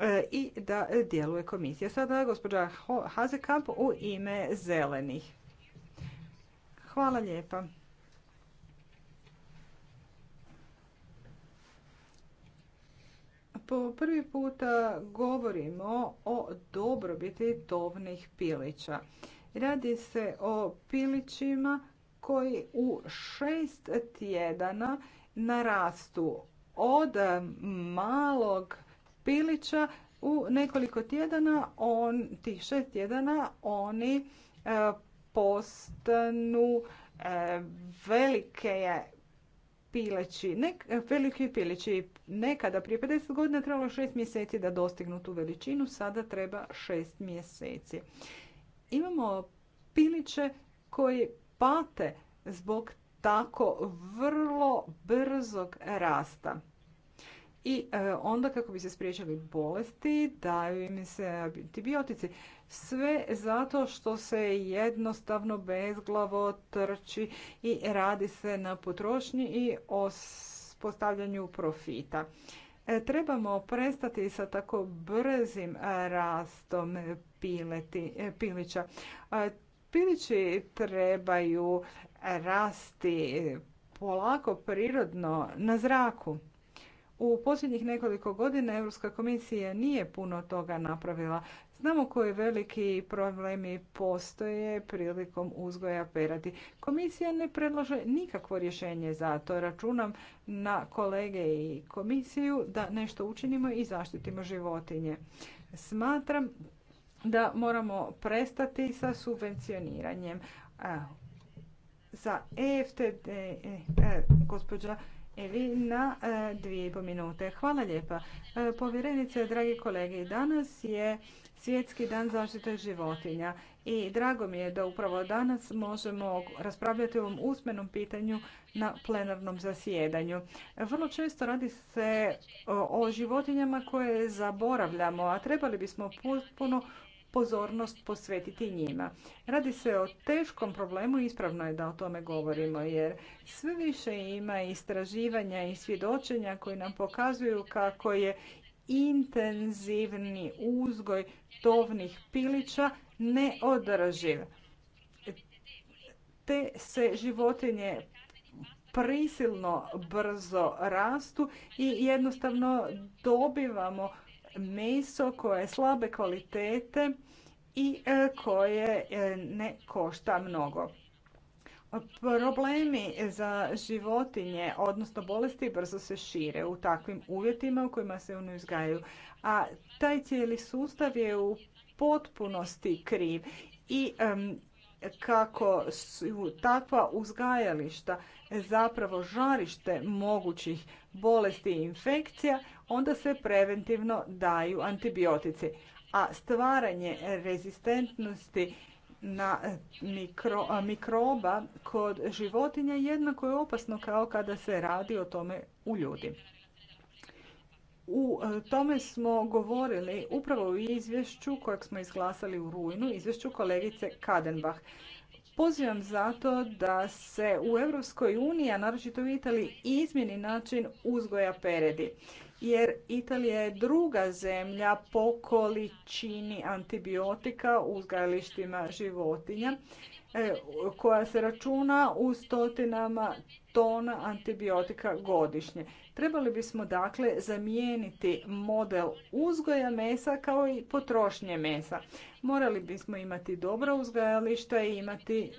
G: e, i da djeluje komisija. Sada gospođa Hazekamp u ime zelenih. Hvala lijepa. po prvi puta govorimo o dobrobiti tovnih pilića. Radi se o pilićima koji u šest tjedana narastu od malog pilića u nekoliko tjedana, on, tih šest tjedana oni e, postanu e, velike pileći, nek, veliki e, pilići. Nekada prije 50 godina trebalo 6 mjeseci da dostignu tu veličinu, sada treba 6 mjeseci. Imamo piliće koji pate zbog tako vrlo brzog rasta. I e, onda kako bi se spriječili bolesti, daju im se antibiotici. Sve zato što se jednostavno bezglavo trči i radi se na potrošnji i o postavljanju profita. E, trebamo prestati sa tako brzim rastom e, pilića. E, pilići trebaju rasti polako, prirodno, na zraku. U posljednjih nekoliko godina Europska komisija nije puno toga napravila. Znamo koji veliki problemi postoje prilikom uzgoja peradi. Komisija ne predlaže nikakvo rješenje za to. Računam na kolege i komisiju da nešto učinimo i zaštitimo životinje. Smatram da moramo prestati sa subvencioniranjem. Za EFTD, e, e, gospođa ili e, na e, dvije i po minute. Hvala lijepa. E, povjerenice, dragi kolege, danas je Svjetski dan zaštite životinja i drago mi je da upravo danas možemo raspravljati o ovom usmenom pitanju na plenarnom zasjedanju. Vrlo često radi se o životinjama koje zaboravljamo, a trebali bismo potpuno pozornost posvetiti njima. Radi se o teškom problemu, ispravno je da o tome govorimo, jer sve više ima istraživanja i svjedočenja koji nam pokazuju kako je intenzivni uzgoj tovnih pilića neodrživ. Te se životinje prisilno brzo rastu i jednostavno dobivamo meso koje je slabe kvalitete i e, koje e, ne košta mnogo. Problemi za životinje, odnosno bolesti, brzo se šire u takvim uvjetima u kojima se oni uzgajaju. A taj cijeli sustav je u potpunosti kriv i kako su takva uzgajališta zapravo žarište mogućih bolesti i infekcija, onda se preventivno daju antibiotici. A stvaranje rezistentnosti na mikro, mikroba kod životinja jednako je opasno kao kada se radi o tome u ljudi. U e, tome smo govorili upravo u izvješću kojeg smo izglasali u rujnu, izvješću kolegice Kadenbach. Pozivam zato da se u Europskoj uniji, a naročito u Italiji, izmjeni način uzgoja peredi. Jer Italija je druga zemlja po količini antibiotika u uzgajalištima životinja e, koja se računa u stotinama tona antibiotika godišnje. Trebali bismo dakle zamijeniti model uzgoja mesa kao i potrošnje mesa. Morali bismo imati dobro uzgajališta i imati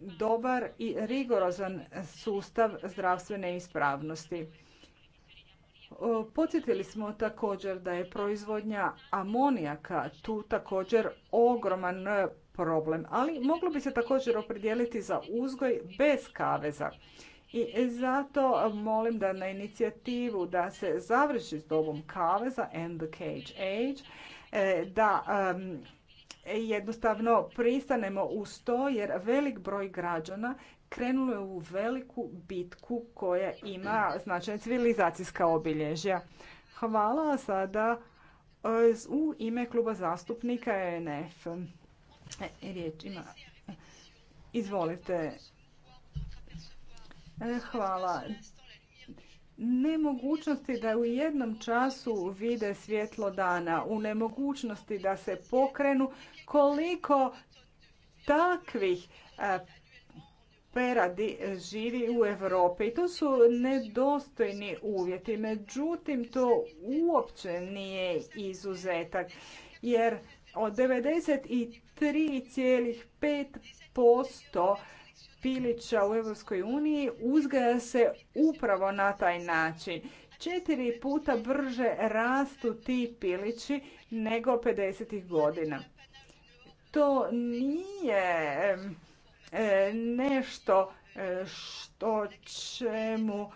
G: dobar i rigorozan sustav zdravstvene ispravnosti. Podsjetili smo također da je proizvodnja amonijaka tu također ogroman e, problem, ali moglo bi se također opredijeliti za uzgoj bez kaveza. I zato molim da na inicijativu da se završi s dobom Kaveza za End the Cage Age, e, da jednostavno pristanemo uz to jer velik broj građana krenulo je u veliku bitku koja ima značajne civilizacijska obilježja. Hvala sada e, u ime kluba zastupnika ENF. E, Izvolite, E, hvala. Nemogućnosti da u jednom času vide svjetlo dana, u nemogućnosti da se pokrenu koliko takvih e, peradi živi u Europi. I to su nedostojni uvjeti. Međutim, to uopće nije izuzetak. Jer od 93,5% pilića u Europskoj uniji uzgaja se upravo na taj način. Četiri puta brže rastu ti pilići nego 50. godina. To nije e, nešto e, što čemu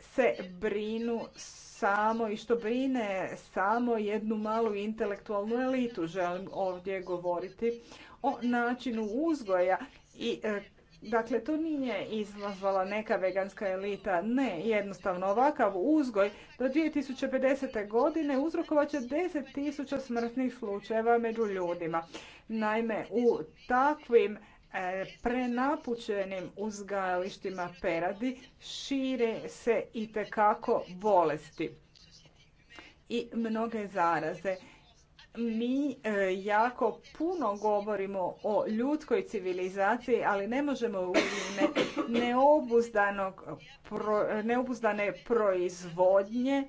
G: se brinu samo i što brine samo jednu malu intelektualnu elitu. Želim ovdje govoriti o načinu uzgoja i e, Dakle, to nije izazvala neka veganska elita. Ne, jednostavno ovakav uzgoj do 2050. godine uzrokovat će 10.000 smrtnih slučajeva među ljudima. Naime, u takvim e, prenapućenim uzgajalištima peradi šire se i bolesti i mnoge zaraze mi e, jako puno govorimo o ljudskoj civilizaciji, ali ne možemo u ime neobuzdane proizvodnje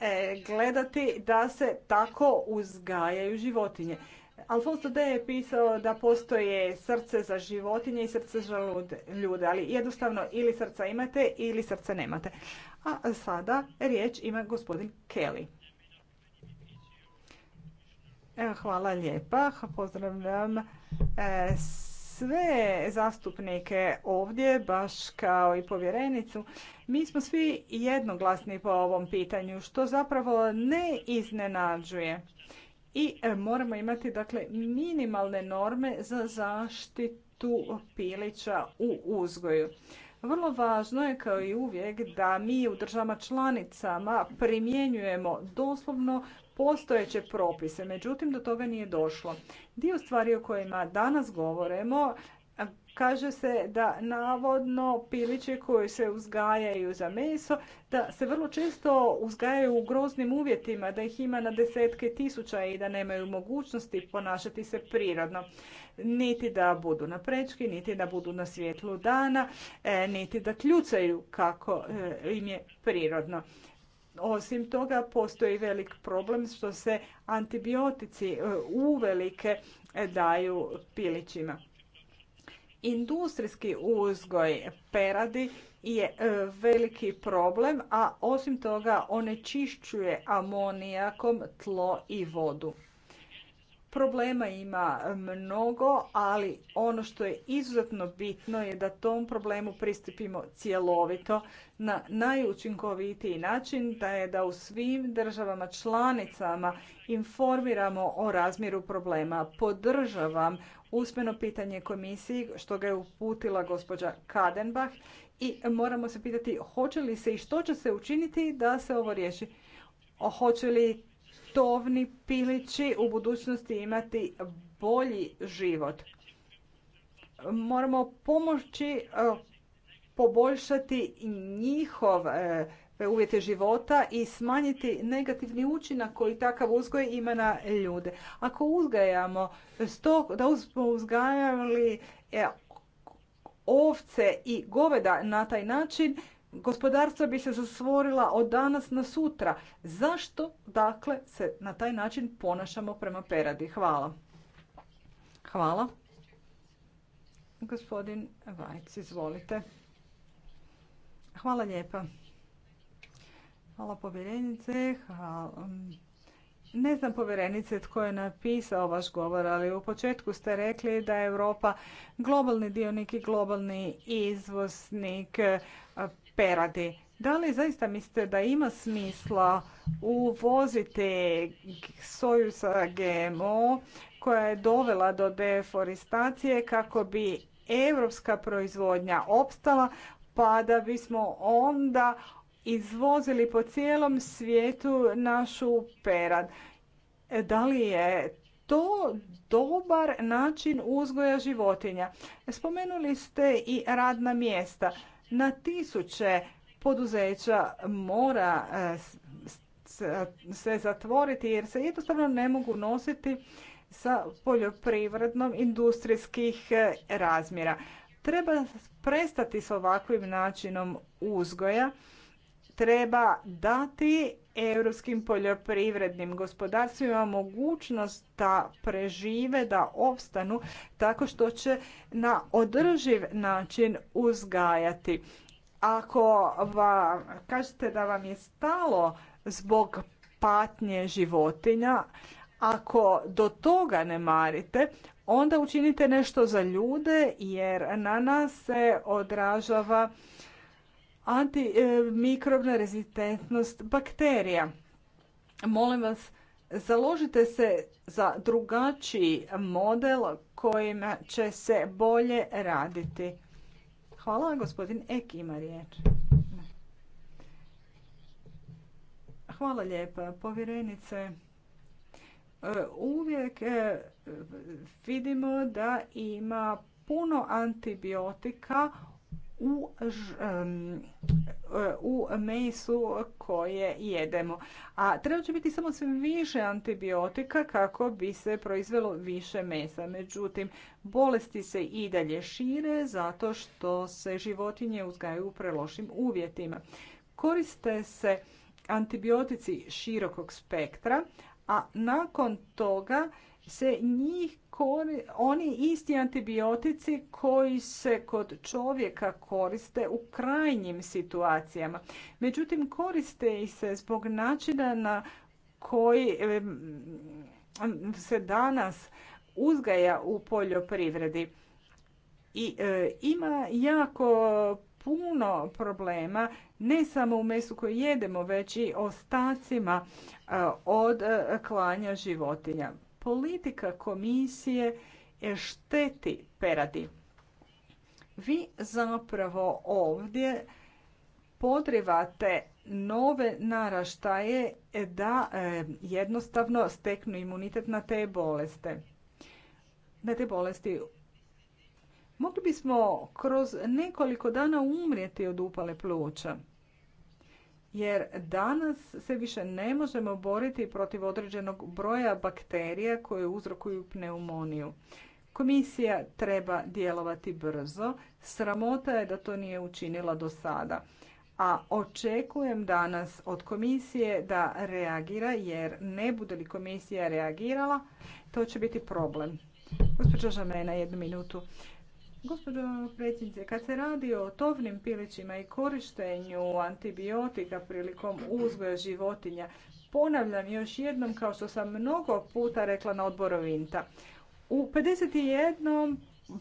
G: e, gledati da se tako uzgajaju životinje. Alfonso D. je pisao da postoje srce za životinje i srce za ljude, ali jednostavno ili srca imate ili srca nemate. A sada riječ ima gospodin Kelly. Evo, hvala lijepa. Pozdravljam e, sve zastupnike ovdje, baš kao i povjerenicu. Mi smo svi jednoglasni po ovom pitanju, što zapravo ne iznenađuje. I e, moramo imati dakle minimalne norme za zaštitu pilića u uzgoju. Vrlo važno je kao i uvijek da mi u državama članicama primjenjujemo doslovno postojeće propise. Međutim, do toga nije došlo. Dio stvari o kojima danas govorimo kaže se da navodno piliće koji se uzgajaju za meso, da se vrlo često uzgajaju u groznim uvjetima, da ih ima na desetke tisuća i da nemaju mogućnosti ponašati se prirodno. Niti da budu na prečki, niti da budu na svjetlu dana, e, niti da kljucaju kako e, im je prirodno. Osim toga, postoji velik problem što se antibiotici e, uvelike e, daju pilićima. Industrijski uzgoj peradi je e, veliki problem, a osim toga onečišćuje amonijakom tlo i vodu. Problema ima mnogo, ali ono što je izuzetno bitno je da tom problemu pristupimo cjelovito na najučinkovitiji način, da je da u svim državama članicama informiramo o razmjeru problema. Podržavam usmeno pitanje komisiji što ga je uputila gospođa Kadenbach i moramo se pitati hoće li se i što će se učiniti da se ovo riješi. Hoće li tovni pilići u budućnosti imati bolji život. Moramo pomoći e, poboljšati njihov e, uvjete života i smanjiti negativni učinak koji takav uzgoj ima na ljude. Ako uzgajamo da smo uzgajali e, ovce i goveda na taj način, gospodarstva bi se zasvorila od danas na sutra. Zašto dakle se na taj način ponašamo prema peradi? Hvala. Hvala. Gospodin Vajc, izvolite. Hvala lijepa. Hvala povjerenice. Ne znam povjerenice tko je napisao vaš govor, ali u početku ste rekli da je Europa globalni dionik i globalni izvoznik peradi. Da li zaista mislite da ima smisla uvoziti soju sa GMO koja je dovela do deforestacije kako bi europska proizvodnja opstala pa da bismo onda izvozili po cijelom svijetu našu perad. Da li je to dobar način uzgoja životinja? Spomenuli ste i radna mjesta na tisuće poduzeća mora e, se zatvoriti jer se jednostavno ne mogu nositi sa poljoprivrednom industrijskih e, razmjera. Treba prestati s ovakvim načinom uzgoja treba dati europskim poljoprivrednim gospodarstvima mogućnost da prežive, da opstanu tako što će na održiv način uzgajati. Ako vam kažete da vam je stalo zbog patnje životinja, ako do toga ne marite, onda učinite nešto za ljude jer na nas se odražava antimikrobna e, rezistentnost bakterija. Molim vas, založite se za drugačiji model kojima će se bolje raditi. Hvala, gospodin Ek ima riječ. Hvala lijepa, povjerenice. E, uvijek e, vidimo da ima puno antibiotika u, e, u mesu koje jedemo. A treba će biti samo sve više antibiotika kako bi se proizvelo više mesa. Međutim, bolesti se i dalje šire zato što se životinje uzgajaju u prelošim uvjetima. Koriste se antibiotici širokog spektra, a nakon toga se njih oni isti antibiotici koji se kod čovjeka koriste u krajnjim situacijama. Međutim, koriste i se zbog načina na koji se danas uzgaja u poljoprivredi. I e, ima jako puno problema, ne samo u mesu koje jedemo, već i ostacima e, od e, klanja životinja politika komisije e šteti peradi. Vi zapravo ovdje podrivate nove naraštaje da e, jednostavno steknu imunitet na te bolesti. Na te bolesti mogli bismo kroz nekoliko dana umrijeti od upale pluća jer danas se više ne možemo boriti protiv određenog broja bakterija koje uzrokuju pneumoniju. Komisija treba djelovati brzo. Sramota je da to nije učinila do sada. A očekujem danas od komisije da reagira jer ne bude li komisija reagirala, to će biti problem. Gospođa Žamena, jednu minutu. Gospodo predsjednice, kad se radi o tovnim pilićima i korištenju antibiotika prilikom uzgoja životinja, ponavljam još jednom kao što sam mnogo puta rekla na odboru Vinta. U 51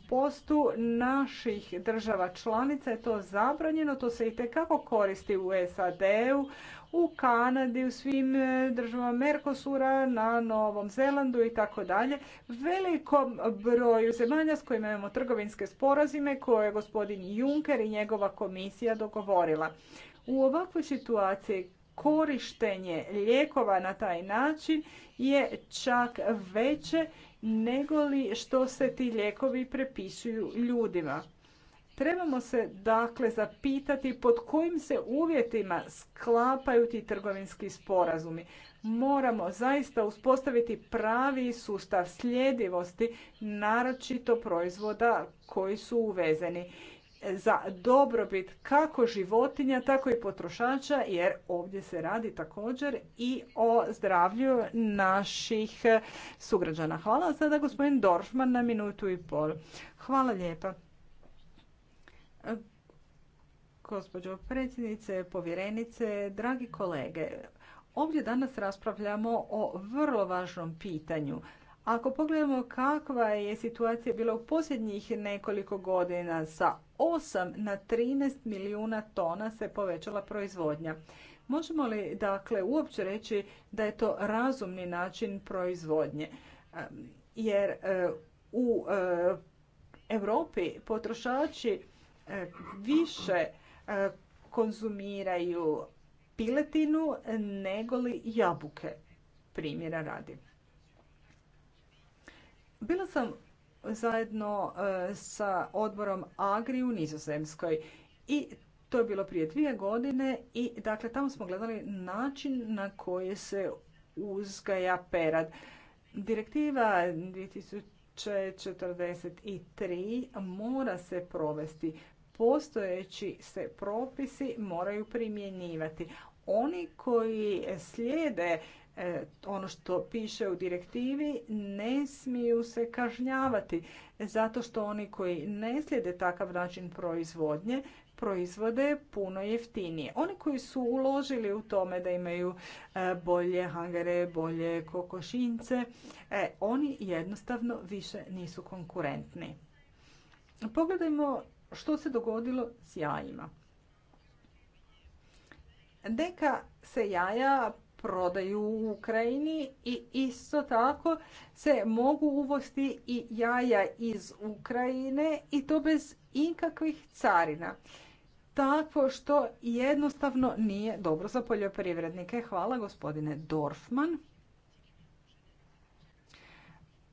G: postu naših država članica je to zabranjeno, to se i tekako koristi u SAD-u, u Kanadi, u svim e, državama Merkosura, na Novom Zelandu i tako dalje. Velikom broju zemalja s kojima imamo trgovinske sporazime koje je gospodin Juncker i njegova komisija dogovorila. U ovakvoj situaciji korištenje lijekova na taj način je čak veće nego li što se ti lijekovi prepisuju ljudima. Trebamo se dakle zapitati pod kojim se uvjetima sklapaju ti trgovinski sporazumi. Moramo zaista uspostaviti pravi sustav sljedivosti, naročito proizvoda koji su uvezeni za dobrobit kako životinja, tako i potrošača, jer ovdje se radi također i o zdravlju naših sugrađana. Hvala sada gospodin Doršman na minutu i pol. Hvala lijepa gospođo predsjednice, povjerenice, dragi kolege. Ovdje danas raspravljamo o vrlo važnom pitanju. Ako pogledamo kakva je situacija bila u posljednjih nekoliko godina, sa 8 na 13 milijuna tona se povećala proizvodnja. Možemo li dakle uopće reći da je to razumni način proizvodnje? Jer e, u e, Europi potrošači e, više E, konzumiraju piletinu negoli jabuke, primjera radi. Bila sam zajedno e, sa odborom Agri u Nizozemskoj i to je bilo prije dvije godine i dakle tamo smo gledali način na koji se uzgaja perad. Direktiva 2043 mora se provesti postojeći se propisi moraju primjenjivati. Oni koji slijede e, ono što piše u direktivi ne smiju se kažnjavati zato što oni koji ne slijede takav način proizvodnje proizvode puno jeftinije. Oni koji su uložili u tome da imaju e, bolje hangare, bolje kokošince, e, oni jednostavno više nisu konkurentni. Pogledajmo što se dogodilo s jajima. Neka se jaja prodaju u Ukrajini i isto tako se mogu uvosti i jaja iz Ukrajine i to bez ikakvih carina. Tako što jednostavno nije dobro za poljoprivrednike. Hvala gospodine Dorfman.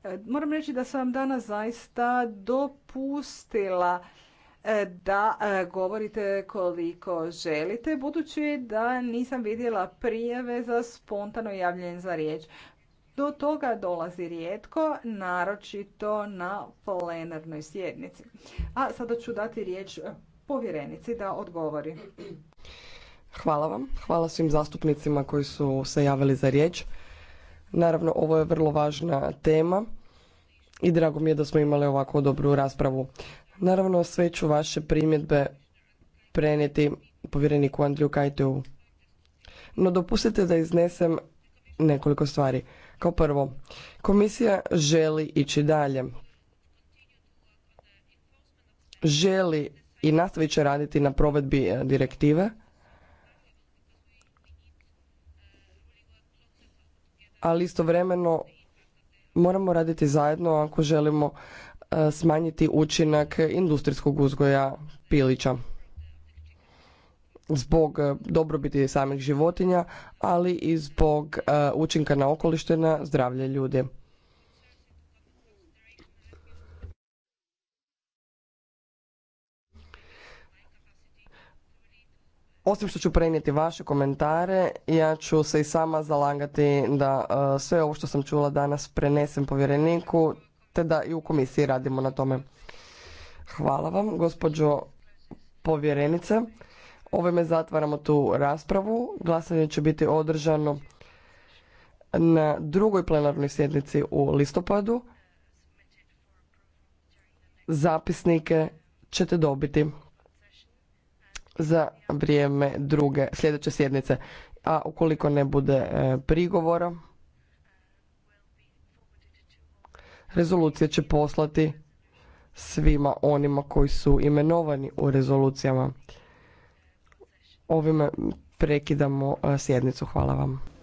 G: E, moram reći da sam vam danas zaista dopustila da e, govorite koliko želite, budući da nisam vidjela prijave za spontano javljanje za riječ. Do toga dolazi rijetko, naročito na plenarnoj sjednici. A sada ću dati riječ povjerenici da odgovori.
E: Hvala vam. Hvala svim zastupnicima koji su se javili za riječ. Naravno, ovo je vrlo važna tema i drago mi je da smo imali ovako dobru raspravu. Naravno, sve ću vaše primjedbe prenijeti povjereniku Andriju Kajteu. No dopustite da iznesem nekoliko stvari. Kao prvo, komisija želi ići dalje. Želi i nastavit će raditi na provedbi e, direktive. Ali istovremeno moramo raditi zajedno ako želimo E, smanjiti učinak industrijskog uzgoja pilića zbog e, dobrobiti samih životinja, ali i zbog e, učinka na okolište na zdravlje ljudi. Osim što ću prenijeti vaše komentare, ja ću se i sama zalagati da sve ovo što sam čula danas prenesem povjereniku te da i u komisiji radimo na tome. Hvala vam, gospođo povjerenice. Ovime zatvaramo tu raspravu. Glasanje će biti održano na drugoj plenarnoj sjednici u listopadu. Zapisnike ćete dobiti za vrijeme druge sljedeće sjednice. A ukoliko ne bude e, prigovora, Rezolucija će poslati svima onima koji su imenovani u rezolucijama. Ovime prekidamo eh, sjednicu. Hvala vam.